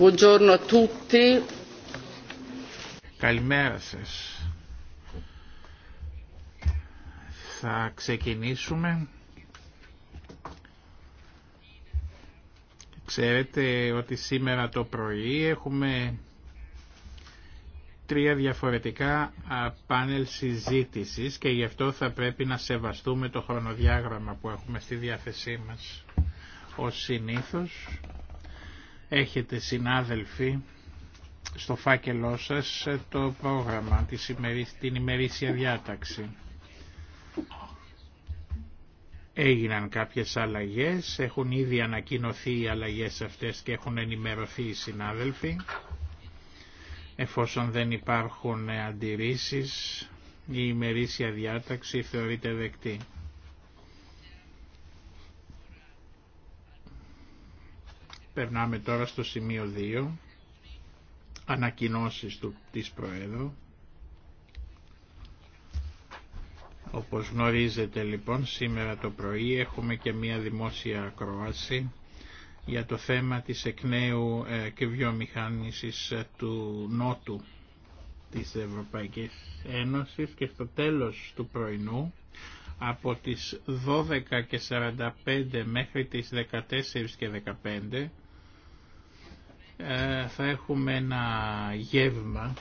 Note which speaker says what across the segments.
Speaker 1: Buongiorno a
Speaker 2: Καλημέρα σας. Θα ξεκινήσουμε. Ξέρετε ότι σήμερα το πρωί έχουμε τρία διαφορετικά πάνελ συζήτησης και γι' αυτό θα πρέπει να σεβαστούμε το χρονοδιάγραμμα που έχουμε στη διάθεσή μας. Ως συνήθως Έχετε συνάδελφοι στο φάκελό σας το πρόγραμμα, την ημερήσια διάταξη. Έγιναν κάποιες αλλαγές, έχουν ήδη ανακοινωθεί οι αλλαγές αυτές και έχουν ενημερωθεί οι συνάδελφοι. Εφόσον δεν υπάρχουν αντιρρήσεις, η ημερήσια διάταξη θεωρείται δεκτή. Περνάμε τώρα στο σημείο 2, ανακοινώσεις του, της Προέδρου. Όπως γνωρίζετε λοιπόν σήμερα το πρωί έχουμε και μία δημόσια ακροάση για το θέμα της εκ νέου ε, και βιομηχάνησης ε, του Νότου της Ευρωπαϊκής Ένωσης και στο τέλος του πρωινού από τις 12.45 και μέχρι τις 14.15 και ε, θα έχουμε ένα γεύμα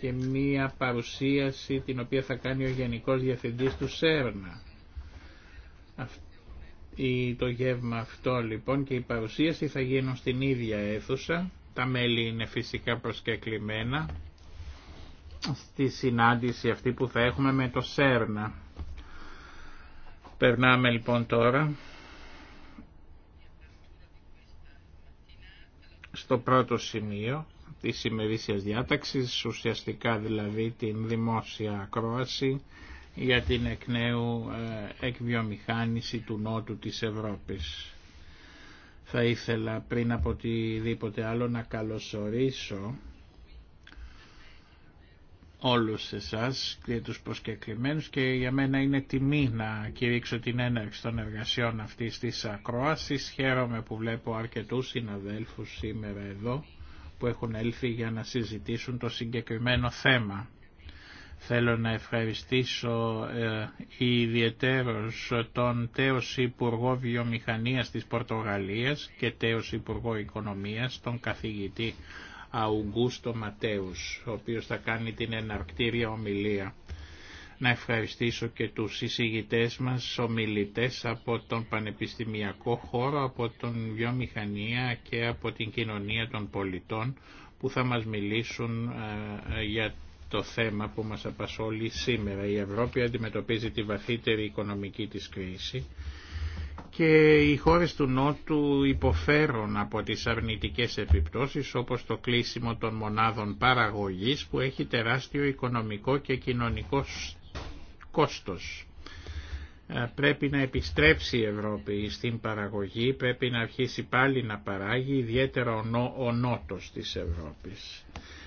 Speaker 2: και μία παρουσίαση την οποία θα κάνει ο Γενικός Διευθυντής του ΣΕΡΝΑ. Το γεύμα αυτό λοιπόν και η παρουσίαση θα γίνουν στην ίδια αίθουσα. Τα μέλη είναι φυσικά προσκεκλημένα στη συνάντηση αυτή που θα έχουμε με το ΣΕΡΝΑ. Περνάμε λοιπόν τώρα στο πρώτο σημείο της ημερήσιας διάταξης, ουσιαστικά δηλαδή την δημόσια ακρόαση για την εκ νέου ε, εκβιομηχάνηση του Νότου της Ευρώπης. Θα ήθελα πριν από οτιδήποτε άλλο να καλωσορίσω όλους εσάς και τους προσκεκριμένους και για μένα είναι τιμή να κηρύξω την έναρξη των εργασιών αυτής της ακρόασης. Χαίρομαι που βλέπω αρκετούς συναδέλφους σήμερα εδώ που έχουν έλθει για να συζητήσουν το συγκεκριμένο θέμα. Θέλω να ευχαριστήσω ε, ιδιαιτέρως τον τέος Υπουργό Βιομηχανίας της Πορτογαλίας και τέος Υπουργό Οικονομίας, τον καθηγητή Αουγκούστο Ματέους, ο οποίος θα κάνει την εναρκτήρια ομιλία. Να ευχαριστήσω και τους εισηγητές μας, ομιλητές από τον πανεπιστημιακό χώρο, από τον βιομηχανία και από την κοινωνία των πολιτών που θα μας μιλήσουν ε, για το θέμα που μας απασχολεί σήμερα. Η Ευρώπη αντιμετωπίζει τη βαθύτερη οικονομική της κρίση και οι χώρες του Νότου υποφέρουν από τις αρνητικές επιπτώσεις όπως το κλείσιμο των μονάδων παραγωγής που έχει τεράστιο οικονομικό και κοινωνικό κόστος. Ε, πρέπει να επιστρέψει η Ευρώπη στην παραγωγή, πρέπει να αρχίσει πάλι να παράγει ιδιαίτερα ο, ο νότος της Ευρώπης.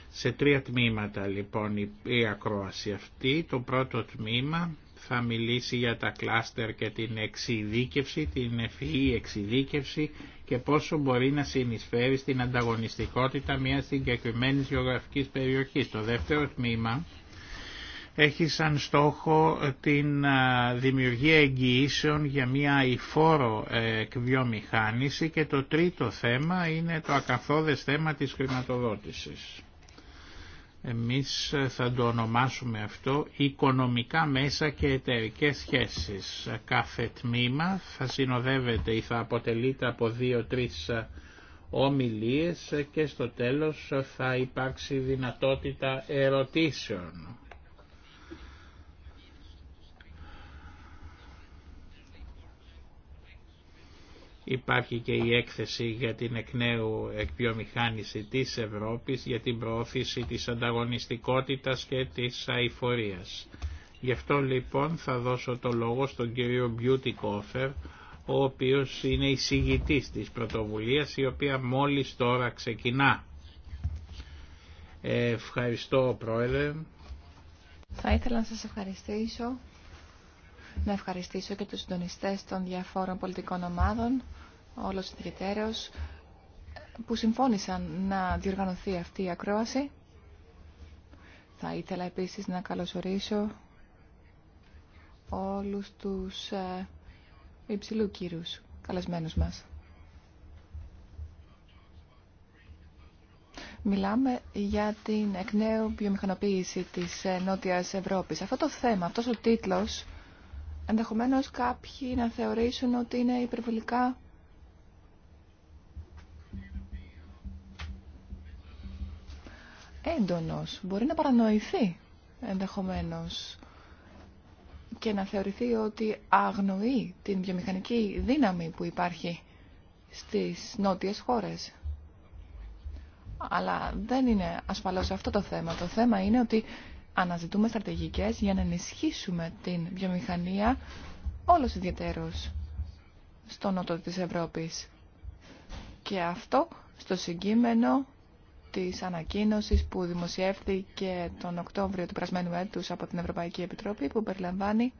Speaker 2: Σε τρία τμήματα λοιπόν η ακρόαση αυτή. Το πρώτο τμήμα θα μιλήσει για τα κλάστερ και την εξειδίκευση, την ευφυή εξειδίκευση και πόσο μπορεί να συνεισφέρει στην ανταγωνιστικότητα μιας συγκεκριμένη γεωγραφικής περιοχής. Το δεύτερο τμήμα έχει σαν στόχο την δημιουργία εγγυήσεων για μια υφόρο ε, εκβιομηχάνηση και το τρίτο θέμα είναι το ακαθόδες θέμα της χρηματοδότησης. Εμείς ε, θα το ονομάσουμε αυτό οικονομικά μέσα και εταιρικέ σχέσεις. Κάθε τμήμα θα συνοδεύεται ή θα αποτελείται από δύο-τρεις ε, ομιλίες και στο τέλος θα υπάρξει δυνατότητα ερωτήσεων. Υπάρχει και η έκθεση για την εκ νέου εκπιομηχάνηση της Ευρώπης για την προώθηση της ανταγωνιστικότητας και της αηφορίας. Γι' αυτό λοιπόν θα δώσω το λόγο στον κύριο Beauty Coffer, ο οποίος είναι εισηγητής της πρωτοβουλίας, η οποία μόλις τώρα ξεκινά. Ε, ευχαριστώ Πρόεδρε.
Speaker 3: Θα ήθελα να σας ευχαριστήσω να ευχαριστήσω και τους συντονιστές των διαφόρων πολιτικών ομάδων, όλος ιδιαιτέρως, που συμφώνησαν να διοργανωθεί αυτή η ακρόαση. Θα ήθελα επίσης να καλωσορίσω όλους τους ε, υψηλού κύρους καλεσμένους μας. Μιλάμε για την εκ νέου βιομηχανοποίηση της ε, Νότιας Ευρώπης. Αυτό το θέμα, αυτός ο τίτλος ενδεχομένως κάποιοι να θεωρήσουν ότι είναι υπερβολικά έντονος. Μπορεί να παρανοηθεί ενδεχομένως και να θεωρηθεί ότι αγνοεί την βιομηχανική δύναμη που υπάρχει στις νότιες χώρες. Αλλά δεν είναι ασφαλώς αυτό το θέμα. Το θέμα είναι ότι αναζητούμε στρατηγικές για να ενισχύσουμε την βιομηχανία όλος ιδιαίτερος στο νότο της Ευρώπης. Και αυτό στο συγκείμενο της ανακοίνωσης που δημοσιεύθηκε τον Οκτώβριο του πρασμένου έτους από την Ευρωπαϊκή Επιτροπή που περιλαμβάνει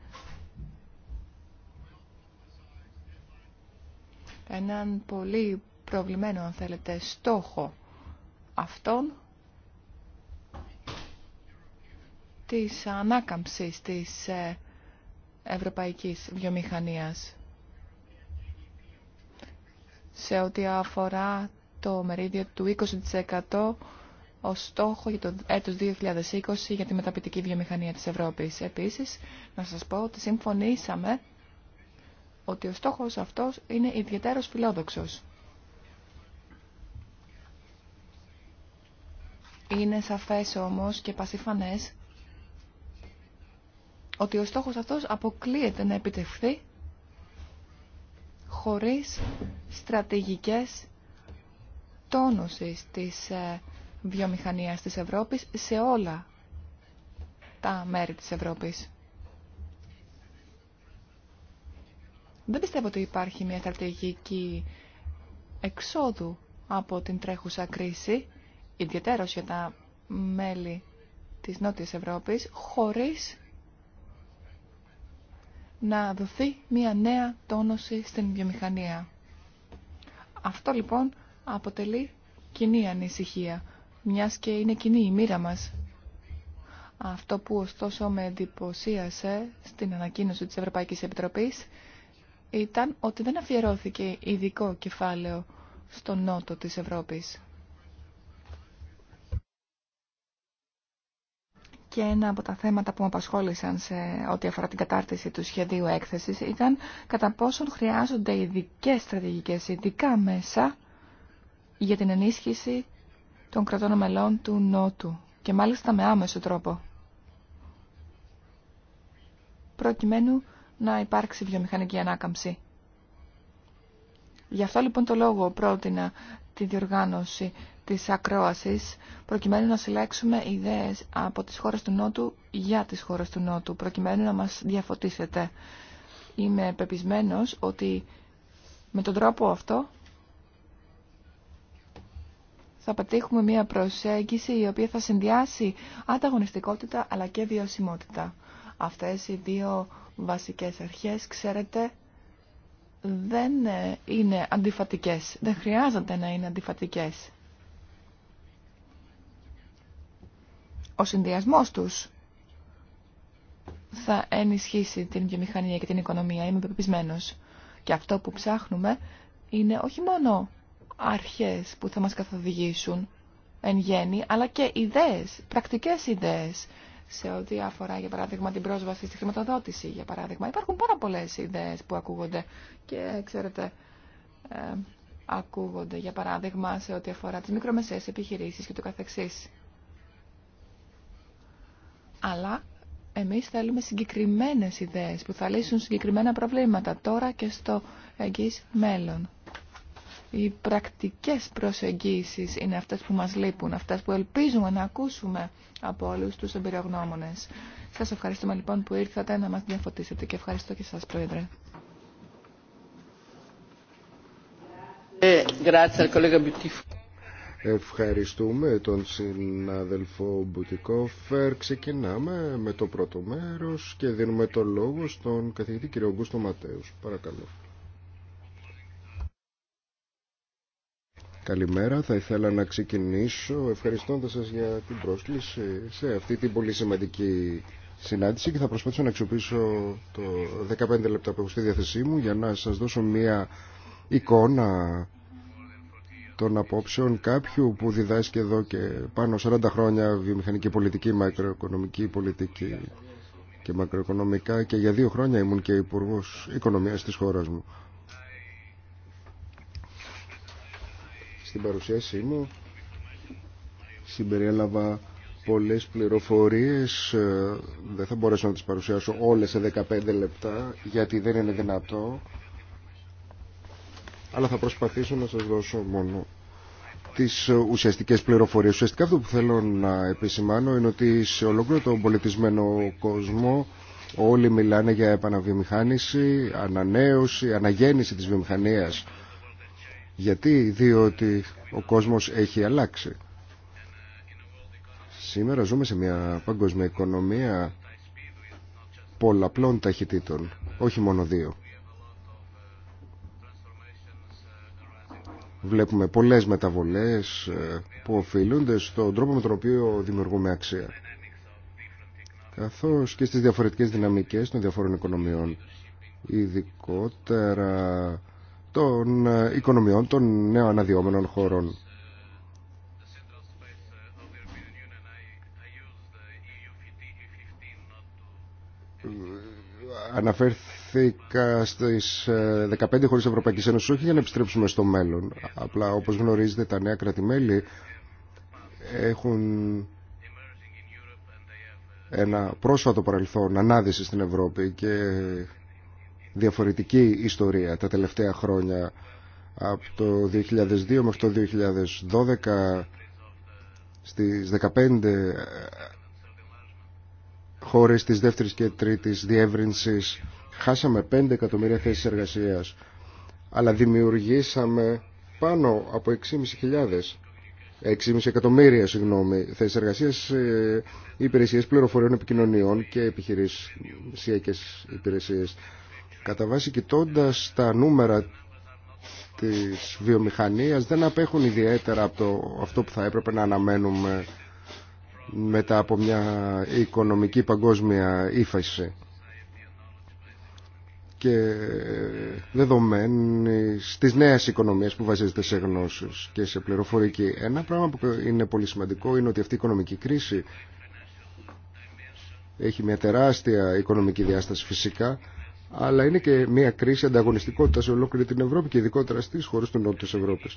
Speaker 3: έναν πολύ προβλημένο αν θέλετε στόχο αυτόν της ανάκαμψης της ε, ευρωπαϊκής βιομηχανίας σε ό,τι αφορά το μερίδιο του 20% ως στόχο για το έτος 2020 για τη μεταπητική βιομηχανία της Ευρώπης. Επίσης, να σας πω ότι συμφωνήσαμε ότι ο στόχος αυτός είναι ιδιαίτερος φιλόδοξος. Είναι σαφές όμως και πασιφανές ότι ο στόχος αυτός αποκλείεται να επιτευχθεί χωρίς στρατηγικές τόνωσης της ε, βιομηχανίας της Ευρώπης σε όλα τα μέρη της Ευρώπης. Δεν πιστεύω ότι υπάρχει μια στρατηγική εξόδου από την τρέχουσα κρίση, ιδιαίτερα για τα μέλη της Νότιας Ευρώπης, χωρίς να δοθεί μια νέα τόνωση στην βιομηχανία. Αυτό λοιπόν αποτελεί κοινή ανησυχία, μιας και είναι κοινή η μοίρα μας. Αυτό που ωστόσο με εντυπωσίασε στην ανακοίνωση της Ευρωπαϊκής Επιτροπής ήταν ότι δεν αφιερώθηκε ειδικό κεφάλαιο στον νότο της Ευρώπης. Και ένα από τα θέματα που με απασχόλησαν σε ό,τι αφορά την κατάρτιση του σχεδίου έκθεσης ήταν κατά πόσον χρειάζονται ειδικέ στρατηγικές, ειδικά μέσα για την ενίσχυση των κρατών μελών του Νότου και μάλιστα με άμεσο τρόπο προκειμένου να υπάρξει βιομηχανική ανάκαμψη. Γι' αυτό λοιπόν το λόγο πρότεινα τη διοργάνωση της ακρόασης προκειμένου να συλλέξουμε ιδέες από τις χώρες του Νότου για τις χώρες του Νότου προκειμένου να μας διαφωτίσετε. Είμαι πεπισμένος ότι με τον τρόπο αυτό θα πετύχουμε μια προσέγγιση η οποία θα συνδυάσει ανταγωνιστικότητα αλλά και βιωσιμότητα. Αυτές οι δύο βασικές αρχές, ξέρετε, δεν ε, είναι αντιφατικές. Δεν χρειάζεται να είναι αντιφατικές. Ο συνδυασμός τους θα ενισχύσει την βιομηχανία και την οικονομία. Είμαι πεπισμένος. Και αυτό που ψάχνουμε είναι όχι μόνο αρχές που θα μας καθοδηγήσουν εν γέννη, αλλά και ιδέες, πρακτικές ιδέες σε ό,τι αφορά, για παράδειγμα, την πρόσβαση στη χρηματοδότηση, για παράδειγμα. Υπάρχουν πάρα πολλές ιδέες που ακούγονται και, ξέρετε, ε, ακούγονται, για παράδειγμα, σε ό,τι αφορά τις μικρομεσαίες επιχειρήσεις και το καθεξής. Αλλά εμείς θέλουμε συγκεκριμένες ιδέες που θα λύσουν συγκεκριμένα προβλήματα τώρα και στο εγγύς μέλλον οι πρακτικές προσεγγίσεις είναι αυτές που μας λείπουν, αυτές που ελπίζουμε να ακούσουμε από όλους τους εμπειρογνώμονες. Σας ευχαριστούμε λοιπόν που ήρθατε να μας διαφωτίσετε και ευχαριστώ και σας Πρόεδρε. Ε,
Speaker 1: ευχαριστούμε τον συνάδελφο Μπουτικόφερ. Ξεκινάμε με το πρώτο μέρος και δίνουμε το λόγο στον καθηγητή κ. Γκούστο Ματέους. Παρακαλώ. Καλημέρα, θα ήθελα να ξεκινήσω ευχαριστώντας σας για την πρόσκληση σε αυτή την πολύ σημαντική συνάντηση και θα προσπαθήσω να αξιοποιήσω το 15 λεπτά που έχω στη διάθεσή μου για να σας δώσω μία εικόνα των απόψεων κάποιου που διδάσκει εδώ και πάνω 40 χρόνια βιομηχανική πολιτική, μακροοικονομική πολιτική και μακροοικονομικά και για δύο χρόνια ήμουν και υπουργό Οικονομίας της χώρας μου. Στην παρουσίασή μου συμπεριέλαβα πολλές πληροφορίες, ε, δεν θα μπορέσω να τις παρουσιάσω όλες σε 15 λεπτά, γιατί δεν είναι δυνατό, αλλά θα προσπαθήσω να σας δώσω μόνο τις ε, ουσιαστικές πληροφορίες. Ουσιαστικά αυτό που θέλω να επισημάνω είναι ότι σε ολόκληρο τον πολιτισμένο κόσμο όλοι μιλάνε για επαναβιομηχάνηση, ανανέωση, αναγέννηση της βιομηχανίας. Γιατί, διότι ο κόσμος έχει αλλάξει. Σήμερα ζούμε σε μια παγκόσμια οικονομία πολλαπλών ταχυτήτων, όχι μόνο δύο. Βλέπουμε πολλές μεταβολές ε, που οφείλονται στον τρόπο με τον οποίο δημιουργούμε αξία. Καθώς και στις διαφορετικές δυναμικές των διαφορών οικονομιών, ειδικότερα των ε, οικονομιών των νέων αναδυόμενων χωρών. Αναφέρθηκα στις 15 ε, χώρες Ευρωπαϊκής Ένωσης όχι για να επιστρέψουμε στο μέλλον. Απλά όπως γνωρίζετε τα νέα κρατημέλη έχουν ένα πρόσφατο παρελθόν ανάδυση στην Ευρώπη και διαφορετική ιστορία τα τελευταία χρόνια. Από το 2002 μέχρι το 2012 στις 15 χώρες της δεύτερης και τρίτης διεύρυνσης χάσαμε 5 εκατομμύρια θέσεις εργασίας αλλά δημιουργήσαμε πάνω από 6.500 6,5 εκατομμύρια συγγνώμη, θέσεις εργασίας, ε, υπηρεσίες πληροφοριών επικοινωνιών και επιχειρησιακές υπηρεσίες. Κατά βάση κοιτώντα τα νούμερα της βιομηχανίας δεν απέχουν ιδιαίτερα από αυτό που θα έπρεπε να αναμένουμε μετά από μια οικονομική παγκόσμια ύφαση και δεδομένη στις νέες οικονομίες που βασίζεται σε γνώσεις και σε πληροφορική. Ένα πράγμα που είναι πολύ σημαντικό είναι ότι αυτή η οικονομική κρίση έχει μια τεράστια οικονομική διάσταση φυσικά αλλά είναι και μια κρίση ανταγωνιστικότητα σε ολόκληρη την Ευρώπη και ειδικότερα στι χώρε του Νότου τη Ευρώπη.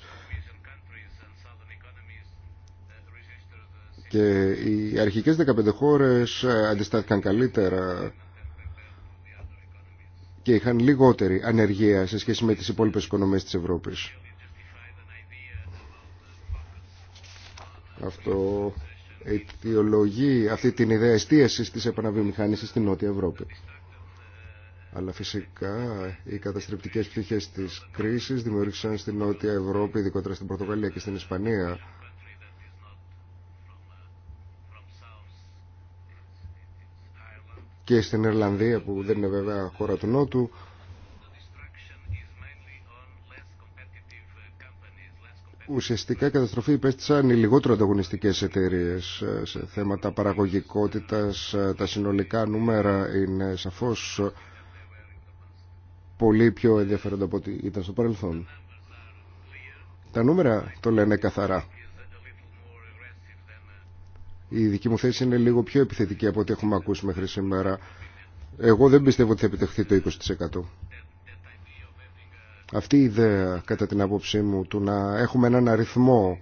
Speaker 1: Και οι αρχικές 15 χώρες ε, αντιστάθηκαν καλύτερα και είχαν λιγότερη ανεργία σε σχέση με τις υπόλοιπε οικονομίε της Ευρώπης. Αυτό αιτιολογεί αυτή την ιδέα εστίαση τη επαναβιομηχάνηση στην Νότια Ευρώπη. Αλλά φυσικά οι καταστρεπτικές πτυχές της κρίσης δημιούργησαν στην Νότια Ευρώπη, ειδικότερα στην Πορτογαλία και στην Ισπανία, και στην Ιρλανδία που δεν είναι βέβαια χώρα του Νότου ουσιαστικά η καταστροφή υπέστησαν οι λιγότερο ανταγωνιστικές εταιρείε ε, σε θέματα παραγωγικότητας ε, τα συνολικά νούμερα είναι σαφώς πολύ πιο ενδιαφέροντα από ό,τι ήταν στο παρελθόν. Τα νούμερα το λένε καθαρά. Η δική μου θέση είναι λίγο πιο επιθετική από ό,τι έχουμε ακούσει μέχρι σήμερα. Εγώ δεν πιστεύω ότι θα επιτευχθεί το 20%. Αυτή η ιδέα, κατά την άποψή μου, του να έχουμε έναν αριθμό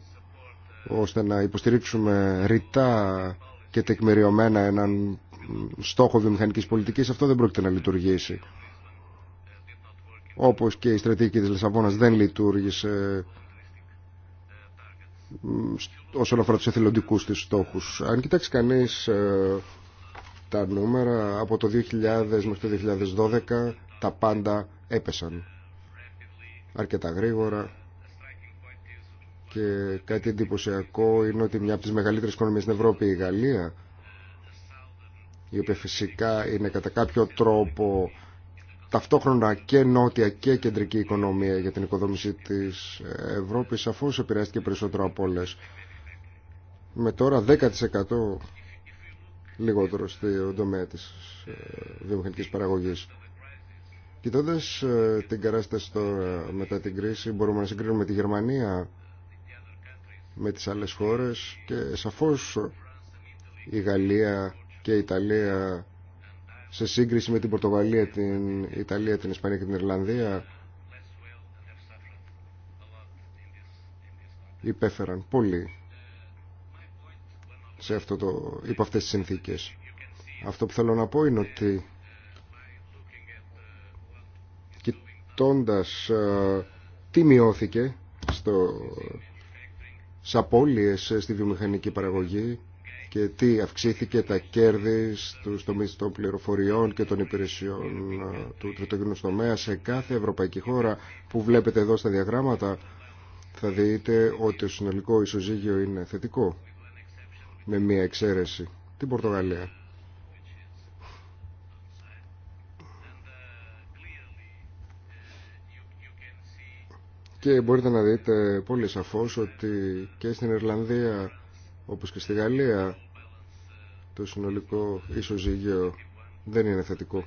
Speaker 1: ώστε να υποστηρίξουμε ρητά και τεκμηριωμένα έναν στόχο βιομηχανικής πολιτικής, αυτό δεν πρόκειται να λειτουργήσει όπως και η στρατηγική της Λισαβόνας δεν λειτουργήσε όσον αφορά τους εθελοντικούς της στόχους. Αν κοιτάξει κανείς ε, τα νούμερα από το 2000 μέχρι το 2012 τα πάντα έπεσαν αρκετά γρήγορα και κάτι εντυπωσιακό είναι ότι μια από τις μεγαλύτερες οικονομίες στην Ευρώπη η Γαλλία η οποία φυσικά είναι κατά κάποιο τρόπο ταυτόχρονα και νότια και κεντρική οικονομία για την οικοδόμηση της Ευρώπης σαφώς επηρεάστηκε περισσότερο από όλες. Με τώρα 10% λιγότερο στη τομέα της ε, βιομηχανικής παραγωγής. Κοιτώντας ε, την κατάσταση τώρα μετά την κρίση μπορούμε να συγκρίνουμε τη Γερμανία με τις άλλες χώρες και σαφώς η Γαλλία και η Ιταλία σε σύγκριση με την Πορτογαλία, την Ιταλία, την Ισπανία και την Ιρλανδία υπέφεραν πολύ σε αυτό το, υπό αυτές τις συνθήκες. Αυτό που θέλω να πω είναι ότι κοιτώντας ε, τι μειώθηκε στο, σε απώλειες ε, στη βιομηχανική παραγωγή και τι αυξήθηκε τα κέρδη στους τομείς των πληροφοριών και των υπηρεσιών ε, του τριτογενούς τομέα σε κάθε ευρωπαϊκή χώρα που βλέπετε εδώ στα διαγράμματα θα δείτε ότι το συνολικό ισοζύγιο είναι θετικό με μία εξαίρεση την Πορτογαλία και μπορείτε να δείτε πολύ σαφώς ότι και στην Ιρλανδία όπως και στη Γαλλία το συνολικό ισοζύγιο δεν είναι θετικό.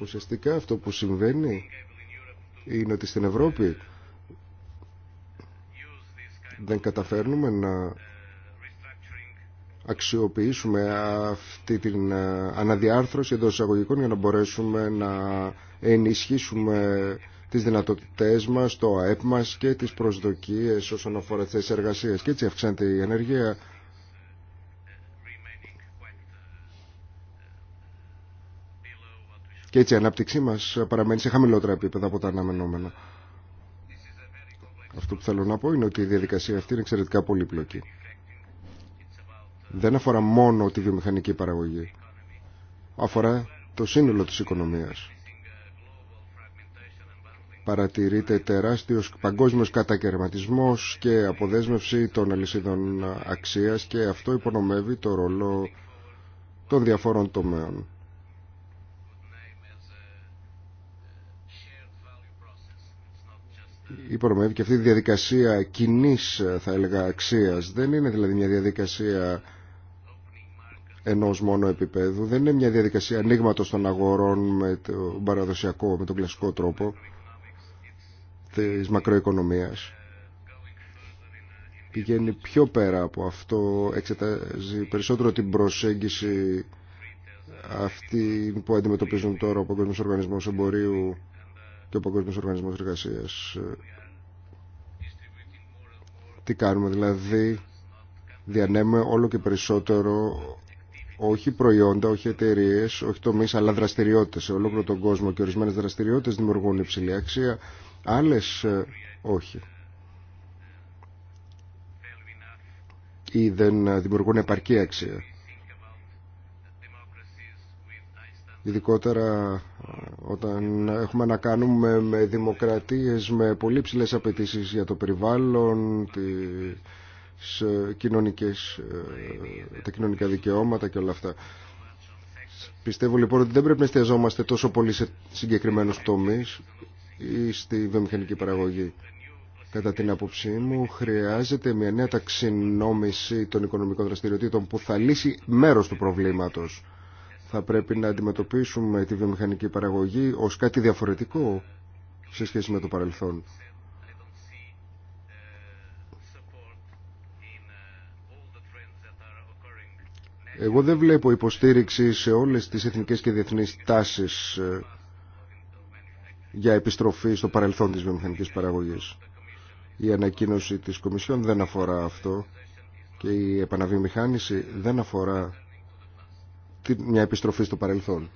Speaker 1: Ουσιαστικά αυτό που συμβαίνει είναι ότι στην Ευρώπη δεν καταφέρνουμε να αξιοποιήσουμε αυτή την ε, αναδιάρθρωση εντό εισαγωγικών για να μπορέσουμε να ενισχύσουμε τις δυνατότητές μας, το ΑΕΠ μας και τις προσδοκίες όσον αφορά τις θέσεις εργασίας. Και έτσι αυξάνεται η ενεργεία. Και έτσι η ανάπτυξή μας παραμένει σε χαμηλότερα επίπεδα από τα αναμενόμενα. Αυτό που θέλω να πω είναι ότι η διαδικασία αυτή είναι εξαιρετικά πολύπλοκη. Δεν αφορά μόνο τη βιομηχανική παραγωγή. Αφορά το σύνολο της οικονομίας παρατηρείται τεράστιος παγκόσμιος κατακαιρματισμός και αποδέσμευση των αλυσίδων αξίας και αυτό υπονομεύει το ρόλο των διαφόρων τομέων. Υπονομεύει και αυτή η διαδικασία κοινή θα έλεγα αξίας. Δεν είναι δηλαδή μια διαδικασία ενός μόνο επίπεδου. Δεν είναι μια διαδικασία ανοίγματο των αγορών με τον παραδοσιακό, με τον κλασικό τρόπο της μακροοικονομίας. Πηγαίνει πιο πέρα από αυτό, εξετάζει περισσότερο την προσέγγιση αυτή που αντιμετωπίζουν τώρα ο Παγκόσμιος Οργανισμός Εμπορίου και ο Παγκόσμιος Οργανισμός Εργασίας. Τι κάνουμε, δηλαδή διανέμε όλο και περισσότερο όχι προϊόντα, όχι εταιρείε, όχι τομεί, αλλά δραστηριότητε σε ολόκληρο τον κόσμο και ορισμένε δραστηριότητε δημιουργούν υψηλή αξία Άλλες ε, όχι. Ή δεν ε, δημιουργούν επαρκή αξία. Ειδικότερα ε, όταν έχουμε να κάνουμε με δημοκρατίες με πολύ ψηλές απαιτήσει για το περιβάλλον, τις κοινωνικές, τα κοινωνικά δικαιώματα και όλα αυτά. Πιστεύω λοιπόν ότι δεν πρέπει να εστιαζόμαστε τόσο πολύ σε συγκεκριμένους τομείς ή στη βιομηχανική παραγωγή. Κατά την άποψή μου χρειάζεται μια νέα ταξινόμηση των οικονομικών δραστηριοτήτων που θα λύσει μέρος του προβλήματος. Θα πρέπει να αντιμετωπίσουμε τη βιομηχανική παραγωγή ως κάτι διαφορετικό σε σχέση με το παρελθόν. Εγώ δεν βλέπω υποστήριξη σε όλες τις εθνικές και διεθνείς τάσεις ε, για επιστροφή στο παρελθόν της βιομηχανικής παραγωγής. Η ανακοίνωση της Κομισιόν δεν αφορά αυτό και η επαναβιομηχάνηση δεν αφορά μια επιστροφή στο παρελθόν.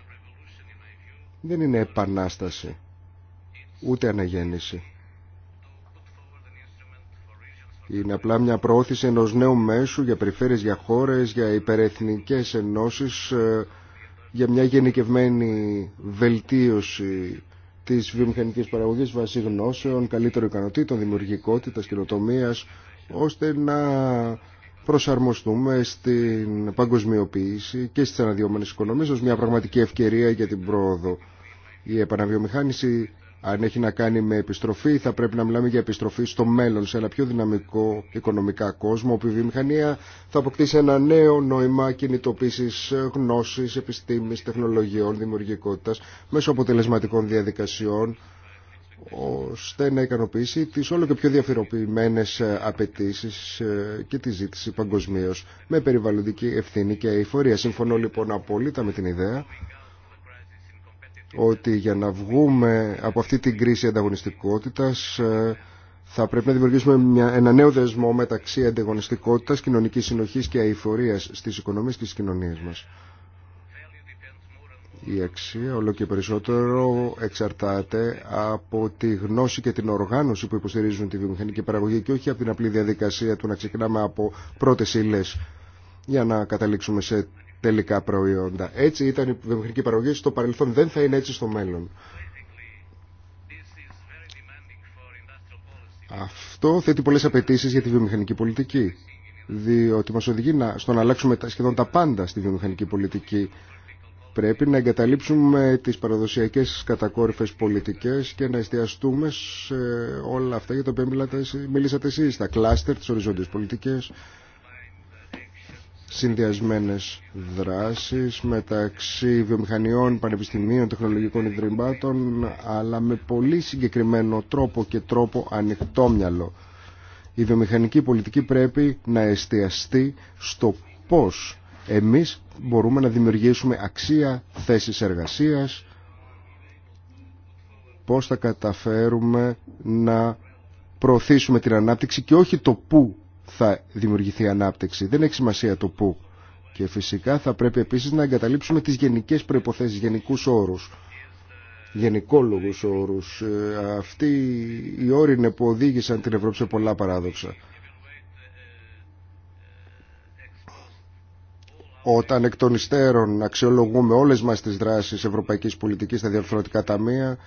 Speaker 1: Δεν είναι επανάσταση, ούτε αναγέννηση. Είναι απλά μια προώθηση ενός νέου μέσου για περιφέρειες, για χώρες, για υπερεθνικές ενώσεις, ε, για μια γενικευμένη βελτίωση τη βιομηχανική παραγωγή βάσει γνώσεων, καλύτερων ικανοτήτων, δημιουργικότητα, καινοτομία, ώστε να προσαρμοστούμε στην παγκοσμιοποίηση και στι αναδυόμενε οικονομίε ω μια πραγματική ευκαιρία για την πρόοδο. Η επαναβιομηχάνηση αν έχει να κάνει με επιστροφή, θα πρέπει να μιλάμε για επιστροφή στο μέλλον, σε ένα πιο δυναμικό οικονομικά κόσμο, όπου η βιομηχανία θα αποκτήσει ένα νέο νόημα κινητοποίηση γνώση, επιστήμη, τεχνολογιών, δημιουργικότητα, μέσω αποτελεσματικών διαδικασιών, ώστε να ικανοποιήσει τι όλο και πιο διαφοροποιημένες απαιτήσει ε, και τη ζήτηση παγκοσμίω με περιβαλλοντική ευθύνη και αηφορία. Συμφωνώ λοιπόν απόλυτα με την ιδέα ότι για να βγούμε από αυτή την κρίση ανταγωνιστικότητας ε, θα πρέπει να δημιουργήσουμε ένα νέο δεσμό μεταξύ ανταγωνιστικότητας, κοινωνικής συνοχής και αηφορίας στις οικονομίες και στις κοινωνίες μας. Η αξία όλο και περισσότερο εξαρτάται από τη γνώση και την οργάνωση που υποστηρίζουν τη βιομηχανική παραγωγή και όχι από την απλή διαδικασία του να ξεκινάμε από πρώτες ύλες για να καταλήξουμε σε τελικά προϊόντα. Έτσι ήταν η βιομηχανική παραγωγή στο παρελθόν, δεν θα είναι έτσι στο μέλλον. Αυτό θέτει πολλές απαιτήσει για τη βιομηχανική πολιτική, διότι μας οδηγεί να, στο να αλλάξουμε σχεδόν τα πάντα στη βιομηχανική πολιτική. Πρέπει να εγκαταλείψουμε τις παραδοσιακές κατακόρυφες πολιτικές και να εστιαστούμε σε όλα αυτά για τα οποία μιλήσατε εσείς, τα κλάστερ, τις οριζόντιες πολιτικές, συνδυασμένες δράσεις μεταξύ βιομηχανιών, πανεπιστημίων, τεχνολογικών ιδρυμάτων αλλά με πολύ συγκεκριμένο τρόπο και τρόπο ανοιχτό Η βιομηχανική πολιτική πρέπει να εστιαστεί στο πώς εμείς μπορούμε να δημιουργήσουμε αξία θέσεις εργασίας, πώς θα καταφέρουμε να προωθήσουμε την ανάπτυξη και όχι το πού θα δημιουργηθεί ανάπτυξη. Δεν έχει σημασία το πού. Και φυσικά θα πρέπει επίσης να εγκαταλείψουμε τις γενικές προϋποθέσεις, γενικούς όρους, γενικόλογους όρους. Ε, αυτοί οι όροι είναι που οδήγησαν την Ευρώπη σε πολλά παράδοξα. Όταν εκ των υστέρων αξιολογούμε όλες μας τις δράσεις ευρωπαϊκής πολιτικής στα διαρθρωτικά ταμεία,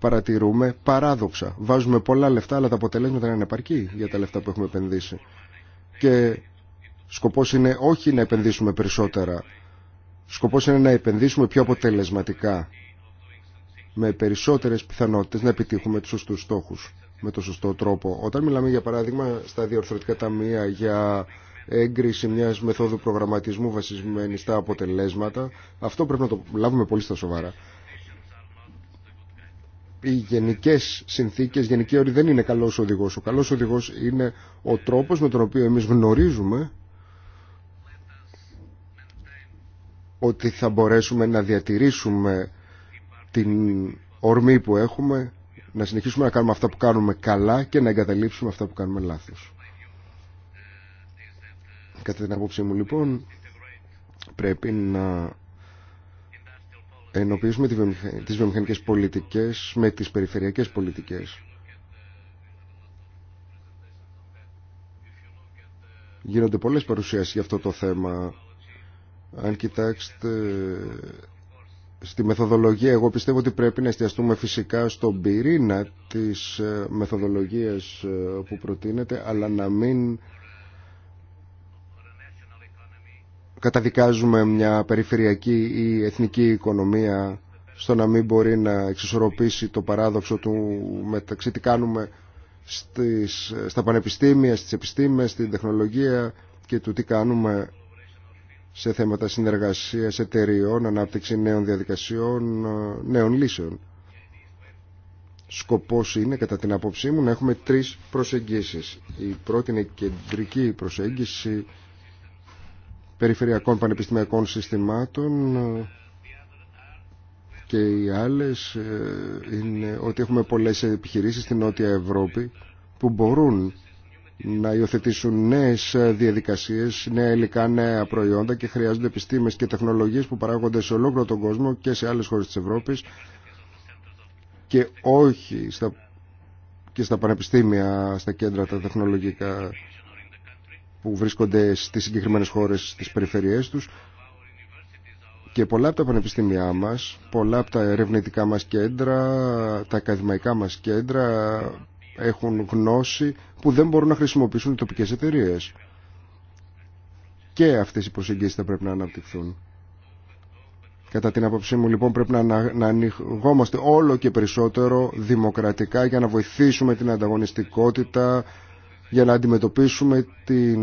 Speaker 1: παρατηρούμε παράδοξα. Βάζουμε πολλά λεφτά, αλλά τα αποτελέσματα είναι ανεπαρκή για τα λεφτά που έχουμε επενδύσει. Και σκοπό είναι όχι να επενδύσουμε περισσότερα. σκοπό είναι να επενδύσουμε πιο αποτελεσματικά, με περισσότερε πιθανότητε να επιτύχουμε του σωστού στόχου, με το σωστό τρόπο. Όταν μιλάμε, για παράδειγμα, στα διορθωτικά ταμεία για έγκριση μια μεθόδου προγραμματισμού βασισμένη στα αποτελέσματα, αυτό πρέπει να το λάβουμε πολύ στα σοβαρά οι γενικές συνθήκες, γενική όροι δεν είναι καλό οδηγό, Ο καλό οδηγό είναι ο τρόπος με τον οποίο εμείς γνωρίζουμε ότι θα μπορέσουμε να διατηρήσουμε την ορμή που έχουμε, να συνεχίσουμε να κάνουμε αυτά που κάνουμε καλά και να εγκαταλείψουμε αυτά που κάνουμε λάθος. Κατά την απόψη μου λοιπόν πρέπει να ενοποιήσουμε τις βιομηχανικές πολιτικές με τις περιφερειακές πολιτικές. Γίνονται πολλές παρουσιάσεις για αυτό το θέμα. Αν κοιτάξετε ε, στη μεθοδολογία, εγώ πιστεύω ότι πρέπει να εστιαστούμε φυσικά στον πυρήνα της ε, μεθοδολογίας ε, που προτείνεται, αλλά να μην καταδικάζουμε μια περιφερειακή ή εθνική οικονομία στο να μην μπορεί να εξισορροπήσει το παράδοξο του μεταξύ τι κάνουμε στις, στα πανεπιστήμια, στις επιστήμες, στην τεχνολογία και του τι κάνουμε σε θέματα συνεργασίας εταιριών, ανάπτυξη νέων διαδικασιών, νέων λύσεων. Σκοπός είναι, κατά την απόψή μου, να έχουμε τρεις προσεγγίσεις. Η πρώτη είναι κεντρική προσέγγιση περιφερειακών πανεπιστημιακών συστημάτων ε, και οι άλλες ε, είναι ότι έχουμε πολλές επιχειρήσεις στην Νότια Ευρώπη που μπορούν να υιοθετήσουν νέες διαδικασίες, νέα υλικά, νέα προϊόντα και χρειάζονται επιστήμες και τεχνολογίες που παράγονται σε ολόκληρο τον κόσμο και σε άλλες χώρες της Ευρώπης και όχι στα, και στα πανεπιστήμια, στα κέντρα τα τεχνολογικά που βρίσκονται στις συγκεκριμένες χώρες, στις περιφερειές τους και πολλά από τα πανεπιστήμια μας, πολλά από τα ερευνητικά μας κέντρα, τα ακαδημαϊκά μας κέντρα έχουν γνώση που δεν μπορούν να χρησιμοποιήσουν οι τοπικές εταιρείες. Και αυτές οι προσεγγίσεις θα πρέπει να αναπτυχθούν. Κατά την άποψή μου λοιπόν πρέπει να, να ανοιγόμαστε όλο και περισσότερο δημοκρατικά για να βοηθήσουμε την ανταγωνιστικότητα για να αντιμετωπίσουμε την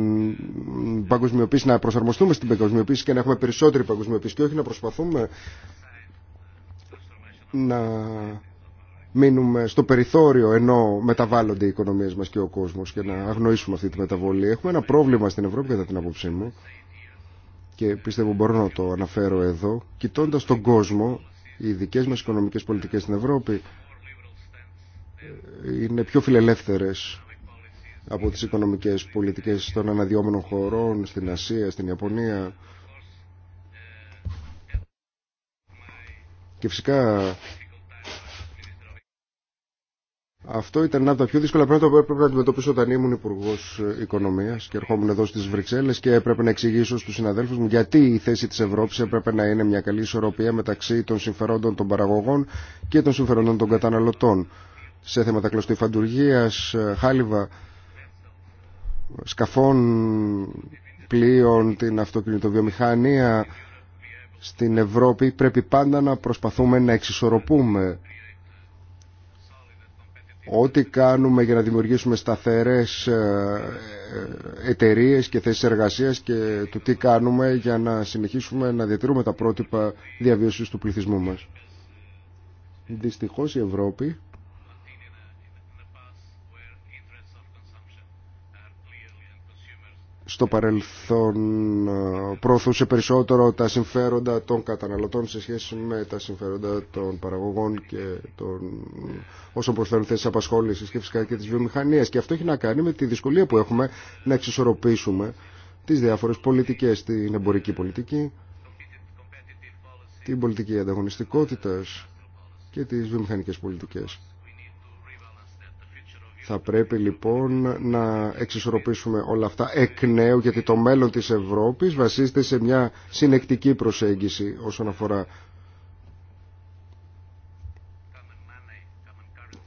Speaker 1: παγκοσμιοποίηση, να προσαρμοστούμε στην παγκοσμιοποίηση και να έχουμε περισσότερη παγκοσμιοποίηση και όχι να προσπαθούμε να μείνουμε στο περιθώριο ενώ μεταβάλλονται οι οικονομίες μας και ο κόσμος και να αγνοήσουμε αυτή τη μεταβολή. Έχουμε ένα πρόβλημα στην Ευρώπη κατά την άποψή μου και πιστεύω μπορώ να το αναφέρω εδώ. Κοιτώντας τον κόσμο, οι δικέ μας οικονομικές πολιτικές στην Ευρώπη ε, είναι πιο φιλελεύθερες από τις οικονομικές πολιτικές των αναδυόμενων χωρών στην Ασία, στην Ιαπωνία και φυσικά αυτό ήταν ένα από τα πιο δύσκολα πράγματα που έπρεπε να αντιμετωπίσω όταν ήμουν Υπουργό Οικονομία και ερχόμουν εδώ στι Βρυξέλλε και έπρεπε να εξηγήσω στου συναδέλφου μου γιατί η θέση τη Ευρώπη έπρεπε να είναι μια καλή ισορροπία μεταξύ των συμφερόντων των παραγωγών και των συμφερόντων των καταναλωτών. Σε θέματα κλωστή φαντουργία, χάλιβα, σκαφών πλοίων, την αυτοκινητοβιομηχανία στην Ευρώπη πρέπει πάντα να προσπαθούμε να εξισορροπούμε ό,τι κάνουμε για να δημιουργήσουμε σταθερές ε, ε, εταιρείε και θέσεις εργασίας και το τι κάνουμε για να συνεχίσουμε να διατηρούμε τα πρότυπα διαβίωσης του πληθυσμού μας. Δυστυχώς η Ευρώπη στο παρελθόν ε, προωθούσε περισσότερο τα συμφέροντα των καταναλωτών σε σχέση με τα συμφέροντα των παραγωγών και των όσων προσφέρουν θέσει απασχόληση και φυσικά και τη βιομηχανία. Και αυτό έχει να κάνει με τη δυσκολία που έχουμε να εξισορροπήσουμε τι διάφορε πολιτικέ, την εμπορική πολιτική, την πολιτική ανταγωνιστικότητα και τι βιομηχανικέ πολιτικέ. Θα πρέπει λοιπόν να εξισορροπήσουμε όλα αυτά εκ νέου γιατί το μέλλον της Ευρώπης βασίζεται σε μια συνεκτική προσέγγιση όσον αφορά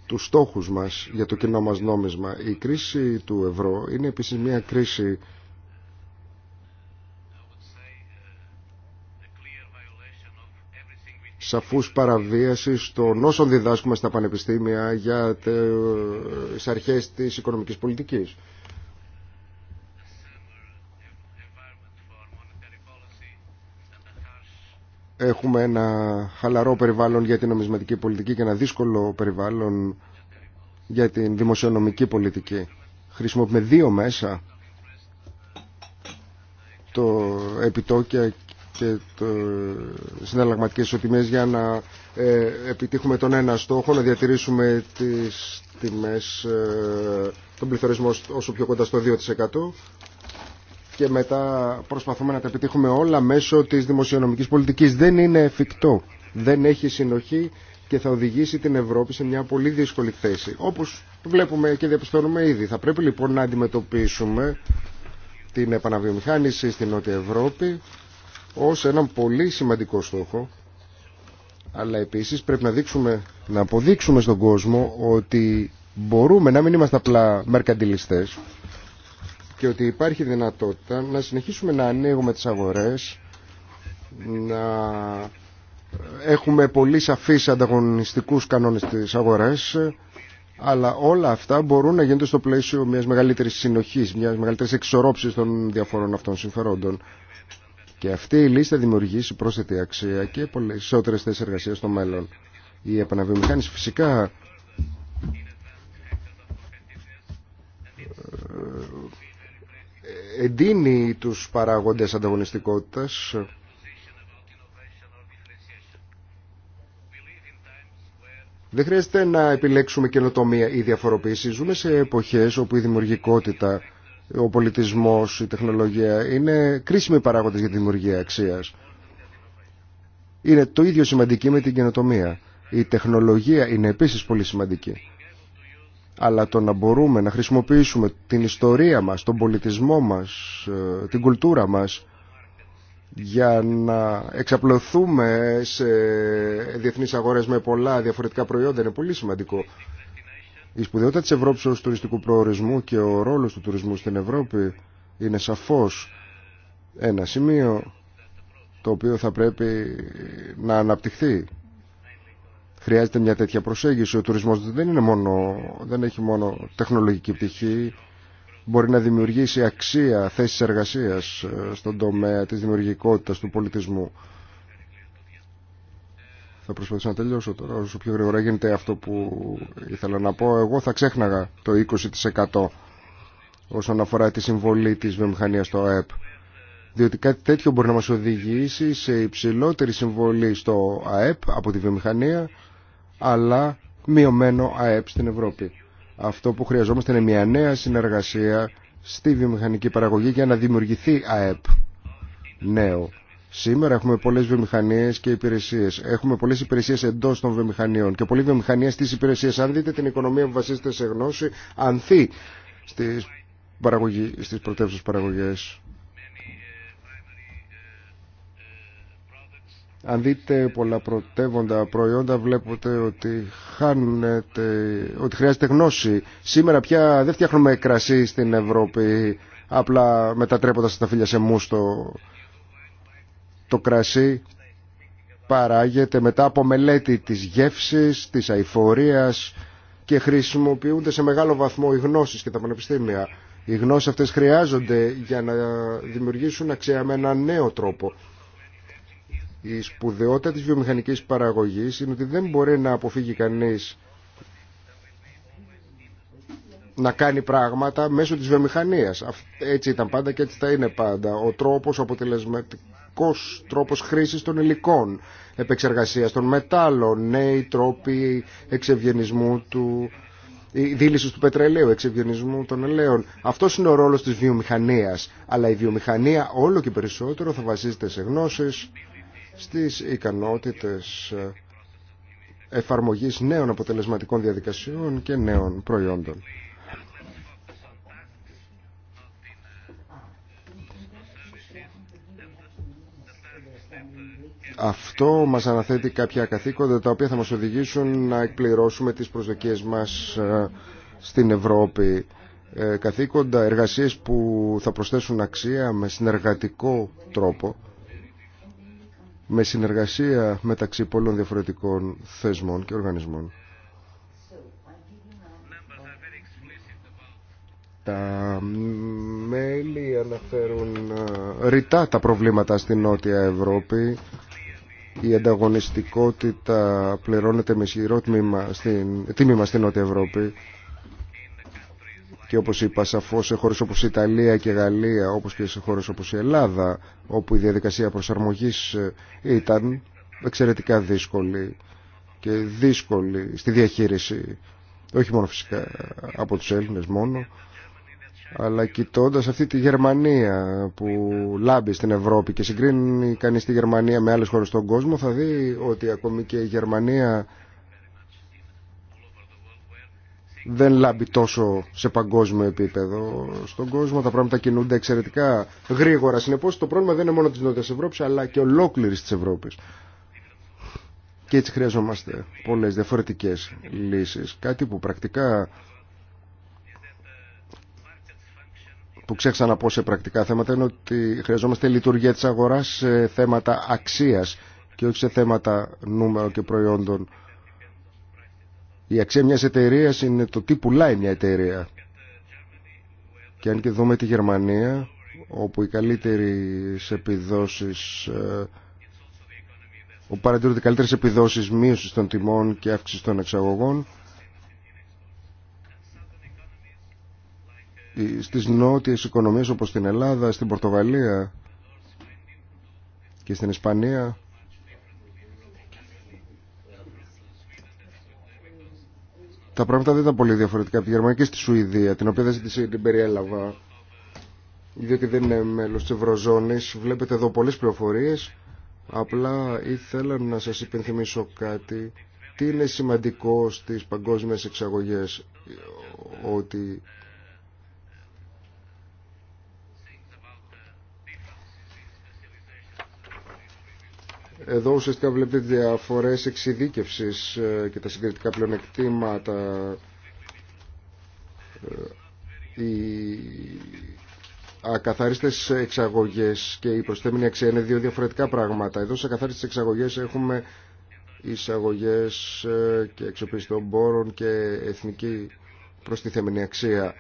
Speaker 1: τους στόχους μας για το κοινό μας νόμισμα. Η κρίση του ευρώ είναι επίσης μια κρίση σαφούς παραβίασης των όσων διδάσκουμε στα πανεπιστήμια για τις αρχές της οικονομικής πολιτικής. Έχουμε ένα χαλαρό περιβάλλον για την νομισματική πολιτική και ένα δύσκολο περιβάλλον για την δημοσιονομική πολιτική. Χρησιμοποιούμε δύο μέσα το επιτόκια και το συναλλαγματικές για να ε, επιτύχουμε τον ένα στόχο, να διατηρήσουμε τις τιμές, ε, τον πληθωρισμό όσο πιο κοντά στο 2% και μετά προσπαθούμε να τα επιτύχουμε όλα μέσω της δημοσιονομικής πολιτικής. Δεν είναι εφικτό, δεν έχει συνοχή και θα οδηγήσει την Ευρώπη σε μια πολύ δύσκολη θέση. Όπως βλέπουμε και διαπιστώνουμε ήδη. Θα πρέπει λοιπόν να αντιμετωπίσουμε την επαναβιομηχάνηση στην Νότια Ευρώπη ως έναν πολύ σημαντικό στόχο αλλά επίσης πρέπει να, δείξουμε, να αποδείξουμε στον κόσμο ότι μπορούμε να μην είμαστε απλά μερκαντιλιστές και ότι υπάρχει δυνατότητα να συνεχίσουμε να ανοίγουμε τις αγορές να έχουμε πολύ σαφείς ανταγωνιστικούς κανόνες στις αγορές αλλά όλα αυτά μπορούν να γίνονται στο πλαίσιο μιας μεγαλύτερης συνοχής, μιας μεγαλύτερης εξορρόψης των διαφορών αυτών συμφερόντων. Και αυτή η λίστα δημιουργήσει πρόσθετη αξία και περισσότερε θέσει εργασία στο μέλλον. Η επαναβιομηχάνηση φυσικά ε, εντείνει τους παράγοντες ανταγωνιστικότητας Δεν χρειάζεται να επιλέξουμε καινοτομία ή διαφοροποίηση. Ζούμε σε εποχές όπου η δημιουργικότητα ο πολιτισμός, η τεχνολογία είναι κρίσιμοι παράγοντες για τη δημιουργία αξίας. Είναι το ίδιο σημαντική με την καινοτομία. Η τεχνολογία είναι επίσης πολύ σημαντική. Αλλά το να μπορούμε να χρησιμοποιήσουμε την ιστορία μας, τον πολιτισμό μας, ε, την κουλτούρα μας για να εξαπλωθούμε σε διεθνείς αγορές με πολλά διαφορετικά προϊόντα είναι πολύ σημαντικό. Η σπουδαιότητα της Ευρώπης ως τουριστικού προορισμού και ο ρόλος του τουρισμού στην Ευρώπη είναι σαφώς ένα σημείο το οποίο θα πρέπει να αναπτυχθεί. Χρειάζεται μια τέτοια προσέγγιση. Ο τουρισμός δεν, είναι μόνο, δεν έχει μόνο τεχνολογική πτυχή, μπορεί να δημιουργήσει αξία θέσεις εργασίας ε, στον τομέα της δημιουργικότητας του πολιτισμού. Θα προσπαθήσω να τελειώσω τώρα όσο πιο γρήγορα γίνεται αυτό που ήθελα να πω. Εγώ θα ξέχναγα το 20% όσον αφορά τη συμβολή της βιομηχανίας στο ΑΕΠ. Διότι κάτι τέτοιο μπορεί να μας οδηγήσει σε υψηλότερη συμβολή στο ΑΕΠ από τη βιομηχανία, αλλά μειωμένο ΑΕΠ στην Ευρώπη. Αυτό που χρειαζόμαστε είναι μια νέα συνεργασία στη βιομηχανική παραγωγή για να δημιουργηθεί ΑΕΠ νέο Σήμερα έχουμε πολλές βιομηχανίες και υπηρεσίες. Έχουμε πολλές υπηρεσίες εντός των βιομηχανιών και πολλή βιομηχανία στις υπηρεσίες. Αν δείτε την οικονομία που βασίζεται σε γνώση, ανθεί στις, παραγωγή, στις πρωτεύουσες παραγωγές. Αν δείτε πολλά πρωτεύοντα προϊόντα βλέπετε ότι, χάνετε, ότι χρειάζεται γνώση. Σήμερα πια δεν φτιάχνουμε κρασί στην Ευρώπη απλά μετατρέποντας τα φιλιά σε μουστο το κρασί παράγεται μετά από μελέτη της γεύσης, της αηφορίας και χρησιμοποιούνται σε μεγάλο βαθμό οι γνώσεις και τα πανεπιστήμια. Οι γνώσεις αυτές χρειάζονται για να δημιουργήσουν αξία με έναν νέο τρόπο. Η σπουδαιότητα της βιομηχανικής παραγωγής είναι ότι δεν μπορεί να αποφύγει κανείς να κάνει πράγματα μέσω της βιομηχανίας. Έτσι ήταν πάντα και έτσι θα είναι πάντα. Ο τρόπος αποτελεσματικός παραδοσιακός τρόπος χρήσης των υλικών, επεξεργασίας των μετάλλων, νέοι τρόποι εξευγενισμού του, του πετρελαίου, εξευγενισμού των ελαίων. Αυτό είναι ο ρόλος της βιομηχανίας, αλλά η βιομηχανία όλο και περισσότερο θα βασίζεται σε γνώσεις, στις ικανότητες εφαρμογής νέων αποτελεσματικών διαδικασιών και νέων προϊόντων. Αυτό μας αναθέτει κάποια καθήκοντα τα οποία θα μας οδηγήσουν να εκπληρώσουμε τις προσδοκίες μας ε, στην Ευρώπη. Ε, καθήκοντα, εργασίες που θα προσθέσουν αξία με συνεργατικό τρόπο, με συνεργασία μεταξύ πολλών διαφορετικών θεσμών και οργανισμών. Τα μέλη αναφέρουν ε, ρητά τα προβλήματα στην Νότια Ευρώπη η ανταγωνιστικότητα πληρώνεται με ισχυρό τμήμα στην, τίμημα στην Νότια Ευρώπη και όπως είπα σαφώς σε χώρες όπως η Ιταλία και η Γαλλία όπως και σε χώρες όπως η Ελλάδα όπου η διαδικασία προσαρμογής ε, ήταν εξαιρετικά δύσκολη και δύσκολη στη διαχείριση όχι μόνο φυσικά από τους Έλληνες μόνο αλλά κοιτώντα αυτή τη Γερμανία που λάμπει στην Ευρώπη και συγκρίνει κανείς τη Γερμανία με άλλες χώρες στον κόσμο θα δει ότι ακόμη και η Γερμανία δεν λάμπει τόσο σε παγκόσμιο επίπεδο. Στον κόσμο τα πράγματα κινούνται εξαιρετικά γρήγορα. Συνεπώς το πρόβλημα δεν είναι μόνο της Νότιας Ευρώπης αλλά και ολόκληρη της Ευρώπης. Και έτσι χρειαζόμαστε πολλές διαφορετικές λύσεις. Κάτι που πρακτικά που ξέχασα να πω σε πρακτικά θέματα είναι ότι χρειαζόμαστε λειτουργία της αγοράς σε θέματα αξίας και όχι σε θέματα νούμερων και προϊόντων. Η αξία μιας εταιρείας είναι το τι πουλάει μια εταιρεία. Και αν και δούμε τη Γερμανία, όπου οι καλύτεροι επιδόσεις ε, όπου παρατηρούνται καλύτερες επιδόσεις μείωση των τιμών και αύξηση των εξαγωγών Ε, στις νότιες οικονομίες όπως στην Ελλάδα, στην Πορτογαλία και στην Ισπανία τα πράγματα δεν ήταν πολύ διαφορετικά από τη Γερμανία και στη Σουηδία την οποία δεν την περιέλαβα διότι δεν είναι μέλος της Ευρωζώνης βλέπετε εδώ πολλές πληροφορίες απλά ήθελα να σας υπενθυμίσω κάτι τι είναι σημαντικό στις παγκόσμιες εξαγωγές ότι Εδώ ουσιαστικά βλέπετε διαφορές εξειδίκευσης ε, και τα συγκριτικά πλεονεκτήματα. Ε, οι ακαθαρίστες εξαγωγές και η προσθέμενη αξία είναι δύο διαφορετικά πράγματα. Εδώ σε ακαθαρίστες εξαγωγές έχουμε εισαγωγές ε, και εξοπλισμό των πόρων και εθνική προστιθέμενη αξία.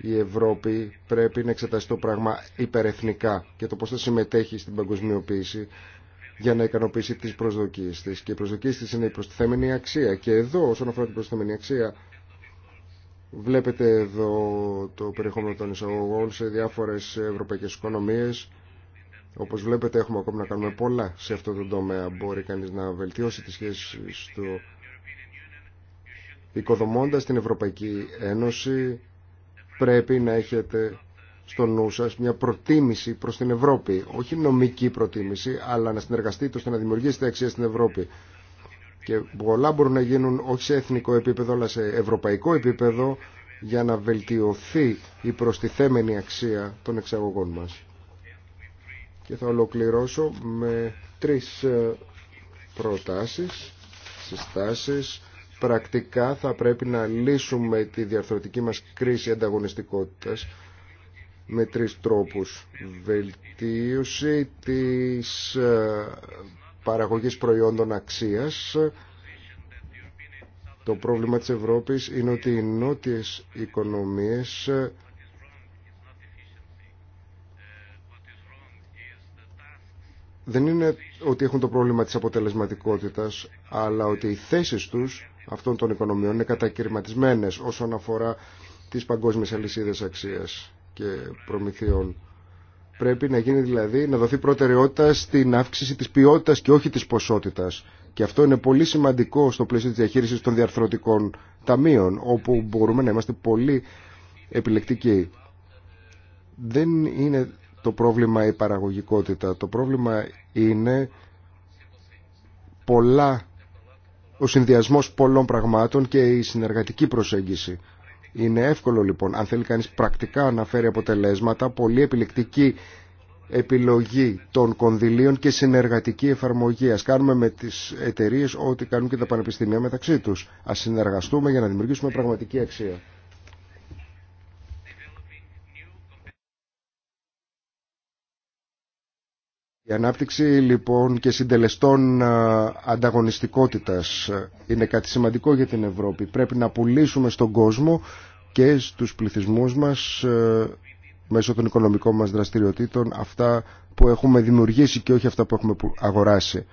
Speaker 1: Η Ευρώπη πρέπει να εξεταστεί το πράγμα υπερεθνικά και το πώς θα συμμετέχει στην παγκοσμιοποίηση για να ικανοποιήσει τις προσδοκίες της. Και οι προσδοκίες της είναι η προστιθέμενη αξία. Και εδώ όσον αφορά την προστιθέμενη αξία βλέπετε εδώ το περιεχόμενο των εισαγωγών σε διάφορες ευρωπαϊκές οικονομίες. Όπως βλέπετε έχουμε ακόμη να κάνουμε πολλά σε αυτό το τομέα. Μπορεί κανείς να βελτιώσει τις σχέσεις του οικοδομώντας την Ευρωπαϊκή Ένωση πρέπει να έχετε στο νου σας μια προτίμηση προς την Ευρώπη, όχι νομική προτίμηση, αλλά να συνεργαστείτε ώστε να δημιουργήσετε αξία στην Ευρώπη. Και πολλά μπορούν να γίνουν όχι σε εθνικό επίπεδο, αλλά σε ευρωπαϊκό επίπεδο για να βελτιωθεί η προστιθέμενη αξία των εξαγωγών μας. Και θα ολοκληρώσω με τρεις ε, προτάσεις, συστάσεις. Πρακτικά θα πρέπει να λύσουμε τη διαρθρωτική μας κρίση ανταγωνιστικότητας με τρεις τρόπους. Βελτίωση της ε, παραγωγής προϊόντων αξίας. Το πρόβλημα της Ευρώπης είναι ότι οι νότιες οικονομίες ε, δεν είναι ότι έχουν το πρόβλημα της αποτελεσματικότητας, αλλά ότι οι θέσεις τους αυτών των οικονομιών είναι κατακαιρματισμένες όσον αφορά τις παγκόσμιες αλυσίδες αξίας και προμηθειών. Πρέπει να γίνει δηλαδή να δοθεί προτεραιότητα στην αύξηση της ποιότητας και όχι της ποσότητας. Και αυτό είναι πολύ σημαντικό στο πλαίσιο της διαχείρισης των διαρθρωτικών ταμείων, όπου μπορούμε να είμαστε πολύ επιλεκτικοί. Δεν είναι το πρόβλημα η παραγωγικότητα. Το πρόβλημα είναι πολλά, ο συνδυασμός πολλών πραγμάτων και η συνεργατική προσέγγιση είναι εύκολο λοιπόν, αν θέλει κανείς πρακτικά να φέρει αποτελέσματα, πολύ επιλεκτική επιλογή των κονδυλίων και συνεργατική εφαρμογή. Ας κάνουμε με τις εταιρείες ό,τι κάνουν και τα πανεπιστήμια μεταξύ τους. Ας συνεργαστούμε για να δημιουργήσουμε πραγματική αξία. Η ανάπτυξη λοιπόν και συντελεστών ε, ανταγωνιστικότητας ε, είναι κάτι σημαντικό για την Ευρώπη. Πρέπει να πουλήσουμε στον κόσμο και στους πληθυσμούς μας ε, μέσω των οικονομικών μας δραστηριοτήτων αυτά που έχουμε δημιουργήσει και όχι αυτά που έχουμε αγοράσει.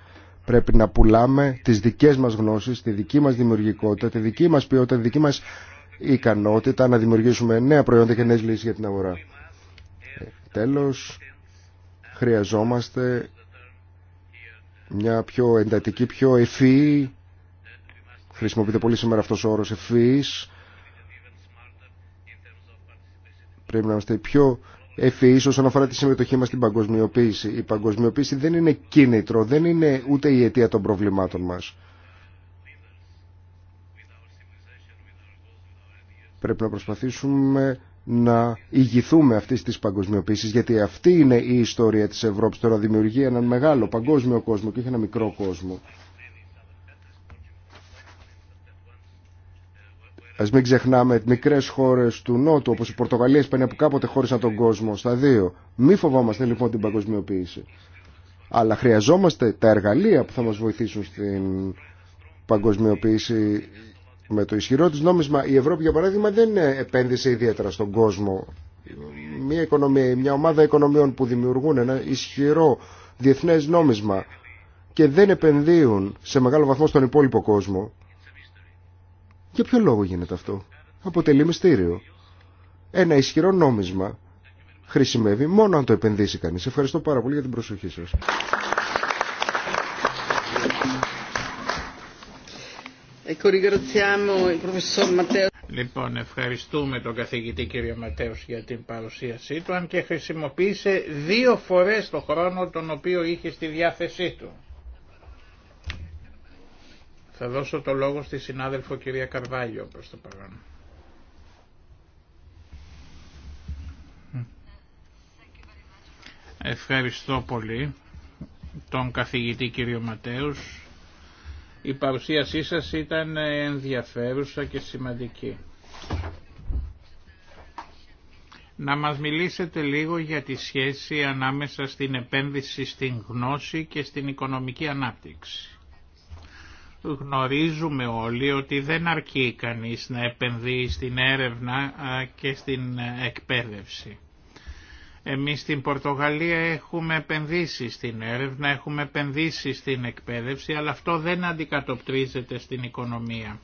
Speaker 1: Πρέπει να πουλάμε τις δικές μας γνώσεις, τη δική μας δημιουργικότητα, τη δική μας ποιότητα, τη δική μας ικανότητα να δημιουργήσουμε νέα προϊόντα και νέες λύσεις για την αγορά. Τέλος, Χρειαζόμαστε μια πιο εντατική, πιο ευφυή, χρησιμοποιείται πολύ σήμερα αυτός ο όρος ευφυής, πρέπει να είμαστε πιο ευφυείς όσον αφορά τη συμμετοχή μας στην παγκοσμιοποίηση. Η παγκοσμιοποίηση δεν είναι κίνητρο, δεν είναι ούτε η αιτία των προβλημάτων μας. Πρέπει να προσπαθήσουμε να ηγηθούμε αυτής της παγκοσμιοποίησης γιατί αυτή είναι η ιστορία της Ευρώπης τώρα δημιουργεί έναν μεγάλο παγκόσμιο κόσμο και όχι ένα μικρό κόσμο Ας μην ξεχνάμε μικρές χώρες του Νότου όπως η Πορτογαλία, η Ισπανία που κάποτε χώρισαν τον κόσμο στα δύο. Μη φοβόμαστε λοιπόν την παγκοσμιοποίηση. Αλλά χρειαζόμαστε τα εργαλεία που θα μας βοηθήσουν στην παγκοσμιοποίηση με το ισχυρό της νόμισμα η Ευρώπη για παράδειγμα δεν ε, επένδυσε ιδιαίτερα στον κόσμο. Μια, οικονομία, μια ομάδα οικονομιών που δημιουργούν ένα ισχυρό διεθνές νόμισμα και δεν επενδύουν σε μεγάλο βαθμό στον υπόλοιπο κόσμο. Για ποιο λόγο γίνεται αυτό. Αποτελεί μυστήριο. Ένα ισχυρό νόμισμα χρησιμεύει μόνο αν το επενδύσει κανείς. Ευχαριστώ πάρα πολύ για την προσοχή σας. Λοιπόν,
Speaker 2: ευχαριστούμε τον καθηγητή κύριο Ματέους για την παρουσίασή του, αν και χρησιμοποίησε δύο φορές το χρόνο τον οποίο είχε στη διάθεσή του. Θα δώσω το λόγο στη συνάδελφο κυρία Καρβάλιο προς το παρόν. Ευχαριστώ πολύ τον καθηγητή κύριο Ματέους η παρουσίασή σας ήταν ενδιαφέρουσα και σημαντική. Να μας μιλήσετε λίγο για τη σχέση ανάμεσα στην επένδυση στην γνώση και στην οικονομική ανάπτυξη. Γνωρίζουμε όλοι ότι δεν αρκεί κανείς να επενδύει στην έρευνα και στην εκπαίδευση. Εμείς στην Πορτογαλία έχουμε επενδύσει στην έρευνα, έχουμε επενδύσει στην εκπαίδευση, αλλά αυτό δεν αντικατοπτρίζεται στην οικονομία.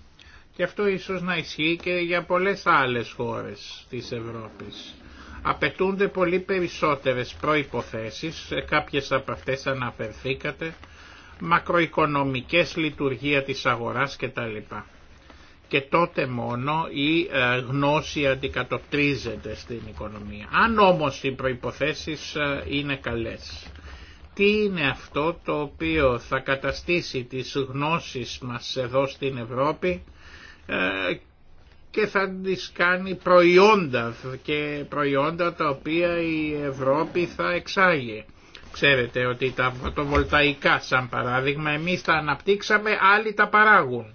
Speaker 2: Και αυτό ίσως να ισχύει και για πολλές άλλες χώρες της Ευρώπης. Απαιτούνται πολύ περισσότερες προϋποθέσεις, κάποιες από αυτές αναφερθήκατε, μακροοικονομικές λειτουργία της αγοράς κτλ και τότε μόνο η ε, γνώση αντικατοπτρίζεται στην οικονομία. Αν όμως οι προϋποθέσεις ε, είναι καλές. Τι είναι αυτό το οποίο θα καταστήσει τις γνώσεις μας εδώ στην Ευρώπη ε, και θα τις κάνει προϊόντα και προϊόντα τα οποία η Ευρώπη θα εξάγει. Ξέρετε ότι τα φωτοβολταϊκά σαν παράδειγμα εμείς τα αναπτύξαμε, άλλοι τα παράγουν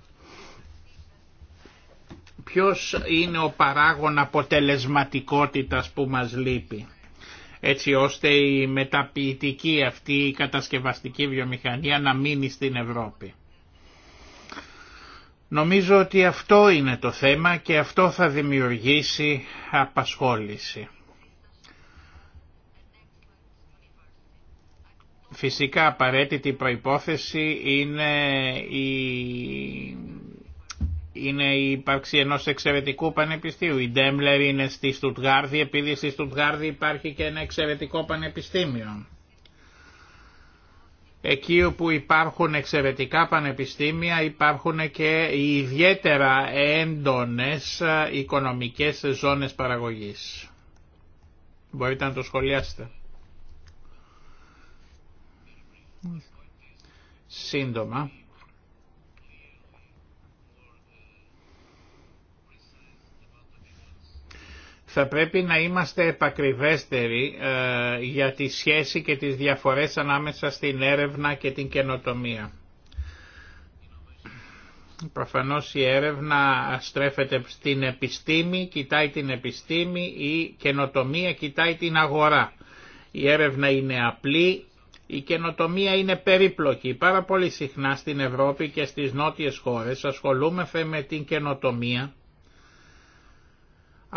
Speaker 2: ποιος είναι ο παράγων αποτελεσματικότητας που μας λείπει έτσι ώστε η μεταποιητική αυτή η κατασκευαστική βιομηχανία να μείνει στην Ευρώπη. Νομίζω ότι αυτό είναι το θέμα και αυτό θα δημιουργήσει απασχόληση. Φυσικά απαραίτητη προϋπόθεση είναι η είναι η ύπαρξη ενός εξαιρετικού πανεπιστήμιου. Η Ντέμπλερ είναι στη Στουτγάρδη επειδή στη Στουτγάρδη υπάρχει και ένα εξαιρετικό πανεπιστήμιο. Εκεί όπου υπάρχουν εξαιρετικά πανεπιστήμια υπάρχουν και ιδιαίτερα έντονες οικονομικές ζώνες παραγωγής. Μπορείτε να το σχολιάσετε. Σύντομα. θα πρέπει να είμαστε επακριβέστεροι ε, για τη σχέση και τις διαφορές ανάμεσα στην έρευνα και την καινοτομία. Προφανώς η έρευνα στρέφεται στην επιστήμη, κοιτάει την επιστήμη, η καινοτομία κοιτάει την αγορά. Η έρευνα είναι απλή, η καινοτομία είναι περίπλοκη. Πάρα πολύ συχνά στην Ευρώπη και στις νότιες χώρες ασχολούμεθα με την καινοτομία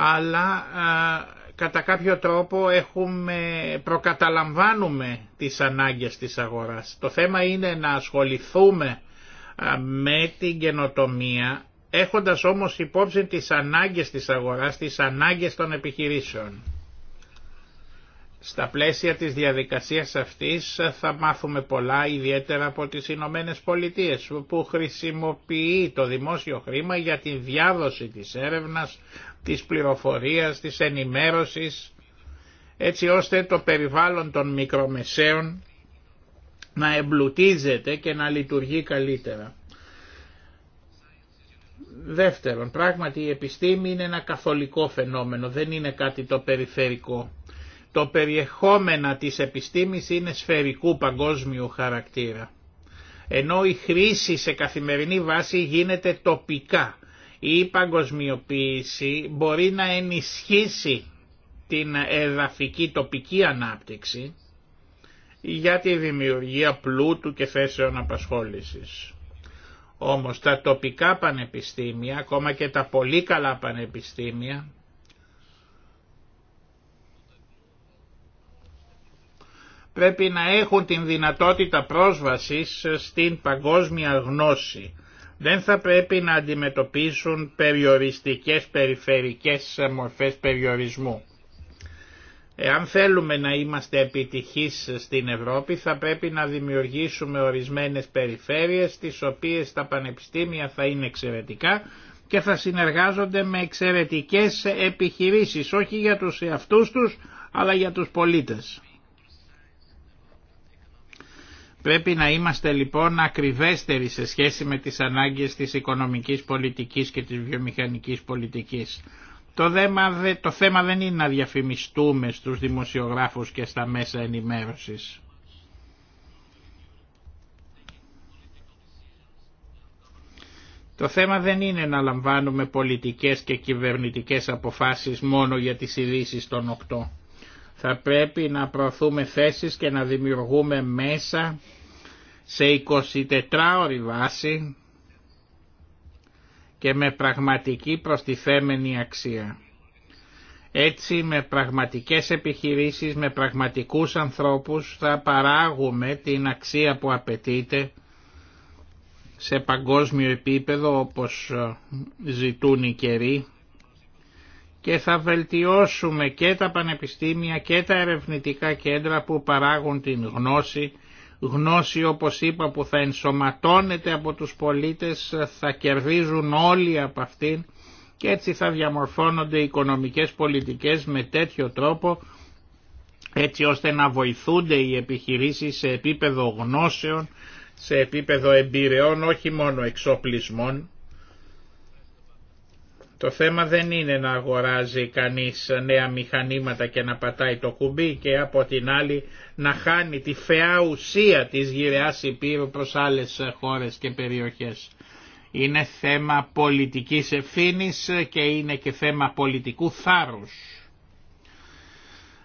Speaker 2: αλλά κατά κάποιο τρόπο έχουμε, προκαταλαμβάνουμε τις ανάγκες της αγοράς. Το θέμα είναι να ασχοληθούμε με την καινοτομία έχοντας όμως υπόψη τις ανάγκες της αγοράς, τις ανάγκες των επιχειρήσεων. Στα πλαίσια της διαδικασίας αυτής θα μάθουμε πολλά ιδιαίτερα από τις Ηνωμένε Πολιτείε που χρησιμοποιεί το δημόσιο χρήμα για τη διάδοση της έρευνας της πληροφορίας, της ενημέρωσης, έτσι ώστε το περιβάλλον των μικρομεσαίων να εμπλουτίζεται και να λειτουργεί καλύτερα. Δεύτερον, πράγματι η επιστήμη είναι ένα καθολικό φαινόμενο, δεν είναι κάτι το περιφερικό. Το περιεχόμενα της επιστήμης είναι σφαιρικού παγκόσμιου χαρακτήρα. Ενώ η χρήση σε καθημερινή βάση γίνεται τοπικά η παγκοσμιοποίηση μπορεί να ενισχύσει την εδαφική τοπική ανάπτυξη για τη δημιουργία πλούτου και θέσεων απασχόλησης. Όμως τα τοπικά πανεπιστήμια, ακόμα και τα πολύ καλά πανεπιστήμια, πρέπει να έχουν την δυνατότητα πρόσβασης στην παγκόσμια γνώση δεν θα πρέπει να αντιμετωπίσουν περιοριστικές περιφερικές μορφές περιορισμού. Εάν θέλουμε να είμαστε επιτυχείς στην Ευρώπη θα πρέπει να δημιουργήσουμε ορισμένες περιφέρειες τις οποίες τα πανεπιστήμια θα είναι εξαιρετικά και θα συνεργάζονται με εξαιρετικές επιχειρήσεις όχι για τους εαυτούς τους αλλά για τους πολίτες. Πρέπει να είμαστε λοιπόν ακριβέστεροι σε σχέση με τις ανάγκες της οικονομικής πολιτικής και της βιομηχανικής πολιτικής. Το, θέμα, το θέμα δεν είναι να διαφημιστούμε στους δημοσιογράφους και στα μέσα ενημέρωσης. Το θέμα δεν είναι να λαμβάνουμε πολιτικές και κυβερνητικές αποφάσεις μόνο για τις ειδήσει των οκτώ. Θα πρέπει να προωθούμε θέσεις και να δημιουργούμε μέσα σε 24 ώρη βάση και με πραγματική προστιθέμενη αξία. Έτσι με πραγματικές επιχειρήσεις, με πραγματικούς ανθρώπους θα παράγουμε την αξία που απαιτείται σε παγκόσμιο επίπεδο όπως ζητούν οι καιροί και θα βελτιώσουμε και τα πανεπιστήμια και τα ερευνητικά κέντρα που παράγουν την γνώση, γνώση όπως είπα που θα ενσωματώνεται από τους πολίτες, θα κερδίζουν όλοι από αυτήν και έτσι θα διαμορφώνονται οι οικονομικές πολιτικές με τέτοιο τρόπο έτσι ώστε να βοηθούνται οι επιχειρήσεις σε επίπεδο γνώσεων, σε επίπεδο εμπειρεών όχι μόνο εξοπλισμών το θέμα δεν είναι να αγοράζει κανείς νέα μηχανήματα και να πατάει το κουμπί και από την άλλη να χάνει τη φαιά ουσία της γυραιάς υπήρου προς άλλες χώρες και περιοχές. Είναι θέμα πολιτικής ευθύνης και είναι και θέμα πολιτικού θάρρους.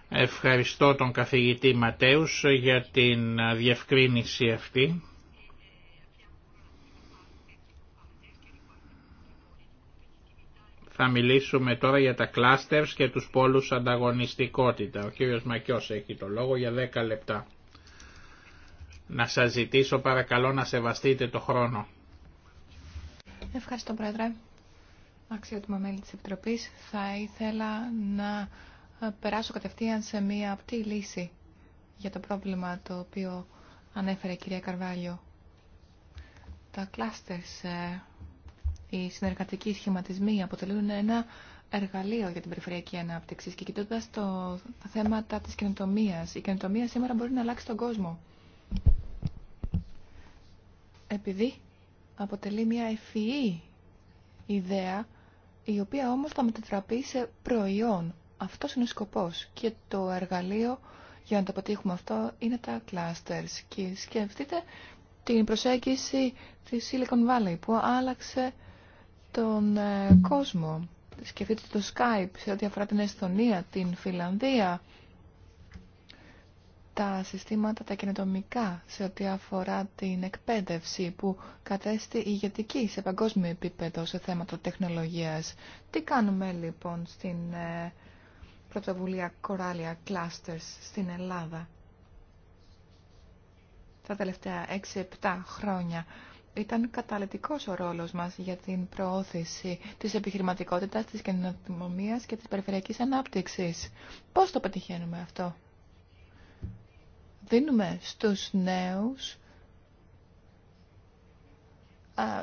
Speaker 2: Ευχαριστώ τον καθηγητή Ματέους για την διευκρίνηση αυτή. Θα μιλήσουμε τώρα για τα κλάστερς και τους πόλους ανταγωνιστικότητα. Ο κύριος Μακιός έχει το λόγο για 10 λεπτά. Να σας ζητήσω παρακαλώ να σεβαστείτε το χρόνο.
Speaker 3: Ευχαριστώ Πρόεδρε. Αξιότιμα μέλη της Επιτροπής. Θα ήθελα να περάσω κατευθείαν σε μία απτή λύση για το πρόβλημα το οποίο ανέφερε η κυρία Καρβάλιο. Τα κλάστερς οι συνεργατικοί σχηματισμοί αποτελούν ένα εργαλείο για την περιφερειακή ανάπτυξη και κοιτώντα τα θέματα τη καινοτομία. Η καινοτομία σήμερα μπορεί να αλλάξει τον κόσμο. Επειδή αποτελεί μια ευφυή ιδέα, η οποία όμως θα μετατραπεί σε προϊόν. Αυτό είναι ο σκοπός και το εργαλείο για να το αποτύχουμε αυτό είναι τα clusters. Και σκεφτείτε την προσέγγιση της Silicon Valley που άλλαξε τον ε, κόσμο. Σκεφτείτε το Skype σε ό,τι αφορά την Εσθονία, την Φιλανδία, τα συστήματα τα καινοτομικά σε ό,τι αφορά την εκπαίδευση που κατέστη ηγετική σε παγκόσμιο επίπεδο σε θέματα τεχνολογίας. Τι κάνουμε λοιπόν στην ε, πρωτοβουλία Coralia Clusters στην Ελλάδα τα τελευταία 6-7 χρόνια ήταν καταλητικός ο ρόλος μας για την προώθηση της επιχειρηματικότητας, της καινοτομία και της περιφερειακής ανάπτυξης. Πώς το πετυχαίνουμε αυτό. Δίνουμε στους νέους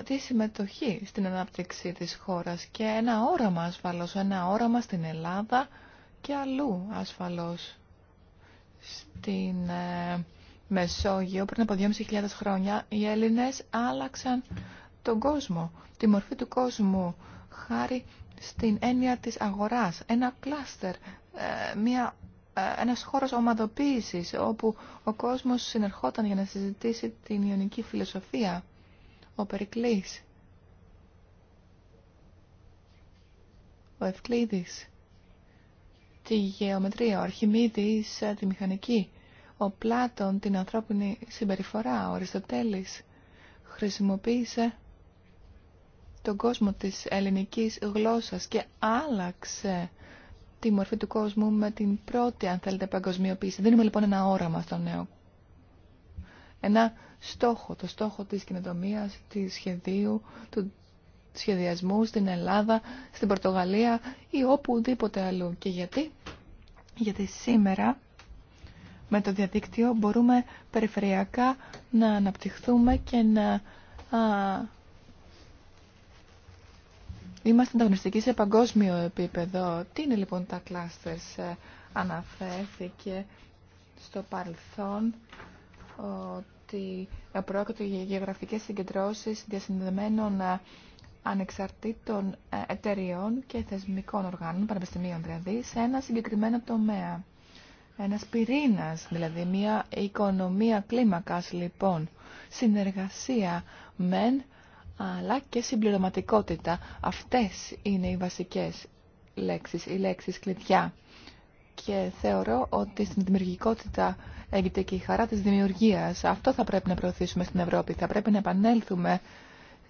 Speaker 3: τη συμμετοχή στην ανάπτυξη της χώρας και ένα όραμα ασφαλώς, ένα όραμα στην Ελλάδα και αλλού ασφαλώς. Στην ε, Μεσόγειο πριν από 2.500 χρόνια οι Έλληνες άλλαξαν τον κόσμο, τη μορφή του κόσμου χάρη στην έννοια της αγοράς. Ένα κλάστερ, ε, μια, ε, ένας χώρος ομαδοποίησης όπου ο κόσμος συνερχόταν για να συζητήσει την ιονική φιλοσοφία. Ο Περικλής, ο Ευκλήδης, τη γεωμετρία, ο Αρχιμίδης, ε, τη μηχανική ο Πλάτων την ανθρώπινη συμπεριφορά, ο Αριστοτέλης, χρησιμοποίησε τον κόσμο της ελληνικής γλώσσας και άλλαξε τη μορφή του κόσμου με την πρώτη, αν θέλετε, παγκοσμιοποίηση. Δίνουμε λοιπόν ένα όραμα στο νέο. Ένα στόχο, το στόχο της κοινοτομίας, της σχεδίου, του σχεδιασμού στην Ελλάδα, στην Πορτογαλία ή οπουδήποτε αλλού. Και γιατί? Γιατί σήμερα με το διαδίκτυο μπορούμε περιφερειακά να αναπτυχθούμε και να α, είμαστε ανταγωνιστικοί σε παγκόσμιο επίπεδο. Τι είναι λοιπόν τα κλάστερς ε, αναφέρθηκε στο παρελθόν ότι πρόκειται για γεωγραφικές συγκεντρώσεις διασυνδεμένων ε, ανεξαρτήτων ε, εταιριών και θεσμικών οργάνων, πανεπιστημίων δηλαδή, σε ένα συγκεκριμένο τομέα ένας πυρήνας, δηλαδή μια οικονομία κλίμακας λοιπόν, συνεργασία μεν, αλλά και συμπληρωματικότητα. Αυτές είναι οι βασικές λέξεις, οι λέξεις κλειδιά. Και θεωρώ ότι στην δημιουργικότητα έγινε και η χαρά της δημιουργίας. Αυτό θα πρέπει να προωθήσουμε στην Ευρώπη. Θα πρέπει να επανέλθουμε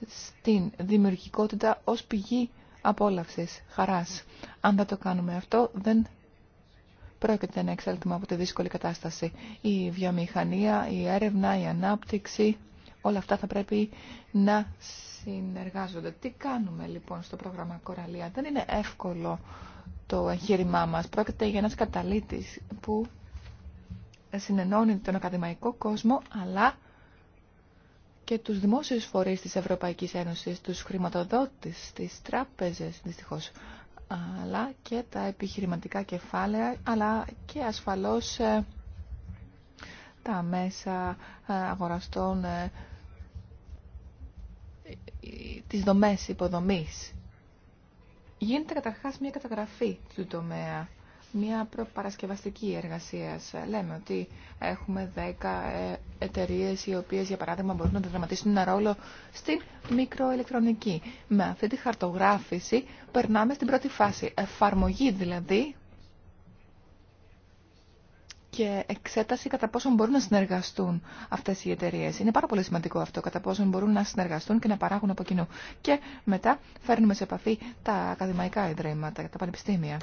Speaker 3: στην δημιουργικότητα ως πηγή απόλαυσης, χαράς. Αν δεν το κάνουμε αυτό, δεν πρόκειται να εξέλθουμε από τη δύσκολη κατάσταση. Η βιομηχανία, η έρευνα, η ανάπτυξη, όλα αυτά θα πρέπει να συνεργάζονται. Τι κάνουμε λοιπόν στο πρόγραμμα Κοραλία. Δεν είναι εύκολο το εγχείρημά μας. Πρόκειται για ένας καταλήτης που συνενώνει τον ακαδημαϊκό κόσμο, αλλά και τους δημόσιους φορείς της Ευρωπαϊκής Ένωσης, τους χρηματοδότης, τις τράπεζες, δυστυχώς αλλά και τα επιχειρηματικά κεφάλαια, αλλά και ασφαλώς ε, τα μέσα ε, αγοραστών, ε, τις δομές υποδομής. Γίνεται καταρχάς μια καταγραφή του τομέα μια προπαρασκευαστική εργασία. Λέμε ότι έχουμε 10 ε, εταιρείε οι οποίε, για παράδειγμα, μπορούν να δραματίσουν ένα ρόλο στην μικροελεκτρονική. Με αυτή τη χαρτογράφηση περνάμε στην πρώτη φάση. Εφαρμογή δηλαδή και εξέταση κατά πόσον μπορούν να συνεργαστούν αυτέ οι εταιρείε. Είναι πάρα πολύ σημαντικό αυτό, κατά πόσον μπορούν να συνεργαστούν και να παράγουν από κοινού. Και μετά φέρνουμε σε επαφή τα ακαδημαϊκά ιδρύματα, τα πανεπιστήμια.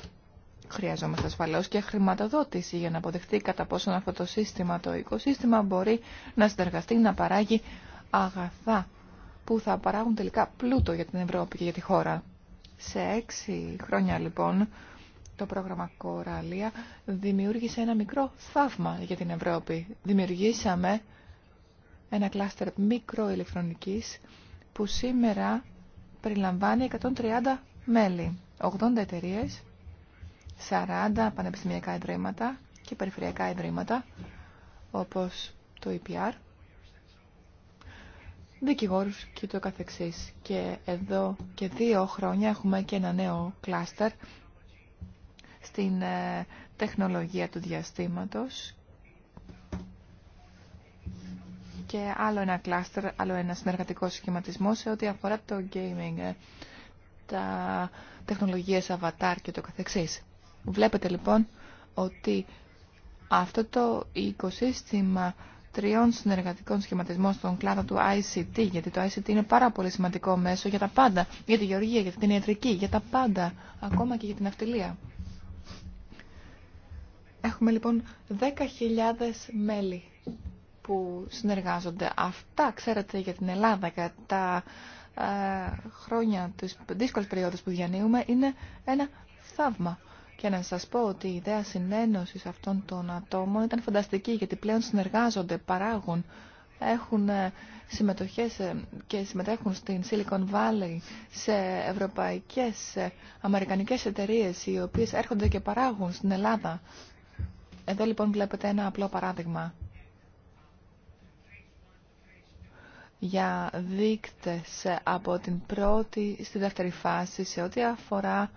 Speaker 3: Χρειαζόμαστε ασφαλώ και χρηματοδότηση για να αποδεχτεί κατά πόσον αυτό το σύστημα, το οικοσύστημα μπορεί να συνεργαστεί, να παράγει αγαθά που θα παράγουν τελικά πλούτο για την Ευρώπη και για τη χώρα. Σε έξι χρόνια λοιπόν το πρόγραμμα Κοραλία δημιούργησε ένα μικρό θαύμα για την Ευρώπη. Δημιουργήσαμε ένα κλάστερ μικροηλεκτρονικής που σήμερα περιλαμβάνει 130 μέλη, 80 εταιρείες 40 πανεπιστημιακά ιδρύματα και περιφερειακά ιδρύματα, όπως το EPR, δικηγόρους και το καθεξής. Και εδώ και δύο χρόνια έχουμε και ένα νέο κλάστερ στην ε, τεχνολογία του διαστήματος και άλλο ένα κλάστερ, άλλο ένα συνεργατικό σχηματισμό σε ό,τι αφορά το gaming, ε, τα τεχνολογίες avatar και το καθεξής. Βλέπετε λοιπόν ότι αυτό το οικοσύστημα τριών συνεργατικών σχηματισμών στον κλάδο του ICT, γιατί το ICT είναι πάρα πολύ σημαντικό μέσο για τα πάντα, για τη γεωργία, για την ιατρική, για τα πάντα, ακόμα και για την αυτιλία. Έχουμε λοιπόν 10.000 μέλη που συνεργάζονται. Αυτά ξέρετε για την Ελλάδα κατά τα ε, χρόνια, τις δύσκολες περιόδους που διανύουμε, είναι ένα θαύμα. Και να σας πω ότι η ιδέα συνένωσης αυτών των ατόμων ήταν φανταστική γιατί πλέον συνεργάζονται, παράγουν, έχουν ε, συμμετοχές ε, και συμμετέχουν στην Silicon Valley σε ευρωπαϊκές, σε αμερικανικές εταιρείες οι οποίες έρχονται και παράγουν στην Ελλάδα. Εδώ λοιπόν βλέπετε ένα απλό παράδειγμα για δείκτες από την πρώτη στη δεύτερη φάση σε ό,τι αφορά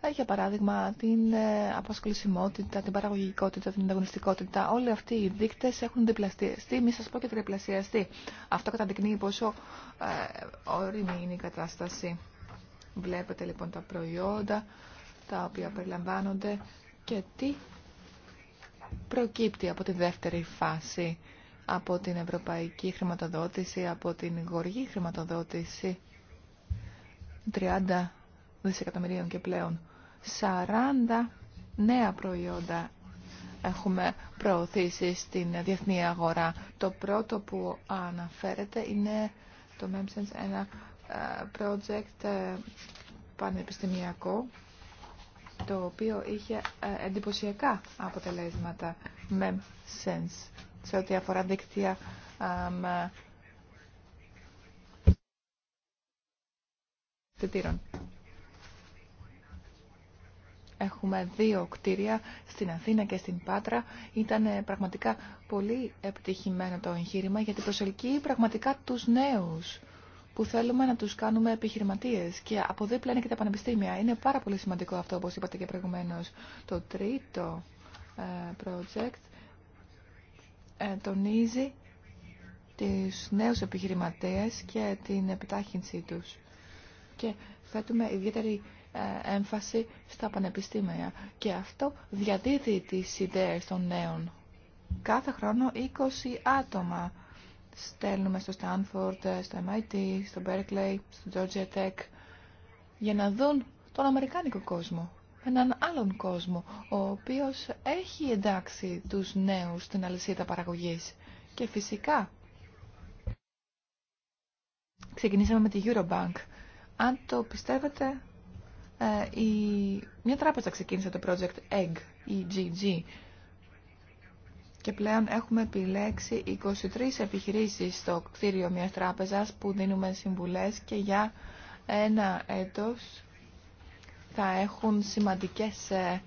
Speaker 3: ε, για παράδειγμα την ε, απασχολησιμότητα, την παραγωγικότητα, την ανταγωνιστικότητα. Όλοι αυτοί οι δείκτες έχουν διπλασιαστεί, μη σας πω και τριπλασιαστεί. Αυτό καταδεικνύει πόσο ε, όριμη είναι η κατάσταση. Βλέπετε λοιπόν τα προϊόντα τα οποία περιλαμβάνονται και τι προκύπτει από τη δεύτερη φάση από την ευρωπαϊκή χρηματοδότηση, από την γοργή χρηματοδότηση 30 δισεκατομμυρίων και πλέον. 40 νέα προϊόντα έχουμε προωθήσει στην διεθνή αγορά. Το πρώτο που αναφέρεται είναι το MEMSense, ένα ε, project ε, πανεπιστημιακό, το οποίο είχε ε, εντυπωσιακά αποτελέσματα MEMSense σε ό,τι αφορά δίκτυα θητήρων. Έχουμε δύο κτίρια στην Αθήνα και στην Πάτρα. Ήταν ε, πραγματικά πολύ επιτυχημένο το εγχείρημα γιατί προσελκύει πραγματικά τους νέους που θέλουμε να τους κάνουμε επιχειρηματίες και από δίπλα είναι και τα πανεπιστήμια. Είναι πάρα πολύ σημαντικό αυτό όπως είπατε και προηγουμένως. Το τρίτο ε, project ε, τονίζει τις νέους επιχειρηματίες και την επιτάχυνσή τους. Και θέτουμε ιδιαίτερη ε, έμφαση στα πανεπιστήμια. Και αυτό διαδίδει τις ιδέες των νέων. Κάθε χρόνο 20 άτομα στέλνουμε στο Stanford, στο MIT, στο Berkeley, στο Georgia Tech για να δουν τον Αμερικάνικο κόσμο. Έναν άλλον κόσμο, ο οποίος έχει εντάξει τους νέους στην αλυσίδα παραγωγής. Και φυσικά, ξεκινήσαμε με τη Eurobank. Αν το πιστεύετε, ε, μια τράπεζα ξεκίνησε το project EGG, EGG και πλέον έχουμε επιλέξει 23 επιχειρήσεις στο κτίριο μιας τράπεζας που δίνουμε συμβουλές και για ένα έτος θα έχουν σημαντικές ε,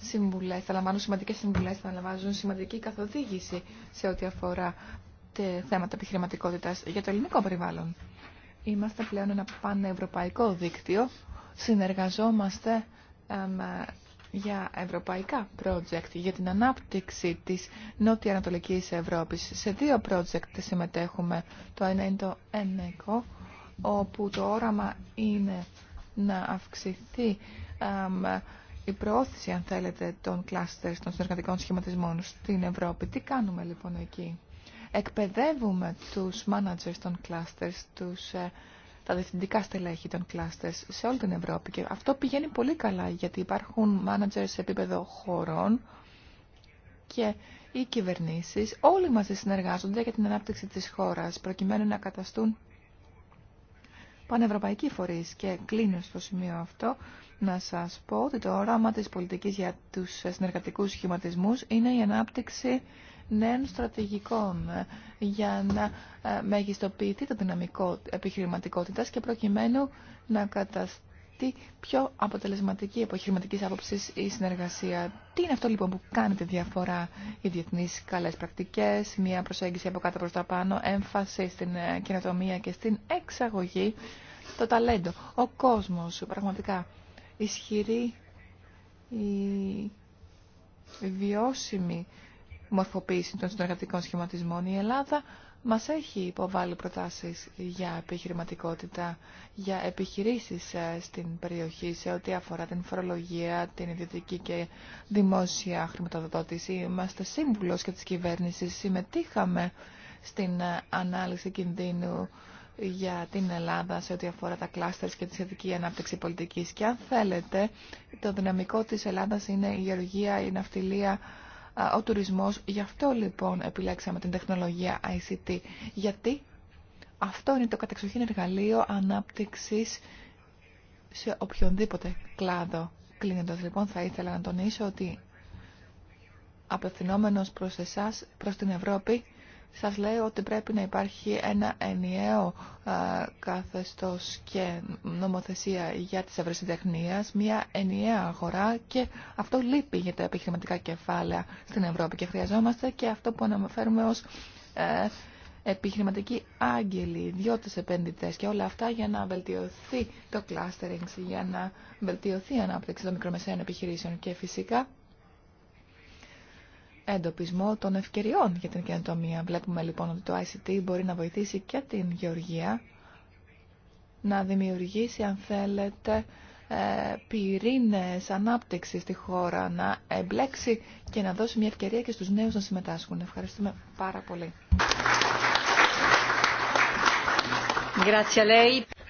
Speaker 3: συμβουλές, θα λαμβάνουν σημαντικές συμβουλές, θα λαμβάνουν σημαντική καθοδήγηση σε ό,τι αφορά τα θέματα επιχειρηματικότητας για το ελληνικό περιβάλλον. Είμαστε πλέον ένα πανευρωπαϊκό δίκτυο συνεργαζόμαστε για ευρωπαϊκά project για την ανάπτυξη της Νότια Ανατολικής Ευρώπης. Σε δύο project συμμετέχουμε. Το ένα είναι το ΕΝΕΚΟ, όπου το όραμα είναι να αυξηθεί η προώθηση, αν θέλετε, των κλάστερ, των συνεργατικών σχηματισμών στην Ευρώπη. Τι κάνουμε λοιπόν εκεί. Εκπαιδεύουμε τους managers των κλάστερ, τους ε, τα διευθυντικά στελέχη των κλάστες σε όλη την Ευρώπη. Και αυτό πηγαίνει πολύ καλά γιατί υπάρχουν μάνατζερ σε επίπεδο χωρών και οι κυβερνήσεις όλοι μαζί συνεργάζονται για την ανάπτυξη της χώρας προκειμένου να καταστούν πανευρωπαϊκοί φορείς και κλείνω στο σημείο αυτό να σας πω ότι το όραμα της πολιτικής για τους συνεργατικούς σχηματισμούς είναι η ανάπτυξη νέων στρατηγικών ε, για να ε, μεγιστοποιηθεί το δυναμικό επιχειρηματικότητας και προκειμένου να καταστεί πιο αποτελεσματική επιχειρηματική άποψη η συνεργασία. Τι είναι αυτό λοιπόν που κάνει τη διαφορά, οι διεθνεί καλέ πρακτικέ, μια προσέγγιση από κάτω προ τα πάνω, έμφαση στην ε, καινοτομία και στην εξαγωγή, το ταλέντο, ο κόσμο πραγματικά ισχυρή η βιώσιμη μορφοποίηση των συνεργατικών σχηματισμών. Η Ελλάδα μας έχει υποβάλει προτάσεις για επιχειρηματικότητα, για επιχειρήσεις ε, στην περιοχή σε ό,τι αφορά την φορολογία, την ιδιωτική και δημόσια χρηματοδότηση. Είμαστε σύμβουλος και της κυβέρνησης. Συμμετείχαμε στην ε, ανάλυση κινδύνου για την Ελλάδα σε ό,τι αφορά τα κλάστερ και τη σχετική ανάπτυξη πολιτικής. Και αν θέλετε, το δυναμικό της Ελλάδας είναι η γεωργία, η ναυτιλία, ο τουρισμός. Γι' αυτό λοιπόν επιλέξαμε την τεχνολογία ICT. Γιατί αυτό είναι το κατεξοχήν εργαλείο ανάπτυξης σε οποιονδήποτε κλάδο. Κλείνοντας λοιπόν θα ήθελα να τονίσω ότι απευθυνόμενος προς εσάς, προς την Ευρώπη, σας λέω ότι πρέπει να υπάρχει ένα ενιαίο καθεστώς και νομοθεσία για τις ευρωσυντεχνίες, μια ενιαία αγορά και αυτό λείπει για τα επιχειρηματικά κεφάλαια στην Ευρώπη και χρειαζόμαστε και αυτό που αναφέρουμε ως ε, επιχειρηματικοί άγγελοι, ιδιώτες επενδυτές και όλα αυτά για να βελτιωθεί το clustering, για να βελτιωθεί η ανάπτυξη των μικρομεσαίων επιχειρήσεων και φυσικά εντοπισμό των ευκαιριών για την καινοτομία. Βλέπουμε λοιπόν ότι το ICT μπορεί να βοηθήσει και την γεωργία να δημιουργήσει, αν θέλετε, ε, πυρήνες ανάπτυξη στη χώρα, να εμπλέξει και να δώσει μια ευκαιρία και στους νέους να συμμετάσχουν. Ευχαριστούμε πάρα πολύ.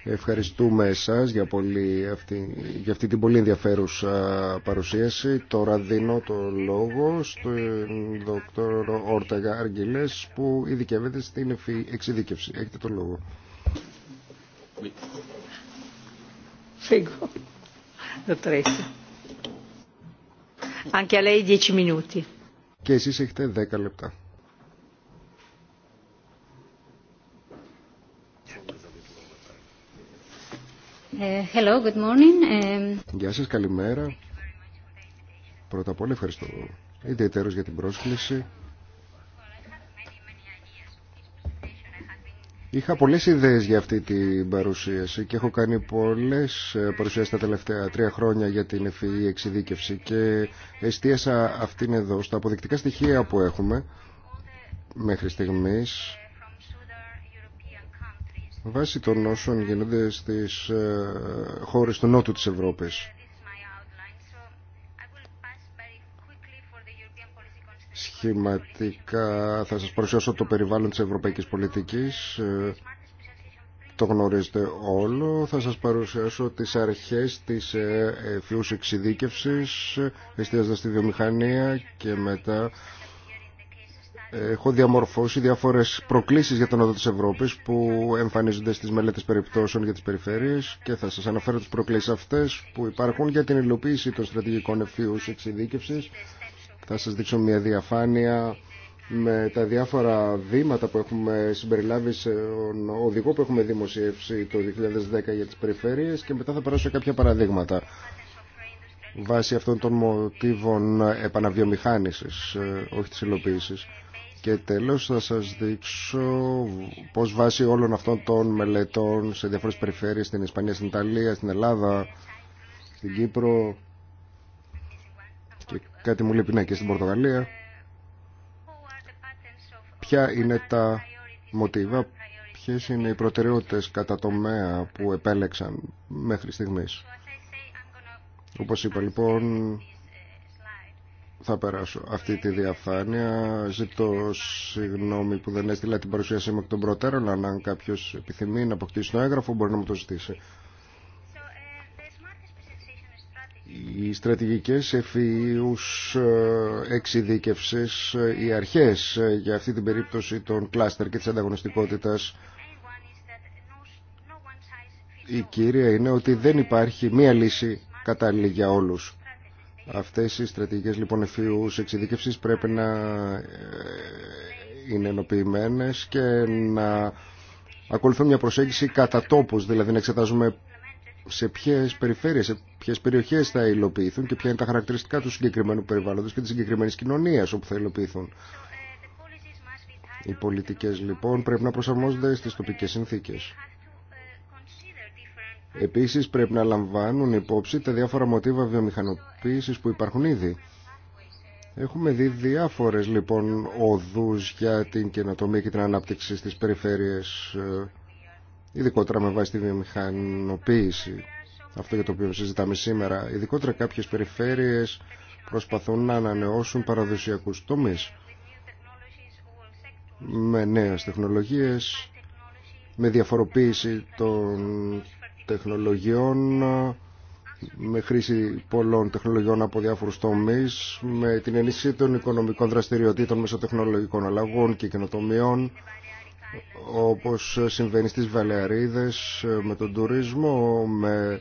Speaker 1: Ευχαριστούμε εσάς για, αυτή, την πολύ ενδιαφέρουσα παρουσίαση. Τώρα δίνω το λόγο στον δόκτωρο Όρταγα Αργυλές που ειδικεύεται στην εξειδίκευση. Έχετε το λόγο. Αν Και εσείς έχετε 10 λεπτά. Ε, hello, good morning. Ε, Γεια σας, καλημέρα. Πρώτα απ' όλα ευχαριστώ ιδιαίτερος για την πρόσκληση. Είχα πολλές ιδέες για αυτή την παρουσίαση και έχω κάνει πολλές ε, παρουσιάσεις τα τελευταία τρία χρόνια για την ευφυή e e εξειδίκευση και εστίασα αυτήν εδώ στα αποδεικτικά στοιχεία που έχουμε μέχρι στιγμής βάσει των όσων γίνονται στις ε, χώρες του νότου της Ευρώπης. Σχηματικά θα σας παρουσιάσω το περιβάλλον της ευρωπαϊκής πολιτικής. Ε, το γνωρίζετε όλο. Θα σας παρουσιάσω τις αρχές της φιούς ε, εξειδίκευσης, εστιάζοντας τη βιομηχανία και μετά έχω διαμορφώσει διάφορες προκλήσεις για τον νότο της Ευρώπης που εμφανίζονται στις μελέτες περιπτώσεων για τις περιφέρειες και θα σας αναφέρω τις προκλήσεις αυτές που υπάρχουν για την υλοποίηση των στρατηγικών ευθείους εξειδίκευσης. Θα σας δείξω μια διαφάνεια με τα διάφορα βήματα που έχουμε συμπεριλάβει σε οδηγό που έχουμε δημοσιεύσει το 2010 για τις περιφέρειες και μετά θα περάσω κάποια παραδείγματα βάσει αυτών των μοτίβων επαναβιομηχάνησης, ε, όχι της υλοποίησης. Και τέλος θα σας δείξω πώς βάσει όλων αυτών των μελετών σε διάφορε περιφέρειες στην Ισπανία, στην Ιταλία, στην Ελλάδα, στην Κύπρο και κάτι μου λείπει ναι, και στην Πορτογαλία. Ποια είναι τα μοτίβα, ποιες είναι οι προτεραιότητες κατά τομέα που επέλεξαν μέχρι στιγμής. Όπως είπα λοιπόν, θα περάσω αυτή τη διαφάνεια. Ζητώ συγγνώμη που δεν έστειλα την παρουσίασή μου εκ των προτέρων. Αν κάποιο επιθυμεί να αποκτήσει το έγγραφο, μπορεί να μου το ζητήσει. Οι στρατηγικές εφηείους ε, εξειδίκευση ε, οι αρχές ε, για αυτή την περίπτωση των κλάστερ και της ανταγωνιστικότητας η κύρια είναι ότι δεν υπάρχει μία λύση κατάλληλη για όλους. Αυτές οι στρατηγικές λοιπόν εφίους εξειδίκευσης πρέπει να ε, είναι ενοποιημένες και να ακολουθούν μια προσέγγιση κατά τόπους, δηλαδή να εξετάζουμε σε ποιες περιφέρειες, σε ποιες περιοχές θα υλοποιηθούν και ποια είναι τα χαρακτηριστικά του συγκεκριμένου περιβάλλοντος και της συγκεκριμένης κοινωνίας όπου θα υλοποιηθούν. Οι πολιτικές λοιπόν πρέπει να προσαρμόζονται στις τοπικές συνθήκες. Επίσης πρέπει να λαμβάνουν υπόψη τα διάφορα μοτίβα βιομηχανοποίησης που υπάρχουν ήδη. Έχουμε δει διάφορες λοιπόν οδούς για την καινοτομία και την ανάπτυξη στις περιφέρειες, ε, ειδικότερα με βάση τη βιομηχανοποίηση, αυτό για το οποίο συζητάμε σήμερα. Ειδικότερα κάποιες περιφέρειες προσπαθούν να ανανεώσουν παραδοσιακούς τομείς με νέες τεχνολογίες, με διαφοροποίηση των τεχνολογιών με χρήση πολλών τεχνολογιών από διάφορους τομείς, με την ενίσχυση των οικονομικών δραστηριοτήτων μέσω τεχνολογικών αλλαγών και καινοτομιών, όπως συμβαίνει στις Βαλεαρίδες, με τον τουρισμό, με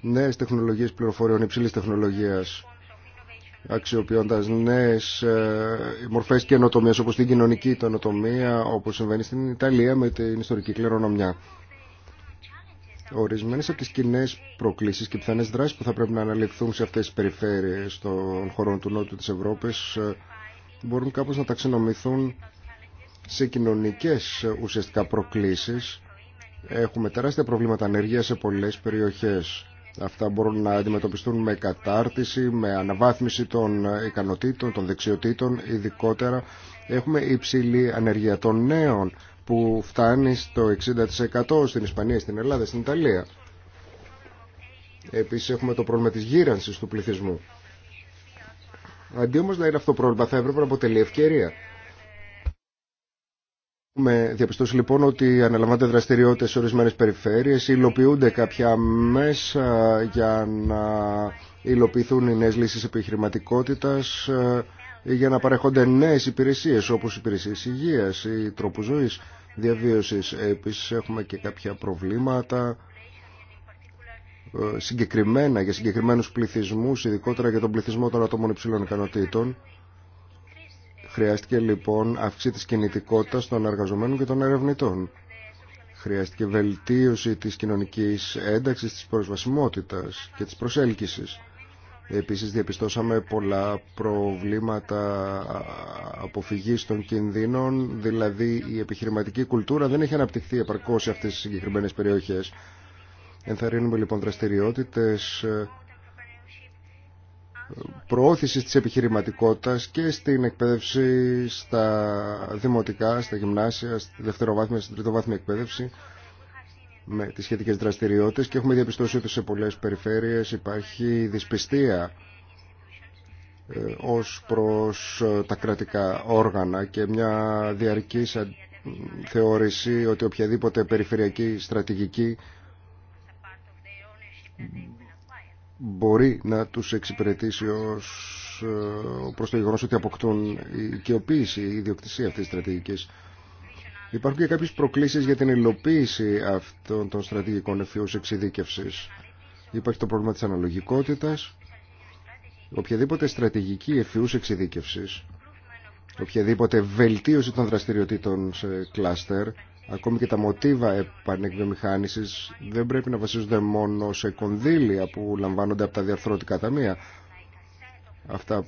Speaker 1: νέες τεχνολογίες πληροφοριών υψηλής τεχνολογίας, αξιοποιώντας νέες ε, μορφές καινοτομίας, όπως την κοινωνική καινοτομία, όπως συμβαίνει στην Ιταλία με την ιστορική κληρονομιά. Ορισμένες από τις κοινέ προκλήσεις και πιθανές δράσεις που θα πρέπει να αναλυθούν σε αυτές τις περιφέρειες των χωρών του Νότου της Ευρώπης ε, μπορούν κάπως να ταξινομηθούν σε κοινωνικές ε, ουσιαστικά προκλήσεις. Έχουμε τεράστια προβλήματα ανεργίας σε πολλές περιοχές. Αυτά μπορούν να αντιμετωπιστούν με κατάρτιση, με αναβάθμιση των ικανοτήτων, των δεξιοτήτων, ειδικότερα έχουμε υψηλή ανεργία των νέων που φτάνει στο 60% στην Ισπανία, στην Ελλάδα, στην Ιταλία. Επίσης έχουμε το πρόβλημα της γύρανσης του πληθυσμού. Αντί όμως να είναι αυτό πρόβλημα θα έπρεπε να αποτελεί ευκαιρία. Έχουμε διαπιστώσει λοιπόν ότι αναλαμβάνονται δραστηριότητε σε ορισμένε περιφέρειε, υλοποιούνται κάποια μέσα για να υλοποιηθούν οι νέε λύσει επιχειρηματικότητα ε, για να παρέχονται νέε υπηρεσίε όπω υπηρεσίε υγεία ή τρόπου ζωή διαβίωσης. Επίσης έχουμε και κάποια προβλήματα ε, συγκεκριμένα για συγκεκριμένους πληθυσμούς, ειδικότερα για τον πληθυσμό των ατόμων υψηλών ικανοτήτων. Χρειάστηκε λοιπόν αύξηση της κινητικότητας των εργαζομένων και των ερευνητών. Χρειάστηκε βελτίωση της κοινωνικής ένταξης, της προσβασιμότητας και της προσέλκυσης. Επίσης διαπιστώσαμε πολλά προβλήματα αποφυγής των κινδύνων, δηλαδή η επιχειρηματική κουλτούρα δεν έχει αναπτυχθεί επαρκώς σε αυτές τις συγκεκριμένες περιοχές. Ενθαρρύνουμε λοιπόν δραστηριότητες προώθησης της επιχειρηματικότητας και στην εκπαίδευση στα δημοτικά, στα γυμνάσια, στη δευτεροβάθμια, στην τριτοβάθμια εκπαίδευση με τις σχετικές δραστηριότητες και έχουμε διαπιστώσει ότι σε πολλές περιφέρειες υπάρχει δυσπιστία ε, ως προς ε, τα κρατικά όργανα και μια διαρκής θεώρηση ότι οποιαδήποτε περιφερειακή στρατηγική μπορεί να τους εξυπηρετήσει ως ε, προς το γεγονός ότι αποκτούν η οικειοποίηση, η ιδιοκτησία αυτής της στρατηγικής. Υπάρχουν και κάποιες προκλήσεις για την υλοποίηση αυτών των στρατηγικών ευφυούς εξειδίκευσης. Υπάρχει το πρόβλημα της αναλογικότητας. Οποιαδήποτε στρατηγική ευφυούς εξειδίκευσης, οποιαδήποτε βελτίωση των δραστηριοτήτων σε κλάστερ, ακόμη και τα μοτίβα επανεκβιομηχάνησης δεν πρέπει να βασίζονται μόνο σε κονδύλια που λαμβάνονται από τα διαρθρωτικά ταμεία. Αυτά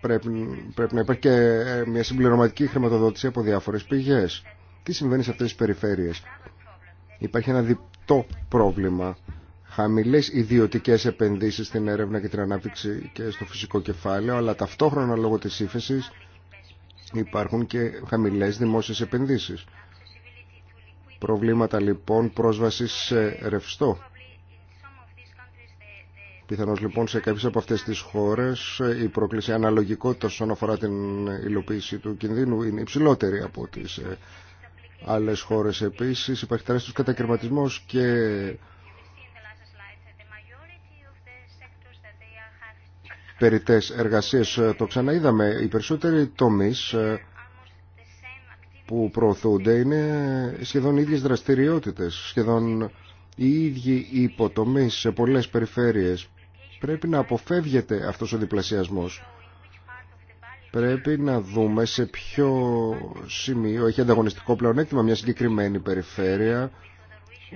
Speaker 1: πρέπει, πρέπει να υπάρχει και ε, μια συμπληρωματική χρηματοδότηση από διάφορες πηγές. Τι συμβαίνει σε αυτές τις περιφέρειες. Υπάρχει ένα διπτό πρόβλημα. Χαμηλές ιδιωτικές επενδύσεις στην έρευνα και την ανάπτυξη και στο φυσικό κεφάλαιο, αλλά ταυτόχρονα λόγω της ύφεση υπάρχουν και χαμηλές δημόσιες επενδύσεις. Προβλήματα λοιπόν πρόσβασης σε ρευστό. Πιθανώς λοιπόν σε κάποιες από αυτές τις χώρες η πρόκληση αναλογικότητα όσον αφορά την υλοποίηση του κινδύνου είναι υψηλότερη από τις άλλες χώρες. Επίσης υπάρχει τεράστιος κατακαιρματισμός και περιτές εργασίες. Το ξαναείδαμε. Οι περισσότεροι τομείς ε, που προωθούνται είναι σχεδόν οι ίδιες δραστηριότητες, σχεδόν οι ίδιοι υποτομείς σε πολλές περιφέρειες. Πρέπει να αποφεύγεται αυτός ο διπλασιασμός πρέπει να δούμε σε ποιο σημείο έχει ανταγωνιστικό πλεονέκτημα μια συγκεκριμένη περιφέρεια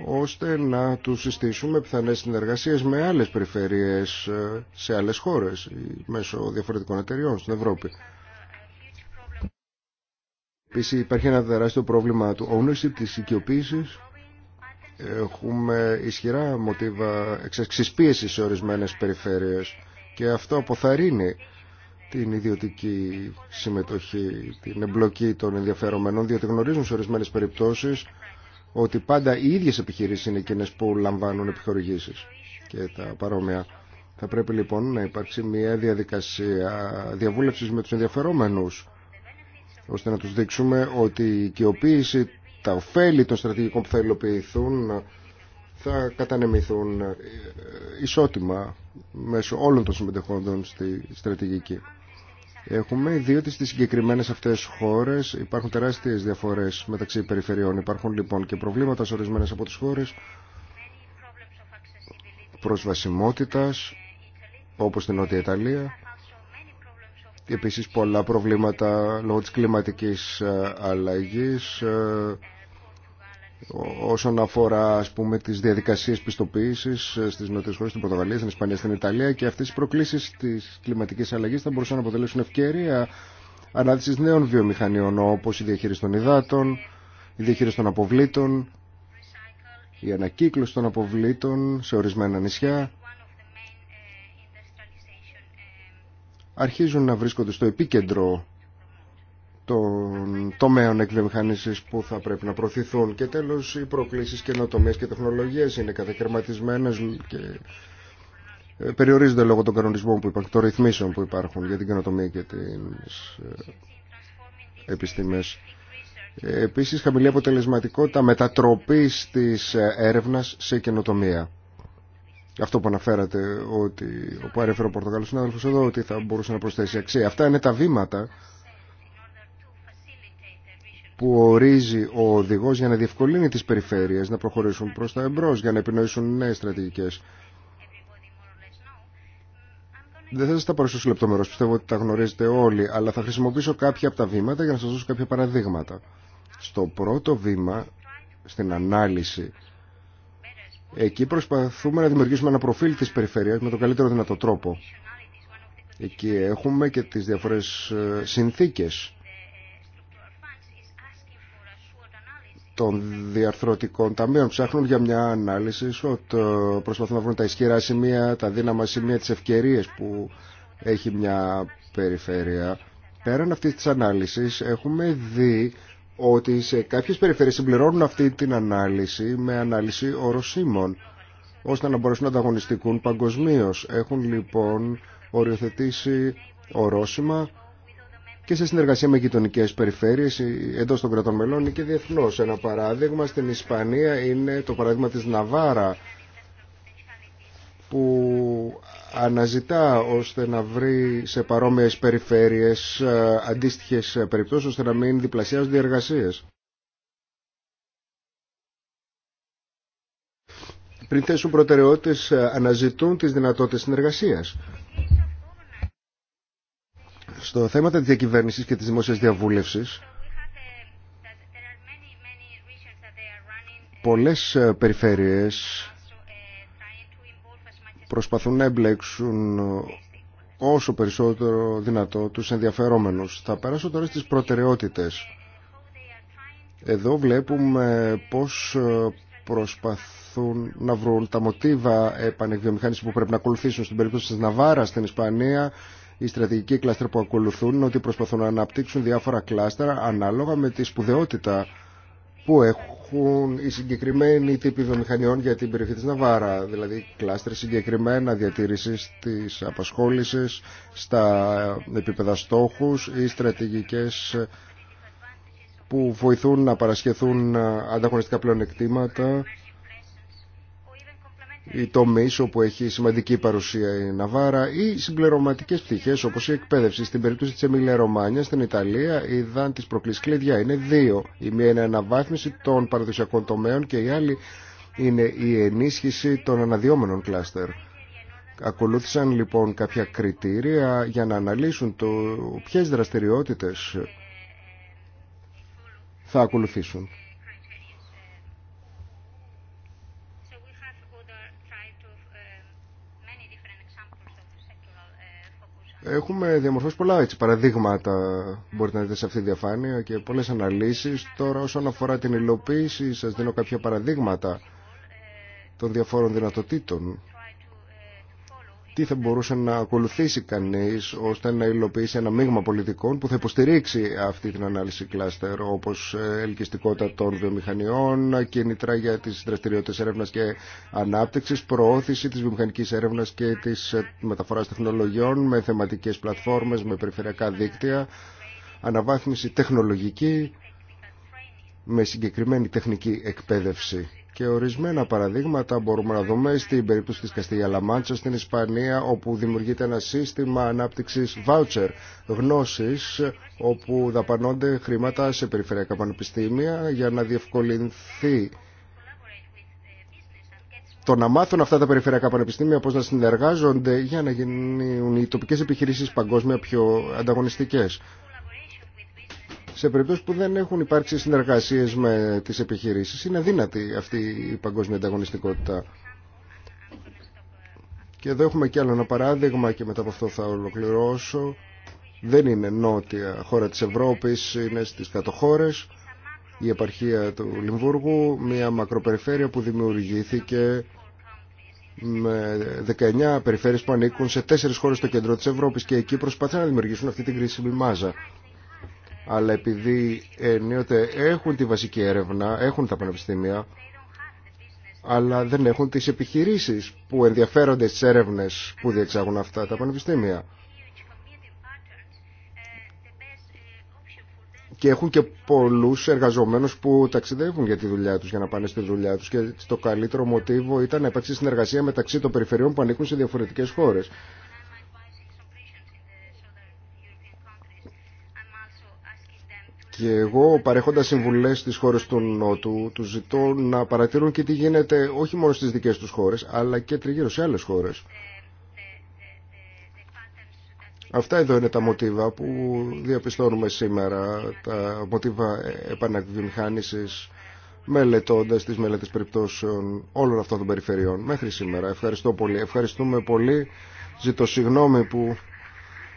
Speaker 1: ώστε να του συστήσουμε πιθανές συνεργασίες με άλλες περιφέρειες ε, σε άλλες χώρες μέσω διαφορετικών εταιριών στην Ευρώπη. Επίση υπάρχει ένα τεράστιο πρόβλημα του ownership, της οικειοποίησης. Έχουμε ισχυρά μοτίβα εξασκής σε ορισμένες περιφέρειες και αυτό αποθαρρύνει την ιδιωτική συμμετοχή, την εμπλοκή των ενδιαφερομένων, διότι γνωρίζουν σε ορισμένε περιπτώσει ότι πάντα οι ίδιε επιχειρήσει είναι εκείνες που λαμβάνουν επιχορηγήσει και τα παρόμοια. Θα πρέπει λοιπόν να υπάρξει μια διαδικασία διαβούλευση με του ενδιαφερόμενου, ώστε να του δείξουμε ότι η οικειοποίηση, τα ωφέλη των στρατηγικών που θα υλοποιηθούν θα κατανεμηθούν ε, ισότιμα μέσω όλων των συμμετεχόντων στη στρατηγική έχουμε, διότι στις συγκεκριμένες αυτές χώρες υπάρχουν τεράστιες διαφορές μεταξύ περιφερειών. Υπάρχουν λοιπόν και προβλήματα σε ορισμένες από τις χώρες προσβασιμότητας, όπως στην Νότια Ιταλία. Επίσης πολλά προβλήματα λόγω της κλιματικής ε, αλλαγής, ε, όσον αφορά ας πούμε, τις διαδικασίες πιστοποίησης ε, στις νότιες χώρες, στην Πορτογαλία, στην Ισπανία, στην Ιταλία και αυτές οι προκλήσεις της κλιματικής αλλαγής θα μπορούσαν να αποτελέσουν ευκαιρία ανάδυσης νέων βιομηχανιών όπως η διαχείριση των υδάτων, η διαχείριση των αποβλήτων, η ανακύκλωση των αποβλήτων σε ορισμένα νησιά. Αρχίζουν να βρίσκονται στο επίκεντρο των τομέων εκβιομηχανήσης που θα πρέπει να προωθηθούν και τέλος οι προκλήσεις καινοτομίας και τεχνολογίες είναι κατακαιρματισμένες και ε, περιορίζονται λόγω των κανονισμών που υπάρχουν, των ρυθμίσεων που υπάρχουν για την καινοτομία και τις ε, επιστήμες. Επίσης χαμηλή αποτελεσματικότητα μετατροπής της ε, έρευνας σε καινοτομία. Αυτό που αναφέρατε, ότι, που έρευνε ο Πορτογάλος συνάδελφος εδώ, ότι θα μπορούσε να προσθέσει αξία. Αυτά είναι τα βήματα που ορίζει ο οδηγό για να διευκολύνει τι περιφερειε να προχωρήσουν προ τα εμπρό για να επινοήσουν νέε στρατηγικέ. Δεν θα σα τα παρουσιάσω λεπτομερώς, πιστεύω ότι τα γνωρίζετε όλοι, αλλά θα χρησιμοποιήσω κάποια από τα βήματα για να σα δώσω κάποια παραδείγματα. Στο πρώτο βήμα, στην ανάλυση, εκεί προσπαθούμε να δημιουργήσουμε ένα προφίλ τη περιφέρειας με τον καλύτερο δυνατό τρόπο. Εκεί έχουμε και τις διαφορές ε, συνθήκες των διαρθρωτικών ταμείων. Ψάχνουν για μια ανάλυση, ότι προσπαθούν να βρουν τα ισχυρά σημεία, τα δύναμα σημεία, τις ευκαιρίες που έχει μια περιφέρεια. Πέραν αυτή της ανάλυσης έχουμε δει ότι σε κάποιες περιφέρειες συμπληρώνουν αυτή την ανάλυση με ανάλυση οροσίμων ώστε να μπορέσουν να ανταγωνιστικούν παγκοσμίω. Έχουν λοιπόν οριοθετήσει ορόσημα και σε συνεργασία με γειτονικέ περιφέρειε ε, εντό των κρατών μελών και διεθνώ. Ένα παράδειγμα στην Ισπανία είναι το παράδειγμα τη Ναβάρα που αναζητά ώστε να βρει σε παρόμοιες περιφέρειες ε, αντίστοιχες περιπτώσεις ώστε να μην διπλασιάζονται οι εργασίες. Πριν θέσουν προτεραιότητες ε, αναζητούν τι δυνατότητες συνεργασίας στο θέμα της διακυβέρνησης και της δημόσιας διαβούλευσης, πολλές ε, περιφέρειες προσπαθούν να εμπλέξουν ε, όσο περισσότερο δυνατό τους ενδιαφερόμενους. Θα περάσω τώρα στις προτεραιότητες. Εδώ βλέπουμε πώς ε, προσπαθούν να βρουν τα μοτίβα επανεκβιομηχάνηση που πρέπει να ακολουθήσουν στην περίπτωση της Ναβάρα στην Ισπανία οι στρατηγικοί κλάστερ που ακολουθούν ότι προσπαθούν να αναπτύξουν διάφορα κλάστερ ανάλογα με τη σπουδαιότητα που έχουν οι συγκεκριμένοι τύποι βιομηχανιών για την περιοχή της Ναβάρα, δηλαδή κλάστερ συγκεκριμένα διατήρησης της απασχόλησης στα επίπεδα στόχους ή στρατηγικές που βοηθούν να παρασχεθούν ανταγωνιστικά πλεονεκτήματα οι τομεί όπου έχει σημαντική παρουσία η Ναβάρα ή συμπληρωματικέ πτυχέ όπω η εκπαίδευση. Στην περίπτωση τη Εμίλια Ρωμάνια στην Ιταλία, είδαν τι προκλήσει κλειδιά. Είναι δύο. Η μία είναι αναβάθμιση των παραδοσιακών τομέων και η άλλη είναι η ενίσχυση των αναδυόμενων κλάστερ. Ακολούθησαν λοιπόν κάποια κριτήρια για να αναλύσουν το ποιες δραστηριότητες θα ακολουθήσουν. Έχουμε διαμορφώσει πολλά έτσι, παραδείγματα, μπορείτε να δείτε σε αυτή τη διαφάνεια και πολλές αναλύσεις. Τώρα όσον αφορά την υλοποίηση σας δίνω κάποια παραδείγματα των διαφόρων δυνατοτήτων τι θα μπορούσε να ακολουθήσει κανείς ώστε να υλοποιήσει ένα μείγμα πολιτικών που θα υποστηρίξει αυτή την ανάλυση κλάστερ όπως ε, ελκυστικότητα των βιομηχανιών, κίνητρα για τις δραστηριότητες έρευνας και ανάπτυξης, προώθηση της βιομηχανικής έρευνας και της ε, μεταφοράς τεχνολογιών με θεματικές πλατφόρμες, με περιφερειακά δίκτυα, αναβάθμιση τεχνολογική με συγκεκριμένη τεχνική εκπαίδευση και ορισμένα παραδείγματα μπορούμε να δούμε στην περίπτωση της Καστίγια Λαμάντσα στην Ισπανία όπου δημιουργείται ένα σύστημα ανάπτυξης voucher γνώσης όπου δαπανώνται χρήματα σε περιφερειακά πανεπιστήμια για να διευκολυνθεί το να μάθουν αυτά τα περιφερειακά πανεπιστήμια πώς να συνεργάζονται για να γίνουν οι τοπικές επιχειρήσεις παγκόσμια πιο ανταγωνιστικές. Σε περίπτωση που δεν έχουν υπάρξει συνεργασίες με τις επιχειρήσεις είναι αδύνατη αυτή η παγκόσμια ανταγωνιστικότητα. Και εδώ έχουμε και άλλο ένα παράδειγμα και μετά από αυτό θα ολοκληρώσω. Δεν είναι νότια χώρα της Ευρώπης, είναι στις κατοχώρες, η επαρχία του Λιμβούργου, μια μακροπεριφέρεια που δημιουργήθηκε με 19 περιφέρειες που ανήκουν σε 4 χώρες στο κέντρο της Ευρώπης και εκεί προσπάθησαν να δημιουργήσουν αυτή την κρίσιμη μάζα αλλά επειδή ενίοτε έχουν τη βασική έρευνα, έχουν τα πανεπιστήμια, αλλά δεν έχουν τις επιχειρήσεις που ενδιαφέρονται στις έρευνες που διεξάγουν αυτά τα πανεπιστήμια. Και έχουν και πολλούς εργαζομένους που ταξιδεύουν για τη δουλειά τους, για να πάνε στη δουλειά τους. Και το καλύτερο μοτίβο ήταν να υπάρξει συνεργασία μεταξύ των περιφερειών που ανήκουν σε διαφορετικές χώρες. Και εγώ παρέχοντα συμβουλέ στι χώρε του Νότου, του ζητώ να παρατηρούν και τι γίνεται όχι μόνο στι δικέ του χώρε, αλλά και τριγύρω σε άλλε χώρε. Αυτά εδώ είναι τα μοτίβα που διαπιστώνουμε σήμερα, τα μοτίβα επανακβιμηχάνησης, μελετώντας τις μελέτες περιπτώσεων όλων αυτών των περιφερειών μέχρι σήμερα. Ευχαριστώ πολύ. Ευχαριστούμε πολύ. Ζητώ συγγνώμη που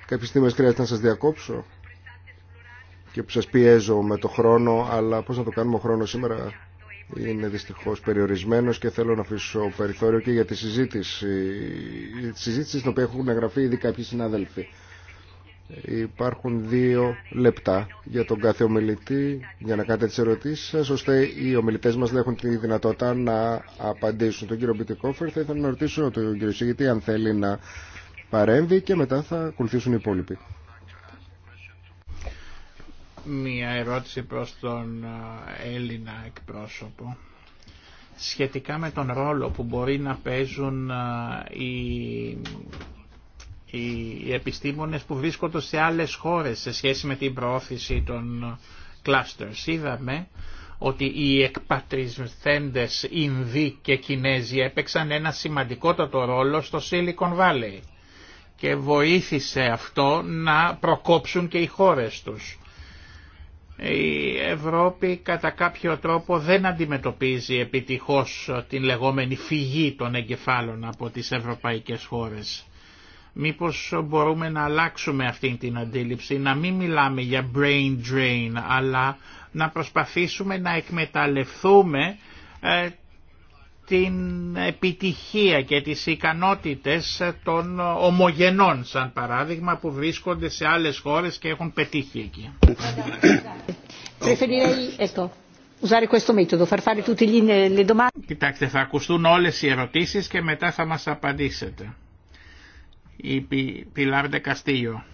Speaker 1: κάποιες στιγμές χρειάζεται να σας διακόψω και που σας πιέζω με το χρόνο, αλλά πώς να το κάνουμε ο χρόνος σήμερα είναι δυστυχώς περιορισμένος και θέλω να αφήσω περιθώριο και για τη συζήτηση, τη συζήτηση στην οποία έχουν γραφεί ήδη κάποιοι συνάδελφοι. Υπάρχουν δύο λεπτά για τον κάθε ομιλητή για να κάνετε τις ερωτήσεις σας, ώστε οι ομιλητές μας να έχουν τη δυνατότητα να απαντήσουν. Τον κύριο Μπιτικόφερ θα ήθελα να ρωτήσω τον κύριο Σιγητή αν θέλει να παρέμβει και μετά θα ακολουθήσουν οι υπόλοιποι
Speaker 2: μία ερώτηση προς τον Έλληνα εκπρόσωπο σχετικά με τον ρόλο που μπορεί να παίζουν οι, οι επιστήμονες που βρίσκονται σε άλλες χώρες σε σχέση με την προώθηση των clusters. Είδαμε ότι οι εκπατρισθέντες Ινδοί και Κινέζοι έπαιξαν ένα σημαντικότατο ρόλο στο Silicon Valley και βοήθησε αυτό να προκόψουν και οι χώρες τους η Ευρώπη κατά κάποιο τρόπο δεν αντιμετωπίζει επιτυχώς την λεγόμενη φυγή των εγκεφάλων από τις ευρωπαϊκές χώρες. Μήπως μπορούμε να αλλάξουμε αυτή την αντίληψη, να μην μιλάμε για brain drain, αλλά να προσπαθήσουμε να εκμεταλλευτούμε ε, την επιτυχία και τις ικανότητες των ομογενών σαν παράδειγμα που βρίσκονται σε άλλες χώρες και έχουν πετύχει εκεί. Κοιτάξτε, θα ακουστούν όλες οι ερωτήσεις και μετά θα μας απαντήσετε. Η Πιλάρντε Καστίλιο.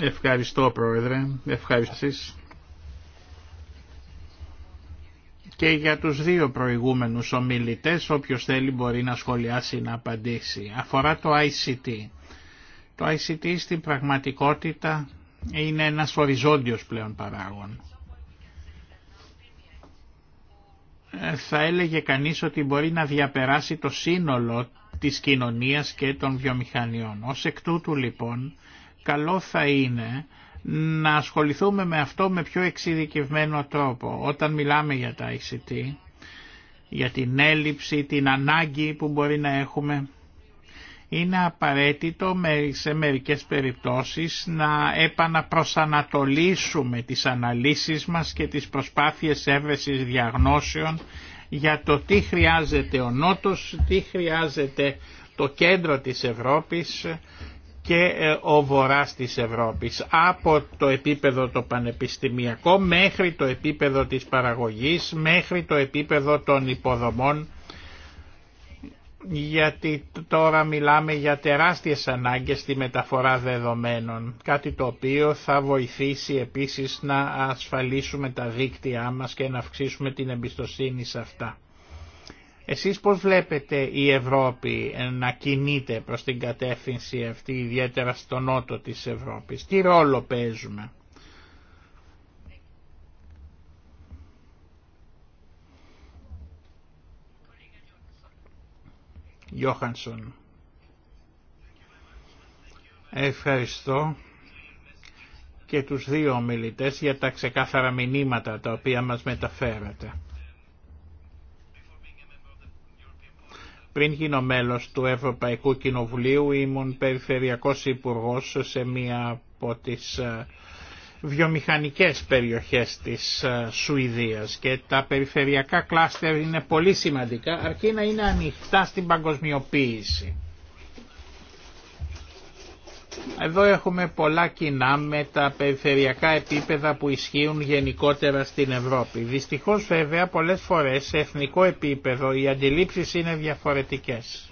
Speaker 2: Ευχαριστώ Πρόεδρε, ευχαριστώ και για τους δύο προηγούμενους ομιλητές, όποιος θέλει μπορεί να σχολιάσει να απαντήσει. Αφορά το ICT. Το ICT στην πραγματικότητα είναι ένας οριζόντιος πλέον παράγων. Ε, θα έλεγε κανείς ότι μπορεί να διαπεράσει το σύνολο της κοινωνίας και των βιομηχανιών. Ως εκ τούτου λοιπόν, καλό θα είναι να ασχοληθούμε με αυτό με πιο εξειδικευμένο τρόπο. Όταν μιλάμε για τα ICT, για την έλλειψη, την ανάγκη που μπορεί να έχουμε, είναι απαραίτητο σε μερικές περιπτώσεις να επαναπροσανατολίσουμε τις αναλύσεις μας και τις προσπάθειες έβρεσης διαγνώσεων για το τι χρειάζεται ο Νότος, τι χρειάζεται το κέντρο της Ευρώπης και ε, ο βοράς της Ευρώπης από το επίπεδο το πανεπιστημιακό μέχρι το επίπεδο της παραγωγής μέχρι το επίπεδο των υποδομών γιατί τώρα μιλάμε για τεράστιες ανάγκες στη μεταφορά δεδομένων, κάτι το οποίο θα βοηθήσει επίσης να ασφαλίσουμε τα δίκτυά μας και να αυξήσουμε την εμπιστοσύνη σε αυτά. Εσείς πώς βλέπετε η Ευρώπη να κινείται προς την κατεύθυνση αυτή, ιδιαίτερα στο νότο της Ευρώπης. Τι ρόλο παίζουμε. Γιώχανσον. Ευχαριστώ και τους δύο ομιλητές για τα ξεκάθαρα μηνύματα τα οποία μας μεταφέρατε. Πριν γίνω μέλος του Ευρωπαϊκού Κοινοβουλίου ήμουν περιφερειακός υπουργός σε μία από τις ε, βιομηχανικές περιοχές της ε, Σουηδίας και τα περιφερειακά κλάστερ είναι πολύ σημαντικά αρκεί να είναι ανοιχτά στην παγκοσμιοποίηση. Εδώ έχουμε πολλά κοινά με τα περιφερειακά επίπεδα που ισχύουν γενικότερα στην Ευρώπη. Δυστυχώς βέβαια πολλές φορές σε εθνικό επίπεδο οι αντιλήψεις είναι διαφορετικές.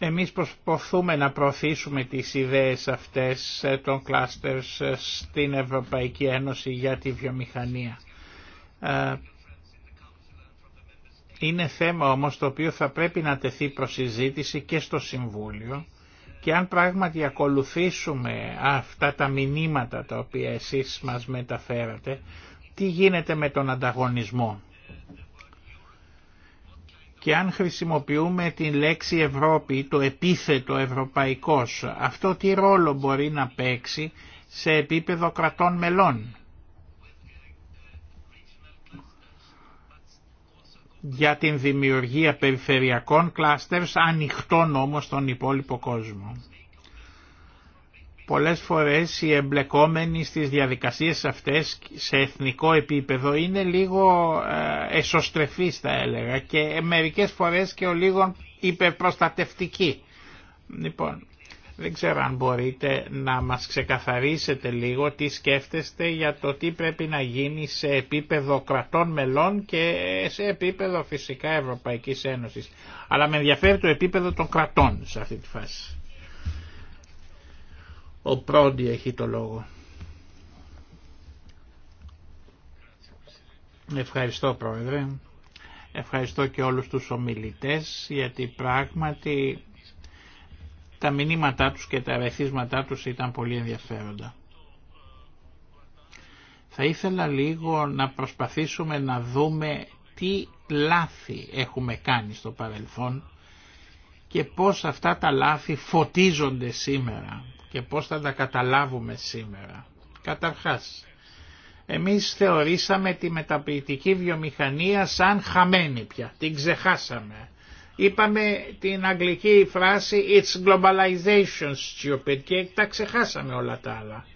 Speaker 2: Εμείς προσπαθούμε να προωθήσουμε τις ιδέες αυτές ε, των κλάστερς στην Ευρωπαϊκή Ένωση για τη βιομηχανία ε, είναι θέμα όμως το οποίο θα πρέπει να τεθεί προσυζήτηση και στο Συμβούλιο και αν πράγματι ακολουθήσουμε αυτά τα μηνύματα τα οποία εσείς μας μεταφέρατε, τι γίνεται με τον ανταγωνισμό. Και αν χρησιμοποιούμε την λέξη Ευρώπη, το επίθετο ευρωπαϊκός, αυτό τι ρόλο μπορεί να παίξει σε επίπεδο κρατών μελών. για την δημιουργία περιφερειακών κλάστερς ανοιχτών όμως στον υπόλοιπο κόσμο. Πολλές φορές οι εμπλεκόμενοι στις διαδικασίες αυτές σε εθνικό επίπεδο είναι λίγο ε, εσωστρεφείς θα έλεγα και μερικές φορές και ο λίγο υπερπροστατευτικοί. Λοιπόν, δεν ξέρω αν μπορείτε να μας ξεκαθαρίσετε λίγο τι σκέφτεστε για το τι πρέπει να γίνει σε επίπεδο κρατών μελών και σε επίπεδο φυσικά Ευρωπαϊκής Ένωσης. Αλλά με ενδιαφέρει το επίπεδο των κρατών σε αυτή τη φάση. Ο πρώτη έχει το λόγο. Ευχαριστώ Πρόεδρε. Ευχαριστώ και όλους τους ομιλητές γιατί πράγματι τα μηνύματά τους και τα ρεθίσματά τους ήταν πολύ ενδιαφέροντα. Θα ήθελα λίγο να προσπαθήσουμε να δούμε τι λάθη έχουμε κάνει στο παρελθόν και πώς αυτά τα λάθη φωτίζονται σήμερα και πώς θα τα καταλάβουμε σήμερα. Καταρχάς, εμείς θεωρήσαμε τη μεταποιητική βιομηχανία σαν χαμένη πια, την ξεχάσαμε. Είπαμε την αγγλική φράση «It's globalization stupid» και τα ξεχάσαμε όλα τα άλλα.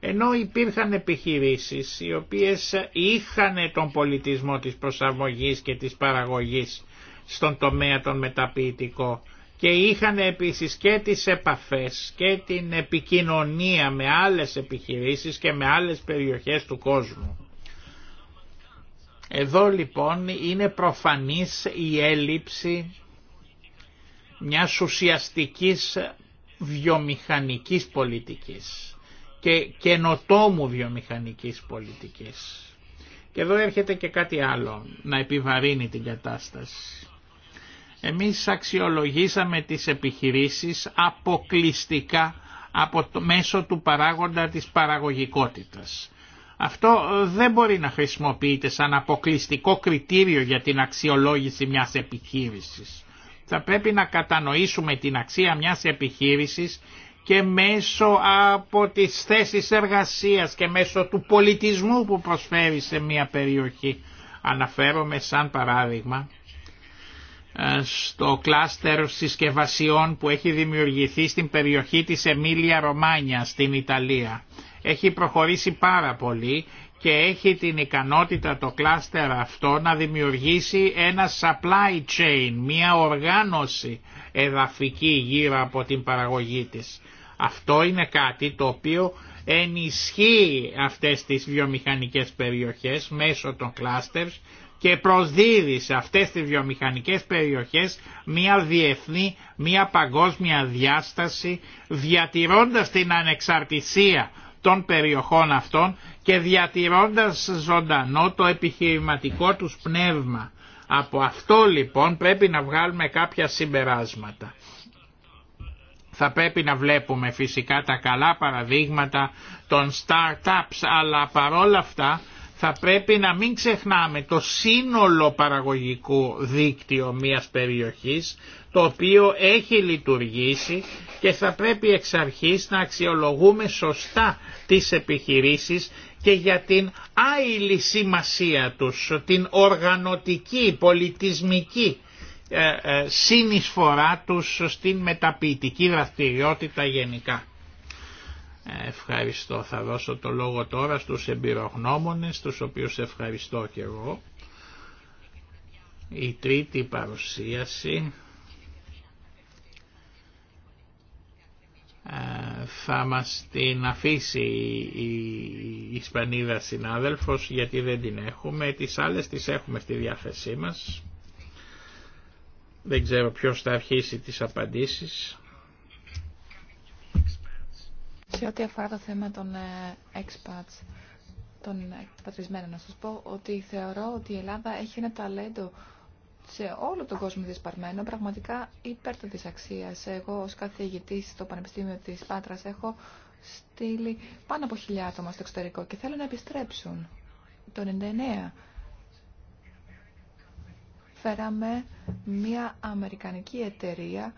Speaker 2: Ενώ υπήρχαν επιχειρήσεις οι οποίες είχαν τον πολιτισμό της προσαρμογής και της παραγωγής στον τομέα τον μεταποιητικό και είχαν επίσης και τις επαφές και την επικοινωνία με άλλες επιχειρήσεις και με άλλες περιοχές του κόσμου. Εδώ λοιπόν είναι προφανής η έλλειψη μια ουσιαστικής βιομηχανικής πολιτικής και καινοτόμου βιομηχανικής πολιτικής. Και εδώ έρχεται και κάτι άλλο να επιβαρύνει την κατάσταση. Εμείς αξιολογήσαμε τις επιχειρήσεις αποκλειστικά από το μέσο του παράγοντα της παραγωγικότητας. Αυτό δεν μπορεί να χρησιμοποιείται σαν αποκλειστικό κριτήριο για την αξιολόγηση μιας επιχείρησης θα πρέπει να κατανοήσουμε την αξία μιας επιχείρησης και μέσω από τις θέσεις εργασίας και μέσω του πολιτισμού που προσφέρει σε μια περιοχή. Αναφέρομαι σαν παράδειγμα ε, στο κλάστερ συσκευασιών που έχει δημιουργηθεί στην περιοχή της Εμίλια Ρωμάνια στην Ιταλία. Έχει προχωρήσει πάρα πολύ και έχει την ικανότητα το κλάστερ αυτό να δημιουργήσει ένα supply chain, μια οργάνωση εδαφική γύρω από την παραγωγή της. Αυτό είναι κάτι το οποίο ενισχύει αυτές τις βιομηχανικές περιοχές μέσω των κλάστερς και προσδίδει σε αυτές τις βιομηχανικές περιοχές μία διεθνή, μία παγκόσμια διάσταση διατηρώντας την ανεξαρτησία των περιοχών αυτών και διατηρώντας ζωντανό το επιχειρηματικό τους πνεύμα. Από αυτό λοιπόν πρέπει να βγάλουμε κάποια συμπεράσματα. Θα πρέπει να βλέπουμε φυσικά τα καλά παραδείγματα των startups αλλά παρόλα αυτά θα πρέπει να μην ξεχνάμε το σύνολο παραγωγικού δίκτυο μιας περιοχής το οποίο έχει λειτουργήσει και θα πρέπει εξ αρχής να αξιολογούμε σωστά τις επιχειρήσεις και για την άειλη σημασία τους, την οργανωτική, πολιτισμική ε, ε, συνεισφορά τους στην μεταποιητική δραστηριότητα γενικά. Ευχαριστώ. Θα δώσω το λόγο τώρα στους εμπειρογνώμονες, τους οποίους ευχαριστώ και εγώ. Η τρίτη παρουσίαση ε, θα μας την αφήσει η Ισπανίδα συνάδελφος γιατί δεν την έχουμε. Τις άλλες τις έχουμε στη διάθεσή μας. Δεν ξέρω ποιος θα αρχίσει τις απαντήσεις.
Speaker 3: Σε ό,τι αφορά το θέμα των ε, expats, των εκπατρισμένων, να σα πω ότι θεωρώ ότι η Ελλάδα έχει ένα ταλέντο σε όλο τον κόσμο δυσπαρμένο, πραγματικά υπέρ της αξίας. Εγώ ως καθηγητής στο Πανεπιστήμιο της Πάτρας έχω στείλει πάνω από χιλιά άτομα στο εξωτερικό και θέλω να επιστρέψουν. Το 99 φέραμε μια αμερικανική εταιρεία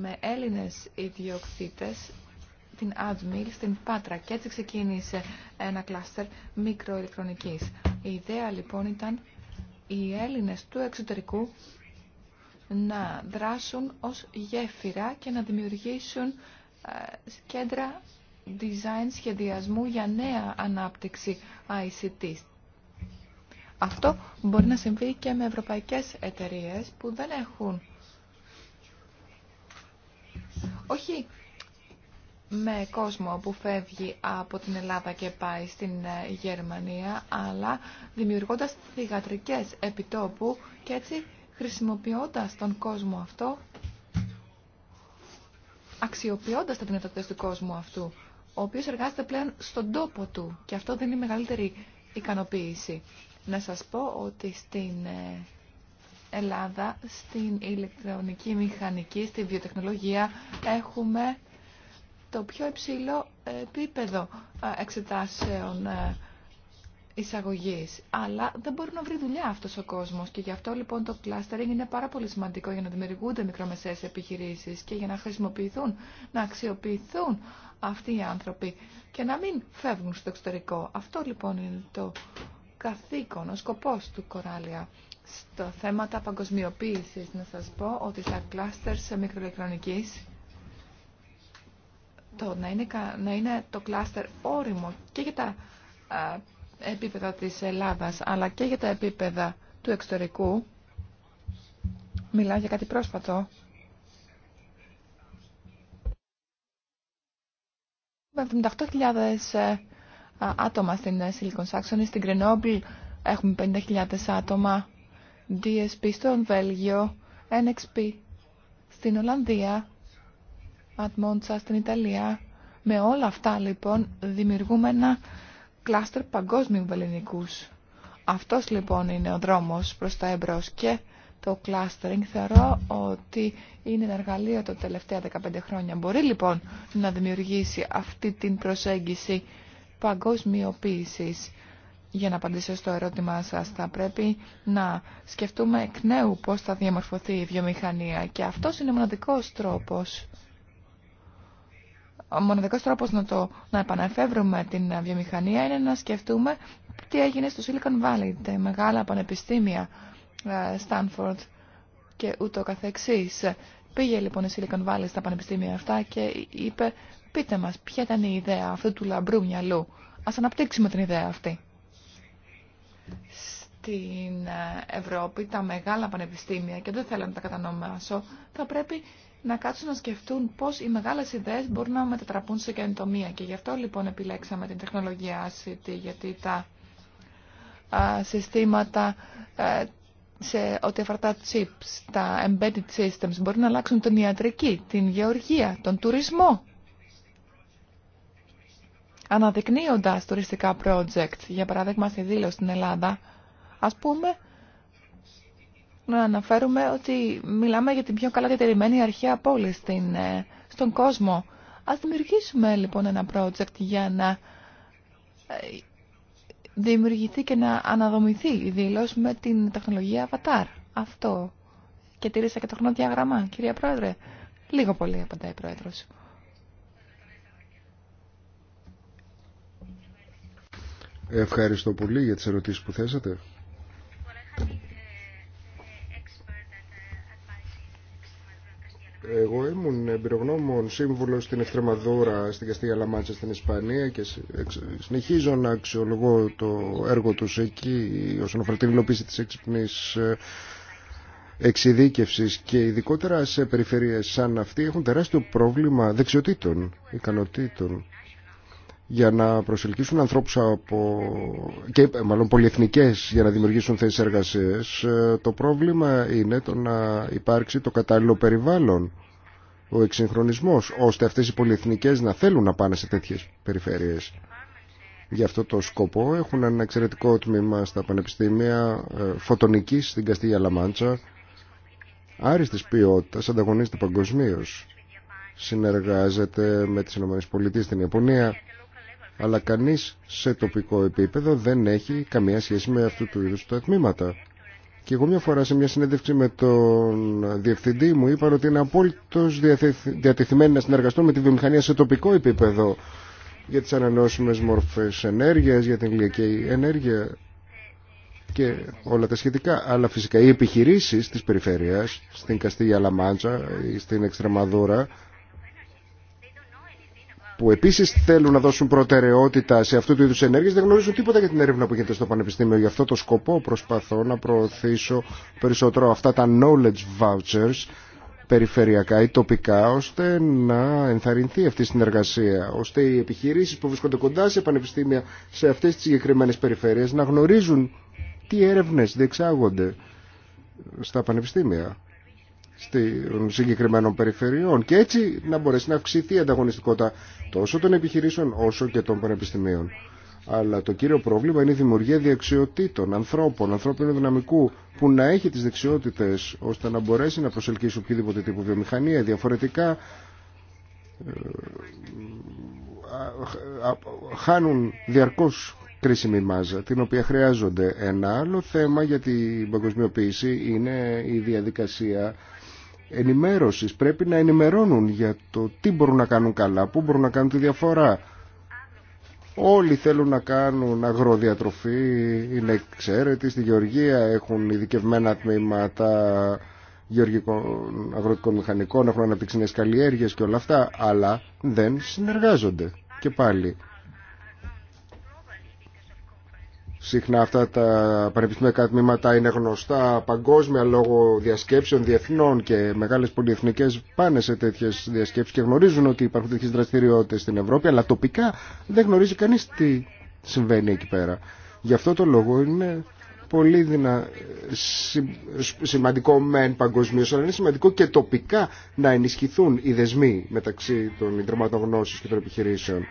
Speaker 3: με Έλληνες ιδιοκτήτες την ADMIL στην Πάτρα και έτσι ξεκίνησε ένα κλάστερ μικροηλεκτρονικής. Η ιδέα λοιπόν ήταν οι Έλληνες του εξωτερικού να δράσουν ως γέφυρα και να δημιουργήσουν ε, κέντρα design σχεδιασμού για νέα ανάπτυξη ICT. Αυτό μπορεί να συμβεί και με ευρωπαϊκές εταιρείες που δεν έχουν όχι με κόσμο που φεύγει από την Ελλάδα και πάει στην ε, Γερμανία, αλλά δημιουργώντας θηγατρικές επιτόπου και έτσι χρησιμοποιώντας τον κόσμο αυτό, αξιοποιώντας τα δυνατότητες του κόσμου αυτού, ο οποίος εργάζεται πλέον στον τόπο του και αυτό δεν η μεγαλύτερη ικανοποίηση. Να σας πω ότι στην ε, Ελλάδα, στην ηλεκτρονική μηχανική, στη βιοτεχνολογία έχουμε το πιο υψηλό επίπεδο ε, εξετάσεων ε, εισαγωγής. Αλλά δεν μπορεί να βρει δουλειά αυτός ο κόσμος και γι' αυτό λοιπόν το clustering είναι πάρα πολύ σημαντικό για να δημιουργούνται μικρομεσαίες επιχειρήσεις και για να χρησιμοποιηθούν, να αξιοποιηθούν αυτοί οι άνθρωποι και να μην φεύγουν στο εξωτερικό. Αυτό λοιπόν είναι το καθήκον, ο σκοπός του Κοράλια. Στο θέμα τα παγκοσμιοποίησης να σας πω ότι τα κλάστερ σε μικροελεκτρονικής το να είναι, το κλάστερ όριμο και για τα επίπεδα της Ελλάδας αλλά και για τα επίπεδα του εξωτερικού. Μιλάω για κάτι πρόσφατο. Με 78.000 ε, άτομα στην ε, Silicon Saxony, στην Grenoble έχουμε 50.000 άτομα, DSP στο Βέλγιο, NXP στην Ολλανδία, Μόντσα στην Ιταλία. Με όλα αυτά λοιπόν δημιουργούμε ένα κλάστερ παγκόσμιου βεληνικούς. Αυτός λοιπόν είναι ο δρόμος προς τα εμπρός και το clustering θεωρώ ότι είναι ένα εργαλείο τα τελευταία 15 χρόνια. Μπορεί λοιπόν να δημιουργήσει αυτή την προσέγγιση παγκοσμιοποίησης. Για να απαντήσω στο ερώτημά σα. θα πρέπει να σκεφτούμε εκ νέου πώς θα διαμορφωθεί η βιομηχανία και αυτό είναι ο μοναδικός τρόπος ο μοναδικός τρόπο να, το, να επαναεφεύρουμε την βιομηχανία είναι να σκεφτούμε τι έγινε στο Silicon Valley, τα μεγάλα πανεπιστήμια, ε, Stanford και ούτω καθεξής. Πήγε λοιπόν η Silicon Valley στα πανεπιστήμια αυτά και είπε πείτε μας ποια ήταν η ιδέα αυτού του λαμπρού μυαλού. Ας αναπτύξουμε την ιδέα αυτή. Στην ε, Ευρώπη τα μεγάλα πανεπιστήμια, και δεν θέλω να τα κατανομάσω, θα πρέπει να κάτσουν να σκεφτούν πώς οι μεγάλε ιδέες μπορούν να μετατραπούν σε καινοτομία. Και γι' αυτό λοιπόν επιλέξαμε την τεχνολογία ICT, γιατί τα συστήματα ε, σε ό,τι αφορά τα chips, τα embedded systems, μπορούν να αλλάξουν την ιατρική, την γεωργία, τον τουρισμό. Αναδεικνύοντα τουριστικά project, για παράδειγμα στη δήλωση στην Ελλάδα, α πούμε, να αναφέρουμε ότι μιλάμε για την πιο καλά διατηρημένη αρχαία πόλη στην, ε, στον κόσμο. Ας δημιουργήσουμε λοιπόν ένα project για να ε, δημιουργηθεί και να αναδομηθεί η δήλωση με την τεχνολογία Avatar. Αυτό. Και τήρησα και το χρονοδιάγραμμα, κυρία Πρόεδρε. Λίγο πολύ απαντάει η Πρόεδρος.
Speaker 1: Ευχαριστώ πολύ για τις ερωτήσεις που θέσατε. Εγώ ήμουν εμπειρογνώμων σύμβουλο στην Εκτρεμαδούρα, στην Καστία Λαμάντσα, στην Ισπανία και συνεχίζω να αξιολογώ το έργο τους εκεί όσον αφορά την υλοποίηση τη έξυπνης ε, εξειδίκευσης και ειδικότερα σε περιφερειές σαν αυτή έχουν τεράστιο πρόβλημα δεξιοτήτων, ικανοτήτων για να προσελκύσουν ανθρώπους από, και ε, μάλλον πολυεθνικές για να δημιουργήσουν θέσεις εργασίας. Ε, το πρόβλημα είναι το να υπάρξει το κατάλληλο περιβάλλον, ο εξυγχρονισμός, ώστε αυτές οι πολυεθνικές να θέλουν να πάνε σε τέτοιες περιφέρειες. για αυτό το σκοπό έχουν ένα εξαιρετικό τμήμα στα πανεπιστήμια ε, Φωτονική στην Καστίγια Λαμάντσα, άριστης ποιότητας, ανταγωνίζεται παγκοσμίω. Συνεργάζεται με τις ΗΠΑ, την Ιαπωνία, αλλά κανείς σε τοπικό επίπεδο δεν έχει καμία σχέση με αυτού του είδους τα τμήματα. Και εγώ μια φορά σε μια συνέντευξη με τον διευθυντή μου είπα ότι είναι απόλυτο διατεθειμένοι να συνεργαστούν με τη βιομηχανία σε τοπικό επίπεδο για τις ανανεώσιμες μορφές ενέργειας, για την ηλιακή ενέργεια και όλα τα σχετικά. Αλλά φυσικά οι επιχειρήσεις της περιφέρειας, στην Καστίγια Λαμάντσα ή στην Εξτρεμαδούρα που επίση θέλουν να δώσουν προτεραιότητα σε αυτού του είδου ενέργειε δεν γνωρίζουν τίποτα για την έρευνα που γίνεται στο Πανεπιστήμιο. Γι' αυτό το σκοπό προσπαθώ να προωθήσω περισσότερο αυτά τα knowledge vouchers περιφερειακά ή τοπικά ώστε να ενθαρρυνθεί αυτή η συνεργασία, ώστε οι επιχειρήσεις που βρίσκονται κοντά σε πανεπιστήμια σε αυτές τις συγκεκριμένες περιφέρειες να ενθαρρυνθει αυτη η συνεργασια ωστε οι επιχειρησεις που βρισκονται κοντα σε πανεπιστημια σε αυτέ τι συγκεκριμένε περιφερειες να γνωριζουν τι έρευνε διεξάγονται στα πανεπιστήμια των συγκεκριμένων περιφερειών και έτσι να μπορέσει να αυξηθεί η ανταγωνιστικότητα τόσο των επιχειρήσεων όσο και των πανεπιστημίων. Αλλά το κύριο πρόβλημα είναι η δημιουργία διεξιοτήτων, ανθρώπων, ανθρώπινου δυναμικού που να έχει τις δεξιότητες ώστε να μπορέσει να προσελκύσει οποιοδήποτε τύπο βιομηχανία. Διαφορετικά ε, χάνουν διαρκώς κρίσιμη μάζα, την οποία χρειάζονται. Ένα άλλο θέμα για την παγκοσμιοποίηση είναι η διαδικασία ενημέρωσης πρέπει να ενημερώνουν για το τι μπορούν να κάνουν καλά, πού μπορούν να κάνουν τη διαφορά. Όλοι θέλουν να κάνουν αγροδιατροφή, είναι εξαίρετοι, στη Γεωργία έχουν ειδικευμένα τμήματα αγροτικών μηχανικών, έχουν αναπτύξει καλλιέργειες και όλα αυτά, αλλά δεν συνεργάζονται. Και πάλι Συχνά αυτά τα πανεπιστημιακά τμήματα είναι γνωστά παγκόσμια λόγω διασκέψεων διεθνών και μεγάλε πολυεθνικέ πάνε σε τέτοιε διασκέψει και γνωρίζουν ότι υπάρχουν τέτοιε δραστηριότητε στην Ευρώπη, αλλά τοπικά δεν γνωρίζει κανεί τι συμβαίνει εκεί πέρα. Γι' αυτό το λόγο είναι πολύ δυνα... σημαντικό μεν παγκοσμίω, αλλά είναι σημαντικό και τοπικά να ενισχυθούν οι δεσμοί μεταξύ των ιδρυμάτων και των επιχειρήσεων.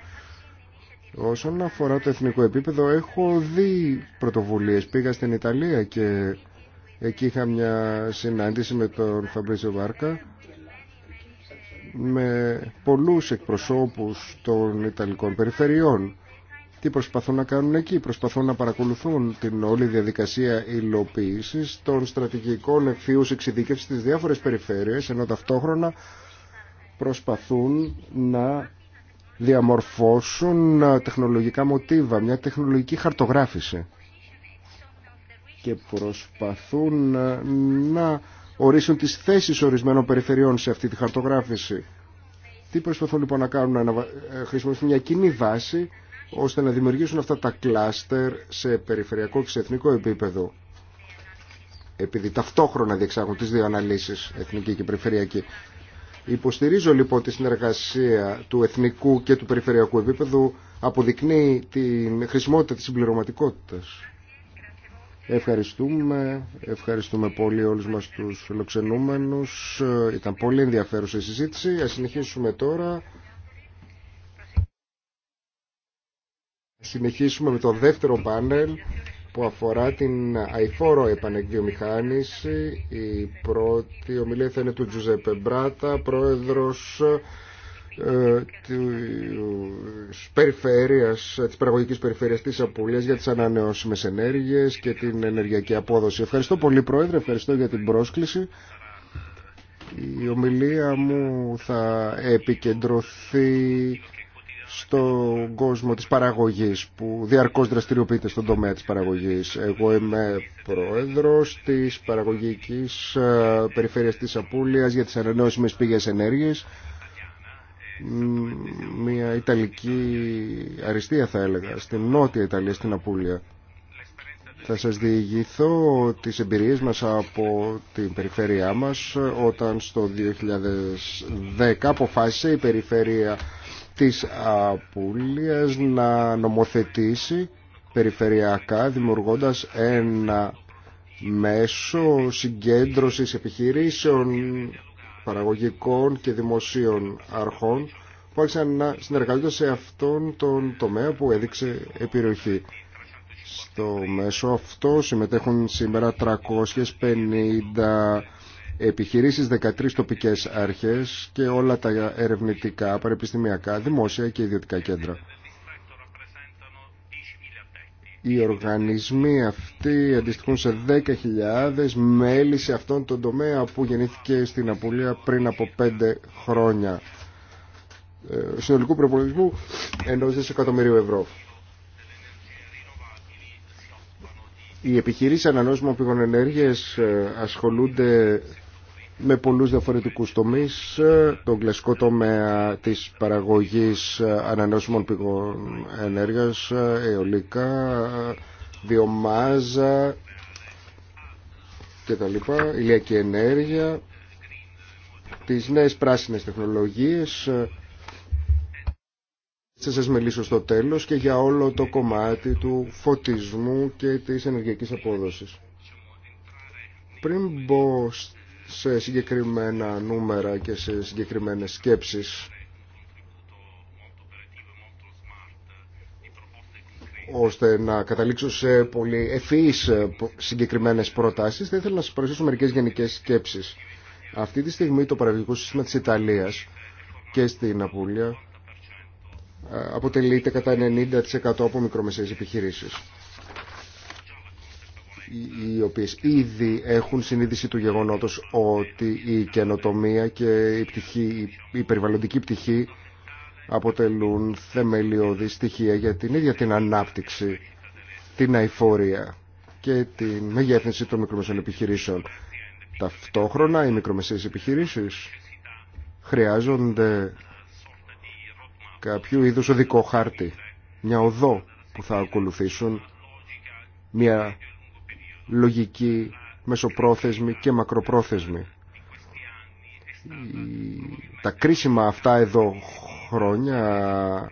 Speaker 1: Όσον αφορά το εθνικό επίπεδο, έχω δει πρωτοβουλίες. Πήγα στην Ιταλία και εκεί είχα μια συνάντηση με τον Φαμπρίζιο Βάρκα με πολλούς εκπροσώπους των Ιταλικών περιφερειών. Τι προσπαθούν να κάνουν εκεί. Προσπαθούν να παρακολουθούν την όλη διαδικασία υλοποίησης των στρατηγικών ευθείους εξειδίκευσης στις διάφορες περιφέρειες, ενώ ταυτόχρονα προσπαθούν να διαμορφώσουν ε, τεχνολογικά μοτίβα, μια τεχνολογική χαρτογράφηση και προσπαθούν ε, να ορίσουν τις θέσεις ορισμένων περιφερειών σε αυτή τη χαρτογράφηση. Τι προσπαθούν λοιπόν να κάνουν, να ε, χρησιμοποιήσουν μια κοινή βάση ώστε να δημιουργήσουν αυτά τα κλάστερ σε περιφερειακό και σε εθνικό επίπεδο. Επειδή ταυτόχρονα διεξάγουν τις δύο αναλύσεις, εθνική και περιφερειακή. Υποστηρίζω λοιπόν τη συνεργασία του εθνικού και του περιφερειακού επίπεδου, αποδεικνύει την χρησιμότητα της συμπληρωματικότητας. Ευχαριστούμε, ευχαριστούμε πολύ όλους μας τους φιλοξενούμενους. Ήταν πολύ ενδιαφέρουσα η συζήτηση. Ας συνεχίσουμε τώρα. Συνεχίσουμε με το δεύτερο πάνελ που αφορά την αηφόρο επανεκβιομηχάνηση. Η πρώτη ομιλία θα είναι του Τζουζέπε Μπράτα, πρόεδρος ε, της, περιφέρειας, της παραγωγικής περιφέρειας της Απουλίας για τις ανανεώσιμες ενέργειες και την ενεργειακή απόδοση. Ευχαριστώ πολύ Πρόεδρε, ευχαριστώ για την πρόσκληση. Η ομιλία μου θα επικεντρωθεί στον κόσμο της παραγωγής που διαρκώς δραστηριοποιείται στον τομέα της παραγωγής. Εγώ είμαι πρόεδρος της παραγωγικής ε, περιφέρειας της Απούλιας για τις ανανεώσιμες πηγές ενέργειας. Μια Ιταλική αριστεία θα έλεγα, στην Νότια Ιταλία, στην Απούλια. Θα σας διηγηθώ τις εμπειρίες μας από την περιφέρειά μας όταν στο 2010 αποφάσισε η περιφέρεια της απουλίας να νομοθετήσει περιφερειακά δημιουργώντας ένα μέσο συγκέντρωσης επιχειρήσεων παραγωγικών και δημοσίων αρχών που άρχισαν να συνεργάζονται σε αυτόν τον τομέα που έδειξε επιρροχή. Στο μέσο αυτό συμμετέχουν σήμερα 350 επιχειρήσεις, 13 τοπικές αρχές και όλα τα ερευνητικά, παρεπιστημιακά, δημόσια και ιδιωτικά κέντρα. Οι οργανισμοί αυτοί αντιστοιχούν σε 10.000 μέλη σε αυτόν τον τομέα που γεννήθηκε στην Απουλία πριν από 5 χρόνια ε, συνολικού προπολογισμού ενός δισεκατομμυρίου ευρώ. Οι επιχειρήσεις ανανόσμων πηγών ενέργειας ε, ασχολούνται με πολλούς διαφορετικούς τομείς, τον κλασικό τομέα της παραγωγής ανανεώσιμων πηγών ενέργειας, αιωλικά, βιομάζα και τα λοιπά, ηλιακή ενέργεια, τις νέες πράσινες τεχνολογίες. Θα σας μιλήσω στο τέλος και για όλο το κομμάτι του φωτισμού και της ενεργειακής απόδοσης. Πριν μπω σε συγκεκριμένα νούμερα και σε συγκεκριμένες σκέψεις. ώστε να καταλήξω σε πολύ ευφυείς ε, συγκεκριμένες προτάσεις, θα ήθελα να σας παρουσιάσω μερικές γενικές σκέψεις. Αυτή τη στιγμή το παραγωγικό σύστημα της Ιταλίας και στην Απούλια ε, αποτελείται κατά 90% από μικρομεσαίες επιχειρήσεις οι οποίες ήδη έχουν συνείδηση του γεγονότος ότι η καινοτομία και η, πτυχή, η περιβαλλοντική πτυχή αποτελούν θεμελιώδη στοιχεία για την ίδια την ανάπτυξη, την αηφόρια και την μεγέθυνση των μικρομεσαίων επιχειρήσεων. Ταυτόχρονα οι μικρομεσαίες επιχειρήσεις χρειάζονται κάποιο είδους οδικό χάρτη, μια οδό που θα ακολουθήσουν μια λογική, μεσοπρόθεσμη και μακροπρόθεσμη. Τα κρίσιμα αυτά εδώ χρόνια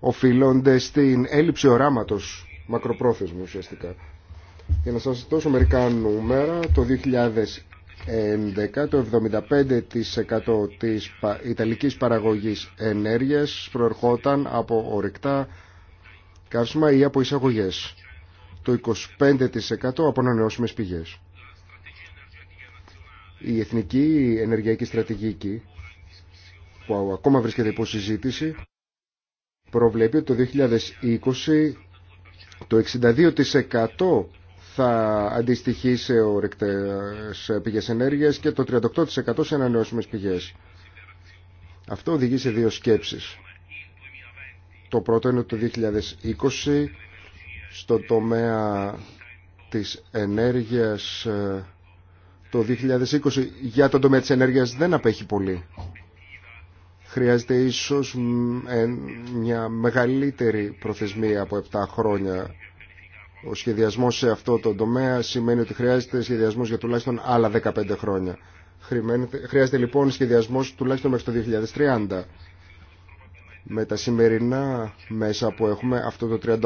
Speaker 1: οφείλονται στην έλλειψη οράματος μακροπρόθεσμου ουσιαστικά. Για να σας δώσω μερικά νούμερα, το 2011 το 75% της ιταλικής παραγωγής ενέργειας προερχόταν από ορυκτά καύσιμα ή από εισαγωγές το 25% από ανανεώσιμες πηγές. Η Εθνική Ενεργειακή Στρατηγική, που ακόμα βρίσκεται υπό συζήτηση, προβλέπει ότι το 2020 το 62% θα αντιστοιχεί σε ορεκτές πηγές ενέργειας και το 38% σε ανανεώσιμες πηγές. Αυτό οδηγεί σε δύο σκέψεις. Το πρώτο είναι ότι το 2020 στο τομέα της ενέργειας ε, το 2020 για το τομέα της ενέργειας δεν απέχει πολύ. Χρειάζεται ίσως ε, μια μεγαλύτερη προθεσμία από 7 χρόνια. Ο σχεδιασμός σε αυτό το τομέα σημαίνει ότι χρειάζεται σχεδιασμός για τουλάχιστον άλλα 15 χρόνια. Χρειάζεται λοιπόν σχεδιασμός τουλάχιστον μέχρι το 2030 με τα σημερινά μέσα που έχουμε αυτό το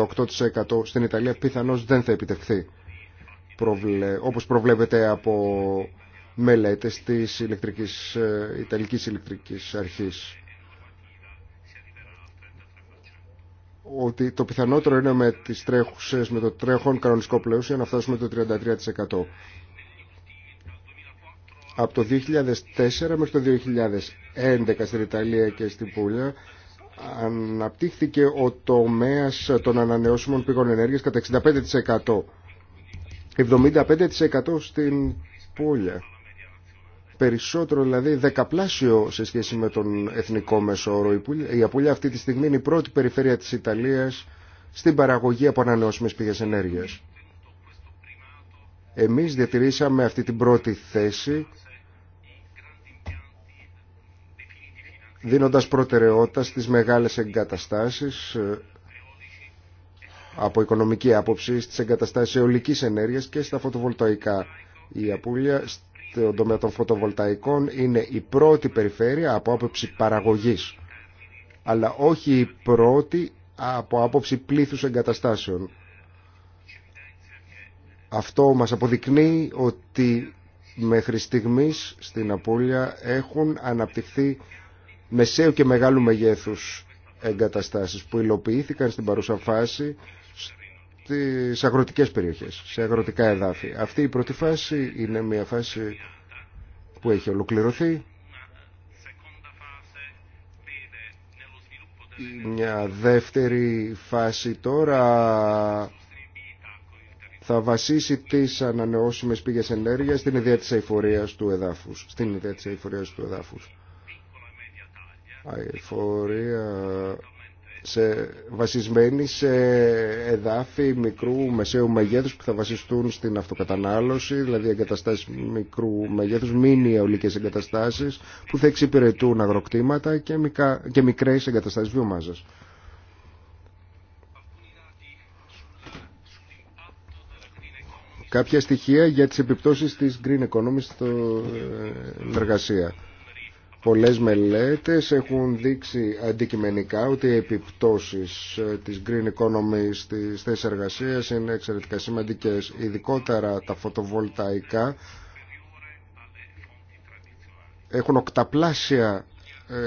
Speaker 1: 38% στην Ιταλία πιθανώς δεν θα επιτευχθεί προβλε... όπως προβλέπεται από μελέτες της ηλεκτρικής, ε, Ιταλικής ηλεκτρικής αρχής ότι το πιθανότερο είναι με τις τρέχουσες, με το τρέχον κανονιστικό πλαίσιο να φτάσουμε το 33%. Από το 2004 μέχρι το 2011 στην Ιταλία και στην Πούλια αναπτύχθηκε ο τομέας των ανανεώσιμων πηγών ενέργειας κατά 65%. 75% στην πόλια. Περισσότερο δηλαδή δεκαπλάσιο σε σχέση με τον εθνικό μεσόρο. Η Απούλια αυτή τη στιγμή είναι η πρώτη περιφέρεια της Ιταλίας στην παραγωγή από ανανεώσιμες πηγές ενέργειας. Εμείς διατηρήσαμε αυτή την πρώτη θέση δίνοντας προτεραιότητα στις μεγάλες εγκαταστάσεις ε, από οικονομική άποψη, στις εγκαταστάσεις αιωλικής ενέργειας και στα φωτοβολταϊκά. Η Απούλια στον τομέα των φωτοβολταϊκών είναι η πρώτη περιφέρεια από άποψη παραγωγής, αλλά όχι η πρώτη από άποψη πλήθους εγκαταστάσεων. Αυτό μας αποδεικνύει ότι μέχρι στιγμής στην Απούλια έχουν αναπτυχθεί μεσαίου και μεγάλου μεγέθους εγκαταστάσεις που υλοποιήθηκαν στην παρούσα φάση στις αγροτικές περιοχές, σε αγροτικά εδάφη. Αυτή η πρώτη φάση είναι μια φάση που έχει ολοκληρωθεί. Μια δεύτερη φάση τώρα θα βασίσει τις ανανεώσιμες πηγές ενέργειας στην ιδέα της αηφορίας του εδάφους. Στην ιδέα της του εδάφους αηφορία σε, βασισμένη σε εδάφη μικρού μεσαίου μεγέθους που θα βασιστούν στην αυτοκατανάλωση, δηλαδή εγκαταστάσεις μικρού μεγέθους, μήνυα ολικές εγκαταστάσεις που θα εξυπηρετούν αγροκτήματα και, και μικρές εγκαταστάσεις βιομάζας. Κάποια στοιχεία για τις επιπτώσεις της green economy στην ε, εργασία. Πολλές μελέτες έχουν δείξει αντικειμενικά ότι οι επιπτώσεις ε, της green economy στις θέσεις εργασίας είναι εξαιρετικά σημαντικές, ειδικότερα τα φωτοβολταϊκά έχουν οκταπλάσια ε, ε,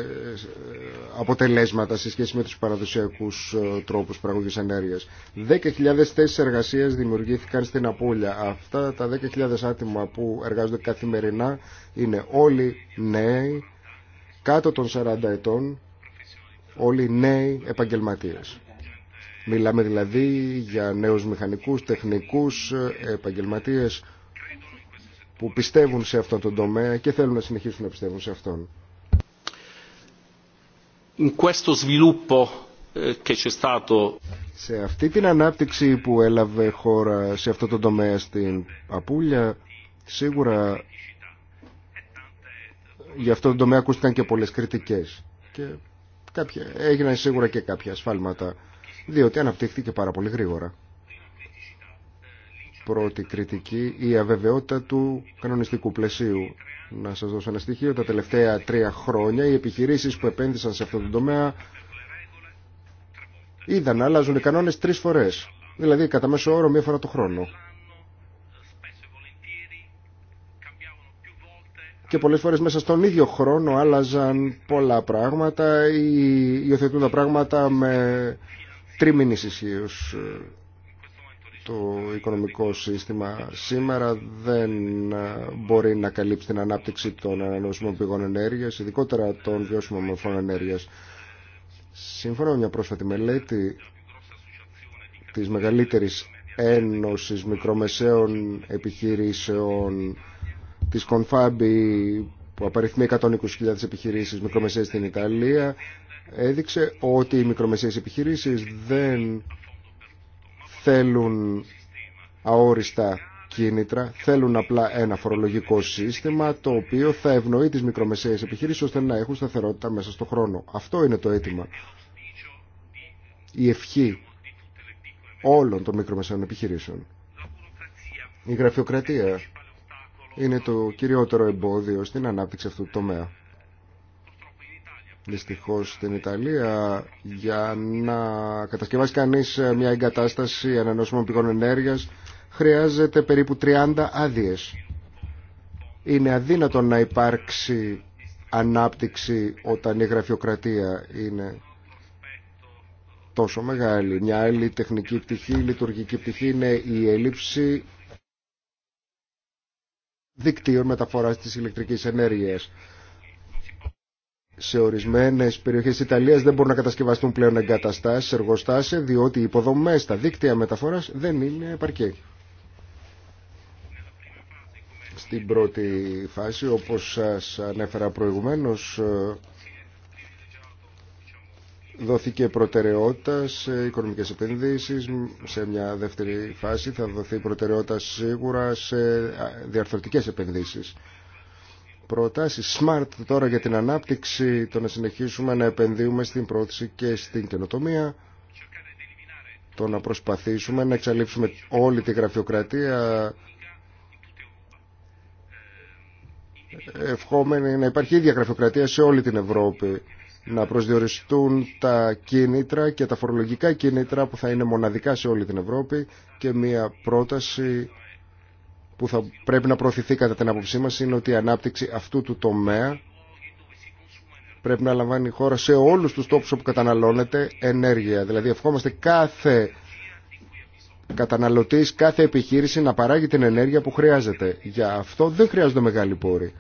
Speaker 1: αποτελέσματα σε σχέση με τους παραδοσιακούς τρόπους παραγωγής ενέργειας. 10.000 θέσεις εργασίας δημιουργήθηκαν στην Απούλια. Αυτά τα 10.000 άτομα που εργάζονται καθημερινά είναι όλοι νέοι κάτω των 40 ετών όλοι νέοι επαγγελματίες. Μιλάμε δηλαδή για νέους μηχανικούς, τεχνικούς, ε, επαγγελματίες που πιστεύουν σε αυτόν τον τομέα και θέλουν να συνεχίσουν να πιστεύουν σε αυτόν. Eh, σε αυτή την ανάπτυξη που έλαβε χώρα σε αυτό το τομέα στην Παπούλια, σίγουρα Γι' αυτό τον τομέα ακούστηκαν και πολλές κριτικές. Και κάποια, έγιναν σίγουρα και κάποια ασφάλματα, διότι αναπτύχθηκε πάρα πολύ γρήγορα. Πρώτη κριτική, η αβεβαιότητα του κανονιστικού πλαισίου. Να σας δώσω ένα στοιχείο, τα τελευταία τρία χρόνια οι επιχειρήσεις που επένδυσαν σε αυτό τον τομέα είδαν να αλλάζουν οι κανόνες τρεις φορές. Δηλαδή κατά μέσο όρο μία φορά το χρόνο. και πολλές φορές μέσα στον ίδιο χρόνο άλλαζαν πολλά πράγματα ή υιοθετούν τα πράγματα με τρίμηνης ισχύω ε, το οικονομικό σύστημα σήμερα δεν ε, μπορεί να καλύψει την ανάπτυξη των ανανεώσιμων πηγών ενέργειας, ειδικότερα των βιώσιμων μορφών ενέργειας. Σύμφωνα με μια πρόσφατη μελέτη της μεγαλύτερης Ένωσης Μικρομεσαίων Επιχειρήσεων της Κονφάμπη που απαριθμεί 120.000 επιχειρήσεις μικρομεσαίες στην Ιταλία έδειξε ότι οι μικρομεσαίες επιχειρήσεις δεν θέλουν αόριστα κίνητρα, θέλουν απλά ένα φορολογικό σύστημα το οποίο θα ευνοεί τις μικρομεσαίες επιχειρήσεις ώστε να έχουν σταθερότητα μέσα στον χρόνο. Αυτό είναι το αίτημα. Η ευχή όλων των μικρομεσαίων επιχειρήσεων. Η γραφειοκρατία είναι το κυριότερο εμπόδιο στην ανάπτυξη αυτού του τομέα. Δυστυχώς στην Ιταλία για να κατασκευάσει κανείς ε, μια εγκατάσταση ανανεώσιμων πηγών ενέργειας χρειάζεται περίπου 30 άδειες. Είναι αδύνατο να υπάρξει ανάπτυξη όταν η γραφειοκρατία είναι τόσο μεγάλη. Μια άλλη τεχνική πτυχή, λειτουργική πτυχή είναι η έλλειψη δικτύων μεταφοράς της ηλεκτρικής ενέργειας. Σε ορισμένες περιοχές της Ιταλίας δεν μπορούν να κατασκευαστούν πλέον εγκαταστάσεις, εργοστάσια, διότι οι υποδομές, τα δίκτυα μεταφοράς δεν είναι επαρκή. Στην πρώτη φάση, όπως σας ανέφερα προηγουμένως, δόθηκε προτεραιότητα σε οικονομικές επενδύσεις. Σε μια δεύτερη φάση θα δοθεί προτεραιότητα σίγουρα σε διαρθρωτικές επενδύσεις. Προτάσεις smart τώρα για την ανάπτυξη, το να συνεχίσουμε να επενδύουμε στην πρόθεση και στην καινοτομία, το να προσπαθήσουμε να εξαλείψουμε όλη τη γραφειοκρατία, ευχόμενη να υπάρχει ίδια γραφειοκρατία σε όλη την Ευρώπη να προσδιοριστούν τα κίνητρα και τα φορολογικά κίνητρα που θα είναι μοναδικά σε όλη την Ευρώπη και μια πρόταση που θα πρέπει να προωθηθεί κατά την άποψή μας είναι ότι η ανάπτυξη αυτού του τομέα πρέπει να λαμβάνει η χώρα σε όλους τους τόπους όπου καταναλώνεται ενέργεια. Δηλαδή ευχόμαστε κάθε καταναλωτής, κάθε επιχείρηση να παράγει την ενέργεια που χρειάζεται. Για αυτό δεν χρειάζονται μεγάλοι πόροι.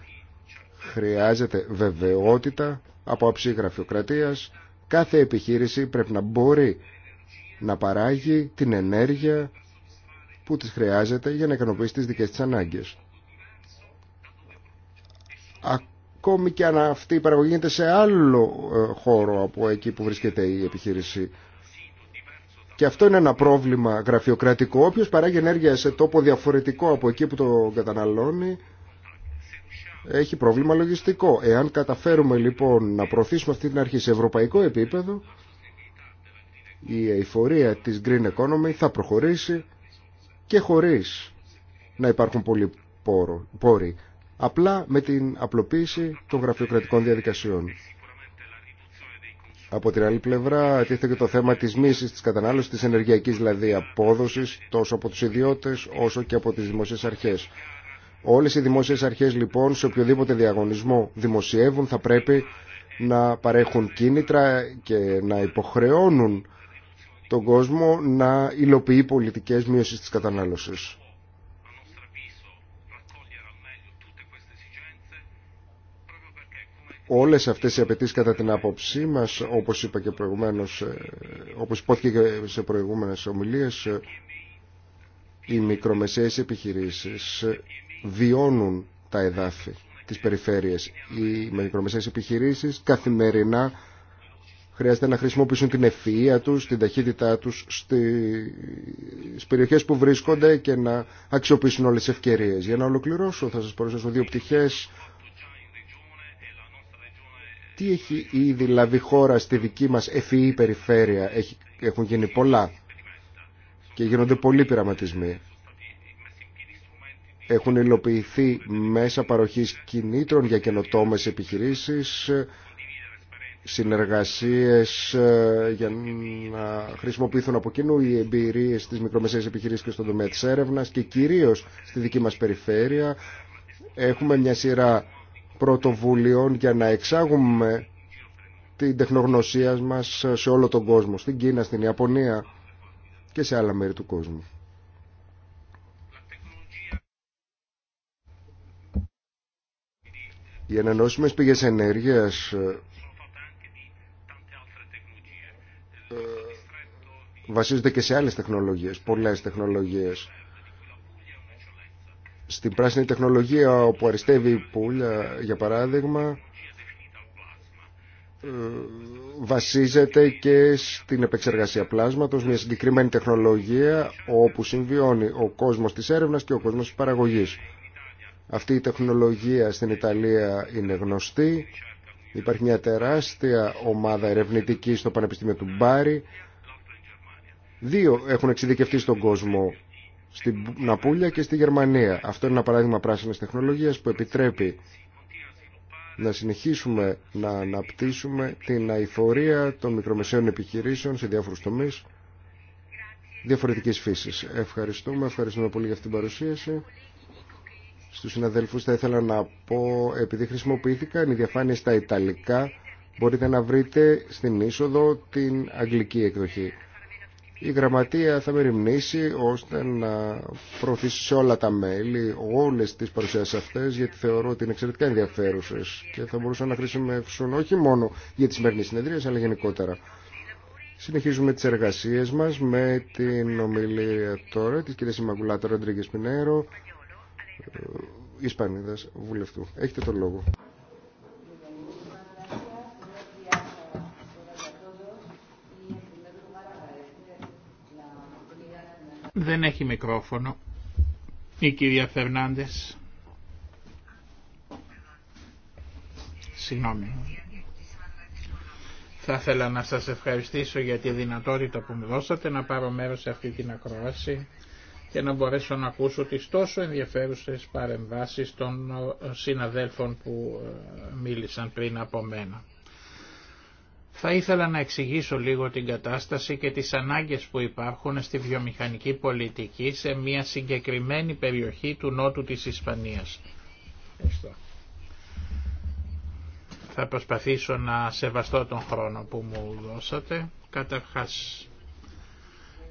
Speaker 1: Χρειάζεται βεβαιότητα από αψή γραφειοκρατίας. Κάθε επιχείρηση πρέπει να μπορεί να παράγει την ενέργεια που της χρειάζεται για να ικανοποιήσει τις δικές της ανάγκες. Ακόμη και αν αυτή η παραγωγή γίνεται σε άλλο ε, χώρο από εκεί που βρίσκεται η επιχείρηση. Και αυτό είναι ένα πρόβλημα γραφειοκρατικό. Όποιος παράγει ενέργεια σε τόπο διαφορετικό από εκεί που το καταναλώνει, έχει πρόβλημα λογιστικό. Εάν καταφέρουμε λοιπόν να προωθήσουμε αυτή την αρχή σε ευρωπαϊκό επίπεδο, η εφορία της Green Economy θα προχωρήσει και χωρίς να υπάρχουν πολλοί πόροι, απλά με την απλοποίηση των γραφειοκρατικών διαδικασιών. Από την άλλη πλευρά τίθεται και το θέμα της μίσης, της κατανάλωσης, της ενεργειακής δηλαδή απόδοσης τόσο από τους ιδιώτες όσο και από τις δημοσίες αρχές. Όλες οι δημόσιες αρχές λοιπόν σε οποιοδήποτε διαγωνισμό δημοσιεύουν θα πρέπει να παρέχουν κίνητρα και να υποχρεώνουν τον κόσμο να υλοποιεί πολιτικές μείωσης της κατανάλωσης. όλες αυτές οι απαιτήσει κατά την άποψή μας, όπως είπα και προηγουμένως, ε, όπως υπόθηκε και σε προηγούμενες ομιλίες, ε, οι μικρομεσαίες επιχειρήσεις βιώνουν τα εδάφη, τις περιφέρειες. Οι μικρομεσαίες επιχειρήσεις καθημερινά χρειάζεται να χρησιμοποιήσουν την ευφυΐα τους, την ταχύτητά τους στις περιοχές που βρίσκονται και να αξιοποιήσουν όλες τις ευκαιρίες. Για να ολοκληρώσω θα σας παρουσιάσω δύο πτυχές. Τι έχει ήδη λάβει δηλαδή, χώρα στη δική μας ευφυή περιφέρεια. Έχουν γίνει πολλά και γίνονται πολλοί πειραματισμοί έχουν υλοποιηθεί μέσα παροχής κινήτρων για καινοτόμες επιχειρήσεις, συνεργασίες ε, για να χρησιμοποιηθούν από κοινού οι εμπειρίες στις μικρομεσαίες επιχειρήσεις και στον τομέα της έρευνας και κυρίως στη δική μας περιφέρεια. Έχουμε μια σειρά πρωτοβουλειών για να εξάγουμε την τεχνογνωσία μας σε όλο τον κόσμο, στην Κίνα, στην Ιαπωνία και σε άλλα μέρη του κόσμου. Οι ανανόσιμες πηγές ενέργειας ε, βασίζονται και σε άλλες τεχνολογίες, πολλές τεχνολογίες. Στην πράσινη τεχνολογία όπου αριστεύει η πουλια, για παράδειγμα, ε, βασίζεται και στην επεξεργασία πλάσματος, μια συγκεκριμένη τεχνολογία όπου συμβιώνει ο κόσμος της έρευνας και ο κόσμος της παραγωγής. Αυτή η τεχνολογία στην Ιταλία είναι γνωστή. Υπάρχει μια τεράστια ομάδα ερευνητική στο Πανεπιστήμιο του Μπάρι. Δύο έχουν εξειδικευτεί στον κόσμο, στην Ναπούλια και στη Γερμανία. Αυτό είναι ένα παράδειγμα πράσινης τεχνολογίας που επιτρέπει να συνεχίσουμε να αναπτύσσουμε την αηφορία των μικρομεσαίων επιχειρήσεων σε διάφορους τομείς διαφορετικής φύσης. Ευχαριστούμε, ευχαριστούμε πολύ για αυτή την παρουσίαση στους συναδέλφους θα ήθελα να πω, επειδή χρησιμοποιήθηκαν οι διαφάνειες στα Ιταλικά, μπορείτε να βρείτε στην είσοδο την αγγλική εκδοχή. Η γραμματεία θα με ρημνήσει ώστε να προωθήσει σε όλα τα μέλη όλες τις παρουσιάσεις αυτές γιατί θεωρώ ότι είναι εξαιρετικά ενδιαφέρουσες και θα μπορούσαν να χρησιμεύσουν όχι μόνο για τις σημερινή συνεδρίες αλλά γενικότερα. Συνεχίζουμε τις εργασίες μας με την ομιλία τώρα της κυρία Σιμαγκουλάτα Ροντρίγκες Πινέρο Ισπανίδας βουλευτού. Έχετε τον λόγο.
Speaker 2: Δεν έχει μικρόφωνο η κυρία Φερνάντες. Συγγνώμη. Θα ήθελα να σας ευχαριστήσω για τη δυνατότητα που μου δώσατε να πάρω μέρος σε αυτή την ακρόαση και να μπορέσω να ακούσω τις τόσο ενδιαφέρουσες παρεμβάσεις των ε, συναδέλφων που ε, μίλησαν πριν από μένα. Θα ήθελα να εξηγήσω λίγο την κατάσταση και τις ανάγκες που υπάρχουν στη βιομηχανική πολιτική σε μια συγκεκριμένη περιοχή του νότου της Ισπανίας. Θα προσπαθήσω να σεβαστώ τον χρόνο που μου δώσατε. Καταρχάς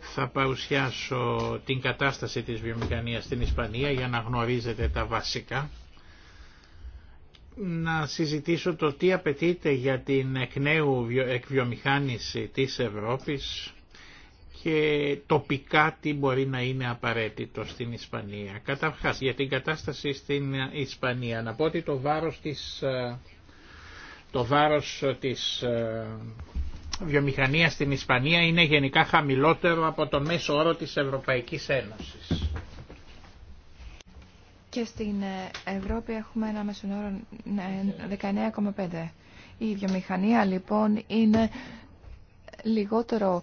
Speaker 2: θα παρουσιάσω την κατάσταση της βιομηχανίας στην Ισπανία για να γνωρίζετε τα βασικά. Να συζητήσω το τι απαιτείται για την εκ νέου εκβιομηχάνηση της Ευρώπης και τοπικά τι μπορεί να είναι απαραίτητο στην Ισπανία. Καταρχάς για την κατάσταση στην Ισπανία. Να πω ότι το βάρος της, ε, το βάρος της ε, η βιομηχανία στην Ισπανία είναι γενικά χαμηλότερο από τον μέσο όρο της Ευρωπαϊκής Ένωσης.
Speaker 3: Και στην ε, Ευρώπη έχουμε ένα μέσο όρο 19,5. Ε, η βιομηχανία λοιπόν είναι λιγότερο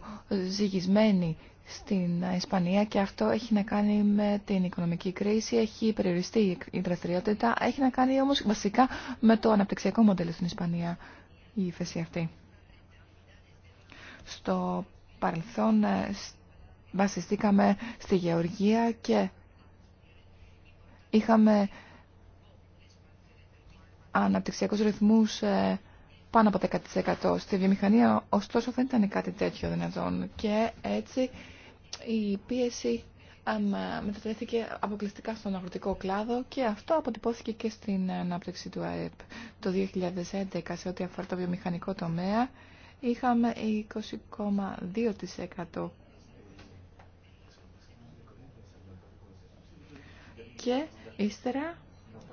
Speaker 3: ζυγισμένη στην ε, Ισπανία και αυτό έχει να κάνει με την οικονομική κρίση, έχει περιοριστεί η δραστηριότητα, έχει να κάνει όμως βασικά με το αναπτυξιακό μοντέλο στην Ισπανία η ύφεση αυτή. Στο παρελθόν ε, βασιστήκαμε στη γεωργία και είχαμε αναπτυξιακούς ρυθμούς ε, πάνω από 10%. Στη βιομηχανία ωστόσο δεν ήταν κάτι τέτοιο δυνατόν και έτσι η πίεση μετατρέθηκε αποκλειστικά στον αγροτικό κλάδο και αυτό αποτυπώθηκε και στην ανάπτυξη του ΑΕΠ. Το 2011 σε ό,τι αφορά το βιομηχανικό τομέα είχαμε 20,2%. Και ύστερα,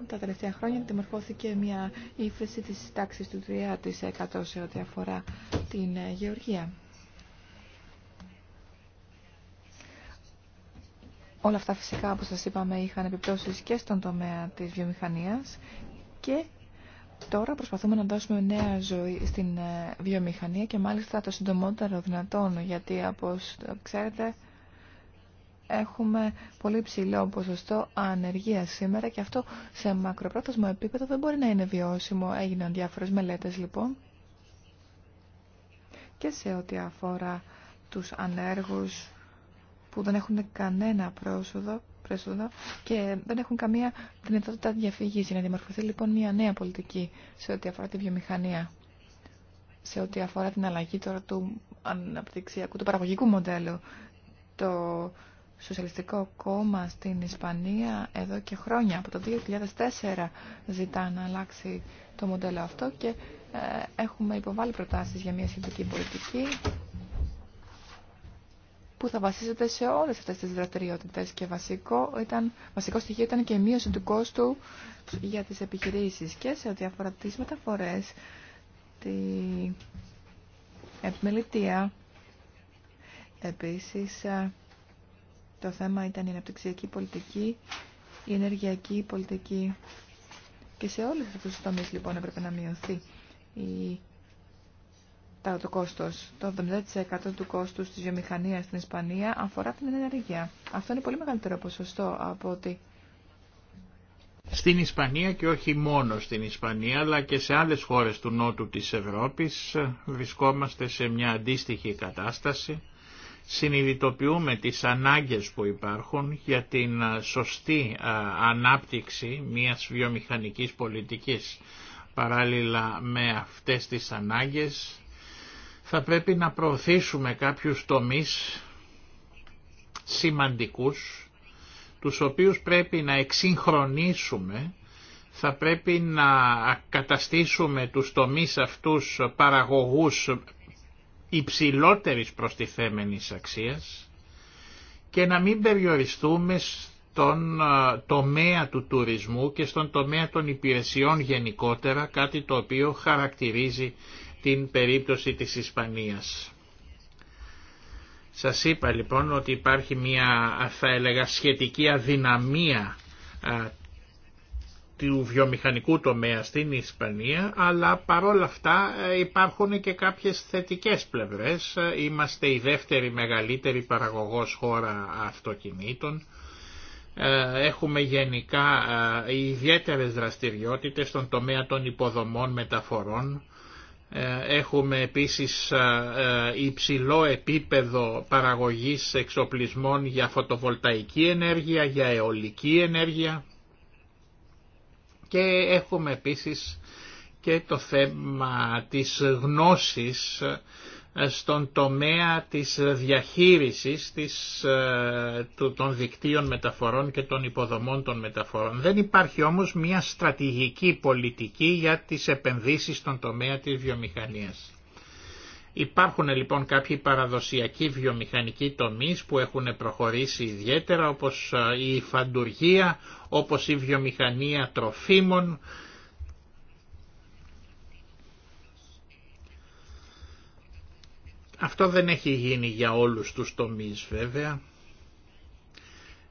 Speaker 3: τα τελευταία χρόνια, δημορφώθηκε μια ύφεση της τάξης του 3% σε ό,τι αφορά την ε, γεωργία. Όλα αυτά φυσικά, όπως σας είπαμε, είχαν επιπτώσεις και στον τομέα της βιομηχανίας και Τώρα προσπαθούμε να δώσουμε νέα ζωή στην ε, βιομηχανία και μάλιστα το συντομότερο δυνατόν, γιατί όπως ξέρετε έχουμε πολύ ψηλό ποσοστό ανεργία σήμερα και αυτό σε μακροπρόθεσμο επίπεδο δεν μπορεί να είναι βιώσιμο. Έγιναν διάφορες μελέτες λοιπόν και σε ό,τι αφορά τους ανέργους που δεν έχουν κανένα πρόσοδο και δεν έχουν καμία δυνατότητα διαφυγή για να δημορφωθεί λοιπόν μια νέα πολιτική σε ό,τι αφορά τη βιομηχανία, σε ό,τι αφορά την αλλαγή τώρα του αναπτυξιακού, του παραγωγικού μοντέλου. Το Σοσιαλιστικό Κόμμα στην Ισπανία εδώ και χρόνια, από το 2004, ζητά να αλλάξει το μοντέλο αυτό και ε, έχουμε υποβάλει προτάσεις για μια σχετική πολιτική που θα βασίζεται σε όλες αυτές τις δραστηριότητες και βασικό, ήταν, βασικό στοιχείο ήταν και η μείωση του κόστου για τις επιχειρήσεις και σε ό,τι αφορά τις μεταφορές, τη επιμελητία. Επίσης, ε, το θέμα ήταν η αναπτυξιακή πολιτική, η ενεργειακή πολιτική και σε όλες αυτές τις τομείς λοιπόν έπρεπε να μειωθεί η το κόστος. Το 70% του κόστους της βιομηχανίας στην Ισπανία αφορά την ενέργεια. Αυτό είναι πολύ μεγαλύτερο ποσοστό από ότι...
Speaker 2: Στην Ισπανία και όχι μόνο στην Ισπανία αλλά και σε άλλες χώρες του νότου της Ευρώπης βρισκόμαστε σε μια αντίστοιχη κατάσταση. Συνειδητοποιούμε τις ανάγκες που υπάρχουν για την σωστή ανάπτυξη μιας βιομηχανικής πολιτικής. Παράλληλα με αυτές τις ανάγκες θα πρέπει να προωθήσουμε κάποιους τομείς σημαντικούς, τους οποίους πρέπει να εξυγχρονίσουμε, θα πρέπει να καταστήσουμε τους τομείς αυτούς παραγωγούς υψηλότερης προστιθέμενης αξίας και να μην περιοριστούμε στον τομέα του τουρισμού και στον τομέα των υπηρεσιών γενικότερα, κάτι το οποίο χαρακτηρίζει την περίπτωση της Ισπανίας. Σας είπα λοιπόν ότι υπάρχει μια θα έλεγα σχετική αδυναμία του βιομηχανικού τομέα στην Ισπανία, αλλά παρόλα αυτά ε, υπάρχουν και κάποιες θετικές πλευρές. Ε, είμαστε η δεύτερη μεγαλύτερη παραγωγός χώρα αυτοκινήτων. Ε, έχουμε γενικά ιδιαίτερες δραστηριότητες στον τομέα των υποδομών μεταφορών, ε, έχουμε επίσης ε, ε, υψηλό επίπεδο παραγωγής εξοπλισμών για φωτοβολταϊκή ενέργεια, για αιωλική ενέργεια και έχουμε επίσης και το θέμα της γνώσης στον τομέα της διαχείρισης της, ε, των δικτύων μεταφορών και των υποδομών των μεταφορών. Δεν υπάρχει όμως μια στρατηγική πολιτική για τις επενδύσεις στον τομέα της βιομηχανίας. Υπάρχουν λοιπόν κάποιοι παραδοσιακοί βιομηχανικοί τομείς που έχουν προχωρήσει ιδιαίτερα όπως ε, η φαντουργία, όπως η βιομηχανία τροφίμων, Αυτό δεν έχει γίνει για όλους τους τομείς βέβαια.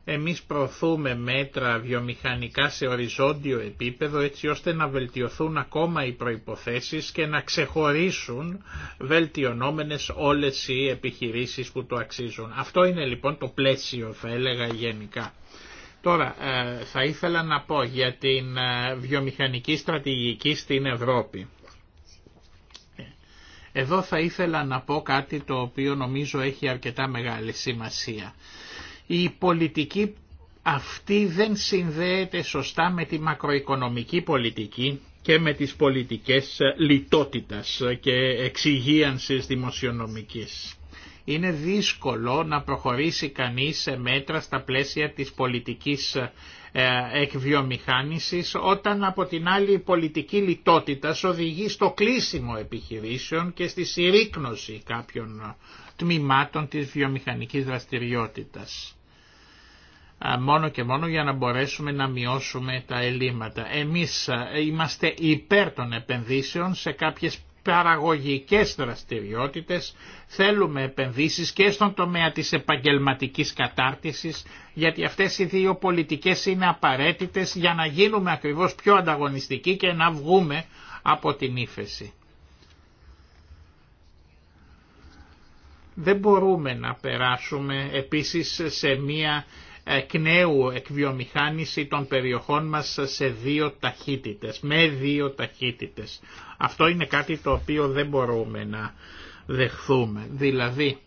Speaker 2: Εμείς προωθούμε μέτρα βιομηχανικά σε οριζόντιο επίπεδο έτσι ώστε να βελτιωθούν ακόμα οι προϋποθέσεις και να ξεχωρίσουν βελτιωνόμενες όλες οι επιχειρήσεις που το αξίζουν. Αυτό είναι λοιπόν το πλαίσιο θα έλεγα γενικά. Τώρα ε, θα ήθελα να πω για την ε, βιομηχανική στρατηγική στην Ευρώπη. Εδώ θα ήθελα να πω κάτι το οποίο νομίζω έχει αρκετά μεγάλη σημασία. Η πολιτική αυτή δεν συνδέεται σωστά με τη μακροοικονομική πολιτική και με τις πολιτικές λιτότητας και εξυγίανσης δημοσιονομικής. Είναι δύσκολο να προχωρήσει κανείς σε μέτρα στα πλαίσια της πολιτικής ε, εκβιομηχάνησης όταν από την άλλη η πολιτική λιτότητα οδηγεί στο κλείσιμο επιχειρήσεων και στη συρρήκνωση κάποιων τμήματων της βιομηχανικής δραστηριότητας. Μόνο και μόνο για να μπορέσουμε να μειώσουμε τα ελλείμματα. Εμείς ε, είμαστε υπέρ των επενδύσεων σε κάποιες παραγωγικές δραστηριότητες, θέλουμε επενδύσεις και στον τομέα της επαγγελματικής κατάρτισης, γιατί αυτές οι δύο πολιτικές είναι απαραίτητες για να γίνουμε ακριβώς πιο ανταγωνιστικοί και να βγούμε από την ύφεση. Δεν μπορούμε να περάσουμε επίσης σε μία εκ νέου εκβιομηχάνηση των περιοχών μας σε δύο ταχύτητες, με δύο ταχύτητες. Αυτό είναι κάτι το οποίο δεν μπορούμε να δεχθούμε. Δηλαδή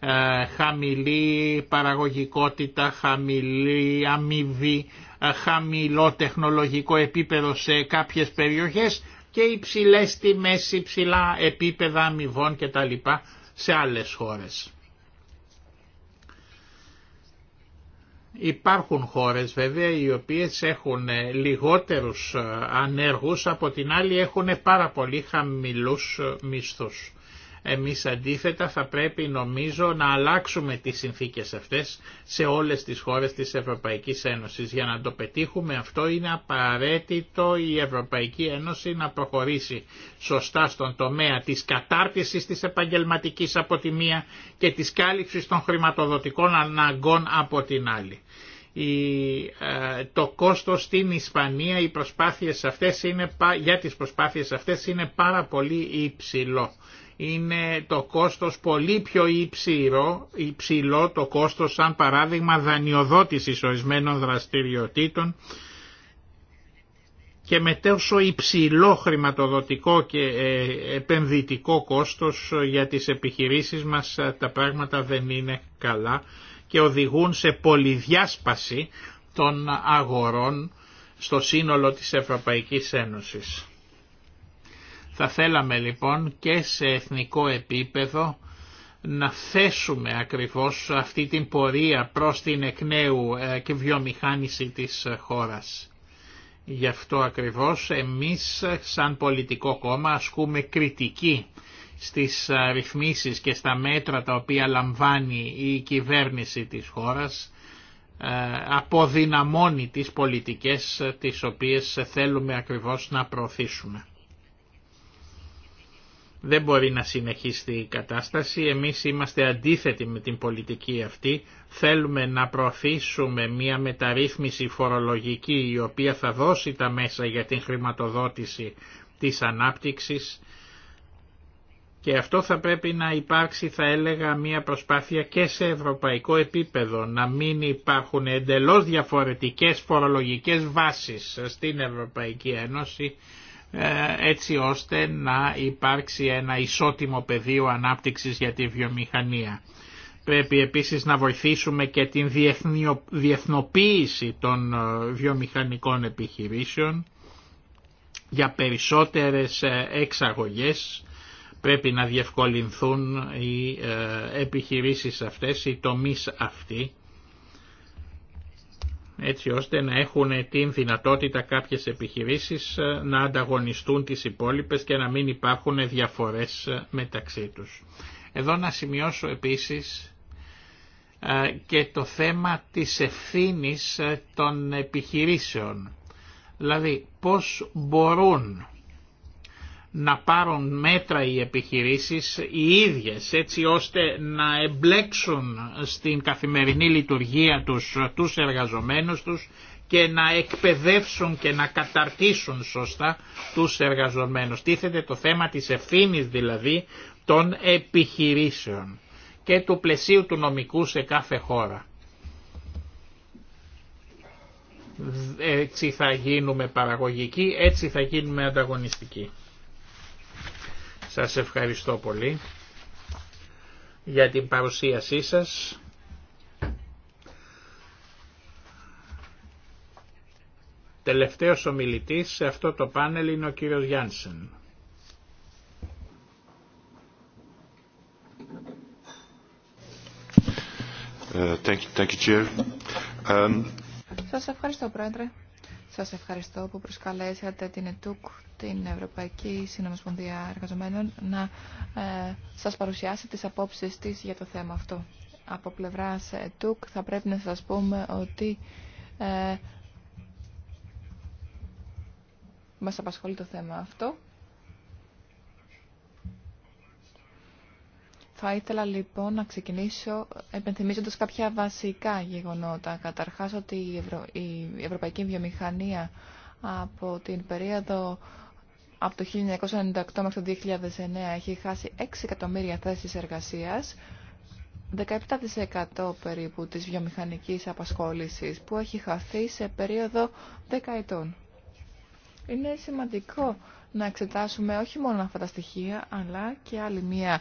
Speaker 2: ε, χαμηλή παραγωγικότητα, χαμηλή αμοιβή, ε, χαμηλό τεχνολογικό επίπεδο σε κάποιες περιοχές και υψηλές τιμές, υψηλά επίπεδα αμοιβών κτλ. σε άλλες χώρες. Υπάρχουν χώρες βέβαια οι οποίες έχουν ε, λιγότερους ε, ανέργους, από την άλλη έχουν πάρα πολύ χαμηλούς ε, μισθούς. Εμείς αντίθετα θα πρέπει νομίζω να αλλάξουμε τις συνθήκες αυτές σε όλες τις χώρες της Ευρωπαϊκής Ένωσης. Για να το πετύχουμε αυτό είναι απαραίτητο η Ευρωπαϊκή Ένωση να προχωρήσει σωστά στον τομέα της κατάρτισης της επαγγελματικής από τη μία και της κάλυψης των χρηματοδοτικών αναγκών από την άλλη. Ε, το κόστος στην Ισπανία οι προσπάθειες αυτές είναι, για τις προσπάθειες αυτές είναι πάρα πολύ υψηλό είναι το κόστος πολύ πιο υψηλό, υψηλό το κόστος σαν παράδειγμα δανειοδότησης ορισμένων δραστηριοτήτων και με τόσο υψηλό χρηματοδοτικό και ε, επενδυτικό κόστος ε, για τις επιχειρήσεις μας ε, τα πράγματα δεν είναι καλά και οδηγούν σε πολυδιάσπαση των αγορών στο σύνολο της Ευρωπαϊκής Ένωσης. Θα θέλαμε λοιπόν και σε εθνικό επίπεδο να θέσουμε ακριβώς αυτή την πορεία προς την εκ νέου ε, και βιομηχάνηση της χώρας. Γι' αυτό ακριβώς εμείς σαν πολιτικό κόμμα ασκούμε κριτική στις ε, ρυθμίσεις και στα μέτρα τα οποία λαμβάνει η κυβέρνηση της χώρας ε, αποδυναμώνει τις πολιτικές τις οποίες θέλουμε ακριβώς να προωθήσουμε. Δεν μπορεί να συνεχίσει η κατάσταση. Εμείς είμαστε αντίθετοι με την πολιτική αυτή. Θέλουμε να προωθήσουμε μια μεταρρύθμιση φορολογική η οποία θα δώσει τα μέσα για την χρηματοδότηση της ανάπτυξης και αυτό θα πρέπει να υπάρξει θα έλεγα μια προσπάθεια και σε ευρωπαϊκό επίπεδο να μην υπάρχουν εντελώς διαφορετικές φορολογικές βάσεις στην Ευρωπαϊκή Ένωση ε, έτσι ώστε να υπάρξει ένα ισότιμο πεδίο ανάπτυξης για τη βιομηχανία. Πρέπει επίσης να βοηθήσουμε και την διεθνοποίηση των ε, βιομηχανικών επιχειρήσεων για περισσότερες ε, εξαγωγές. Πρέπει να διευκολυνθούν οι επιχειρήσεις αυτές, οι τομείς αυτοί έτσι ώστε να έχουν την δυνατότητα κάποιες επιχειρήσεις ε, να ανταγωνιστούν τις υπόλοιπες και να μην υπάρχουν διαφορές ε, μεταξύ τους. Εδώ να σημειώσω επίσης ε, και το θέμα της ευθύνης των επιχειρήσεων. Δηλαδή πώς μπορούν να πάρουν μέτρα οι επιχειρήσεις οι ίδιες έτσι ώστε να εμπλέξουν στην καθημερινή λειτουργία τους τους εργαζομένους τους και να εκπαιδεύσουν και να καταρτήσουν σωστά τους εργαζομένους. Τίθεται το θέμα της ευθύνης δηλαδή των επιχειρήσεων και του πλαισίου του νομικού σε κάθε χώρα. Έτσι θα γίνουμε παραγωγικοί, έτσι θα γίνουμε ανταγωνιστικοί. Σας ευχαριστώ πολύ για την παρουσίασή σας. Τελευταίος ομιλητής σε αυτό το πάνελ είναι ο κύριος Γιάνσεν.
Speaker 1: Ε,
Speaker 3: thank you, thank you, Chair. Ε, σας ευχαριστώ, Πρόεδρε. Σας ευχαριστώ που προσκαλέσατε την ΕΤΟΚ, την Ευρωπαϊκή Συνομοσπονδία Εργαζομένων, να ε, σας παρουσιάσει τις απόψεις της για το θέμα αυτό. Από πλευράς ΕΤΟΚ θα πρέπει να σας πούμε ότι ε, μας απασχολεί το θέμα αυτό Θα ήθελα λοιπόν να ξεκινήσω επενθυμίζοντας κάποια βασικά γεγονότα. Καταρχάς ότι η, Ευρω... η Ευρωπαϊκή Βιομηχανία από την περίοδο από το 1998 μέχρι το 2009 έχει χάσει 6 εκατομμύρια θέσεις εργασίας, 17% περίπου της βιομηχανικής απασχόλησης που έχει χαθεί σε περίοδο δεκαετών. Είναι σημαντικό να εξετάσουμε όχι μόνο αυτά τα στοιχεία, αλλά και άλλη μία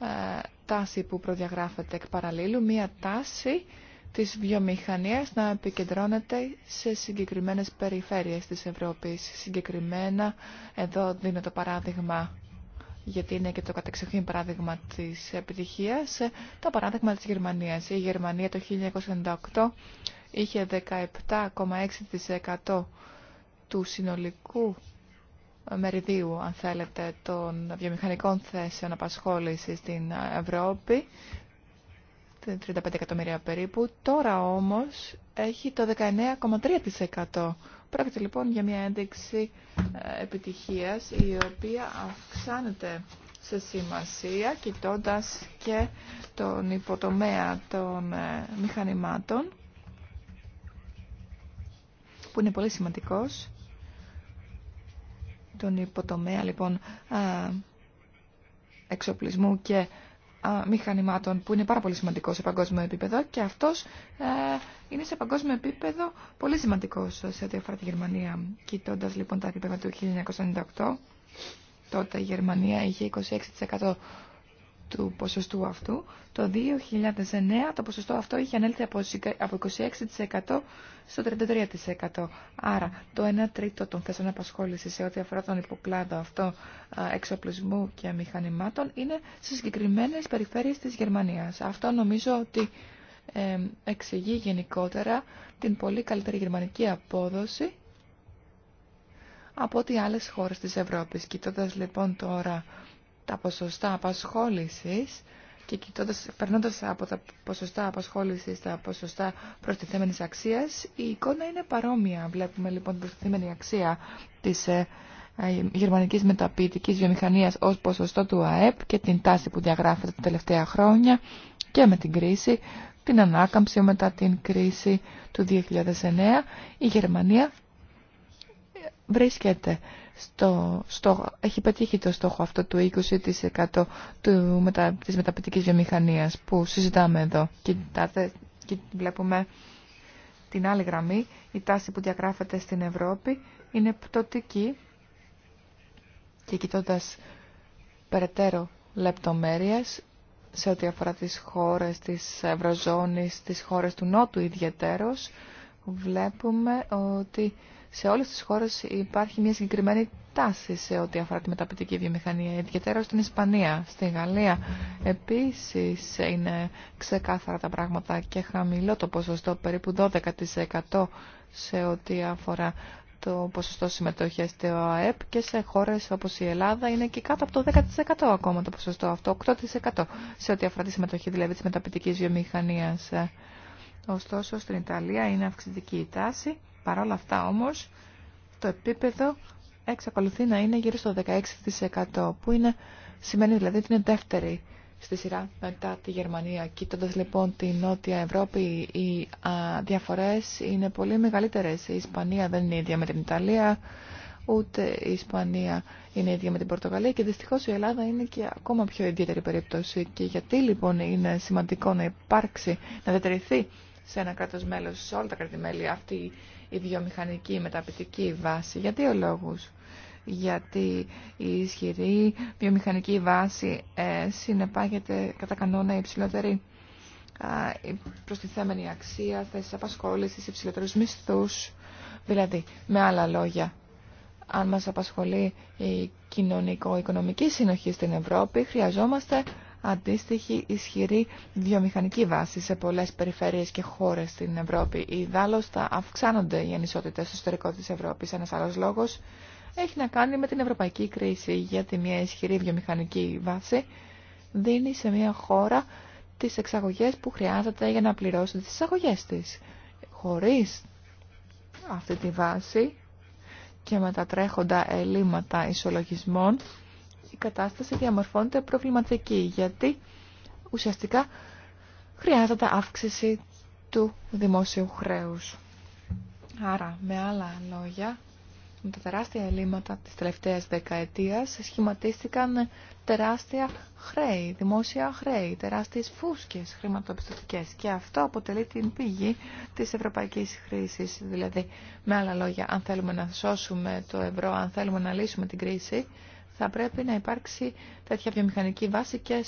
Speaker 3: ε, τάση που προδιαγράφεται εκ παραλλήλου, μία τάση της βιομηχανίας να επικεντρώνεται σε συγκεκριμένες περιφέρειες της Ευρώπης. Συγκεκριμένα, εδώ δίνω το παράδειγμα, γιατί είναι και το κατεξοχήν παράδειγμα της επιτυχίας, το παράδειγμα της Γερμανίας. Η Γερμανία το 1998 είχε 17,6% του συνολικού μεριδίου, αν θέλετε, των βιομηχανικών θέσεων απασχόλησης στην Ευρώπη, 35 εκατομμύρια περίπου. Τώρα όμως έχει το 19,3%. Πρόκειται λοιπόν για μια ένδειξη ε, επιτυχίας η οποία αυξάνεται σε σημασία κοιτώντας και τον υποτομέα των ε, μηχανημάτων που είναι πολύ σημαντικός τον υποτομέα λοιπόν εξοπλισμού και μηχανημάτων που είναι πάρα πολύ σημαντικό σε παγκόσμιο επίπεδο και αυτός είναι σε παγκόσμιο επίπεδο πολύ σημαντικός σε ό,τι αφορά τη Γερμανία. Κοιτώντας λοιπόν τα επίπεδα του 1998, τότε η Γερμανία είχε 26% του ποσοστού αυτού. Το 2009 το ποσοστό αυτό είχε ανέλθει από 26% στο 33%. Άρα το 1 τρίτο των θέσεων απασχόληση σε ό,τι αφορά τον υποκλάδο αυτό εξοπλισμού και μηχανημάτων είναι σε συγκεκριμένες περιφέρειες της Γερμανίας. Αυτό νομίζω ότι εξηγεί γενικότερα την πολύ καλύτερη γερμανική απόδοση από ό,τι άλλες χώρες της Ευρώπης. Κοιτώντας λοιπόν τώρα τα ποσοστά απασχόλησης και κοιτώντας, περνώντας από τα ποσοστά απασχόλησης στα ποσοστά προστιθέμενης αξίας, η εικόνα είναι παρόμοια. Βλέπουμε λοιπόν την προστιθέμενη αξία της ε, ε, γερμανικής μεταποιητικής βιομηχανίας ως ποσοστό του ΑΕΠ και την τάση που διαγράφεται τα τελευταία χρόνια και με την κρίση, την ανάκαμψη μετά την κρίση του 2009, η Γερμανία βρίσκεται στο στο έχει πετύχει το στόχο αυτό του 20% του, μετα, της μεταπητικής βιομηχανίας που συζητάμε εδώ. Κοιτάτε, και βλέπουμε την άλλη γραμμή, η τάση που διαγράφεται στην Ευρώπη είναι πτωτική και κοιτώντας περαιτέρω λεπτομέρειες σε ό,τι αφορά τις χώρες της Ευρωζώνης, τις χώρες του Νότου ιδιαίτερως, βλέπουμε ότι σε όλες τις χώρες υπάρχει μια συγκεκριμένη τάση σε ό,τι αφορά τη μεταπητική βιομηχανία, ιδιαίτερα στην Ισπανία, στη Γαλλία. Επίσης είναι ξεκάθαρα τα πράγματα και χαμηλό το ποσοστό, περίπου 12% σε ό,τι αφορά το ποσοστό συμμετοχή στο ΑΕΠ και σε χώρε όπω η Ελλάδα είναι και κάτω από το 10% ακόμα το ποσοστό αυτό, 8% σε ό,τι αφορά τη συμμετοχή δηλαδή τη μεταπητική βιομηχανία. Ωστόσο στην Ιταλία είναι αυξητική η τάση Παρ' όλα αυτά όμως το επίπεδο εξακολουθεί να είναι γύρω στο 16% που είναι, σημαίνει δηλαδή ότι είναι δεύτερη στη σειρά μετά τη Γερμανία. κοιτώντα λοιπόν τη Νότια Ευρώπη οι α, διαφορές είναι πολύ μεγαλύτερες. Η Ισπανία δεν είναι ίδια με την Ιταλία, ούτε η Ισπανία είναι ίδια με την Πορτογαλία και δυστυχώς η Ελλάδα είναι και ακόμα πιο ιδιαίτερη περίπτωση. Και γιατί λοιπόν είναι σημαντικό να υπάρξει, να διατηρηθεί σε ένα κράτος μέλος, σε όλα τα κράτη-μέλη αυτή η βιομηχανική, η μεταπητική βάση. Για δύο λόγους. Γιατί η ισχυρή βιομηχανική βάση ε, συνεπάγεται κατά κανόνα υψηλότερη ε, προστιθέμενη αξία, θέσεις απασχόλησης, υψηλότερους μισθούς. Δηλαδή, με άλλα λόγια, αν μας απασχολεί η κοινωνικο-οικονομική συνοχή στην Ευρώπη, χρειαζόμαστε αντίστοιχη ισχυρή βιομηχανική βάση σε πολλές περιφέρειες και χώρες στην Ευρώπη. Ιδάλλως θα αυξάνονται οι ανισότητες στο εσωτερικό της Ευρώπης. Ένας άλλος λόγος έχει να κάνει με την ευρωπαϊκή κρίση, γιατί μια ισχυρή βιομηχανική βάση δίνει σε μια χώρα τις εξαγωγές που χρειάζεται για να πληρώσει τις εξαγωγές της. Χωρίς αυτή τη βάση και με τα τρέχοντα ελλείμματα ισολογισμών κατάσταση διαμορφώνεται προβληματική, γιατί ουσιαστικά χρειάζεται αύξηση του δημόσιου χρέους. Άρα, με άλλα λόγια, με τα τεράστια ελλείμματα της τελευταίας δεκαετίας σχηματίστηκαν τεράστια χρέη, δημόσια χρέη, τεράστιες φούσκες χρηματοπιστωτικές και αυτό αποτελεί την πηγή της ευρωπαϊκής χρήσης. Δηλαδή, με άλλα λόγια, αν θέλουμε να σώσουμε το ευρώ, αν θέλουμε να λύσουμε την κρίση, θα πρέπει να υπάρξει τέτοια βιομηχανική βάση και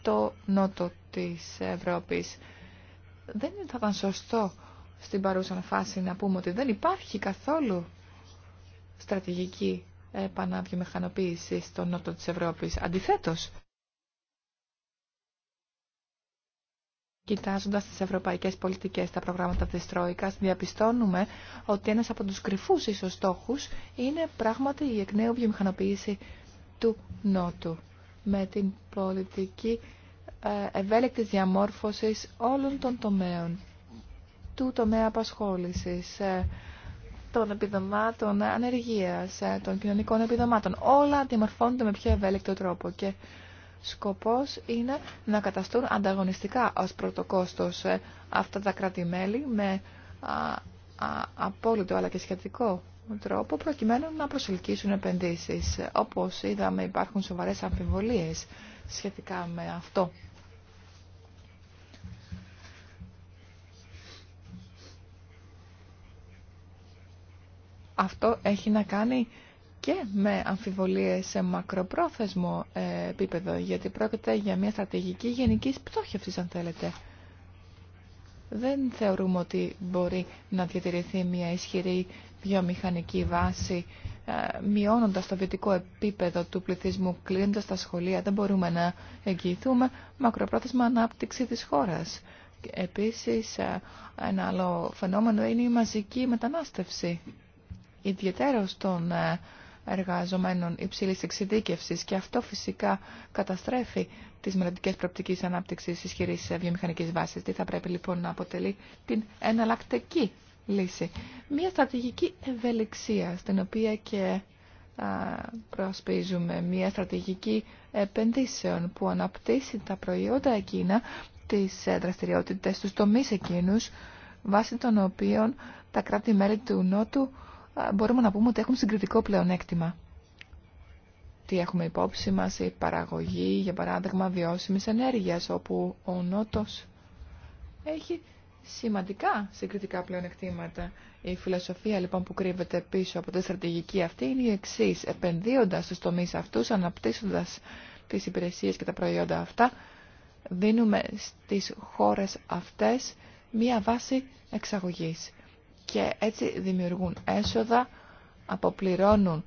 Speaker 3: στο νότο της Ευρώπης. Δεν θα ήταν σωστό στην παρούσα φάση να πούμε ότι δεν υπάρχει καθόλου στρατηγική επαναβιομηχανοποίηση στο νότο της Ευρώπης. Αντιθέτως, κοιτάζοντα τι ευρωπαϊκέ πολιτικέ τα προγράμματα τη Τρόικα, διαπιστώνουμε ότι ένα από του κρυφού ίσω στόχου είναι πράγματι η εκ νέου βιομηχανοποίηση του Νότου με την πολιτική ε, ευέλικτης διαμόρφωσης όλων των τομέων του τομέα απασχόλησης, ε, των επιδομάτων ανεργίας, ε, των κοινωνικών επιδομάτων. Όλα αντιμορφώνονται με πιο ευέλικτο τρόπο και σκοπός είναι να καταστούν ανταγωνιστικά ως πρωτοκόστος αυτά τα κράτη-μέλη με απόλυτο αλλά και σχετικό τρόπο προκειμένου να προσελκύσουν επενδύσεις. Όπως είδαμε υπάρχουν σοβαρές αμφιβολίες σχετικά με αυτό. Αυτό έχει να κάνει και με αμφιβολίες σε μακροπρόθεσμο ε, επίπεδο, γιατί πρόκειται για μια στρατηγική γενικής πτώχευσης, αν θέλετε. Δεν θεωρούμε ότι μπορεί να διατηρηθεί μια ισχυρή βιομηχανική βάση, ε, μειώνοντας το βιωτικό επίπεδο του πληθυσμού, κλείνοντας τα σχολεία, δεν μπορούμε να εγγυηθούμε μακροπρόθεσμα ανάπτυξη της χώρας. Επίσης, ε, ένα άλλο φαινόμενο είναι η μαζική μετανάστευση, ιδιαίτερος των ε, εργαζομένων υψηλής εξειδίκευσης και αυτό φυσικά καταστρέφει τις μελλοντικές προοπτικές ανάπτυξης ισχυρής βιομηχανικής βάσης. Τι θα πρέπει λοιπόν να αποτελεί την εναλλακτική λύση. Μία στρατηγική ευελιξία, στην οποία και προασπίζουμε μια στρατηγική προσπίζουμε μια στρατηγικη επενδυσεων που αναπτύσσει τα προϊόντα εκείνα, τις ε, δραστηριότητες, τους τομείς εκείνους, βάσει των οποίων τα κράτη-μέλη του Νότου μπορούμε να πούμε ότι έχουν συγκριτικό πλεονέκτημα. Τι έχουμε υπόψη μας, η παραγωγή, για παράδειγμα, βιώσιμης ενέργειας, όπου ο Νότος έχει σημαντικά συγκριτικά πλεονεκτήματα. Η φιλοσοφία λοιπόν που κρύβεται πίσω από τη στρατηγική αυτή είναι η εξή. Επενδύοντα στου τομεί αυτού, αναπτύσσοντα τι υπηρεσίε και τα προϊόντα αυτά, δίνουμε στι χώρε αυτέ μία βάση εξαγωγή. Και έτσι δημιουργούν έσοδα, αποπληρώνουν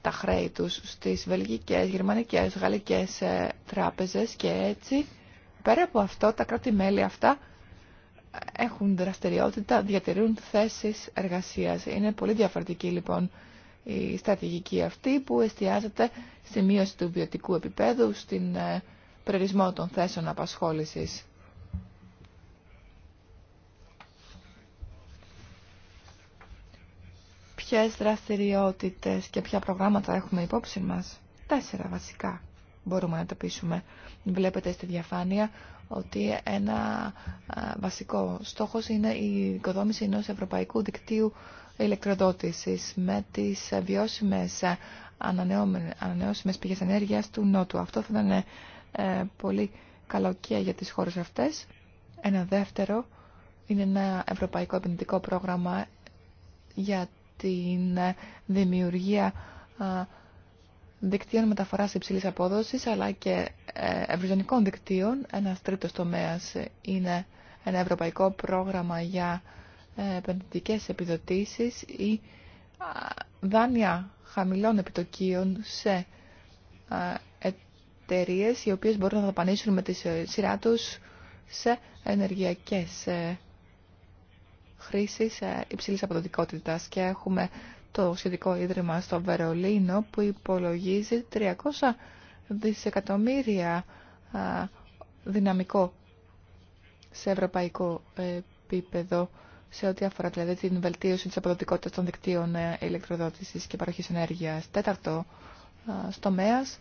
Speaker 3: τα χρέη τους στις βελγικές, γερμανικές, γαλλικές ε, τράπεζες και έτσι πέρα από αυτό τα κράτη-μέλη αυτά έχουν δραστηριότητα, διατηρούν θέσεις εργασίας. Είναι πολύ διαφορετική λοιπόν η στρατηγική αυτή που εστιάζεται στη μείωση του βιωτικού επίπεδου, στην ε, περιορισμό των θέσεων απασχόλησης. Ποιες δραστηριότητες και ποια προγράμματα έχουμε υπόψη μας. Τέσσερα βασικά μπορούμε να τα πείσουμε. Βλέπετε στη διαφάνεια ότι ένα βασικό στόχος είναι η οικοδόμηση ενός ευρωπαϊκού δικτύου ηλεκτροδότησης με τις βιώσιμες ανανεώσιμες πηγές ενέργειας του Νότου. Αυτό θα ήταν ε, πολύ καλό για τις χώρες αυτές. Ένα δεύτερο είναι ένα ευρωπαϊκό επενδυτικό πρόγραμμα για την ε, δημιουργία δικτύων μεταφοράς υψηλής απόδοσης αλλά και ε, ευρυζωνικών δικτύων. Ένας τρίτος τομέας είναι ένα ευρωπαϊκό πρόγραμμα για ε, επενδυτικέ επιδοτήσεις ή δάνεια χαμηλών επιτοκίων σε εταιρείε οι οποίες μπορούν να δαπανίσουν με τη σειρά του σε ενεργειακές ε, χρήσεις υψηλής αποδοτικότητας και έχουμε το σχετικό ίδρυμα στο Βερολίνο που υπολογίζει 300 δισεκατομμύρια δυναμικό σε ευρωπαϊκό επίπεδο σε ό,τι αφορά δηλαδή, την βελτίωση της αποδοτικότητας των δικτύων ε, ηλεκτροδότησης και παροχής ενέργειας. Τέταρτο στομέας,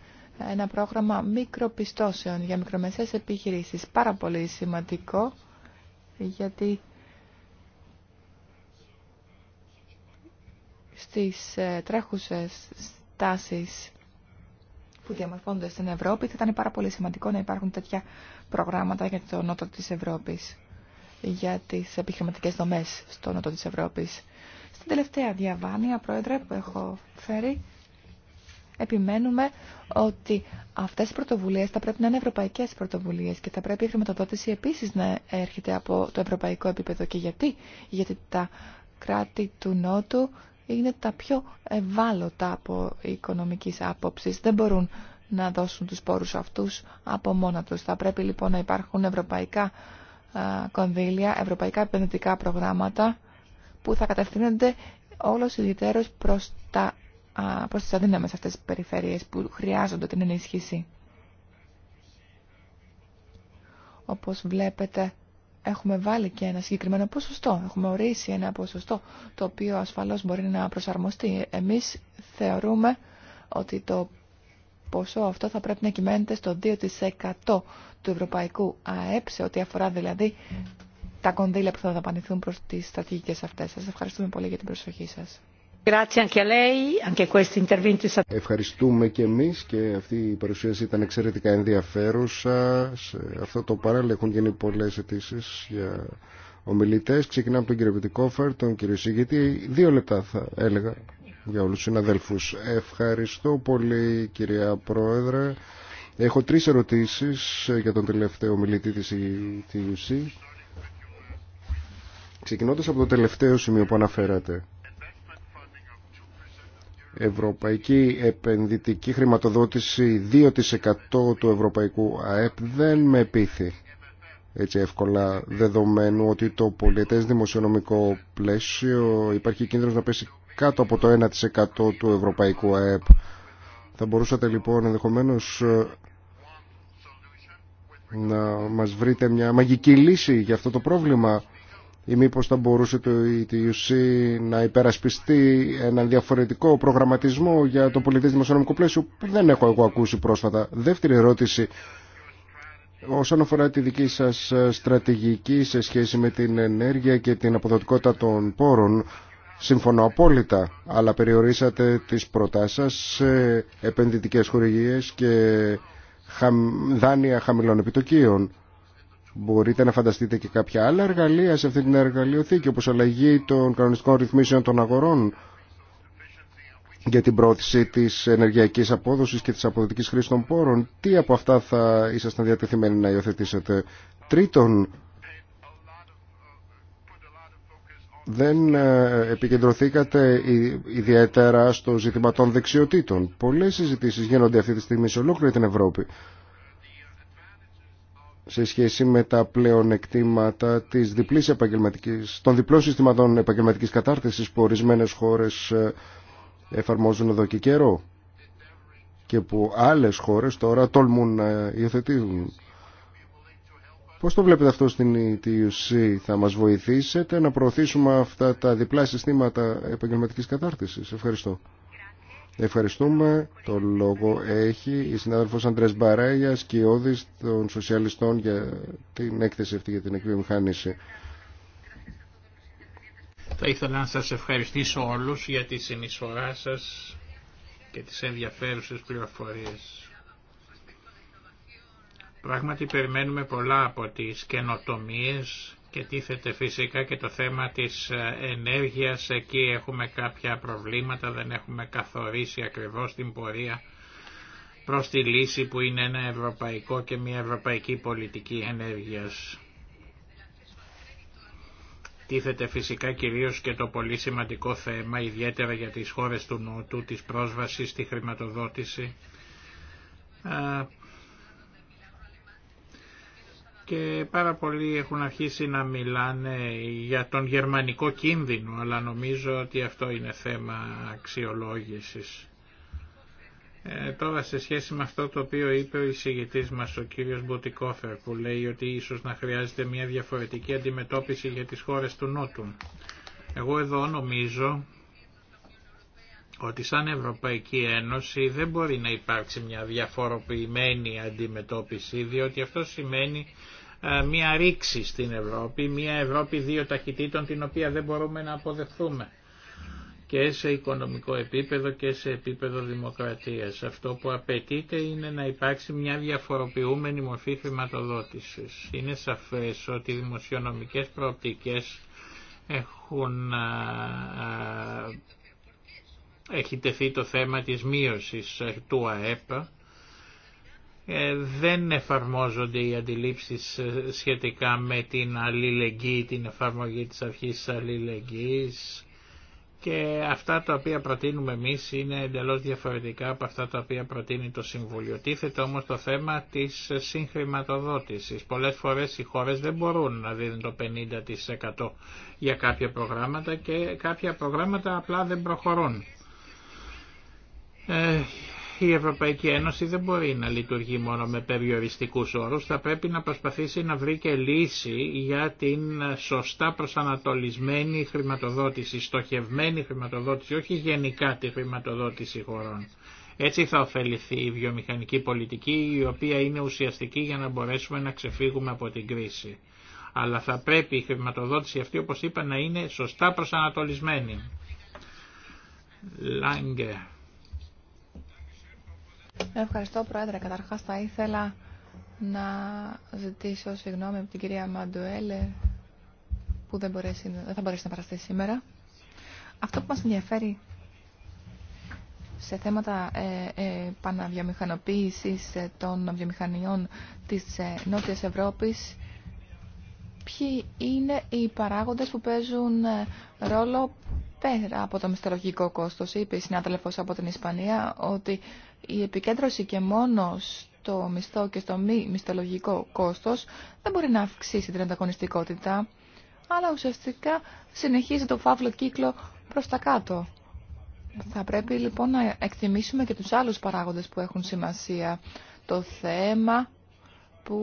Speaker 3: ένα πρόγραμμα μικροπιστώσεων για μικρομεσαίες επιχειρήσεις. Πάρα πολύ σημαντικό γιατί στις ε, τρέχουσες στάσεις που διαμορφώνονται στην Ευρώπη, θα ήταν πάρα πολύ σημαντικό να υπάρχουν τέτοια προγράμματα για το νότο της Ευρώπης, για τις επιχειρηματικές δομές στο νότο της Ευρώπης. Στην τελευταία διαβάνεια, πρόεδρε, που έχω φέρει, επιμένουμε ότι αυτές οι πρωτοβουλίες θα πρέπει να είναι ευρωπαϊκές πρωτοβουλίες και θα πρέπει η χρηματοδότηση επίσης να έρχεται από το ευρωπαϊκό επίπεδο. Και γιατί, γιατί τα κράτη του Νότου είναι τα πιο ευάλωτα από οικονομικής άποψης. Δεν μπορούν να δώσουν τους πόρους αυτούς από μόνα τους. Θα πρέπει λοιπόν να υπάρχουν ευρωπαϊκά κονδύλια, ευρωπαϊκά επενδυτικά προγράμματα που θα κατευθύνονται όλος ιδιαίτερος προς, τα, προς τις αδύναμες αυτές τις περιφέρειες που χρειάζονται την ενίσχυση. Όπως βλέπετε έχουμε βάλει και ένα συγκεκριμένο ποσοστό, έχουμε ορίσει ένα ποσοστό το οποίο ασφαλώς μπορεί να προσαρμοστεί. Εμείς θεωρούμε ότι το ποσό αυτό θα πρέπει να κυμαίνεται στο 2% του ευρωπαϊκού ΑΕΠ σε ό,τι αφορά δηλαδή τα κονδύλια που θα δαπανηθούν προς τις στρατηγικές αυτές. Σας ευχαριστούμε πολύ για την προσοχή σας.
Speaker 1: Ευχαριστούμε και εμείς και αυτή η παρουσίαση ήταν εξαιρετικά ενδιαφέρουσα. Σε αυτό το παράλληλο έχουν γίνει πολλές αιτήσει για ομιλητές. Ξεκινάμε από τον κύριο Πιτικόφερ, τον κύριο Σιγητή. Δύο λεπτά θα έλεγα για όλους τους συναδέλφους. Ευχαριστώ πολύ κυρία Πρόεδρε. Έχω τρεις ερωτήσεις για τον τελευταίο ομιλητή της TUC. Ξεκινώντας από το τελευταίο σημείο που αναφέρατε Ευρωπαϊκή επενδυτική χρηματοδότηση 2% του ευρωπαϊκού ΑΕΠ δεν με πείθει έτσι εύκολα δεδομένου ότι το πολιτές δημοσιονομικό πλαίσιο υπάρχει κίνδυνος να πέσει κάτω από το 1% του ευρωπαϊκού ΑΕΠ. Θα μπορούσατε λοιπόν ενδεχομένως ε, να μας βρείτε μια μαγική λύση για αυτό το πρόβλημα ή μήπως θα μπορούσε το ETUC να υπερασπιστεί έναν διαφορετικό προγραμματισμό για το πολιτισμό δημοσιονομικό πλαίσιο που δεν έχω εγώ ακούσει πρόσφατα. Δεύτερη ερώτηση, όσον αφορά τη δική σας στρατηγική σε σχέση με την ενέργεια και την αποδοτικότητα των πόρων, Συμφωνώ απόλυτα, αλλά περιορίσατε τις προτάσεις σας σε επενδυτικές χορηγίες και δάνεια χαμηλών επιτοκίων. Μπορείτε να φανταστείτε και κάποια άλλα εργαλεία σε αυτή την εργαλειοθήκη, όπως αλλαγή των κανονιστικών ρυθμίσεων των αγορών για την πρόθεση της ενεργειακής απόδοσης και της αποδοτικής χρήσης των πόρων. Τι από αυτά θα ήσασταν διατεθειμένοι να υιοθετήσετε. Τρίτον, δεν ε, επικεντρωθήκατε ιδιαίτερα στο ζήτημα των δεξιοτήτων. Πολλές συζητήσεις γίνονται αυτή τη στιγμή σε ολόκληρη την Ευρώπη σε σχέση με τα πλεονεκτήματα της διπλής επαγγελματικής, των διπλών συστηματών επαγγελματικής κατάρτισης που ορισμένες χώρες ε, εφαρμόζουν εδώ και καιρό και που άλλες χώρες τώρα τολμούν να υιοθετήσουν. Πώς το βλέπετε αυτό στην ETUC, θα μας βοηθήσετε να προωθήσουμε αυτά τα διπλά συστήματα επαγγελματικής κατάρτισης. Ευχαριστώ. Ευχαριστούμε. Το λόγο έχει η συνάδελφος Αντρές Μπαράγια, σκιώδης των σοσιαλιστών για την έκθεση αυτή για την εκβιομηχάνηση.
Speaker 2: Θα ήθελα να σας ευχαριστήσω όλους για τη συνεισφορά σας και τις ενδιαφέρουσες πληροφορίες. Πράγματι περιμένουμε πολλά από τις καινοτομίες και τίθεται φυσικά και το θέμα της ε, ενέργειας. Εκεί έχουμε κάποια προβλήματα, δεν έχουμε καθορίσει ακριβώς την πορεία προς τη λύση που είναι ένα ευρωπαϊκό και μια ευρωπαϊκή πολιτική ενέργειας. Τίθεται φυσικά κυρίως και το πολύ σημαντικό θέμα, ιδιαίτερα για τις χώρες του Νότου, της πρόσβασης στη χρηματοδότηση και πάρα πολλοί έχουν αρχίσει να μιλάνε για τον γερμανικό κίνδυνο, αλλά νομίζω ότι αυτό είναι θέμα αξιολόγησης. Ε, τώρα σε σχέση με αυτό το οποίο είπε ο εισηγητής μας ο κύριος Μποτικόφερ, που λέει ότι ίσως να χρειάζεται μια διαφορετική αντιμετώπιση για τις χώρες του Νότου. Εγώ εδώ νομίζω ότι σαν Ευρωπαϊκή Ένωση δεν μπορεί να υπάρξει μια διαφοροποιημένη αντιμετώπιση, διότι αυτό σημαίνει ε, μια ρήξη στην Ευρώπη, μια Ευρώπη δύο ταχυτήτων την οποία δεν μπορούμε να αποδεχθούμε και σε οικονομικό επίπεδο και σε επίπεδο δημοκρατίας. Αυτό που απαιτείται είναι να υπάρξει μια διαφοροποιούμενη μορφή χρηματοδότηση. Είναι σαφές ότι οι δημοσιονομικές προοπτικές έχουν έχει τεθεί το θέμα της μείωσης ε, του ΑΕΠ. Ε, δεν εφαρμόζονται οι αντιλήψεις ε, σχετικά με την αλληλεγγύη, την εφαρμογή της αρχής της αλληλεγγύης και αυτά τα οποία προτείνουμε εμείς είναι εντελώς διαφορετικά από αυτά τα οποία προτείνει το Συμβούλιο. Τίθεται όμως το θέμα της συγχρηματοδότησης. Πολλές φορές οι χώρες δεν μπορούν να δίνουν το 50% για κάποια προγράμματα και κάποια προγράμματα απλά δεν προχωρούν. Ε, η Ευρωπαϊκή Ένωση δεν μπορεί να λειτουργεί μόνο με περιοριστικούς όρους, θα πρέπει να προσπαθήσει να βρει και λύση για την σωστά προσανατολισμένη χρηματοδότηση, στοχευμένη χρηματοδότηση, όχι γενικά τη χρηματοδότηση χωρών. Έτσι θα ωφεληθεί η βιομηχανική πολιτική, η οποία είναι ουσιαστική για να μπορέσουμε να ξεφύγουμε από την κρίση. Αλλά θα πρέπει η χρηματοδότηση αυτή, όπως είπα, να είναι σωστά προσανατολισμένη. Λάγκε.
Speaker 3: Ευχαριστώ, Πρόεδρε. Καταρχάς θα ήθελα να ζητήσω συγγνώμη από την κυρία Μαντουέλε που δεν, θα μπορέσει να παραστεί σήμερα. Αυτό που μας ενδιαφέρει σε θέματα ε, ε, ε των βιομηχανιών της ε, Νότιας Ευρώπης ποιοι είναι οι παράγοντες που παίζουν ε, ρόλο πέρα από το μισθολογικό κόστος. Είπε η συνάδελφος από την Ισπανία ότι η επικέντρωση και μόνο στο μισθό και στο μη μισθολογικό κόστος δεν μπορεί να αυξήσει την ανταγωνιστικότητα, αλλά ουσιαστικά συνεχίζει το φαύλο κύκλο προς τα κάτω. Θα πρέπει λοιπόν να εκτιμήσουμε και τους άλλους παράγοντες που έχουν σημασία. Το θέμα που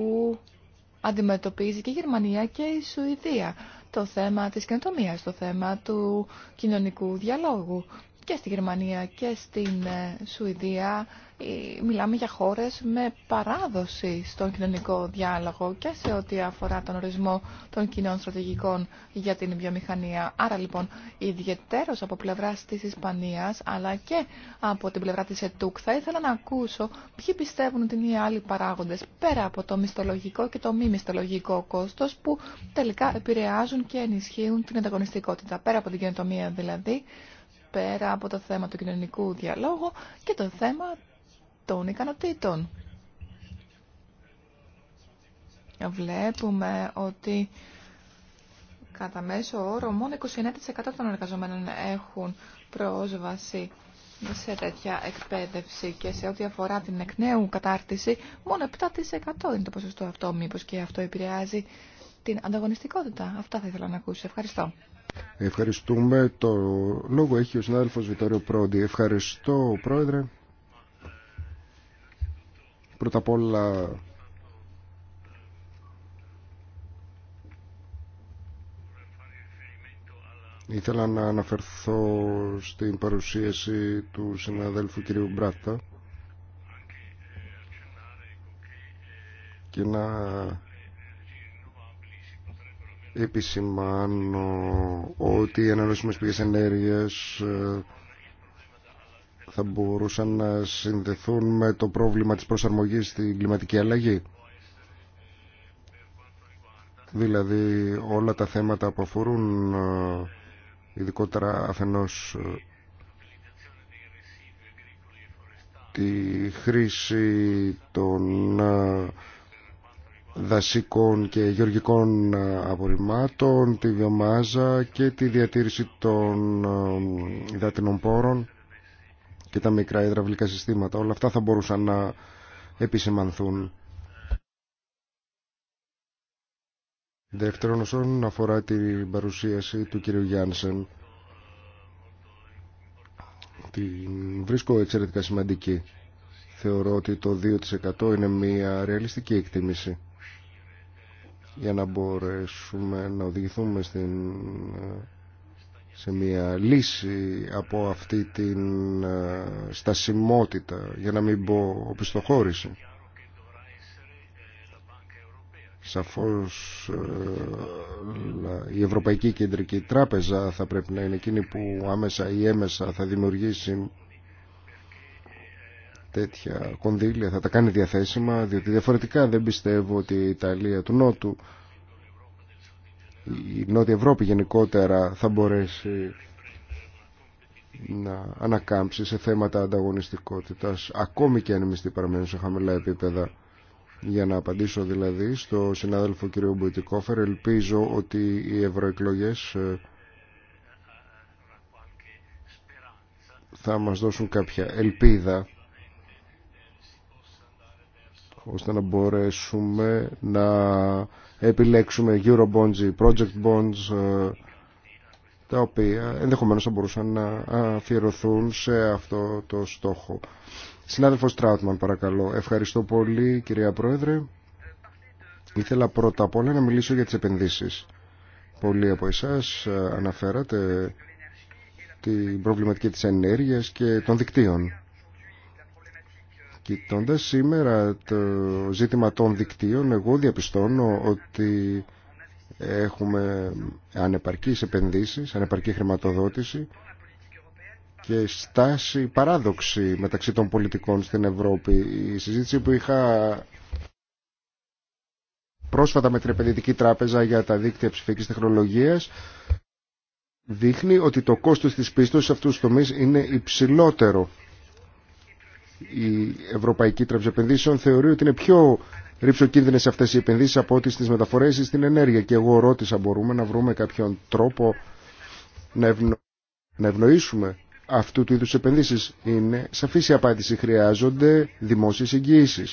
Speaker 3: αντιμετωπίζει και η Γερμανία και η Σουηδία το θέμα της καινοτομία, το θέμα του κοινωνικού διαλόγου και στη Γερμανία και στην ε, Σουηδία ε, μιλάμε για χώρες με παράδοση στον κοινωνικό διάλογο και σε ό,τι αφορά τον ορισμό των κοινών στρατηγικών για την βιομηχανία. Άρα λοιπόν, ιδιαιτέρως από πλευρά της Ισπανίας, αλλά και από την πλευρά της ΕΤΟΚ, θα ήθελα να ακούσω ποιοι πιστεύουν ότι είναι οι άλλοι παράγοντες, πέρα από το μισθολογικό και το μη μισθολογικό κόστος, που τελικά επηρεάζουν και ενισχύουν την ανταγωνιστικότητα, πέρα από την καινοτομία δηλαδή, πέρα από το θέμα του κοινωνικού διαλόγου και το θέμα των ικανοτήτων. Βλέπουμε ότι κατά μέσο όρο μόνο 29% των εργαζομένων έχουν πρόσβαση σε τέτοια εκπαίδευση και σε ό,τι αφορά την εκ νέου κατάρτιση, μόνο 7% είναι το ποσοστό αυτό. μήπω και αυτό επηρεάζει την ανταγωνιστικότητα. Αυτά θα ήθελα να ακούσω. Ευχαριστώ.
Speaker 1: Ευχαριστούμε. Το λόγο έχει ο συνάδελφος Βιτόριο Πρόντι. Ευχαριστώ, Πρόεδρε. Πρώτα απ' όλα ήθελα να αναφερθώ στην παρουσίαση του συναδέλφου κυρίου Μπράτα και να επισημάνω ότι οι ανανεώσιμες πηγές ενέργειας ε, θα μπορούσαν να συνδεθούν με το πρόβλημα της προσαρμογής στην κλιματική αλλαγή. Δηλαδή όλα τα θέματα που αφορούν ε, ειδικότερα αφενός ε, τη χρήση των ε, δασικών και γεωργικών απορριμμάτων, τη βιομάζα και τη διατήρηση των υδατινών πόρων και τα μικρά υδραυλικά συστήματα. Όλα αυτά θα μπορούσαν να επισημανθούν. Δεύτερον, όσον αφορά την παρουσίαση του κύριου Γιάνσεν, την βρίσκω εξαιρετικά σημαντική. Θεωρώ ότι το 2% είναι μια ρεαλιστική εκτίμηση για να μπορέσουμε να οδηγηθούμε στην σε μια λύση από αυτή την ε, στασιμότητα, για να μην πω οπισθοχώρηση. Σαφώς ε, η Ευρωπαϊκή Κεντρική Τράπεζα θα πρέπει να είναι εκείνη που άμεσα ή έμεσα θα δημιουργήσει τέτοια κονδύλια, θα τα κάνει διαθέσιμα, διότι διαφορετικά δεν πιστεύω ότι η Ιταλία του Νότου η Νότια Ευρώπη γενικότερα θα μπορέσει να ανακάμψει σε θέματα ανταγωνιστικότητας ακόμη και αν εμείς μισθοί παραμένουν σε χαμηλά επίπεδα. Για να απαντήσω δηλαδή στο συνάδελφο κ. Μπουτικόφερ, ελπίζω ότι οι ευρωεκλογέ ε, θα μας δώσουν κάποια ελπίδα ώστε να μπορέσουμε να επιλέξουμε Eurobonds ή Project Bonds ε, τα οποία ενδεχομένως θα μπορούσαν να αφιερωθούν σε αυτό το στόχο. Συνάδελφος Τράουτμαν παρακαλώ. Ευχαριστώ πολύ κυρία Πρόεδρε. Ήθελα πρώτα απ' όλα να μιλήσω για τις επενδύσεις. Πολλοί από εσάς ε, αναφέρατε την προβληματική της ενέργειας και των δικτύων. Κοιτώντας σήμερα το ζήτημα των δικτύων, εγώ διαπιστώνω ότι έχουμε ανεπαρκείς επενδύσεις, ανεπαρκή χρηματοδότηση και στάση παράδοξη μεταξύ των πολιτικών στην Ευρώπη. Η συζήτηση που είχα πρόσφατα με την Επενδυτική Τράπεζα για τα δίκτυα ψηφιακής τεχνολογίας δείχνει ότι το κόστος της πίστος σε αυτούς τους τομείς είναι υψηλότερο η Ευρωπαϊκή Τράπεζα Επενδύσεων θεωρεί ότι είναι πιο ρηψοκίνδυνε αυτέ οι επενδύσει από ό,τι στι μεταφορέ ή στην ενέργεια. Και εγώ ρώτησα, μπορούμε να βρούμε κάποιον τρόπο να, να ευνοήσουμε αυτού του είδου επενδύσει. Είναι σαφή η απάντηση. Χρειάζονται δημόσιε εγγυήσει.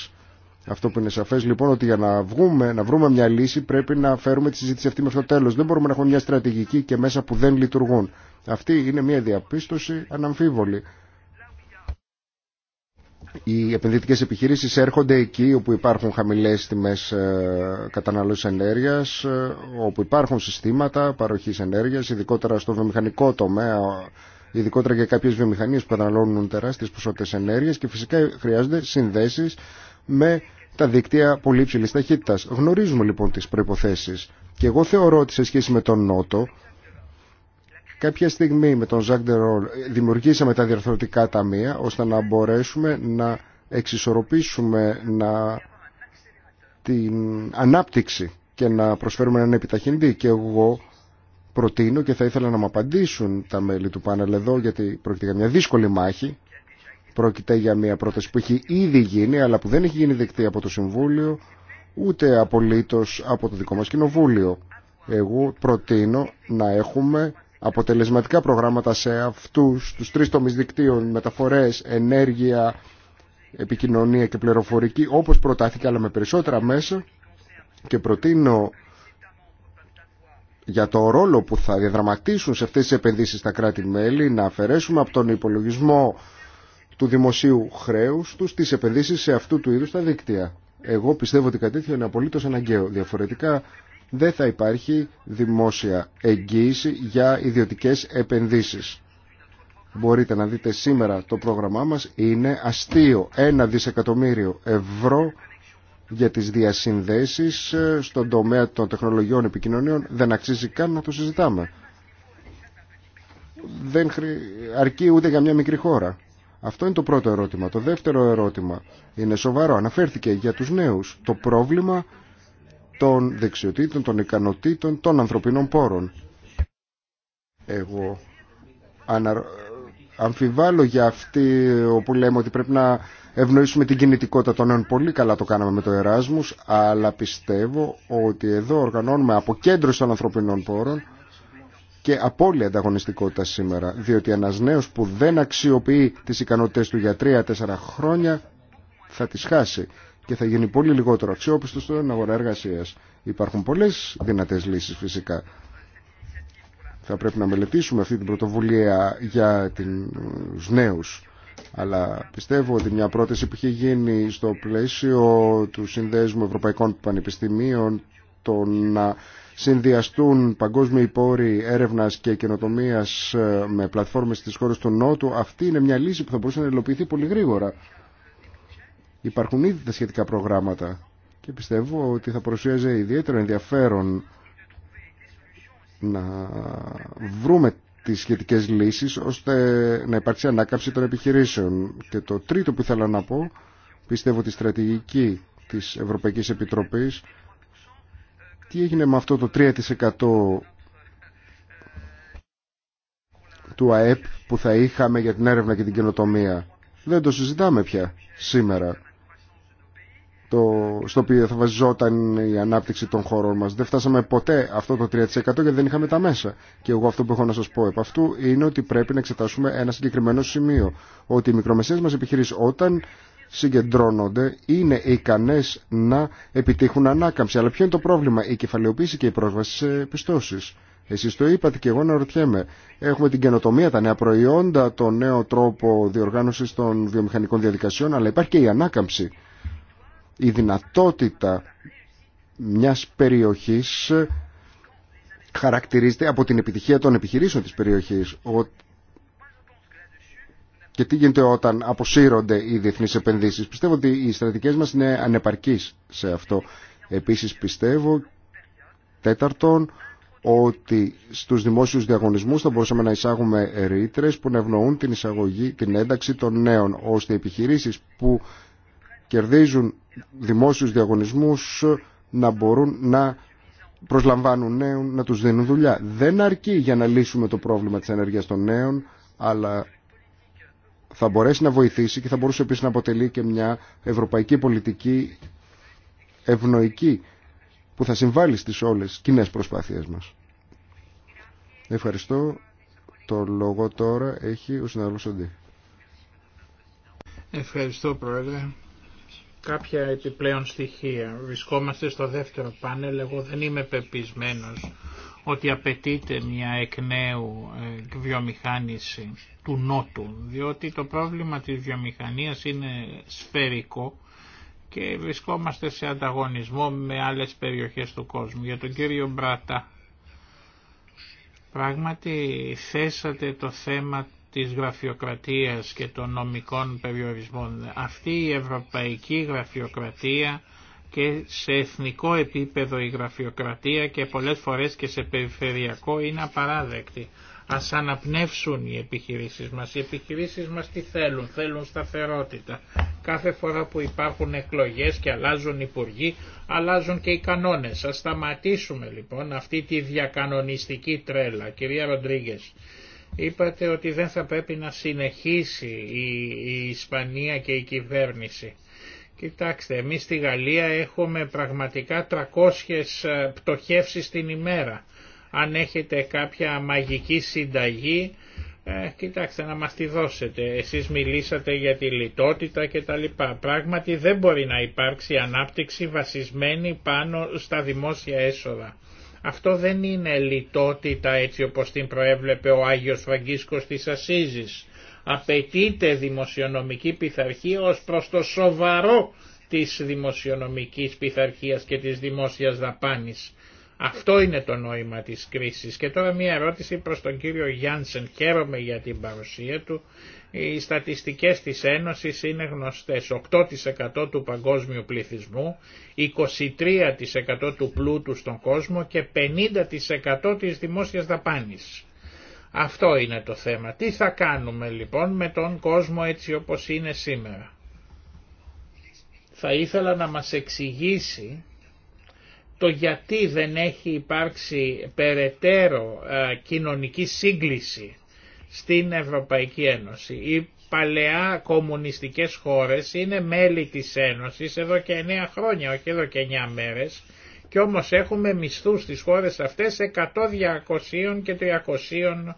Speaker 1: Αυτό που είναι σαφέ λοιπόν ότι για να, βγούμε, να βρούμε μια λύση πρέπει να φέρουμε τη συζήτηση αυτή με το τέλο. Δεν μπορούμε να έχουμε μια στρατηγική και μέσα που δεν λειτουργούν. Αυτή είναι μια διαπίστωση αναμφίβολη. Οι επενδυτικές επιχειρήσεις έρχονται εκεί όπου υπάρχουν χαμηλές τιμές ε, κατανάλωσης ενέργειας, ε, όπου υπάρχουν συστήματα παροχής ενέργειας, ειδικότερα στο βιομηχανικό τομέα, ειδικότερα για κάποιες βιομηχανίες που καταναλώνουν τεράστιες ποσότητες ενέργειας και φυσικά χρειάζονται συνδέσεις με τα δίκτυα πολύ υψηλής ταχύτητας. Γνωρίζουμε λοιπόν τις προϋποθέσεις και εγώ θεωρώ ότι σε σχέση με τον Νότο Κάποια στιγμή με τον Ζακ Ντερόλ δημιουργήσαμε τα διαρθρωτικά ταμεία ώστε να μπορέσουμε να εξισορροπήσουμε να... την ανάπτυξη και να προσφέρουμε έναν επιταχυντή. Και εγώ προτείνω και θα ήθελα να μου απαντήσουν τα μέλη του πάνελ εδώ γιατί πρόκειται για μια δύσκολη μάχη. Πρόκειται για μια πρόταση που έχει ήδη γίνει αλλά που δεν έχει γίνει δεκτή από το Συμβούλιο ούτε απολύτως από το δικό μας Κοινοβούλιο. Εγώ προτείνω να έχουμε αποτελεσματικά προγράμματα σε αυτούς τους τρεις τομείς δικτύων, μεταφορές, ενέργεια, επικοινωνία και πληροφορική, όπως προτάθηκε αλλά με περισσότερα μέσα και προτείνω για το ρόλο που θα διαδραματίσουν σε αυτές τις επενδύσεις τα κράτη-μέλη να αφαιρέσουμε από τον υπολογισμό του δημοσίου χρέους τους τις επενδύσεις σε αυτού του είδους τα δίκτυα. Εγώ πιστεύω ότι κάτι είναι απολύτως αναγκαίο. Διαφορετικά δεν θα υπάρχει δημόσια εγγύηση για ιδιωτικές επενδύσεις. Μπορείτε να δείτε σήμερα το πρόγραμμά μας είναι αστείο. Ένα δισεκατομμύριο ευρώ για τις διασυνδέσεις ε, στον τομέα των τεχνολογιών επικοινωνίων δεν αξίζει καν να το συζητάμε. Δεν αρκεί ούτε για μια μικρή χώρα. Αυτό είναι το πρώτο ερώτημα. Το δεύτερο ερώτημα είναι σοβαρό. Αναφέρθηκε για τους νέους. Το πρόβλημα των δεξιοτήτων, των ικανοτήτων, των ανθρωπίνων πόρων. Εγώ ανα... αμφιβάλλω για αυτή όπου λέμε ότι πρέπει να ευνοήσουμε την κινητικότητα των νέων. Πολύ καλά το κάναμε με το Εράσμους, αλλά πιστεύω ότι εδώ οργανώνουμε αποκέντρωση των ανθρωπινών πόρων και απόλυτη ανταγωνιστικότητα σήμερα, διότι ένας νέος που δεν αξιοποιεί τις ικανότητες του για τρία-τέσσερα χρόνια θα τις χάσει και θα γίνει πολύ λιγότερο αξιόπιστο στον αγορά εργασία. Υπάρχουν πολλέ δυνατέ λύσει φυσικά. Θα πρέπει να μελετήσουμε αυτή την πρωτοβουλία για του νέου. Αλλά πιστεύω ότι μια πρόταση που είχε γίνει στο πλαίσιο του Συνδέσμου Ευρωπαϊκών Πανεπιστημίων το να συνδυαστούν παγκόσμιοι πόροι έρευνα και καινοτομία ε, με πλατφόρμες στις χώρες του Νότου, αυτή είναι μια λύση που θα μπορούσε να υλοποιηθεί πολύ γρήγορα. Υπάρχουν ήδη τα σχετικά προγράμματα και πιστεύω ότι θα παρουσίαζε ιδιαίτερο ενδιαφέρον να βρούμε τις σχετικές λύσεις ώστε να υπάρξει ανάκαμψη των επιχειρήσεων. Και το τρίτο που ήθελα να πω, πιστεύω τη στρατηγική της Ευρωπαϊκής Επιτροπής, τι έγινε με αυτό το 3% του ΑΕΠ που θα είχαμε για την έρευνα και την καινοτομία. Δεν το συζητάμε πια σήμερα το, στο οποίο θα βασιζόταν η ανάπτυξη των χωρών μας. Δεν φτάσαμε ποτέ αυτό το 3% γιατί δεν είχαμε τα μέσα. Και εγώ αυτό που έχω να σας πω επ' αυτού είναι ότι πρέπει να εξετάσουμε ένα συγκεκριμένο σημείο. Ότι οι μικρομεσαίες μας επιχειρήσεις όταν συγκεντρώνονται είναι ικανές να επιτύχουν ανάκαμψη. Αλλά ποιο είναι το πρόβλημα, η κεφαλαιοποίηση και η πρόσβαση σε πιστώσεις. Εσείς το είπατε και εγώ να ρωτιέμαι. Έχουμε την καινοτομία, τα νέα προϊόντα, τον νέο τρόπο διοργάνωσης των βιομηχανικών διαδικασιών, αλλά υπάρχει και η ανάκαμψη η δυνατότητα μιας περιοχής χαρακτηρίζεται από την επιτυχία των επιχειρήσεων της περιοχής. Και τι γίνεται όταν αποσύρονται οι διεθνείς επενδύσεις. Πιστεύω ότι οι στρατικές μας είναι ανεπαρκείς σε αυτό. Επίσης πιστεύω, τέταρτον, ότι στους δημόσιους διαγωνισμούς θα μπορούσαμε να εισάγουμε ρήτρε που να ευνοούν την, εισαγωγή, την ένταξη των νέων, ώστε οι επιχειρήσεις που κερδίζουν δημόσιους διαγωνισμούς να μπορούν να προσλαμβάνουν νέους, να τους δίνουν δουλειά. Δεν αρκεί για να λύσουμε το πρόβλημα της ενέργειας των νέων, αλλά θα μπορέσει να βοηθήσει και θα μπορούσε επίσης να αποτελεί και μια ευρωπαϊκή πολιτική ευνοϊκή που θα συμβάλλει στις όλες κοινέ προσπάθειές μας. Ευχαριστώ. Το λόγο τώρα έχει ο συναδελφός
Speaker 2: Ευχαριστώ Πρόεδρε κάποια επιπλέον στοιχεία. Βρισκόμαστε στο δεύτερο πάνελ, εγώ δεν είμαι πεπισμένος ότι απαιτείται μια εκ νέου ε, βιομηχάνηση του Νότου, διότι το πρόβλημα της βιομηχανίας είναι σφαιρικό και βρισκόμαστε σε ανταγωνισμό με άλλες περιοχές του κόσμου. Για τον κύριο Μπράτα, πράγματι θέσατε το θέμα της γραφειοκρατίας και των νομικών περιορισμών. Αυτή η ευρωπαϊκή γραφειοκρατία και σε εθνικό επίπεδο η γραφειοκρατία και πολλές φορές και σε περιφερειακό είναι απαράδεκτη. Ας αναπνεύσουν οι επιχειρήσεις μας. Οι επιχειρήσεις μας τι θέλουν, θέλουν σταθερότητα. Κάθε φορά που υπάρχουν εκλογές και αλλάζουν υπουργοί, αλλάζουν και οι κανόνες. Ας σταματήσουμε λοιπόν αυτή τη διακανονιστική τρέλα. Κυρία Ροντρίγκες, Είπατε ότι δεν θα πρέπει να συνεχίσει η, Ισπανία και η κυβέρνηση. Κοιτάξτε, εμείς στη Γαλλία έχουμε πραγματικά 300 ε, πτωχεύσεις την ημέρα. Αν έχετε κάποια μαγική συνταγή, ε, κοιτάξτε να μας τη δώσετε. Εσείς μιλήσατε για τη λιτότητα και τα λοιπά. Πράγματι δεν μπορεί να υπάρξει ανάπτυξη βασισμένη πάνω στα δημόσια έσοδα. Αυτό δεν είναι λιτότητα έτσι όπως την προέβλεπε ο Άγιος Φραγκίσκος της Ασίζης. Απαιτείται δημοσιονομική πειθαρχία ως προς το σοβαρό της δημοσιονομικής πειθαρχίας και της δημόσιας δαπάνης. Αυτό είναι το νόημα της κρίσης. Και τώρα μια ερώτηση προς τον κύριο Γιάνσεν. Χαίρομαι για την παρουσία του οι στατιστικές της Ένωσης είναι γνωστές. 8% του παγκόσμιου πληθυσμού, 23% του πλούτου στον κόσμο και 50% της δημόσιας δαπάνης. Αυτό είναι το θέμα. Τι θα κάνουμε λοιπόν με τον κόσμο έτσι όπως είναι σήμερα. Θα ήθελα να μας εξηγήσει το γιατί δεν έχει υπάρξει περαιτέρω ε, κοινωνική σύγκληση στην Ευρωπαϊκή Ένωση. Οι παλαιά κομμουνιστικές χώρες είναι μέλη της Ένωσης εδώ και 9 χρόνια, όχι εδώ και 9 μέρες, και όμως έχουμε μισθούς στις χώρες αυτές 100, 200 και 300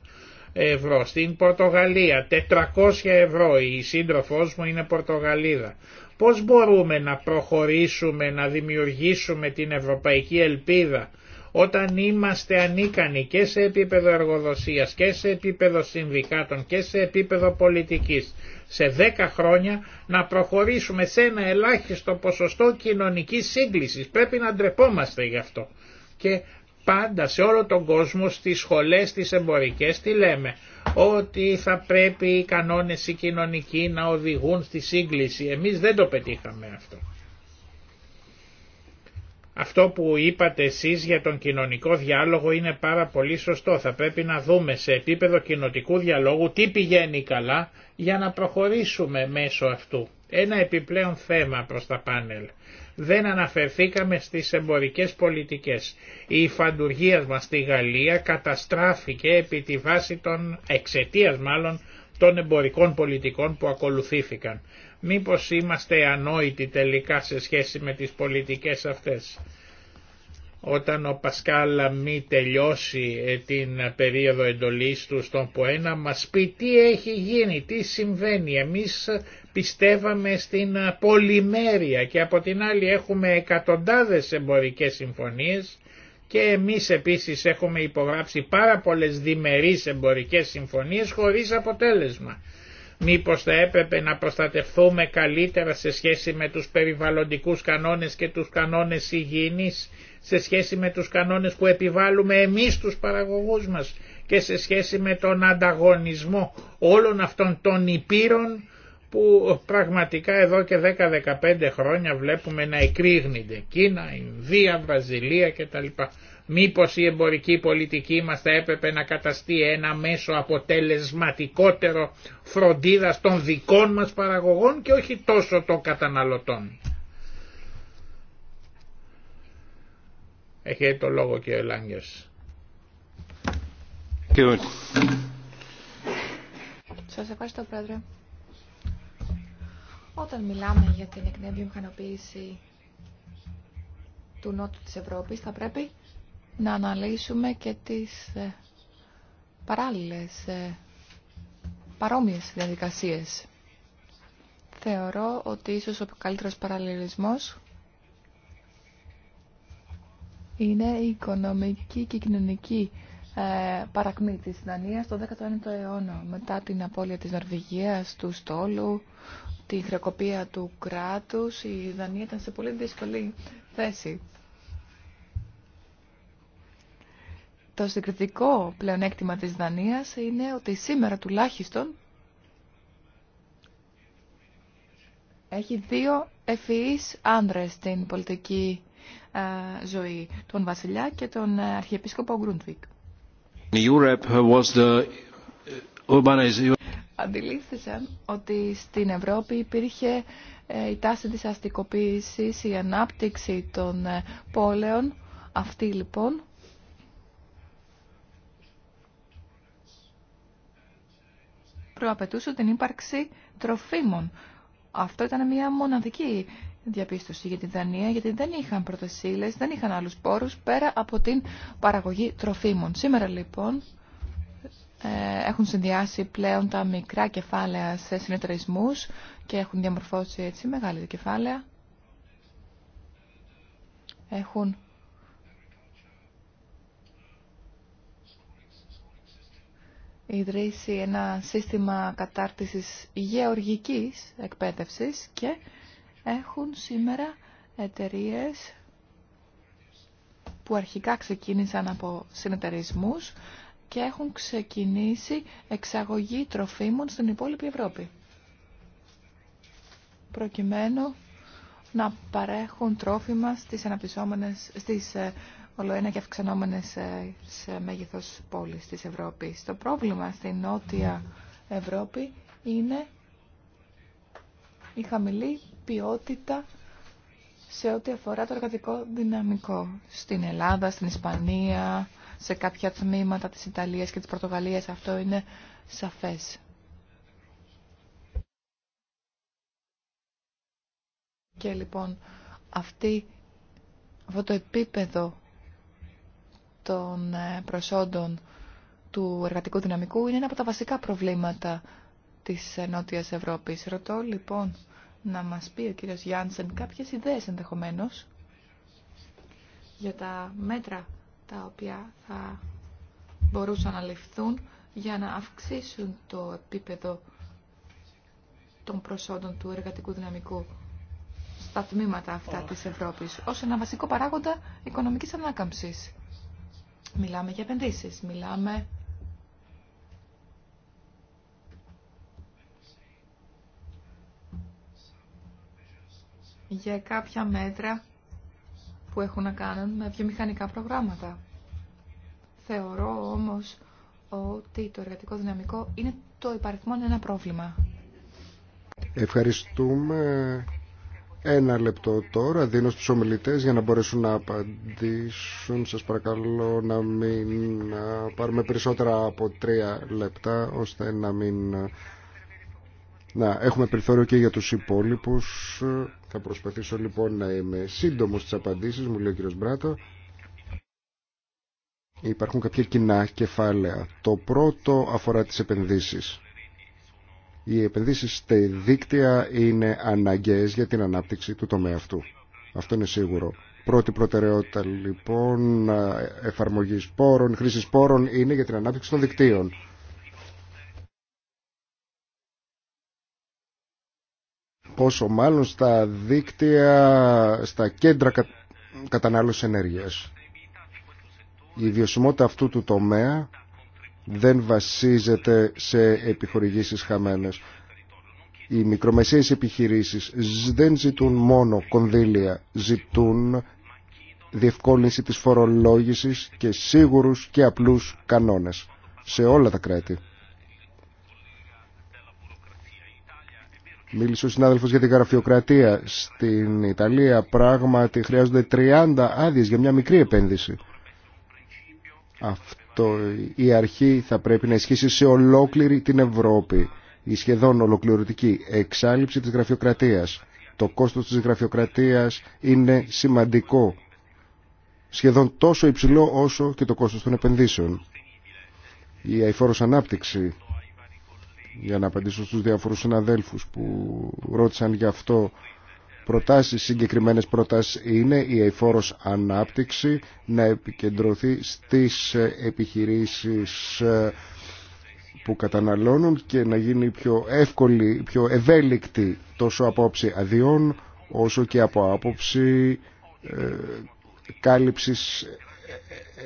Speaker 2: ευρώ. Στην Πορτογαλία 400 ευρώ, η σύντροφός μου είναι Πορτογαλίδα. Πώς μπορούμε να προχωρήσουμε, να δημιουργήσουμε την ευρωπαϊκή ελπίδα όταν είμαστε ανίκανοι και σε επίπεδο εργοδοσίας και σε επίπεδο συνδικάτων και σε επίπεδο πολιτικής σε 10 χρόνια να προχωρήσουμε σε ένα ελάχιστο ποσοστό κοινωνικής σύγκλησης. Πρέπει να ντρεπόμαστε γι' αυτό. Και πάντα σε όλο τον κόσμο, στις σχολές, στις εμπορικές, τι λέμε. Ότι θα πρέπει οι κανόνες οι κοινωνικοί να οδηγούν στη σύγκληση. Εμείς δεν το πετύχαμε αυτό. Αυτό που είπατε εσείς για τον κοινωνικό διάλογο είναι πάρα πολύ σωστό. Θα πρέπει να δούμε σε επίπεδο κοινοτικού διαλόγου τι πηγαίνει καλά για να προχωρήσουμε μέσω αυτού. Ένα επιπλέον θέμα προς τα πάνελ. Δεν αναφερθήκαμε στις εμπορικές πολιτικές. Η φαντουργία μας στη Γαλλία καταστράφηκε επί τη βάση των εξαιτίας μάλλον των εμπορικών πολιτικών που ακολουθήθηκαν. Μήπως είμαστε ανόητοι τελικά σε σχέση με τις πολιτικές αυτές. Όταν ο Πασκάλα μη τελειώσει ε, την περίοδο εντολής του στον Ποένα μας πει τι έχει γίνει, τι συμβαίνει. Εμείς πιστεύαμε στην πολυμέρεια και από την άλλη έχουμε εκατοντάδες εμπορικές συμφωνίες και εμείς επίσης έχουμε υπογράψει πάρα πολλές διμερείς εμπορικές συμφωνίες χωρίς αποτέλεσμα. Μήπως θα έπρεπε να προστατευθούμε καλύτερα σε σχέση με τους περιβαλλοντικούς κανόνες και τους κανόνες υγιεινής, σε σχέση με τους κανόνες που επιβάλλουμε εμείς τους παραγωγούς μας και σε σχέση με τον ανταγωνισμό όλων αυτών των υπήρων που πραγματικά εδώ και 10-15 χρόνια βλέπουμε να εκρήγνεται. Κίνα, Ινδία, Βραζιλία κτλ. Μήπως η εμπορική πολιτική μας θα έπρεπε να καταστεί ένα μέσο αποτελεσματικότερο φροντίδας των δικών μας παραγωγών και όχι τόσο των καταναλωτών. Έχει το λόγο και ο Λάγκες.
Speaker 3: Σας ευχαριστώ πρόεδρε. Όταν μιλάμε για την εκνεύγιο μηχανοποίηση του νότου της Ευρώπης θα πρέπει να αναλύσουμε και τις ε, παράλληλες ε, παρόμοιες διαδικασίες. Θεωρώ ότι ίσως ο καλύτερος παραλληλισμός είναι η οικονομική και κοινωνική ε, παρακμή της Δανίας το 19ο αιώνα μετά την απώλεια της Νορβηγίας, του στόλου, τη χρεοκοπία του κράτους η Δανία ήταν σε πολύ δύσκολη θέση Το συγκριτικό πλεονέκτημα της Δανίας είναι ότι σήμερα τουλάχιστον έχει δύο ευφυείς άνδρες στην πολιτική ε, ζωή, τον βασιλιά και τον ε, αρχιεπίσκοπο Γκρούντβικ.
Speaker 1: Uh, uh,
Speaker 3: Αντιλήφθησαν ότι στην Ευρώπη υπήρχε ε, η τάση της αστικοποίησης, η ανάπτυξη των πόλεων. Αυτή λοιπόν προαπαιτούσε την ύπαρξη τροφίμων. Αυτό ήταν μια μοναδική διαπίστωση για την Δανία, γιατί δεν είχαν πρωτεσίλες, δεν είχαν άλλους πόρους πέρα από την παραγωγή τροφίμων. Σήμερα λοιπόν ε, έχουν συνδυάσει πλέον τα μικρά κεφάλαια σε συνεταιρισμούς και έχουν διαμορφώσει έτσι μεγάλη κεφάλαια. Έχουν ιδρύσει ένα σύστημα κατάρτισης γεωργικής εκπαίδευσης και έχουν σήμερα εταιρείες που αρχικά ξεκίνησαν από συνεταιρισμούς και έχουν ξεκινήσει εξαγωγή τροφίμων στην υπόλοιπη Ευρώπη προκειμένου να παρέχουν τρόφιμα στις, αναπτυσσόμενες, στις ε, όλο ένα και αυξανόμενε ε, σε, μέγεθο μέγεθος πόλης της Ευρώπης. Το πρόβλημα στην Νότια Ευρώπη είναι η χαμηλή ποιότητα σε ό,τι αφορά το εργατικό δυναμικό. Στην Ελλάδα, στην Ισπανία, σε κάποια τμήματα της Ιταλίας και της Πορτογαλίας αυτό είναι σαφές. Και λοιπόν αυτή, αυτό το επίπεδο των ε, προσόντων του εργατικού δυναμικού είναι ένα από τα βασικά προβλήματα της ε, Νότιας Ευρώπης. Ρωτώ λοιπόν να μας πει ο κύριος Γιάνσεν κάποιες ιδέες ενδεχομένως για τα μέτρα τα οποία θα μπορούσαν να ληφθούν για να αυξήσουν το επίπεδο των προσόντων του εργατικού δυναμικού στα τμήματα αυτά της Ευρώπης ως ένα βασικό παράγοντα οικονομικής ανάκαμψης. Μιλάμε για επενδύσεις, μιλάμε για κάποια μέτρα που έχουν να κάνουν με βιομηχανικά προγράμματα. Θεωρώ όμως ότι το εργατικό δυναμικό είναι το υπαριθμόν ένα πρόβλημα.
Speaker 1: Ευχαριστούμε ένα λεπτό τώρα δίνω στους ομιλητές για να μπορέσουν να απαντήσουν. Σας παρακαλώ να μην πάρουμε περισσότερα από τρία λεπτά ώστε να μην... Να, έχουμε περιθώριο και για τους υπόλοιπους. Θα προσπαθήσω λοιπόν να είμαι σύντομος στις απαντήσεις, μου λέει ο κύριος Μπράτο. Υπάρχουν κάποια κοινά κεφάλαια. Το πρώτο αφορά τις επενδύσεις. Οι επενδύσεις στη δίκτυα είναι αναγκαίες για την ανάπτυξη του τομέα αυτού. Αυτό είναι σίγουρο. Πρώτη προτεραιότητα λοιπόν εφαρμογής πόρων, χρήσης πόρων είναι για την ανάπτυξη των δικτύων. Πόσο μάλλον στα δίκτυα, στα κέντρα κατανάλωσης ενέργειας. Η βιωσιμότητα αυτού του τομέα δεν βασίζεται σε επιχορηγήσεις χαμένες. Οι μικρομεσαίες επιχειρήσεις δεν ζητούν μόνο κονδύλια, ζητούν διευκόλυνση της φορολόγησης και σίγουρους και απλούς κανόνες σε όλα τα κράτη. Μίλησε ο συνάδελφο για την γραφειοκρατία. Στην Ιταλία πράγματι χρειάζονται 30 άδειε για μια μικρή επένδυση. Αυτό η αρχή θα πρέπει να ισχύσει σε ολόκληρη την Ευρώπη. Η σχεδόν ολοκληρωτική εξάλληψη της γραφειοκρατίας. Το κόστος της γραφειοκρατίας είναι σημαντικό. Σχεδόν τόσο υψηλό όσο και το κόστος των επενδύσεων. Η αηφόρος ανάπτυξη, για να απαντήσω στους διάφορους συναδέλφους που ρώτησαν γι' αυτό, προτάσεις, συγκεκριμένες προτάσεις είναι η εφόρος ανάπτυξη να επικεντρωθεί στις επιχειρήσεις ε, που καταναλώνουν και να γίνει πιο εύκολη, πιο ευέλικτη τόσο από άποψη αδειών όσο και από άποψη ε, κάλυψης ε,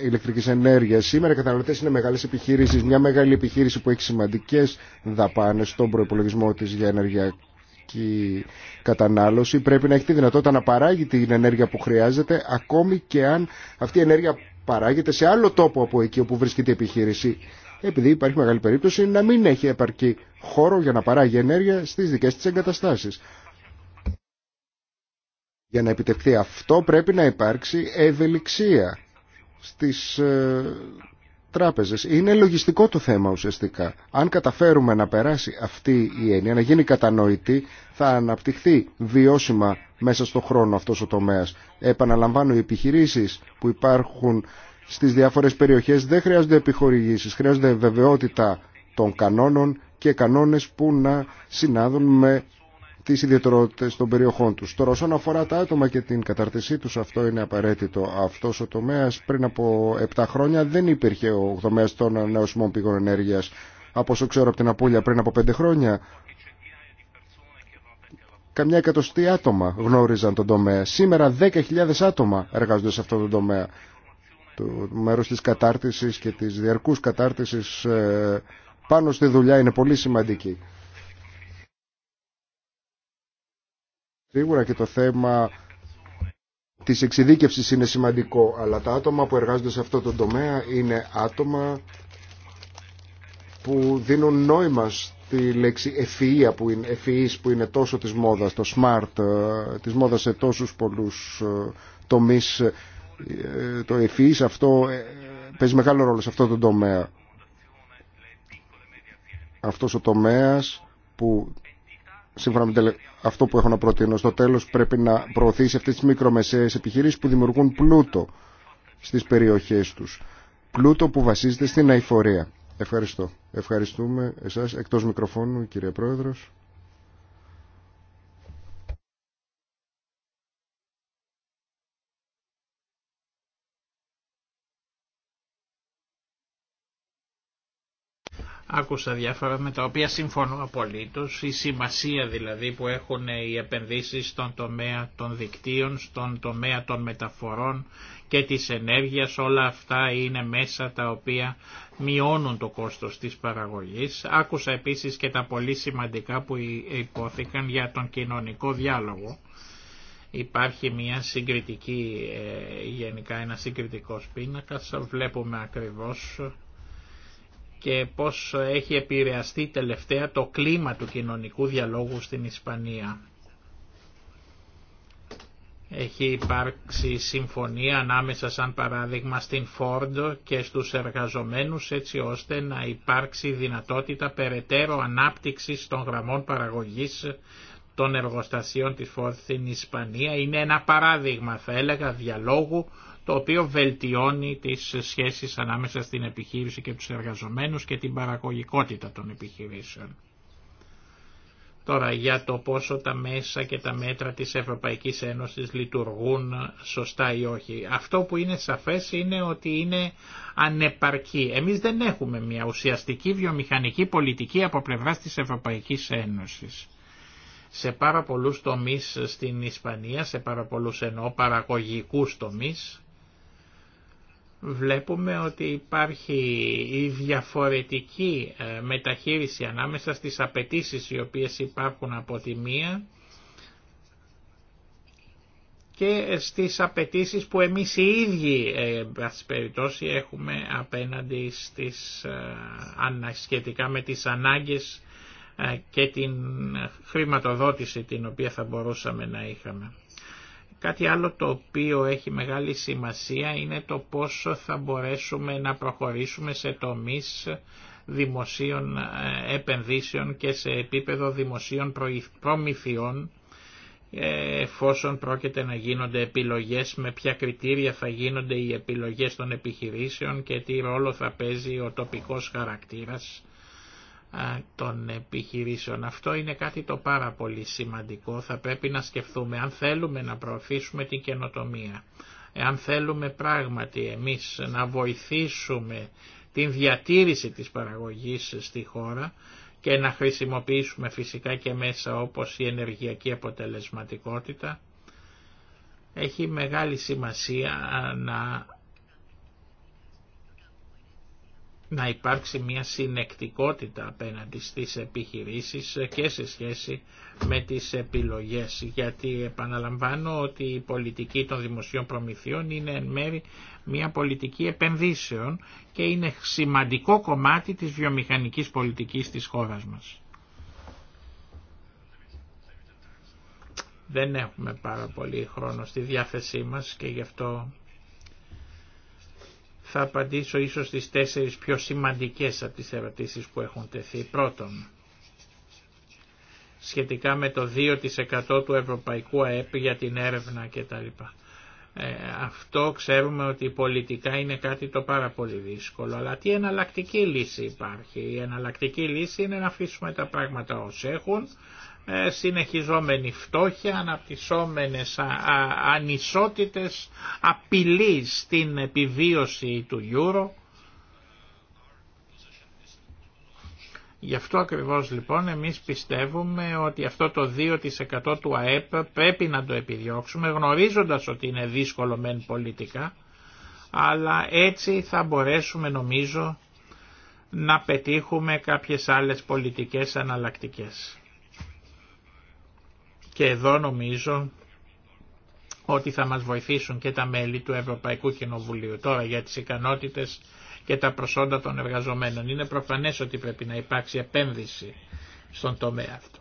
Speaker 1: ε, ηλεκτρικής ενέργειας. Σήμερα οι καταναλωτές είναι μεγάλες επιχειρήσεις. Μια μεγάλη επιχείρηση που έχει σημαντικές δαπάνες στον προϋπολογισμό της για ενεργειακή ηλεκτρική κατανάλωση πρέπει να έχει τη δυνατότητα να παράγει την ενέργεια που χρειάζεται ακόμη και αν αυτή η ενέργεια παράγεται σε άλλο τόπο από εκεί όπου βρίσκεται η επιχείρηση επειδή υπάρχει μεγάλη περίπτωση να μην έχει επαρκή χώρο για να παράγει ενέργεια στις δικές της εγκαταστάσεις. Για να επιτευχθεί αυτό πρέπει να υπάρξει ευελιξία στις ε, τράπεζες. Είναι λογιστικό το θέμα ουσιαστικά. Αν καταφέρουμε να περάσει αυτή η έννοια, να γίνει κατανοητή, θα αναπτυχθεί βιώσιμα μέσα στον χρόνο αυτός ο τομέας. Επαναλαμβάνω, οι επιχειρήσεις που υπάρχουν στις διάφορες περιοχές δεν χρειάζονται επιχορηγήσεις, χρειάζονται βεβαιότητα των κανόνων και κανόνες που να συνάδουν με τις ιδιαιτερότητες των περιοχών του. Τώρα όσον αφορά τα άτομα και την κατάρτισή τους αυτό είναι απαραίτητο. Αυτός ο τομέας πριν από 7 χρόνια δεν υπήρχε ο τομέας των νεοσημών πηγών ενέργειας. Από όσο ξέρω από την Απούλια πριν από 5 χρόνια καμιά εκατοστή άτομα γνώριζαν τον τομέα. Σήμερα 10.000 άτομα εργάζονται σε αυτό τον τομέα. Το μέρος της κατάρτισης και της διαρκούς κατάρτισης ε, πάνω στη δουλειά είναι πολύ σημαντική. Σίγουρα και το θέμα της εξειδίκευσης είναι σημαντικό, αλλά τα άτομα που εργάζονται σε αυτό το τομέα είναι άτομα που δίνουν νόημα στη λέξη ευφυΐα που είναι, που είναι τόσο της μόδας, το smart, ε, της μόδας σε τόσους πολλούς ε, τομείς. Ε, το ευφυΐς. αυτό παίζει μεγάλο ρόλο σε αυτό το τομέα. Αυτός ο τομέας που σύμφωνα με αυτό που έχω να προτείνω, στο τέλος πρέπει να προωθήσει αυτές τις μικρομεσαίες επιχειρήσεις που δημιουργούν πλούτο στις περιοχές τους. Πλούτο που βασίζεται στην αηφορία. Ευχαριστώ. Ευχαριστούμε εσάς. Εκτός μικροφώνου, κύριε Πρόεδρος.
Speaker 2: Άκουσα διάφορα με τα οποία συμφωνώ απολύτως, η σημασία δηλαδή που έχουν οι επενδύσεις στον τομέα των δικτύων, στον τομέα των μεταφορών και της ενέργειας, όλα αυτά είναι μέσα τα οποία μειώνουν το κόστος της παραγωγής. Άκουσα επίσης και τα πολύ σημαντικά που υπόθηκαν για τον κοινωνικό διάλογο. Υπάρχει μια συγκριτική, ε, γενικά ένα συγκριτικός πίνακα. βλέπουμε ακριβώς και πώς έχει επηρεαστεί τελευταία το κλίμα του κοινωνικού διαλόγου στην Ισπανία. Έχει υπάρξει συμφωνία ανάμεσα σαν παράδειγμα στην Ford και στους εργαζομένους έτσι ώστε να υπάρξει δυνατότητα περαιτέρω ανάπτυξης των γραμμών παραγωγής των εργοστασιών της Ford στην Ισπανία. Είναι ένα παράδειγμα θα έλεγα διαλόγου το οποίο βελτιώνει τις σχέσεις ανάμεσα στην επιχείρηση και τους εργαζομένους και την παραγωγικότητα των επιχειρήσεων. Τώρα για το πόσο τα μέσα και τα μέτρα της Ευρωπαϊκής Ένωσης λειτουργούν σωστά ή όχι. Αυτό που είναι σαφές είναι ότι είναι ανεπαρκή. Εμείς δεν έχουμε μια ουσιαστική βιομηχανική πολιτική από πλευράς της Ευρωπαϊκής Ένωσης. Σε πάρα πολλούς τομείς στην Ισπανία, σε πάρα πολλούς ενώ παραγωγικούς τομείς, βλέπουμε ότι υπάρχει η διαφορετική ε, μεταχείριση ανάμεσα στις απαιτήσει οι οποίες υπάρχουν από τη μία και στις απαιτήσει που εμείς οι ίδιοι ε, περιπτώσει έχουμε απέναντι στις, ε, σχετικά με τις ανάγκες και την χρηματοδότηση την οποία θα μπορούσαμε να είχαμε. Κάτι άλλο το οποίο έχει μεγάλη σημασία είναι το πόσο θα μπορέσουμε να προχωρήσουμε σε τομείς δημοσίων ε, επενδύσεων και σε επίπεδο δημοσίων προμηθειών ε, εφόσον πρόκειται να γίνονται επιλογές, με ποια κριτήρια θα γίνονται οι επιλογές των επιχειρήσεων και τι ρόλο θα παίζει ο τοπικός χαρακτήρας των επιχειρήσεων. Αυτό είναι κάτι το πάρα πολύ σημαντικό. Θα πρέπει να σκεφτούμε αν θέλουμε να προωθήσουμε την καινοτομία. Αν θέλουμε πράγματι εμείς να βοηθήσουμε την διατήρηση της παραγωγής στη χώρα και να χρησιμοποιήσουμε φυσικά και μέσα όπως η ενεργειακή αποτελεσματικότητα, έχει μεγάλη σημασία να να υπάρξει μια συνεκτικότητα απέναντι στις επιχειρήσεις και σε σχέση με τις επιλογές. Γιατί επαναλαμβάνω ότι η πολιτική των δημοσίων προμηθειών είναι εν μέρη μια πολιτική επενδύσεων και είναι σημαντικό κομμάτι της βιομηχανικής πολιτικής της χώρας μας. Δεν έχουμε πάρα πολύ χρόνο στη διάθεσή μας και γι' αυτό θα απαντήσω ίσως στις τέσσερις πιο σημαντικές από τις ερωτήσεις που έχουν τεθεί. Πρώτον, σχετικά με το 2% του Ευρωπαϊκού ΑΕΠ για την έρευνα κτλ. Ε, αυτό ξέρουμε ότι πολιτικά είναι κάτι το πάρα πολύ δύσκολο, αλλά τι εναλλακτική λύση υπάρχει. Η εναλλακτική λύση είναι να αφήσουμε τα πράγματα όσοι έχουν, ε, συνεχιζόμενη φτώχεια, αναπτυσσόμενες ανισότητες, απειλή στην επιβίωση του Euro. Γι' αυτό ακριβώς λοιπόν εμείς πιστεύουμε ότι αυτό το 2% του ΑΕΠ πρέπει να το επιδιώξουμε γνωρίζοντας ότι είναι δύσκολο μεν πολιτικά αλλά έτσι θα μπορέσουμε νομίζω να πετύχουμε κάποιες άλλες πολιτικές αναλλακτικές. Και εδώ νομίζω ότι θα μας βοηθήσουν και τα μέλη του Ευρωπαϊκού Κοινοβουλίου τώρα για τις ικανότητες και τα προσόντα των εργαζομένων. Είναι προφανές ότι πρέπει να υπάρξει επένδυση στον τομέα αυτό.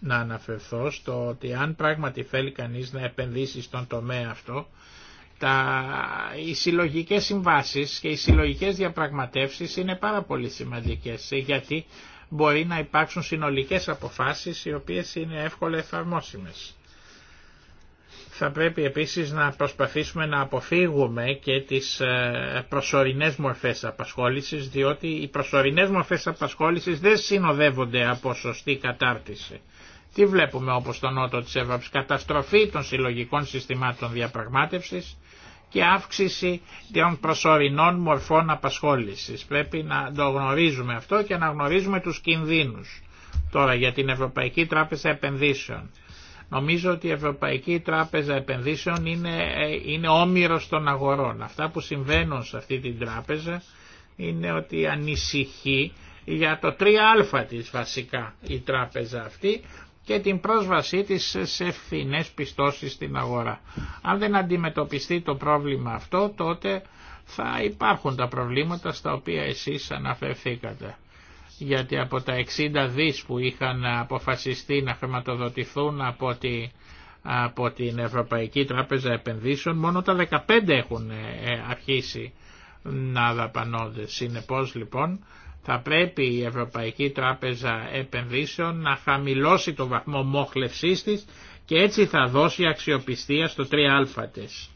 Speaker 2: Να αναφερθώ στο ότι αν πράγματι θέλει κανείς να επενδύσει στον τομέα αυτό, τα, οι συλλογικέ συμβάσεις και οι συλλογικέ διαπραγματεύσεις είναι πάρα πολύ σημαντικές, γιατί μπορεί να υπάρξουν συνολικές αποφάσεις οι οποίες είναι εύκολα εφαρμόσιμες. Θα πρέπει επίσης να προσπαθήσουμε να αποφύγουμε και τις ε, προσωρινές μορφές απασχόλησης, διότι οι προσωρινές μορφές απασχόλησης δεν συνοδεύονται από σωστή κατάρτιση. Τι βλέπουμε όπως τον νότο της Ευρώπης, καταστροφή των συλλογικών συστημάτων διαπραγμάτευσης, και αύξηση των προσωρινών μορφών απασχόλησης. Πρέπει να το γνωρίζουμε αυτό και να γνωρίζουμε τους κινδύνους. Τώρα για την Ευρωπαϊκή Τράπεζα Επενδύσεων. Νομίζω ότι η Ευρωπαϊκή Τράπεζα Επενδύσεων είναι, ε, είναι όμοιρος των αγορών. Αυτά που συμβαίνουν σε αυτή την τράπεζα είναι ότι ανησυχεί για το 3α της βασικά η τράπεζα αυτή και την πρόσβασή της σε φθηνές πιστώσεις στην αγορά. Αν δεν αντιμετωπιστεί το πρόβλημα αυτό τότε θα υπάρχουν τα προβλήματα στα οποία εσείς αναφερθήκατε. Γιατί από τα 60 δις που είχαν αποφασιστεί να χρηματοδοτηθούν από, την Ευρωπαϊκή Τράπεζα Επενδύσεων μόνο τα 15 έχουν ε, αρχίσει να δαπανώνται. Συνεπώς λοιπόν θα πρέπει η Ευρωπαϊκή Τράπεζα Επενδύσεων να χαμηλώσει το βαθμό μόχλευσής της και έτσι θα δώσει αξιοπιστία στο 3α της.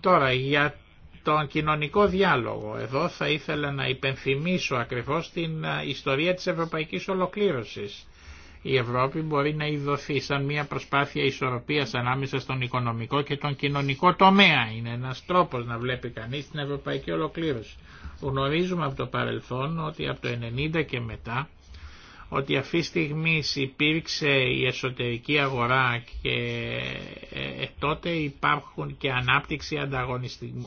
Speaker 2: Τώρα για τον κοινωνικό διάλογο. Εδώ θα ήθελα να υπενθυμίσω ακριβώς την ε, ιστορία της ευρωπαϊκής ολοκλήρωσης η Ευρώπη μπορεί να ειδωθεί σαν μια προσπάθεια ισορροπίας ανάμεσα στον οικονομικό και τον κοινωνικό τομέα. Είναι ένας τρόπος να βλέπει κανείς την ευρωπαϊκή ολοκλήρωση. Γνωρίζουμε από το παρελθόν ότι από το 1990 και μετά ότι αυτή τη στιγμή υπήρξε η εσωτερική αγορά και ε, ε, τότε υπάρχουν και ανάπτυξη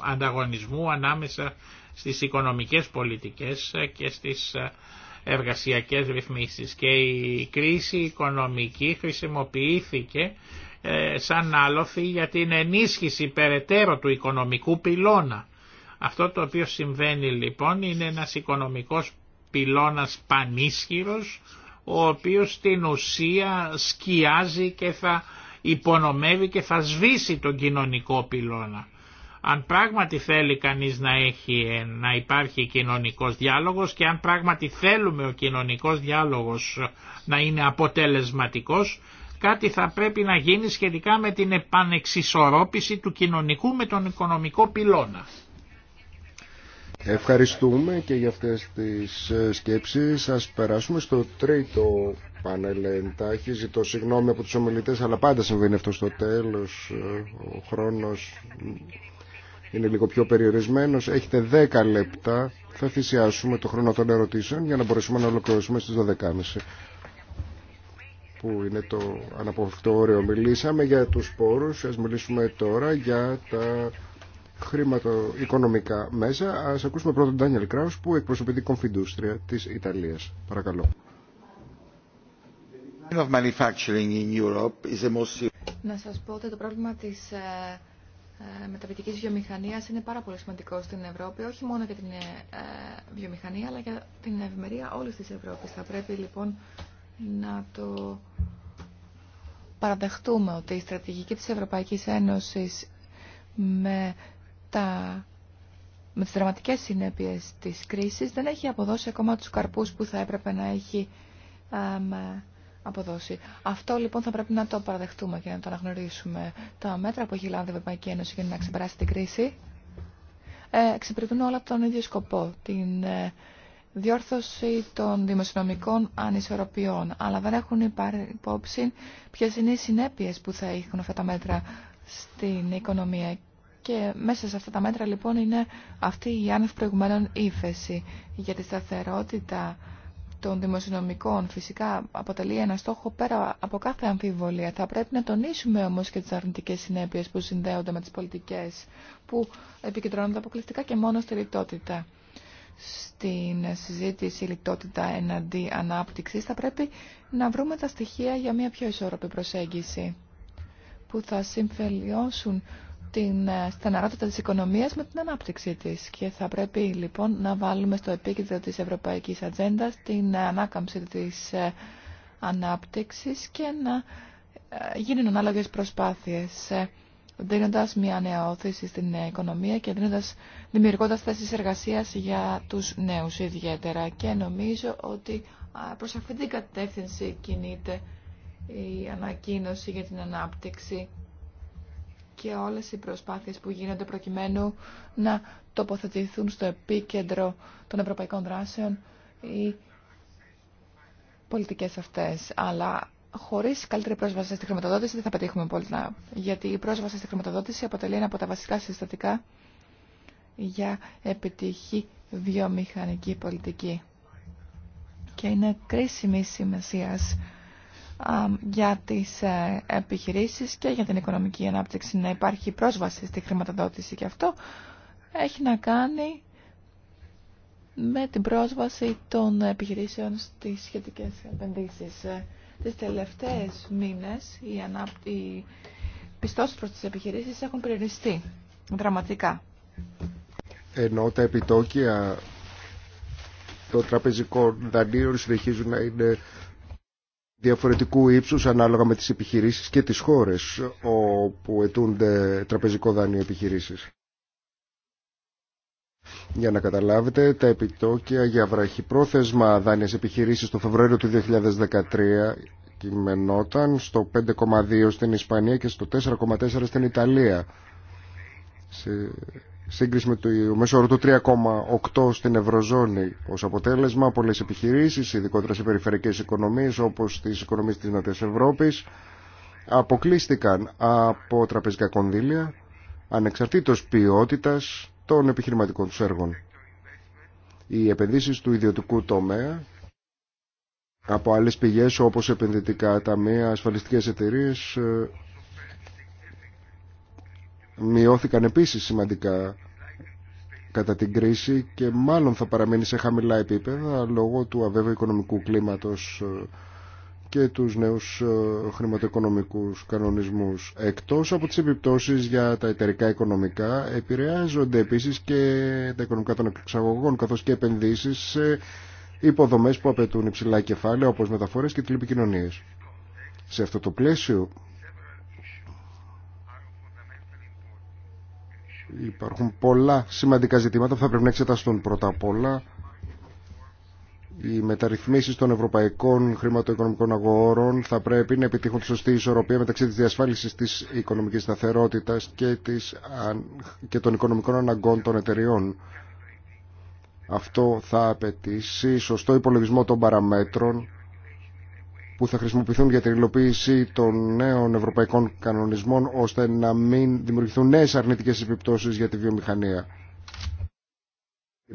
Speaker 2: ανταγωνισμού ανάμεσα στις οικονομικές πολιτικές και στις ε, εργασιακές ρυθμίσεις και η κρίση οικονομική χρησιμοποιήθηκε ε, σαν άλοθη για την ενίσχυση περαιτέρω του οικονομικού πυλώνα. Αυτό το οποίο συμβαίνει λοιπόν είναι ένας οικονομικός πυλώνας πανίσχυρος ο οποίος στην ουσία σκιάζει και θα υπονομεύει και θα σβήσει τον κοινωνικό πυλώνα. Αν πράγματι θέλει κανείς να, έχει, να υπάρχει κοινωνικός διάλογος και αν πράγματι θέλουμε ο κοινωνικός διάλογος να είναι αποτελεσματικός, κάτι θα πρέπει να γίνει σχετικά με την επανεξισορρόπηση του κοινωνικού με τον οικονομικό πυλώνα.
Speaker 1: Ευχαριστούμε και για αυτές τις ε, σκέψεις. Ας περάσουμε στο τρίτο πάνελ εντάχει. Ζητώ συγγνώμη από τους ομιλητές, αλλά πάντα συμβαίνει αυτό στο τέλος. Ε, ο χρόνος είναι λίγο πιο περιορισμένος. Έχετε 10 λεπτά. Θα θυσιάσουμε το χρόνο των ερωτήσεων για να μπορέσουμε να ολοκληρώσουμε στις 12.30 που είναι το αναποφευκτό όριο. Μιλήσαμε για τους πόρους, Α μιλήσουμε τώρα για τα χρηματοοικονομικά μέσα. Ας ακούσουμε πρώτα τον Ντάνιελ Κράους που εκπροσωπεί την Κομφιντούστρια τη Ιταλία. Παρακαλώ.
Speaker 3: Να σας πω ότι το πρόβλημα της ε, ε, μεταπητικής βιομηχανία είναι πάρα πολύ σημαντικό στην Ευρώπη, όχι μόνο για την ε, βιομηχανία, αλλά για την ευημερία όλη τη Ευρώπη. Θα πρέπει λοιπόν να το παραδεχτούμε ότι η στρατηγική της Ευρωπαϊκής Ένωσης με, τα, με τις δραματικές συνέπειες της κρίσης δεν έχει αποδώσει ακόμα τους καρπούς που θα έπρεπε να έχει ε, αποδώσει. Αυτό λοιπόν θα πρέπει να το παραδεχτούμε και να το αναγνωρίσουμε. Τα μέτρα που έχει λάβει η Ευρωπαϊκή Ένωση για να ξεπεράσει την κρίση ε, εξυπηρετούν όλα από τον ίδιο σκοπό, την ε, διόρθωση των δημοσιονομικών ανισορροπιών. Αλλά δεν έχουν πάρει υπόψη ποιε είναι οι συνέπειε που θα έχουν αυτά τα μέτρα στην οικονομία. Και μέσα σε αυτά τα μέτρα λοιπόν είναι αυτή η άνευ προηγουμένων ύφεση για τη σταθερότητα των δημοσιονομικών φυσικά αποτελεί ένα στόχο πέρα από κάθε αμφιβολία. Θα πρέπει να τονίσουμε όμως και τις αρνητικές συνέπειες που συνδέονται με τις πολιτικές που επικεντρώνονται αποκλειστικά και μόνο στη λιτότητα. Στην συζήτηση λιτότητα εναντί ανάπτυξης θα πρέπει να βρούμε τα στοιχεία για μια πιο ισόρροπη προσέγγιση που θα συμφελιώσουν την ε, στεναρότητα της οικονομίας με την ανάπτυξη της και θα πρέπει λοιπόν να βάλουμε στο επίκεντρο της ευρωπαϊκής ατζέντα την ε, ανάκαμψη της ε, ανάπτυξης και να γίνουν ανάλογες προσπάθειες δίνοντας μια νέα όθηση στην οικονομία και δίνοντας, δημιουργώντας θέσεις εργασίας για τους νέους ιδιαίτερα και νομίζω ότι προς αυτήν την κατεύθυνση κινείται η ανακοίνωση για την ανάπτυξη και όλες οι προσπάθειες που γίνονται προκειμένου να τοποθετηθούν στο επίκεντρο των ευρωπαϊκών δράσεων οι πολιτικές αυτές. Αλλά χωρίς καλύτερη πρόσβαση στη χρηματοδότηση δεν θα πετύχουμε πολλά. Γιατί η πρόσβαση στη χρηματοδότηση αποτελεί ένα από τα βασικά συστατικά για επιτυχή βιομηχανική πολιτική. Και είναι κρίσιμη σημασία για τις ε, επιχειρήσεις και για την οικονομική ανάπτυξη να υπάρχει πρόσβαση στη χρηματοδότηση και αυτό έχει να κάνει με την πρόσβαση των επιχειρήσεων στις σχετικές επενδύσεις. Ε, τις τελευταίες μήνες οι, ανά... οι πιστώσεις προς τις επιχειρήσεις έχουν περιοριστεί δραματικά.
Speaker 1: Ενώ τα επιτόκια των τραπεζικών δανείων συνεχίζουν να είναι διαφορετικού ύψους ανάλογα με τις επιχειρήσεις και τις χώρες όπου ετούνται τραπεζικό δάνειο επιχειρήσεις. Για να καταλάβετε, τα επιτόκια για βραχυπρόθεσμα δάνεια επιχειρήσεις το Φεβρουάριο του 2013 κειμενόταν στο 5,2 στην Ισπανία και στο 4,4 στην Ιταλία σύγκριση με το μέσο όρο του 3,8 στην Ευρωζώνη. Ως αποτέλεσμα, πολλές επιχειρήσει, ειδικότερα σε περιφερειακέ οικονομίες όπως τι οικονομίε τη Νότια Ευρώπης, αποκλείστηκαν από τραπεζικά κονδύλια, ανεξαρτήτως ποιότητας των επιχειρηματικών τους έργων. Οι επενδύσεις του ιδιωτικού τομέα από άλλες πηγές όπως επενδυτικά ταμεία, ασφαλιστικές εταιρείες ε, μειώθηκαν επίσης σημαντικά κατά την κρίση και μάλλον θα παραμείνει σε χαμηλά επίπεδα λόγω του αβέβαιου οικονομικού κλίματος ε, και τους νέους ε, χρηματοοικονομικούς κανονισμούς. Εκτός από τις επιπτώσεις για τα εταιρικά οικονομικά, επηρεάζονται επίσης και τα οικονομικά των εξαγωγών, καθώς και επενδύσεις σε υποδομές που απαιτούν υψηλά κεφάλαια, όπως μεταφορές και τηλεπικοινωνίες. Σε αυτό το πλαίσιο Υπάρχουν πολλά σημαντικά ζητήματα που θα πρέπει να εξεταστούν πρώτα απ' όλα. Οι μεταρρυθμίσεις των ευρωπαϊκών χρηματοοικονομικών αγορών θα πρέπει να επιτύχουν τη σωστή ισορροπία μεταξύ της διασφάλισης της οικονομικής σταθερότητας και, της, και των οικονομικών αναγκών των εταιριών. Αυτό θα απαιτήσει σωστό υπολογισμό των παραμέτρων που θα χρησιμοποιηθούν για την υλοποίηση των νέων ευρωπαϊκών κανονισμών ώστε να μην δημιουργηθούν νέες αρνητικές επιπτώσεις για τη βιομηχανία.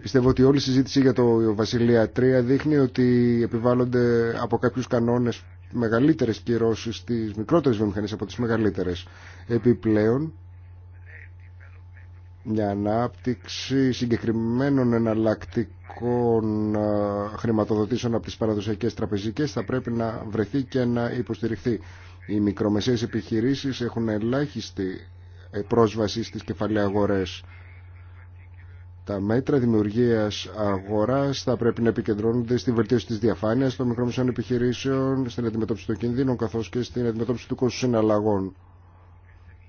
Speaker 1: Πιστεύω ότι όλη η συζήτηση για το Βασιλεία 3 δείχνει ότι επιβάλλονται από κάποιους κανόνες μεγαλύτερες κυρώσεις στις μικρότερες βιομηχανίες από τις μεγαλύτερες. Επιπλέον, μια ανάπτυξη συγκεκριμένων εναλλακτικών ε, χρηματοδοτήσεων από τις παραδοσιακές τραπεζικές θα πρέπει να βρεθεί και να υποστηριχθεί. Οι μικρομεσαίες επιχειρήσεις έχουν ελάχιστη ε, πρόσβαση στις κεφαλαίες αγορές. Τα μέτρα δημιουργίας αγοράς θα πρέπει να επικεντρώνονται στη βελτίωση της διαφάνειας των μικρομεσαίων επιχειρήσεων, στην αντιμετώπιση των κινδύνων καθώς και στην αντιμετώπιση του κόστου συναλλαγών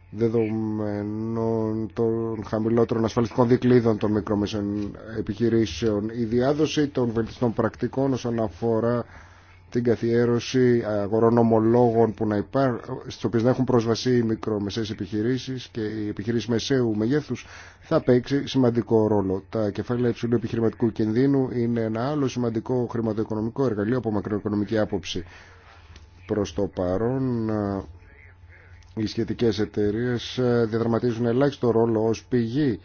Speaker 1: δεδομένων των χαμηλότερων ασφαλιστικών δικλείδων των μικρομεσαίων επιχειρήσεων. Η διάδοση των βελτιστών πρακτικών όσον αφορά την καθιέρωση αγορών ομολόγων που να στις οποίες να έχουν πρόσβαση οι μικρομεσαίες επιχειρήσεις και οι επιχειρήσεις μεσαίου μεγέθους θα παίξει σημαντικό ρόλο. Τα κεφάλαια υψηλού επιχειρηματικού κινδύνου είναι ένα άλλο σημαντικό χρηματοοικονομικό εργαλείο από μακροοικονομική άποψη. Προς το παρόν οι σχετικές εταιρείες ε, διαδραματίζουν ελάχιστο ρόλο ως πηγή.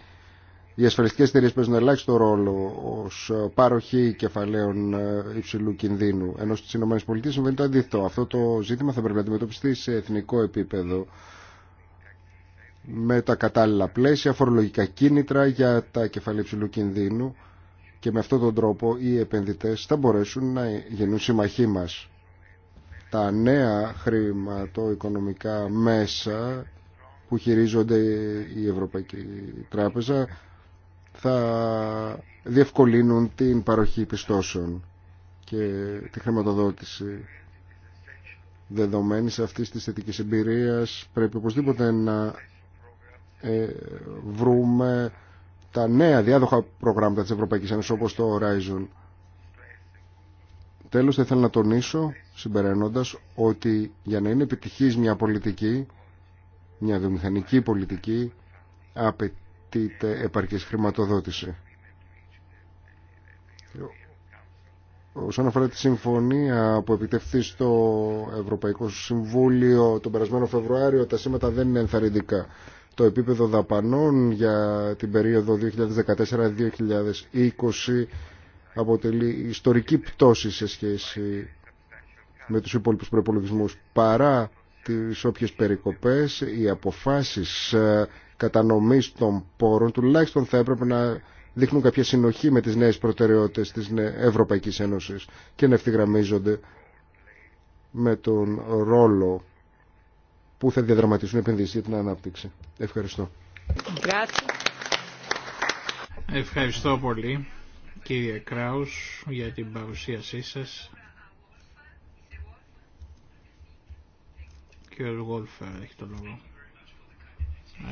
Speaker 1: Οι ασφαλιστικές εταιρείε παίζουν ελάχιστο ρόλο ως ε, πάροχη κεφαλαίων ε, υψηλού κινδύνου. Ενώ στις ΗΠΑ συμβαίνει το αντίθετο. Αυτό το ζήτημα θα πρέπει να αντιμετωπιστεί σε εθνικό επίπεδο με τα κατάλληλα πλαίσια, φορολογικά κίνητρα για τα κεφάλαια υψηλού κινδύνου και με αυτόν τον τρόπο οι επενδυτές θα μπορέσουν να γίνουν συμμαχοί μας τα νέα χρηματοοικονομικά μέσα που χειρίζονται η Ευρωπαϊκή Τράπεζα θα διευκολύνουν την παροχή πιστώσεων και τη χρηματοδότηση δεδομένης αυτής της θετικής εμπειρίας πρέπει οπωσδήποτε να ε, βρούμε τα νέα διάδοχα προγράμματα της Ευρωπαϊκής Ένωσης όπως το Horizon. Τέλος θα ήθελα να τονίσω συμπεραίνοντας ότι για να είναι επιτυχής μια πολιτική, μια βιομηχανική πολιτική, απαιτείται επαρκής χρηματοδότηση. Όσον αφορά τη συμφωνία που επιτευχθεί στο Ευρωπαϊκό Συμβούλιο τον περασμένο Φεβρουάριο, τα σήματα δεν είναι ενθαρρυντικά. Το επίπεδο δαπανών για την περίοδο 2014-2020 αποτελεί ιστορική πτώση σε σχέση με τους υπόλοιπους προπολογισμού παρά τις όποιες περικοπές οι αποφάσεις ε, κατανομής των πόρων τουλάχιστον θα έπρεπε να δείχνουν κάποια συνοχή με τις νέες προτεραιότητες της Ευρωπαϊκής Ένωσης και να ευθυγραμμίζονται με τον ρόλο που θα διαδραματίσουν επενδύσεις για την ανάπτυξη. Ευχαριστώ.
Speaker 2: Ευχαριστώ πολύ κύριε Κράους για την παρουσίασή σας. ο έχει λόγο.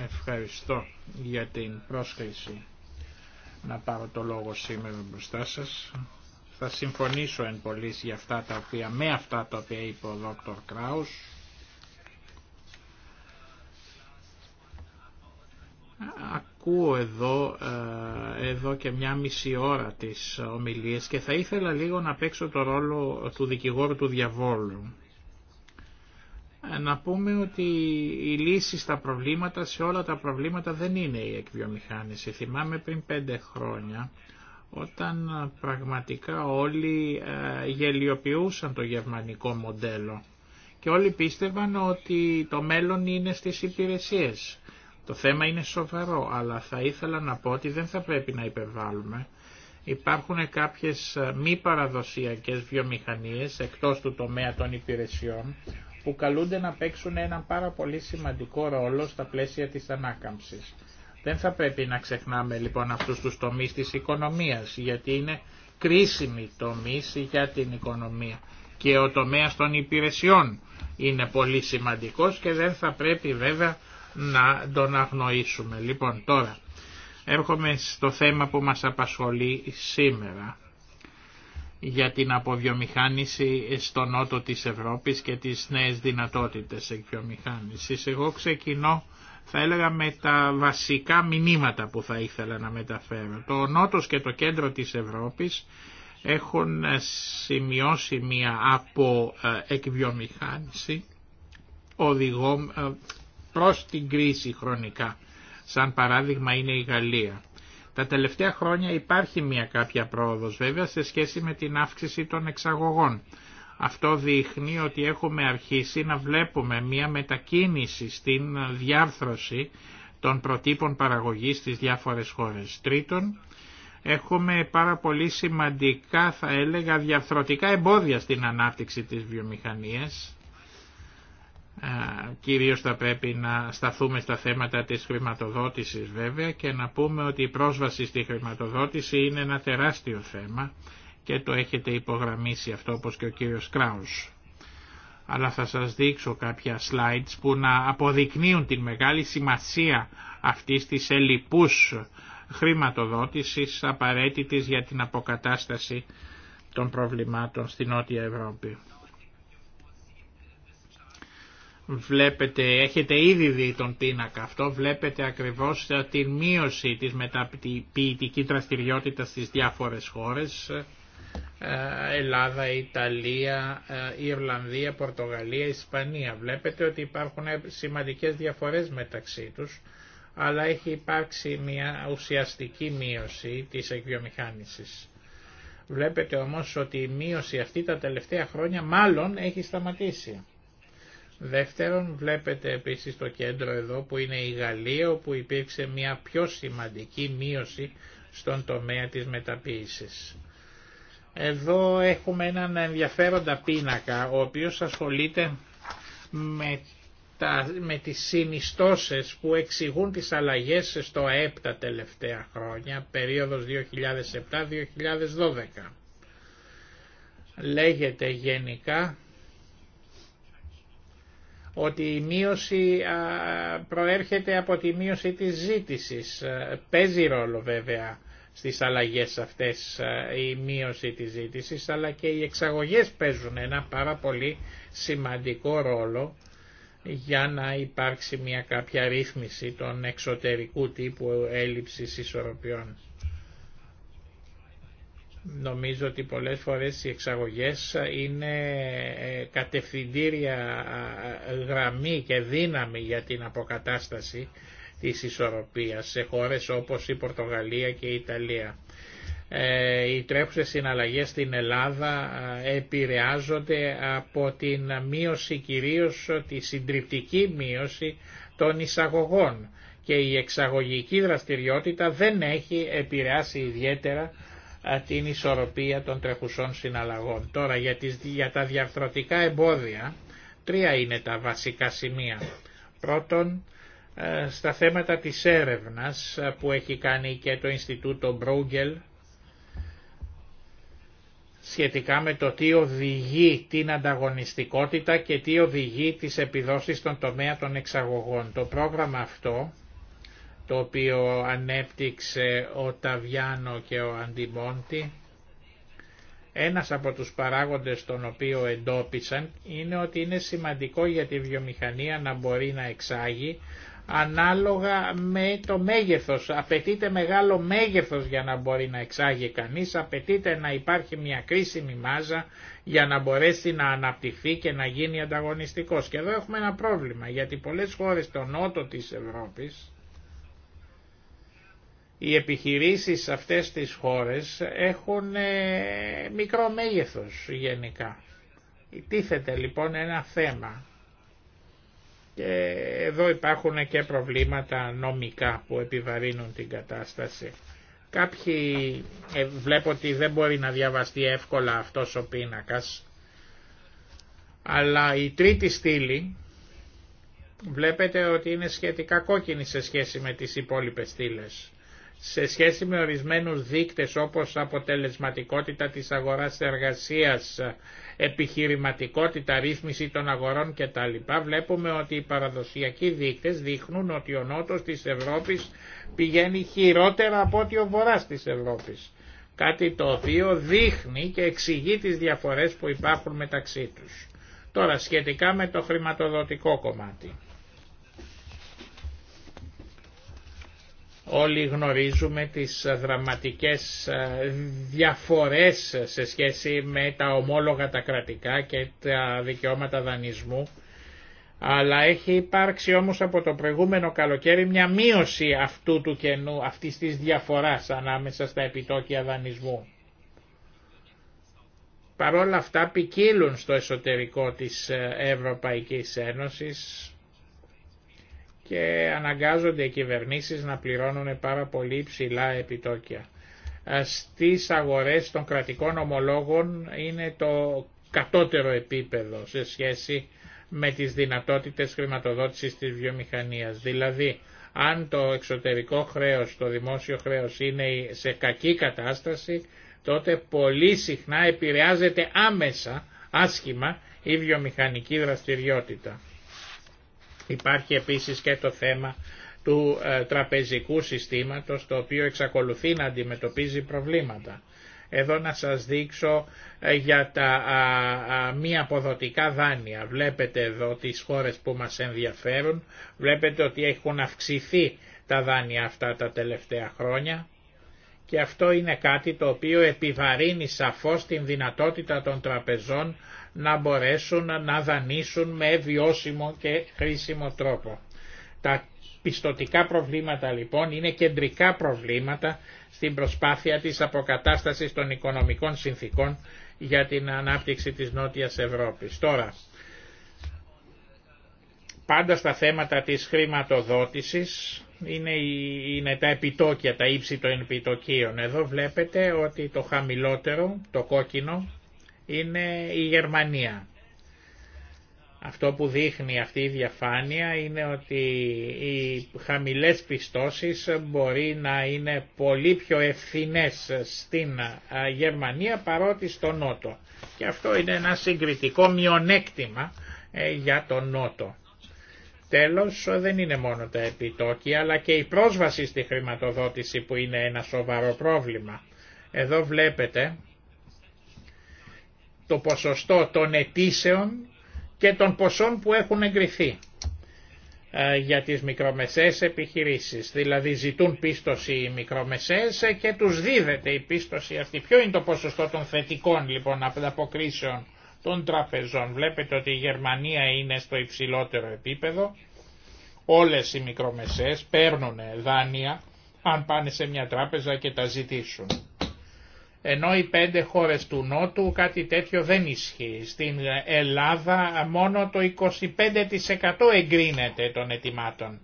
Speaker 2: Ευχαριστώ για την πρόσκληση να πάρω το λόγο σήμερα μπροστά σας. Θα συμφωνήσω εν πωλής για αυτά τα οποία, με αυτά τα οποία είπε ο Δόκτωρ Κράους. Ακούω εδώ, ε, εδώ και μια μισή ώρα τις ομιλίες και θα ήθελα λίγο να παίξω το ρόλο του δικηγόρου του διαβόλου. Ε, να πούμε ότι η λύση στα προβλήματα, σε όλα τα προβλήματα δεν είναι η εκβιομηχάνηση. Θυμάμαι πριν πέντε χρόνια όταν πραγματικά όλοι ε, γελιοποιούσαν το γερμανικό μοντέλο και όλοι πίστευαν ότι το μέλλον είναι στις υπηρεσίες. Το θέμα είναι σοβαρό, αλλά θα ήθελα να πω ότι δεν θα πρέπει να υπερβάλλουμε. Υπάρχουν κάποιες ε, μη παραδοσιακές βιομηχανίες εκτός του τομέα των υπηρεσιών, που καλούνται να παίξουν ένα πάρα πολύ σημαντικό ρόλο στα πλαίσια της ανάκαμψης. Δεν θα πρέπει να ξεχνάμε λοιπόν αυτούς τους τομείς της οικονομίας, γιατί είναι κρίσιμοι τομείς για την οικονομία. Και ο τομέας των υπηρεσιών είναι πολύ σημαντικός και δεν θα πρέπει βέβαια να τον αγνοήσουμε. Λοιπόν τώρα, έρχομαι στο θέμα που μας απασχολεί σήμερα για την αποβιομηχάνηση στο νότο της Ευρώπης και τις νέες δυνατότητες εκβιομηχάνησης. Εγώ ξεκινώ θα έλεγα με τα βασικά μηνύματα που θα ήθελα να μεταφέρω. Το νότος και το κέντρο της Ευρώπης έχουν σημειώσει μια από εκβιομηχάνηση οδηγό ε, προς την κρίση χρονικά. Σαν παράδειγμα είναι η Γαλλία. Τα τελευταία χρόνια υπάρχει μια κάποια πρόοδος βέβαια σε σχέση με την αύξηση των εξαγωγών. Αυτό δείχνει ότι έχουμε αρχίσει να βλέπουμε μια μετακίνηση στην διάρθρωση των προτύπων παραγωγής στις διάφορες χώρες. Τρίτον, έχουμε πάρα πολύ σημαντικά θα έλεγα διαρθρωτικά εμπόδια στην ανάπτυξη της βιομηχανίας Κυρίως θα πρέπει να σταθούμε στα θέματα της χρηματοδότησης βέβαια και να πούμε ότι η πρόσβαση στη χρηματοδότηση είναι ένα τεράστιο θέμα και το έχετε υπογραμμίσει αυτό όπως και ο κύριος Κράους. Αλλά θα σας δείξω κάποια slides που να αποδεικνύουν την μεγάλη σημασία αυτής της ελλειπούς χρηματοδότησης απαραίτητης για την αποκατάσταση των προβλημάτων στην Νότια Ευρώπη. Βλέπετε, έχετε ήδη δει τον πίνακα αυτό, βλέπετε ακριβώς ε, τη μείωση της μεταποιητικής δραστηριότητας στις διάφορες χώρες, ε, Ελλάδα, Ιταλία, ε, Ιρλανδία, Πορτογαλία, Ισπανία. Βλέπετε ότι υπάρχουν σημαντικές διαφορές μεταξύ τους, αλλά έχει υπάρξει μια ουσιαστική μείωση της εκβιομηχάνησης. Βλέπετε όμως ότι η μείωση αυτή τα τελευταία χρόνια μάλλον έχει σταματήσει. Δεύτερον, βλέπετε επίσης το κέντρο εδώ που είναι η Γαλλία, όπου υπήρξε μια πιο σημαντική μείωση στον τομέα της μεταποίησης. Εδώ έχουμε έναν ενδιαφέροντα πίνακα, ο οποίος ασχολείται με, τα, με τις συνιστώσεις που εξηγούν τις αλλαγές στο ΑΕΠ τα τελευταία χρόνια, περίοδος 2007-2012. Λέγεται γενικά ότι η μείωση προέρχεται από τη μείωση της ζήτησης. Ε, παίζει ρόλο βέβαια στις αλλαγές αυτές ε, η μείωση της ζήτησης, αλλά και οι εξαγωγές παίζουν ένα πάρα πολύ σημαντικό ρόλο για να υπάρξει μια κάποια ρύθμιση των εξωτερικού τύπου έλλειψης ισορροπιών. Νομίζω ότι πολλές φορές οι εξαγωγές είναι ε, κατευθυντήρια γραμμή και δύναμη για την αποκατάσταση της ισορροπίας σε χώρες όπως η Πορτογαλία και η Ιταλία. Ε, οι τρέχουσες συναλλαγές στην Ελλάδα επηρεάζονται από την μείωση κυρίως, τη συντριπτική μείωση των εισαγωγών και η εξαγωγική δραστηριότητα δεν έχει επηρεάσει ιδιαίτερα την ισορροπία των τρεχουσών συναλλαγών. Τώρα για, τις, για τα διαφθρωτικά εμπόδια, τρία είναι τα βασικά σημεία. Πρώτον, στα θέματα της έρευνας που έχει κάνει και το Ινστιτούτο Μπρούγκελ σχετικά με το τι οδηγεί την ανταγωνιστικότητα και τι οδηγεί τις επιδόσεις στον τομέα των εξαγωγών. Το πρόγραμμα αυτό το οποίο ανέπτυξε ο Ταβιάνο και ο Αντιμόντι. Ένας από τους παράγοντες τον οποίο εντόπισαν είναι ότι είναι σημαντικό για τη βιομηχανία να μπορεί να εξάγει ανάλογα με το μέγεθος. Απαιτείται μεγάλο μέγεθος για να μπορεί να εξάγει κανείς, απαιτείται να υπάρχει μια κρίσιμη μάζα για να μπορέσει να αναπτυχθεί και να γίνει ανταγωνιστικός. Και εδώ έχουμε ένα πρόβλημα, γιατί πολλές χώρες στο νότο της Ευρώπης οι επιχειρήσεις σε αυτές τις χώρες έχουν ε, μικρό μέγεθος γενικά. Τίθεται λοιπόν ένα θέμα και εδώ υπάρχουν και προβλήματα νομικά που επιβαρύνουν την κατάσταση. Κάποιοι ε, βλέπω ότι δεν μπορεί να διαβαστεί εύκολα αυτός ο πίνακας, αλλά η τρίτη στήλη βλέπετε ότι είναι σχετικά κόκκινη σε σχέση με τις υπόλοιπες στήλες σε σχέση με ορισμένους δείκτες όπως αποτελεσματικότητα της αγοράς εργασίας, επιχειρηματικότητα, ρύθμιση των αγορών κτλ. Βλέπουμε ότι οι παραδοσιακοί δείκτες δείχνουν ότι ο νότος της Ευρώπης πηγαίνει χειρότερα από ότι ο βορράς της Ευρώπης. Κάτι το οποίο δείχνει και εξηγεί τις διαφορές που υπάρχουν μεταξύ τους. Τώρα σχετικά με το χρηματοδοτικό κομμάτι. Όλοι γνωρίζουμε τις δραματικές ε, διαφορές σε σχέση με τα ομόλογα τα κρατικά και τα δικαιώματα δανεισμού. Αλλά έχει υπάρξει όμως από το προηγούμενο καλοκαίρι μια μείωση αυτού του κενού, αυτής της διαφοράς ανάμεσα στα επιτόκια δανεισμού. Παρόλα αυτά ποικίλουν στο εσωτερικό της ε, Ευρωπαϊκής Ένωσης και αναγκάζονται οι κυβερνήσεις να πληρώνουν πάρα πολύ ψηλά επιτόκια. Ε, στις αγορές των κρατικών ομολόγων είναι το κατώτερο επίπεδο σε σχέση με τις δυνατότητες χρηματοδότησης της βιομηχανίας. Δηλαδή, αν το εξωτερικό χρέος, το δημόσιο χρέος είναι σε κακή κατάσταση, τότε πολύ συχνά επηρεάζεται άμεσα, άσχημα, η βιομηχανική δραστηριότητα. Υπάρχει επίσης και το θέμα του ε, τραπεζικού συστήματος το οποίο εξακολουθεί να αντιμετωπίζει προβλήματα. Εδώ να σας δείξω ε, για τα μη αποδοτικά δάνεια. Βλέπετε εδώ τις χώρες που μας ενδιαφέρουν. Βλέπετε ότι έχουν αυξηθεί τα δάνεια αυτά τα τελευταία χρόνια και αυτό είναι κάτι το οποίο επιβαρύνει σαφώς την δυνατότητα των τραπεζών να μπορέσουν να δανείσουν με βιώσιμο και χρήσιμο τρόπο. Τα πιστοτικά προβλήματα λοιπόν είναι κεντρικά προβλήματα στην προσπάθεια της αποκατάστασης των οικονομικών συνθήκων για την ανάπτυξη της Νότιας Ευρώπης. Τώρα, πάντα στα θέματα της χρηματοδότησης είναι, είναι τα επιτόκια, τα ύψη των επιτοκίων. Εδώ βλέπετε ότι το χαμηλότερο, το κόκκινο, είναι η Γερμανία. Αυτό που δείχνει αυτή η διαφάνεια είναι ότι οι χαμηλές πιστώσεις μπορεί να είναι πολύ πιο ευθυνές στην Γερμανία παρότι στο Νότο. Και αυτό είναι ένα συγκριτικό μειονέκτημα ε, για τον Νότο. Τέλος, δεν είναι μόνο τα επιτόκια, αλλά και η πρόσβαση στη χρηματοδότηση που είναι ένα σοβαρό πρόβλημα. Εδώ βλέπετε το ποσοστό των αιτήσεων και των ποσών που έχουν εγκριθεί ε, για τις μικρομεσαίες επιχειρήσεις. Δηλαδή ζητούν πίστοση οι μικρομεσαίες ε, και τους δίδεται η πίστοση αυτή. Ποιο είναι το ποσοστό των θετικών λοιπόν αποκρίσεων των τραπεζών. Βλέπετε ότι η Γερμανία είναι στο υψηλότερο επίπεδο. Όλες οι μικρομεσαίες παίρνουν δάνεια αν πάνε σε μια τράπεζα και τα ζητήσουν ενώ οι πέντε χώρες του Νότου κάτι τέτοιο δεν ισχύει. Στην Ελλάδα μόνο το 25% εγκρίνεται των ετοιμάτων.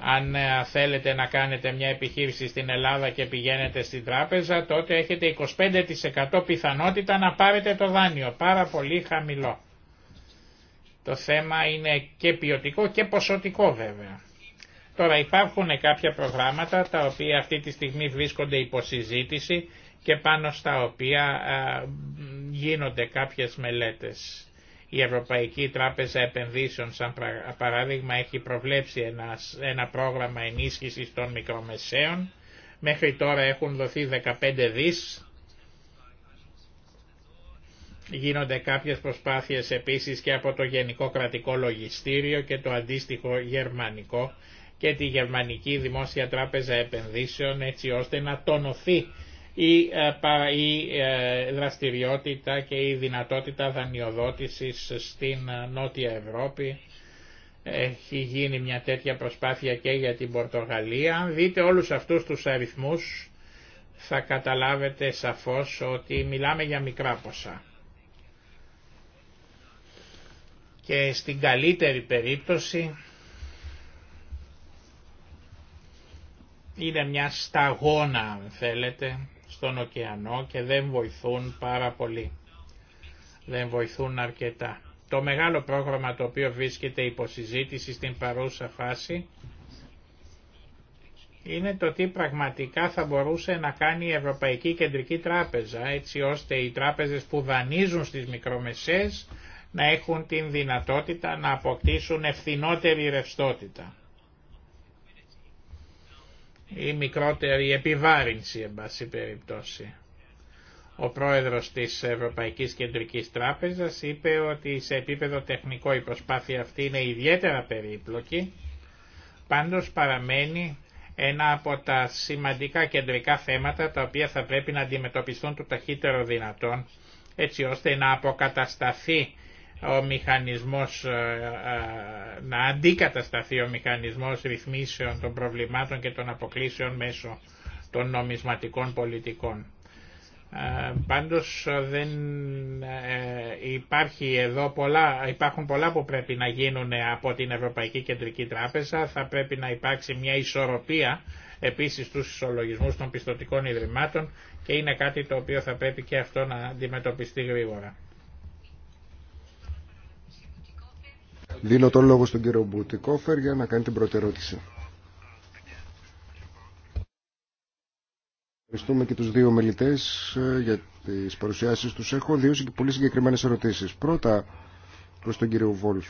Speaker 2: Αν ε, θέλετε να κάνετε μια επιχείρηση στην Ελλάδα και πηγαίνετε στην τράπεζα, τότε έχετε 25% πιθανότητα να πάρετε το δάνειο. Πάρα πολύ χαμηλό. Το θέμα είναι και ποιοτικό και ποσοτικό βέβαια. Τώρα υπάρχουν κάποια προγράμματα τα οποία αυτή τη στιγμή βρίσκονται υποσυζήτηση και πάνω στα οποία γίνονται κάποιες μελέτες. Η Ευρωπαϊκή Τράπεζα Επενδύσεων, σαν παράδειγμα, έχει προβλέψει ένα, πρόγραμμα ενίσχυσης των μικρομεσαίων. Μέχρι τώρα έχουν δοθεί 15 δις. Γίνονται κάποιες προσπάθειες επίσης και από το Γενικό Κρατικό Λογιστήριο και το αντίστοιχο Γερμανικό και τη Γερμανική Δημόσια Τράπεζα Επενδύσεων έτσι ώστε να τονωθεί η, ε, η ε, δραστηριότητα και η δυνατότητα δανειοδότησης στην ε, Νότια Ευρώπη. Έχει γίνει μια τέτοια προσπάθεια και για την Πορτογαλία. Δείτε όλους αυτούς τους αριθμούς θα καταλάβετε σαφώς ότι μιλάμε για μικρά ποσά. Και στην καλύτερη περίπτωση είναι μια σταγόνα αν θέλετε στον ωκεανό και δεν βοηθούν πάρα πολύ. Δεν βοηθούν αρκετά. Το μεγάλο πρόγραμμα το οποίο βρίσκεται υποσυζήτηση στην παρούσα φάση είναι το τι πραγματικά θα μπορούσε να κάνει η Ευρωπαϊκή Κεντρική Τράπεζα, έτσι ώστε οι τράπεζες που δανείζουν στις μικρομεσαίες να έχουν την δυνατότητα να αποκτήσουν ευθυνότερη ρευστότητα ή μικρότερη επιβάρυνση εν πάση περιπτώσει. Ο πρόεδρος της Ευρωπαϊκής Κεντρικής Τράπεζας είπε ότι σε επίπεδο τεχνικό η προσπάθεια αυτή είναι ιδιαίτερα περίπλοκη, πάντως παραμένει ένα από τα σημαντικά κεντρικά θέματα τα οποία θα πρέπει να αντιμετωπιστούν το ταχύτερο δυνατόν, έτσι ώστε να αποκατασταθεί ο μηχανισμός, ε, ε, να αντικατασταθεί ο μηχανισμός ρυθμίσεων των προβλημάτων και των αποκλήσεων μέσω των νομισματικών πολιτικών. Ε, πάντως δεν υπάρχει εδώ πολλά, υπάρχουν πολλά που πρέπει να γίνουν από την Ευρωπαϊκή Κεντρική Τράπεζα. Θα πρέπει να υπάρξει μια ισορροπία επίσης στους ισολογισμούς των πιστοτικών ιδρυμάτων και είναι κάτι το οποίο θα πρέπει και αυτό να αντιμετωπιστεί γρήγορα.
Speaker 1: Δίνω τον λόγο στον κύριο Μπουτικόφερ για να κάνει την πρώτη ερώτηση. Ευχαριστούμε και τους δύο μελητές ε, για τις παρουσιάσεις τους. Έχω δύο πολύ συγκεκριμένες ερωτήσεις. Πρώτα προς τον κύριο Βόλφ.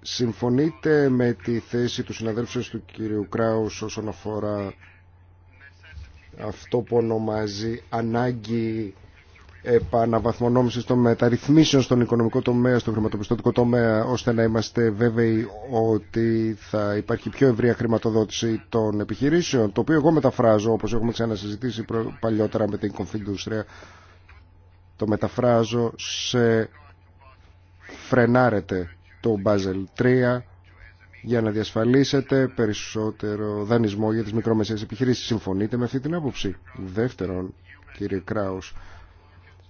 Speaker 1: Συμφωνείτε με τη θέση του συναδέλφου του κύριου Κράους όσον αφορά αυτό που ονομάζει ανάγκη επαναβαθμονόμηση των μεταρρυθμίσεων στον οικονομικό τομέα, στον χρηματοπιστωτικό τομέα, ώστε να είμαστε βέβαιοι ότι θα υπάρχει πιο ευρία χρηματοδότηση των επιχειρήσεων, το οποίο εγώ μεταφράζω, όπω έχουμε ξανασυζητήσει παλιότερα με την κομφιντούστρια, το μεταφράζω σε φρενάρετε το Basel 3 για να διασφαλίσετε περισσότερο δανεισμό για τις μικρομεσαίες επιχειρήσεις. Συμφωνείτε με αυτή την άποψη. Δεύτερον, κύριε Κράους,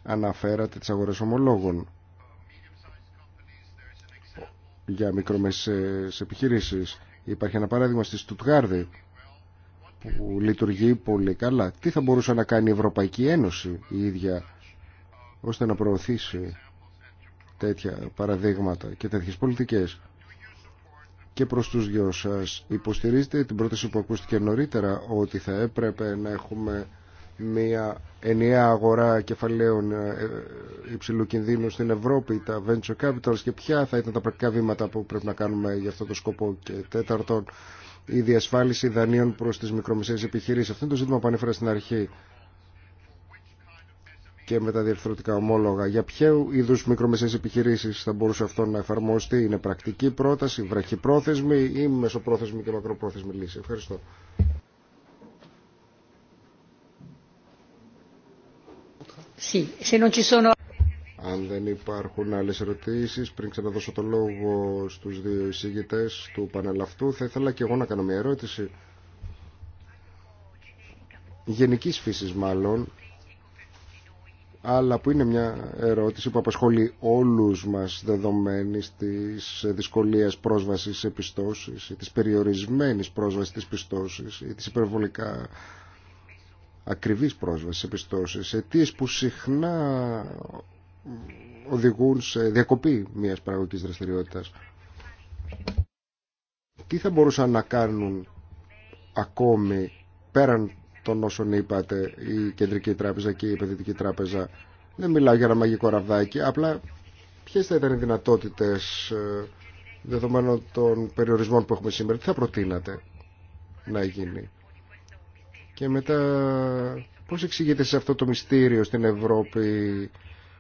Speaker 1: αναφέρατε τις αγορές ομολόγων για μικρομεσαίες επιχειρήσεις. Υπάρχει ένα παράδειγμα στη Στουτγάρδη που λειτουργεί πολύ καλά. Τι θα μπορούσε να κάνει η Ευρωπαϊκή Ένωση η ίδια ώστε να προωθήσει τέτοια παραδείγματα και τέτοιες πολιτικές. Και προς τους δυο σας υποστηρίζετε την πρόταση που ακούστηκε νωρίτερα ότι θα έπρεπε να έχουμε μια ενιαία αγορά κεφαλαίων ε, ε, υψηλού κινδύνου στην Ευρώπη, τα venture capitals και ποια θα ήταν τα πρακτικά βήματα που πρέπει να κάνουμε για αυτό το σκοπό. Και τέταρτον, η διασφάλιση δανείων προς τις μικρομεσαίες επιχειρήσεις. Αυτό είναι το ζήτημα που ανέφερα στην αρχή και με τα διευθυντικά ομόλογα. Για ποιο είδου μικρομεσαίε επιχειρήσει θα μπορούσε αυτό να εφαρμοστεί, Είναι πρακτική πρόταση, βραχυπρόθεσμη ή μεσοπρόθεσμη και μακροπρόθεσμη λύση. Ευχαριστώ. Αν δεν υπάρχουν άλλες ερωτήσεις, πριν ξαναδώσω το λόγο στους δύο εισηγητές του Παναλαυτού, θα ήθελα και εγώ να κάνω μια ερώτηση. Γενικής φύσης μάλλον, αλλά που είναι μια ερώτηση που απασχολεί όλους μας δεδομένης της δυσκολίας πρόσβασης σε πιστώσεις ή της περιορισμένης πρόσβασης της πιστώσης ή της υπερβολικά ακριβής πρόσβαση σε πιστώσεις, αιτίες που συχνά οδηγούν σε διακοπή μιας παραγωγικής δραστηριότητας. Τι θα μπορούσαν να κάνουν ακόμη πέραν των όσων είπατε η Κεντρική Τράπεζα και η Επενδυτική Τράπεζα. Δεν μιλάω για ένα μαγικό ραβδάκι, απλά ποιες θα ήταν οι δυνατότητες ε, δεδομένων των περιορισμών που έχουμε σήμερα, τι θα προτείνατε να γίνει. Και μετά πώς εξηγείται σε αυτό το μυστήριο στην Ευρώπη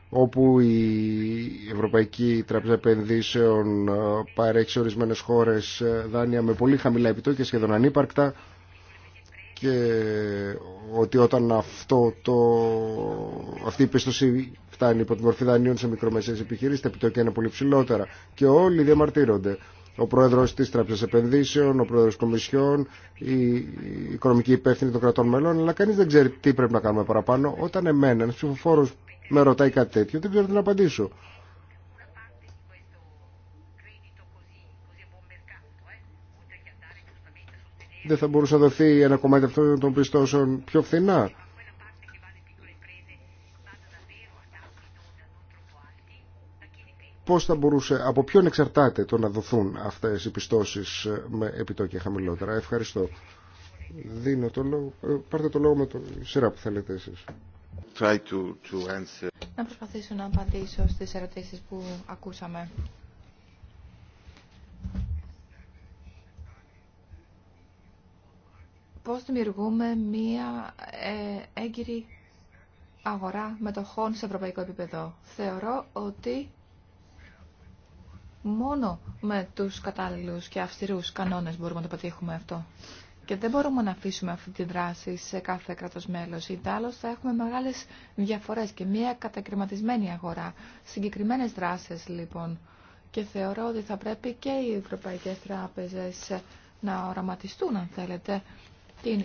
Speaker 1: όπου η Ευρωπαϊκή Τράπεζα Επενδύσεων ε, παρέχει σε ορισμένες χώρες ε, δάνεια με πολύ χαμηλά επιτόκια σχεδόν ανύπαρκτα και ότι όταν αυτό το, αυτή η πίστοση φτάνει υπό την μορφή δανείων σε μικρομεσαίες επιχειρήσεις τα επιτόκια είναι πολύ ψηλότερα και όλοι διαμαρτύρονται ο πρόεδρος της Τράπεζας Επενδύσεων, ο πρόεδρος Κομισιόν, η οικονομική υπεύθυνη των κρατών μελών, αλλά κανείς δεν ξέρει τι πρέπει να κάνουμε παραπάνω. Όταν εμένα ένας ψηφοφόρος με ρωτάει κάτι τέτοιο, δεν ξέρω τι να απαντήσω. Δεν θα μπορούσε να δοθεί ένα κομμάτι αυτών των πιστώσεων πιο φθηνά πώς θα μπορούσε, από ποιον εξαρτάται το να δοθούν αυτές οι πιστώσεις ε, με επιτόκια χαμηλότερα. Ευχαριστώ. Δίνω το λόγο, ε, πάρτε το λόγο με το σειρά που θέλετε εσείς. Try to, to
Speaker 3: Να προσπαθήσω να απαντήσω στις ερωτήσεις που ακούσαμε. Πώς δημιουργούμε μία ε, έγκυρη αγορά μετοχών σε ευρωπαϊκό επίπεδο. Θεωρώ ότι Μόνο με τους κατάλληλους και αυστηρούς κανόνες μπορούμε να το πετύχουμε αυτό. Και δεν μπορούμε να αφήσουμε αυτή τη δράση σε κάθε κράτος μέλος. Ιδάλλως θα έχουμε μεγάλες διαφορές και μια κατακριματισμένη αγορά. Συγκεκριμένες δράσεις λοιπόν. Και θεωρώ ότι θα πρέπει και οι ευρωπαϊκές τράπεζες να οραματιστούν, αν θέλετε, την ε,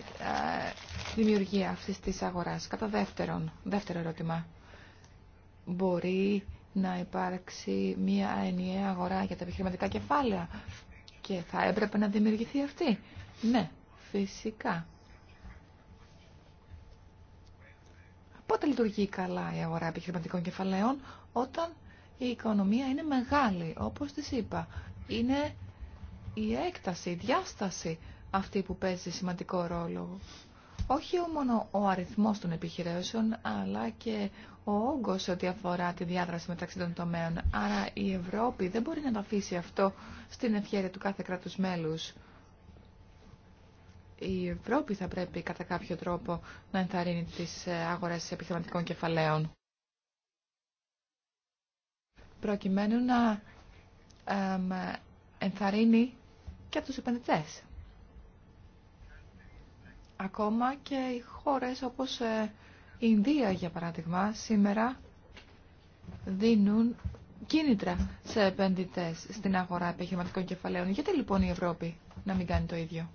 Speaker 3: δημιουργία αυτής της αγοράς. Κατά δεύτερον, δεύτερο ερώτημα. Μπορεί να υπάρξει μία ενιαία αγορά για τα επιχειρηματικά κεφάλαια και θα έπρεπε να δημιουργηθεί αυτή. Ναι, φυσικά. Πότε λειτουργεί καλά η αγορά επιχειρηματικών κεφαλαίων όταν η οικονομία είναι μεγάλη, όπως της είπα. Είναι η έκταση, η διάσταση αυτή που παίζει σημαντικό ρόλο. Όχι μόνο ο αριθμός των επιχειρήσεων, αλλά και ο όγκο σε ό,τι αφορά τη διάδραση μεταξύ των τομέων. Άρα η Ευρώπη δεν μπορεί να το αφήσει αυτό στην ευχαίρεια του κάθε κράτους μέλους. Η Ευρώπη θα πρέπει κατά κάποιο τρόπο να ενθαρρύνει τις ε, αγορές επιχειρηματικών κεφαλαίων. Προκειμένου να ενθαρρύνει και τους επενδυτές. Ακόμα και οι χώρες όπως ε, η Ινδία, για παράδειγμα, σήμερα δίνουν κίνητρα σε επενδυτές στην αγορά επιχειρηματικών κεφαλαίων. Γιατί λοιπόν η Ευρώπη να μην κάνει το ίδιο.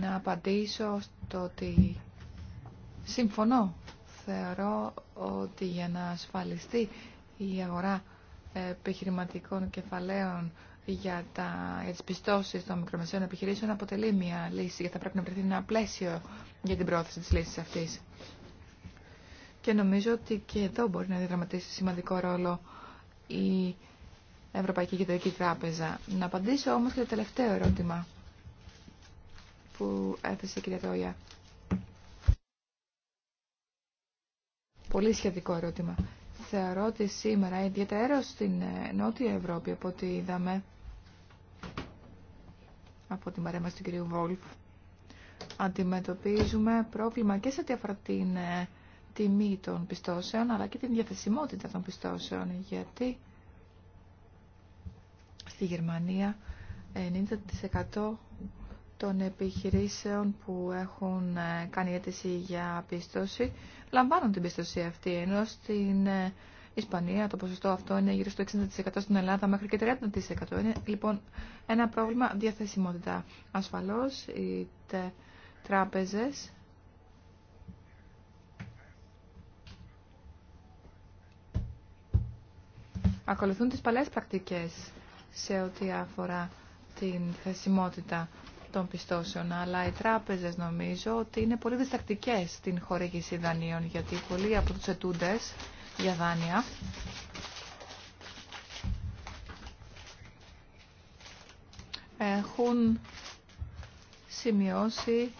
Speaker 3: Να απαντήσω στο ότι συμφωνώ. Θεωρώ ότι για να ασφαλιστεί η αγορά επιχειρηματικών κεφαλαίων για, τα, για τις πιστώσεις των μικρομεσαίων επιχειρήσεων αποτελεί μια λύση γιατί θα πρέπει να βρεθεί ένα πλαίσιο για την πρόθεση της λύσης αυτής. Και νομίζω ότι και εδώ μπορεί να διαδραματίσει σημαντικό ρόλο η Ευρωπαϊκή Κεντρική Τράπεζα. Να απαντήσω όμως και το τελευταίο ερώτημα που έθεσε η κυρία Τόγια. Πολύ σχετικό ερώτημα θεωρώ ότι σήμερα, ιδιαίτερα στην ε, Νότια Ευρώπη, από ό,τι είδαμε από την παρέμβαση του κυρίου Βόλφ, αντιμετωπίζουμε πρόβλημα και σε ό,τι αφορά την ε, τιμή των πιστώσεων, αλλά και την διαθεσιμότητα των πιστώσεων, γιατί στη Γερμανία 90% των επιχειρήσεων που έχουν ε, κάνει αίτηση για πίστοση λαμβάνουν την πίστοση αυτή, ενώ στην ε, Ισπανία το ποσοστό αυτό είναι γύρω στο 60% στην Ελλάδα μέχρι και 30%. Είναι λοιπόν ένα πρόβλημα διαθεσιμότητα. Ασφαλώς οι τράπεζες ακολουθούν τις παλές πρακτικές σε ό,τι αφορά την θεσιμότητα των πιστώσεων, αλλά οι τράπεζε νομίζω ότι είναι πολύ διστακτικέ στην χορήγηση δανείων, γιατί πολλοί από του ετούντε για δάνεια έχουν σημειώσει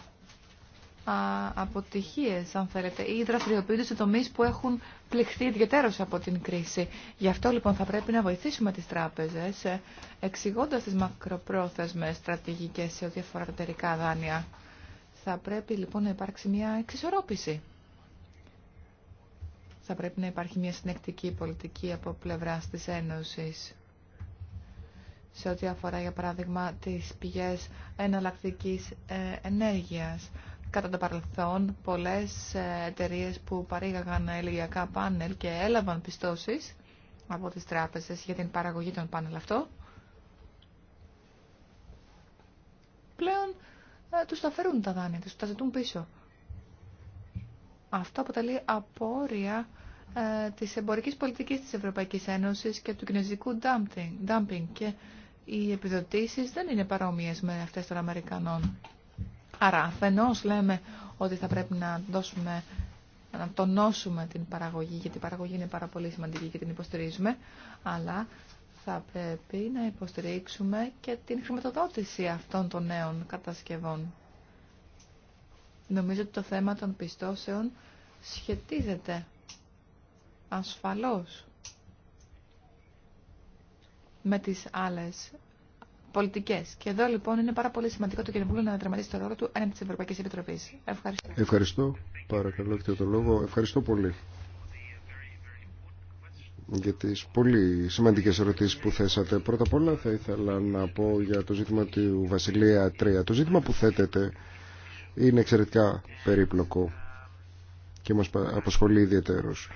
Speaker 3: αποτυχίες, αν θέλετε, ή δραστηριοποιούνται σε τομείς που έχουν πληχθεί ιδιαίτερως από την κρίση. Γι' αυτό λοιπόν θα πρέπει να βοηθήσουμε τις τράπεζες, ε, εξηγώντα τις μακροπρόθεσμες στρατηγικές σε ό,τι αφορά εταιρικά δάνεια. Θα πρέπει λοιπόν να υπάρξει μια εξισορρόπηση. Θα πρέπει να υπάρχει μια συνεκτική πολιτική από πλευράς της Ένωσης σε ό,τι αφορά για παράδειγμα τις πηγές εναλλακτικής ε, ενέργειας. Κατά το παρελθόν, πολλές ε, εταιρείε που παρήγαγαν ηλιακά πάνελ και έλαβαν πιστώσεις από τις τράπεζες για την παραγωγή των πάνελ αυτό, πλέον ε, τους τα φέρουν τα δάνεια, τους τα ζητούν πίσω. Αυτό αποτελεί απόρρια ε, της εμπορικής πολιτικής της Ευρωπαϊκής Ένωσης και του κινέζικου dumping, dumping και οι επιδοτήσεις δεν είναι παρόμοιες με αυτές των Αμερικανών. Άρα αφενός λέμε ότι θα πρέπει να δώσουμε να τονώσουμε την παραγωγή, γιατί η παραγωγή είναι πάρα πολύ σημαντική και την υποστηρίζουμε, αλλά θα πρέπει να υποστηρίξουμε και την χρηματοδότηση αυτών των νέων κατασκευών. Νομίζω ότι το θέμα των πιστώσεων σχετίζεται ασφαλώς με τις άλλες πολιτικέ. Και εδώ λοιπόν είναι πάρα πολύ σημαντικό το Κοινοβούλιο να δραματίσει το ρόλο του έναντι τη Ευρωπαϊκή Επιτροπή. Ευχαριστώ.
Speaker 1: Ευχαριστώ. Παρακαλώ, έχετε το λόγο. Ευχαριστώ πολύ για τι πολύ σημαντικέ ερωτήσει που θέσατε. Πρώτα απ' όλα θα ήθελα να πω για το ζήτημα του Βασιλεία 3. Το ζήτημα που θέτεται είναι εξαιρετικά περίπλοκο και μας απασχολεί ιδιαίτερος.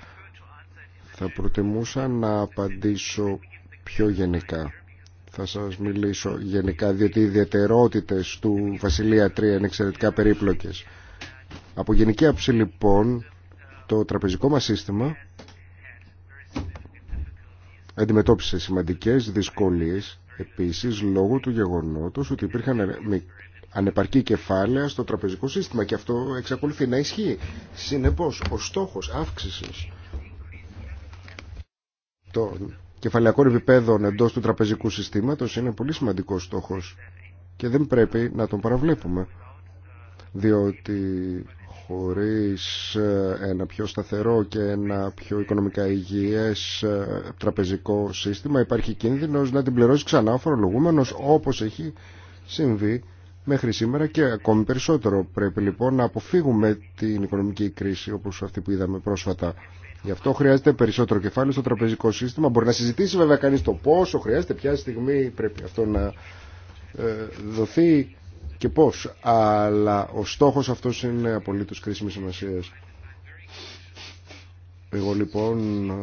Speaker 1: Θα προτιμούσα να απαντήσω πιο γενικά θα σας μιλήσω γενικά, διότι οι ιδιαιτερότητες του Βασιλεία 3 είναι εξαιρετικά περίπλοκες. Από γενική άψη λοιπόν, το τραπεζικό μας σύστημα αντιμετώπισε σημαντικές δυσκολίες επίσης λόγω του γεγονότος ότι υπήρχαν ανεπαρκή κεφάλαια στο τραπεζικό σύστημα και αυτό εξακολουθεί να ισχύει. Συνεπώς, ο στόχος αύξησης των κεφαλαιακών επιπέδων εντός του τραπεζικού συστήματος είναι πολύ σημαντικός στόχος και δεν πρέπει να τον παραβλέπουμε διότι χωρίς ε, ένα πιο σταθερό και ένα πιο οικονομικά υγιές ε, τραπεζικό σύστημα υπάρχει κίνδυνος να την πληρώσει ξανά ο φορολογούμενος όπως έχει συμβεί μέχρι σήμερα και ακόμη περισσότερο πρέπει λοιπόν να αποφύγουμε την οικονομική κρίση όπως αυτή που είδαμε πρόσφατα. Γι' αυτό χρειάζεται περισσότερο κεφάλαιο στο τραπεζικό σύστημα. Μπορεί να συζητήσει βέβαια κανεί το πόσο χρειάζεται, ποια στιγμή πρέπει αυτό να ε, δοθεί και πώ. Αλλά ο στόχο αυτό είναι απολύτω κρίσιμη σημασία. Εγώ λοιπόν ε,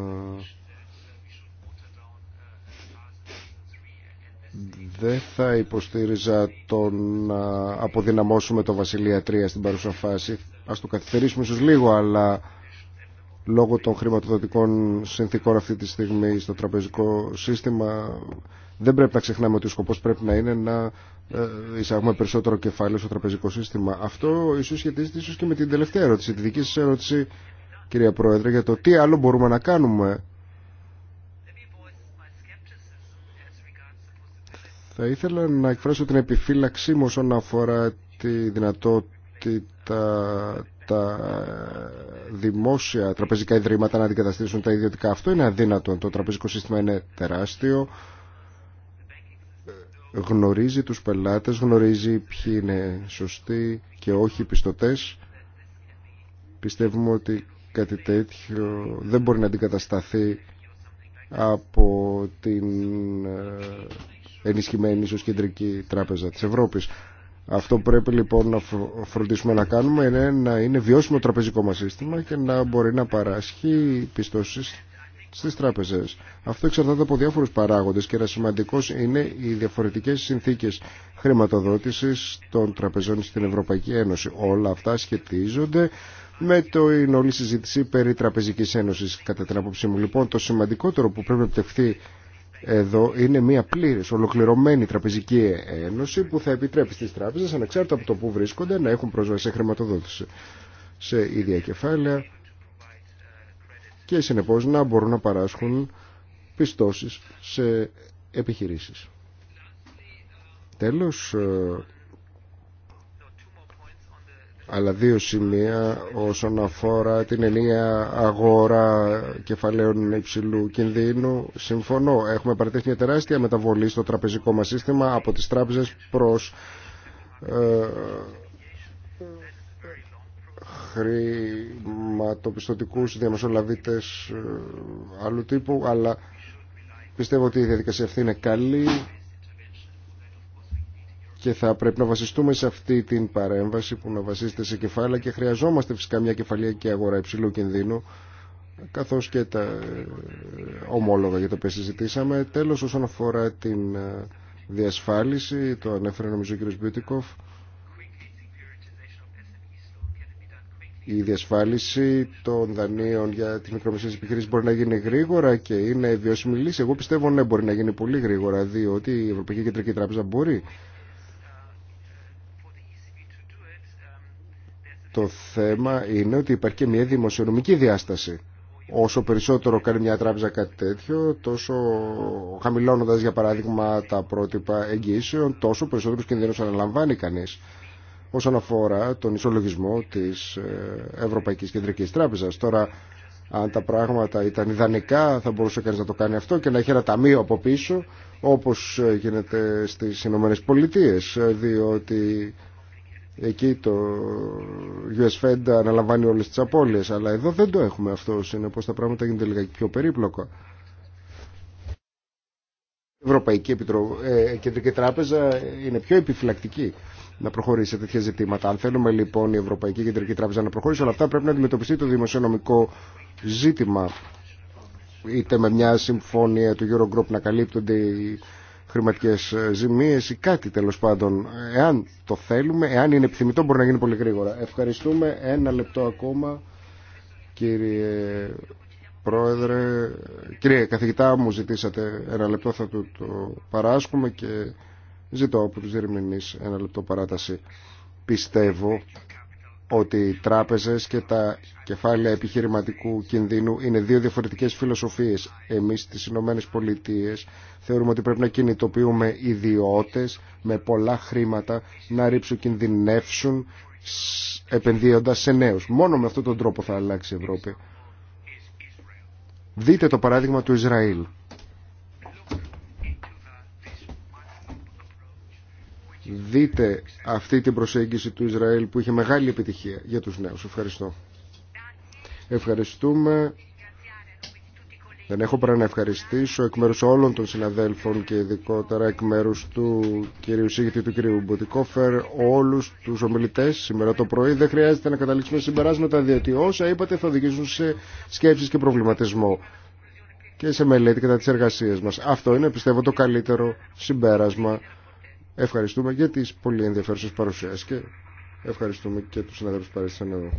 Speaker 1: δεν θα υποστήριζα το να αποδυναμώσουμε το Βασιλεία 3 στην παρούσα φάση. Ας το καθυστερήσουμε ίσως λίγο, αλλά λόγω των χρηματοδοτικών συνθήκων αυτή τη στιγμή στο τραπεζικό σύστημα δεν πρέπει να ξεχνάμε ότι ο σκοπός πρέπει να είναι να ε, εισάγουμε περισσότερο κεφάλαιο στο τραπεζικό σύστημα. Αυτό ίσως σχετίζεται ίσως και με την τελευταία ερώτηση, τη δική σας ερώτηση κυρία Πρόεδρε για το τι άλλο μπορούμε να κάνουμε. Θα ήθελα να εκφράσω την επιφύλαξή μου όσον αφορά τη δυνατότητα τα δημόσια τραπεζικά ιδρύματα να αντικαταστήσουν τα ιδιωτικά. Αυτό είναι αδύνατο. Το τραπεζικό σύστημα είναι τεράστιο. Γνωρίζει τους πελάτες, γνωρίζει ποιοι είναι σωστοί και όχι πιστωτές. Πιστεύουμε ότι κάτι τέτοιο δεν μπορεί να αντικατασταθεί από την ε, ενισχυμένη ίσως κεντρική τράπεζα της Ευρώπης. Αυτό που πρέπει λοιπόν να φροντίσουμε να κάνουμε είναι να είναι βιώσιμο τραπεζικό μα σύστημα και να μπορεί να παράσχει πιστώσεις στις τράπεζες. Αυτό εξαρτάται από διάφορους παράγοντες και ένα σημαντικό είναι οι διαφορετικές συνθήκες χρηματοδότησης των τραπεζών στην Ευρωπαϊκή Ένωση. Όλα αυτά σχετίζονται με το όλη συζήτηση περί Τραπεζικής Ένωσης. Κατά την άποψή μου λοιπόν το σημαντικότερο που πρέπει να επιτευχθεί εδώ είναι μια πλήρης, ολοκληρωμένη τραπεζική ένωση που θα επιτρέπει στις τράπεζες, ανεξάρτητα από το που βρίσκονται, να έχουν πρόσβαση σε χρηματοδότηση, σε ίδια κεφάλαια και συνεπώς να μπορούν να παράσχουν πιστώσεις σε επιχειρήσεις. Τέλος, αλλά δύο σημεία όσον αφορά την ενία αγορά κεφαλαίων υψηλού κινδύνου. Συμφωνώ, έχουμε παρατηρήσει μια τεράστια μεταβολή στο τραπεζικό μα σύστημα από τις τράπεζες προς ε, χρηματοπιστωτικούς διαμεσολαβήτες ε, άλλου τύπου, αλλά πιστεύω ότι η διαδικασία αυτή είναι καλή και θα πρέπει να βασιστούμε σε αυτή την παρέμβαση που να βασίζεται σε κεφάλαια και χρειαζόμαστε φυσικά μια κεφαλιακή αγορά υψηλού κινδύνου καθώς και τα ε, ομόλογα για τα οποία συζητήσαμε. Τέλος όσον αφορά την ε, διασφάλιση, το ανέφερε νομίζω ο κ. Μπιούτικοφ, η διασφάλιση των δανείων για τις μικρομεσαίες επιχειρήσεις μπορεί να γίνει γρήγορα και είναι βιώσιμη λύση. Εγώ πιστεύω ναι, μπορεί να γίνει πολύ γρήγορα, διότι η Ευρωπαϊκή Κεντρική Τράπεζα μπορεί Το θέμα είναι ότι υπάρχει και μια δημοσιονομική διάσταση. Όσο περισσότερο κάνει μια τράπεζα κάτι τέτοιο, τόσο χαμηλώνοντα για παράδειγμα τα πρότυπα εγγύσεων, τόσο περισσότερου κινδύνου αναλαμβάνει κανεί όσον αφορά τον ισολογισμό τη ε, Ευρωπαϊκή Κεντρική Τράπεζα. Τώρα, αν τα πράγματα ήταν ιδανικά, θα μπορούσε κανεί να το κάνει αυτό και να έχει ένα ταμείο από πίσω, όπω γίνεται στι Ηνωμένε Πολιτείε, διότι Εκεί το US Fed αναλαμβάνει όλες τις απώλειες, αλλά εδώ δεν το έχουμε αυτό, συνεπώς τα πράγματα γίνονται λίγα πιο περίπλοκα. Η Ευρωπαϊκή Επιτρο... ε, Κεντρική Τράπεζα είναι πιο επιφυλακτική να προχωρήσει σε τέτοια ζητήματα. Αν θέλουμε λοιπόν η Ευρωπαϊκή Κεντρική Τράπεζα να προχωρήσει, όλα αυτά πρέπει να αντιμετωπιστεί το δημοσιονομικό ζήτημα είτε με μια συμφωνία του Eurogroup να καλύπτονται οι χρηματικές ε, ζημίες ή κάτι τέλος πάντων. Εάν το θέλουμε, εάν είναι επιθυμητό μπορεί να γίνει πολύ γρήγορα. Ευχαριστούμε. Ένα λεπτό ακόμα κύριε Πρόεδρε. Κύριε καθηγητά μου ζητήσατε ένα λεπτό θα του το παράσχουμε και ζητώ από τους διερμηνείς ένα λεπτό παράταση. Πιστεύω ότι οι τράπεζες και τα κεφάλαια επιχειρηματικού κινδύνου είναι δύο διαφορετικές φιλοσοφίες. Εμείς στις Ηνωμένε Πολιτείε θεωρούμε ότι πρέπει να κινητοποιούμε ιδιώτες με πολλά χρήματα να ρίψουν κινδυνεύσουν επενδύοντας σε νέους. Μόνο με αυτόν τον τρόπο θα αλλάξει η Ευρώπη. Δείτε το παράδειγμα του Ισραήλ. δείτε αυτή την προσέγγιση του Ισραήλ που είχε μεγάλη επιτυχία για τους νέους. Ευχαριστώ. Ευχαριστούμε. Δεν έχω παρά να ευχαριστήσω εκ μέρους όλων των συναδέλφων και ειδικότερα εκ μέρους του κυρίου Σύγητη του κυρίου Μποτικόφερ όλους τους ομιλητές σήμερα το πρωί. Δεν χρειάζεται να καταλήξουμε συμπεράσματα διότι όσα είπατε θα οδηγήσουν σε σκέψεις και προβληματισμό και σε μελέτη κατά τις εργασίες μας. Αυτό είναι πιστεύω το καλύτερο συμπέρασμα Ευχαριστούμε για τις πολύ ενδιαφέρουσες παρουσιάσεις και ευχαριστούμε και τους συναδέλφους που παρέστησαν εδώ.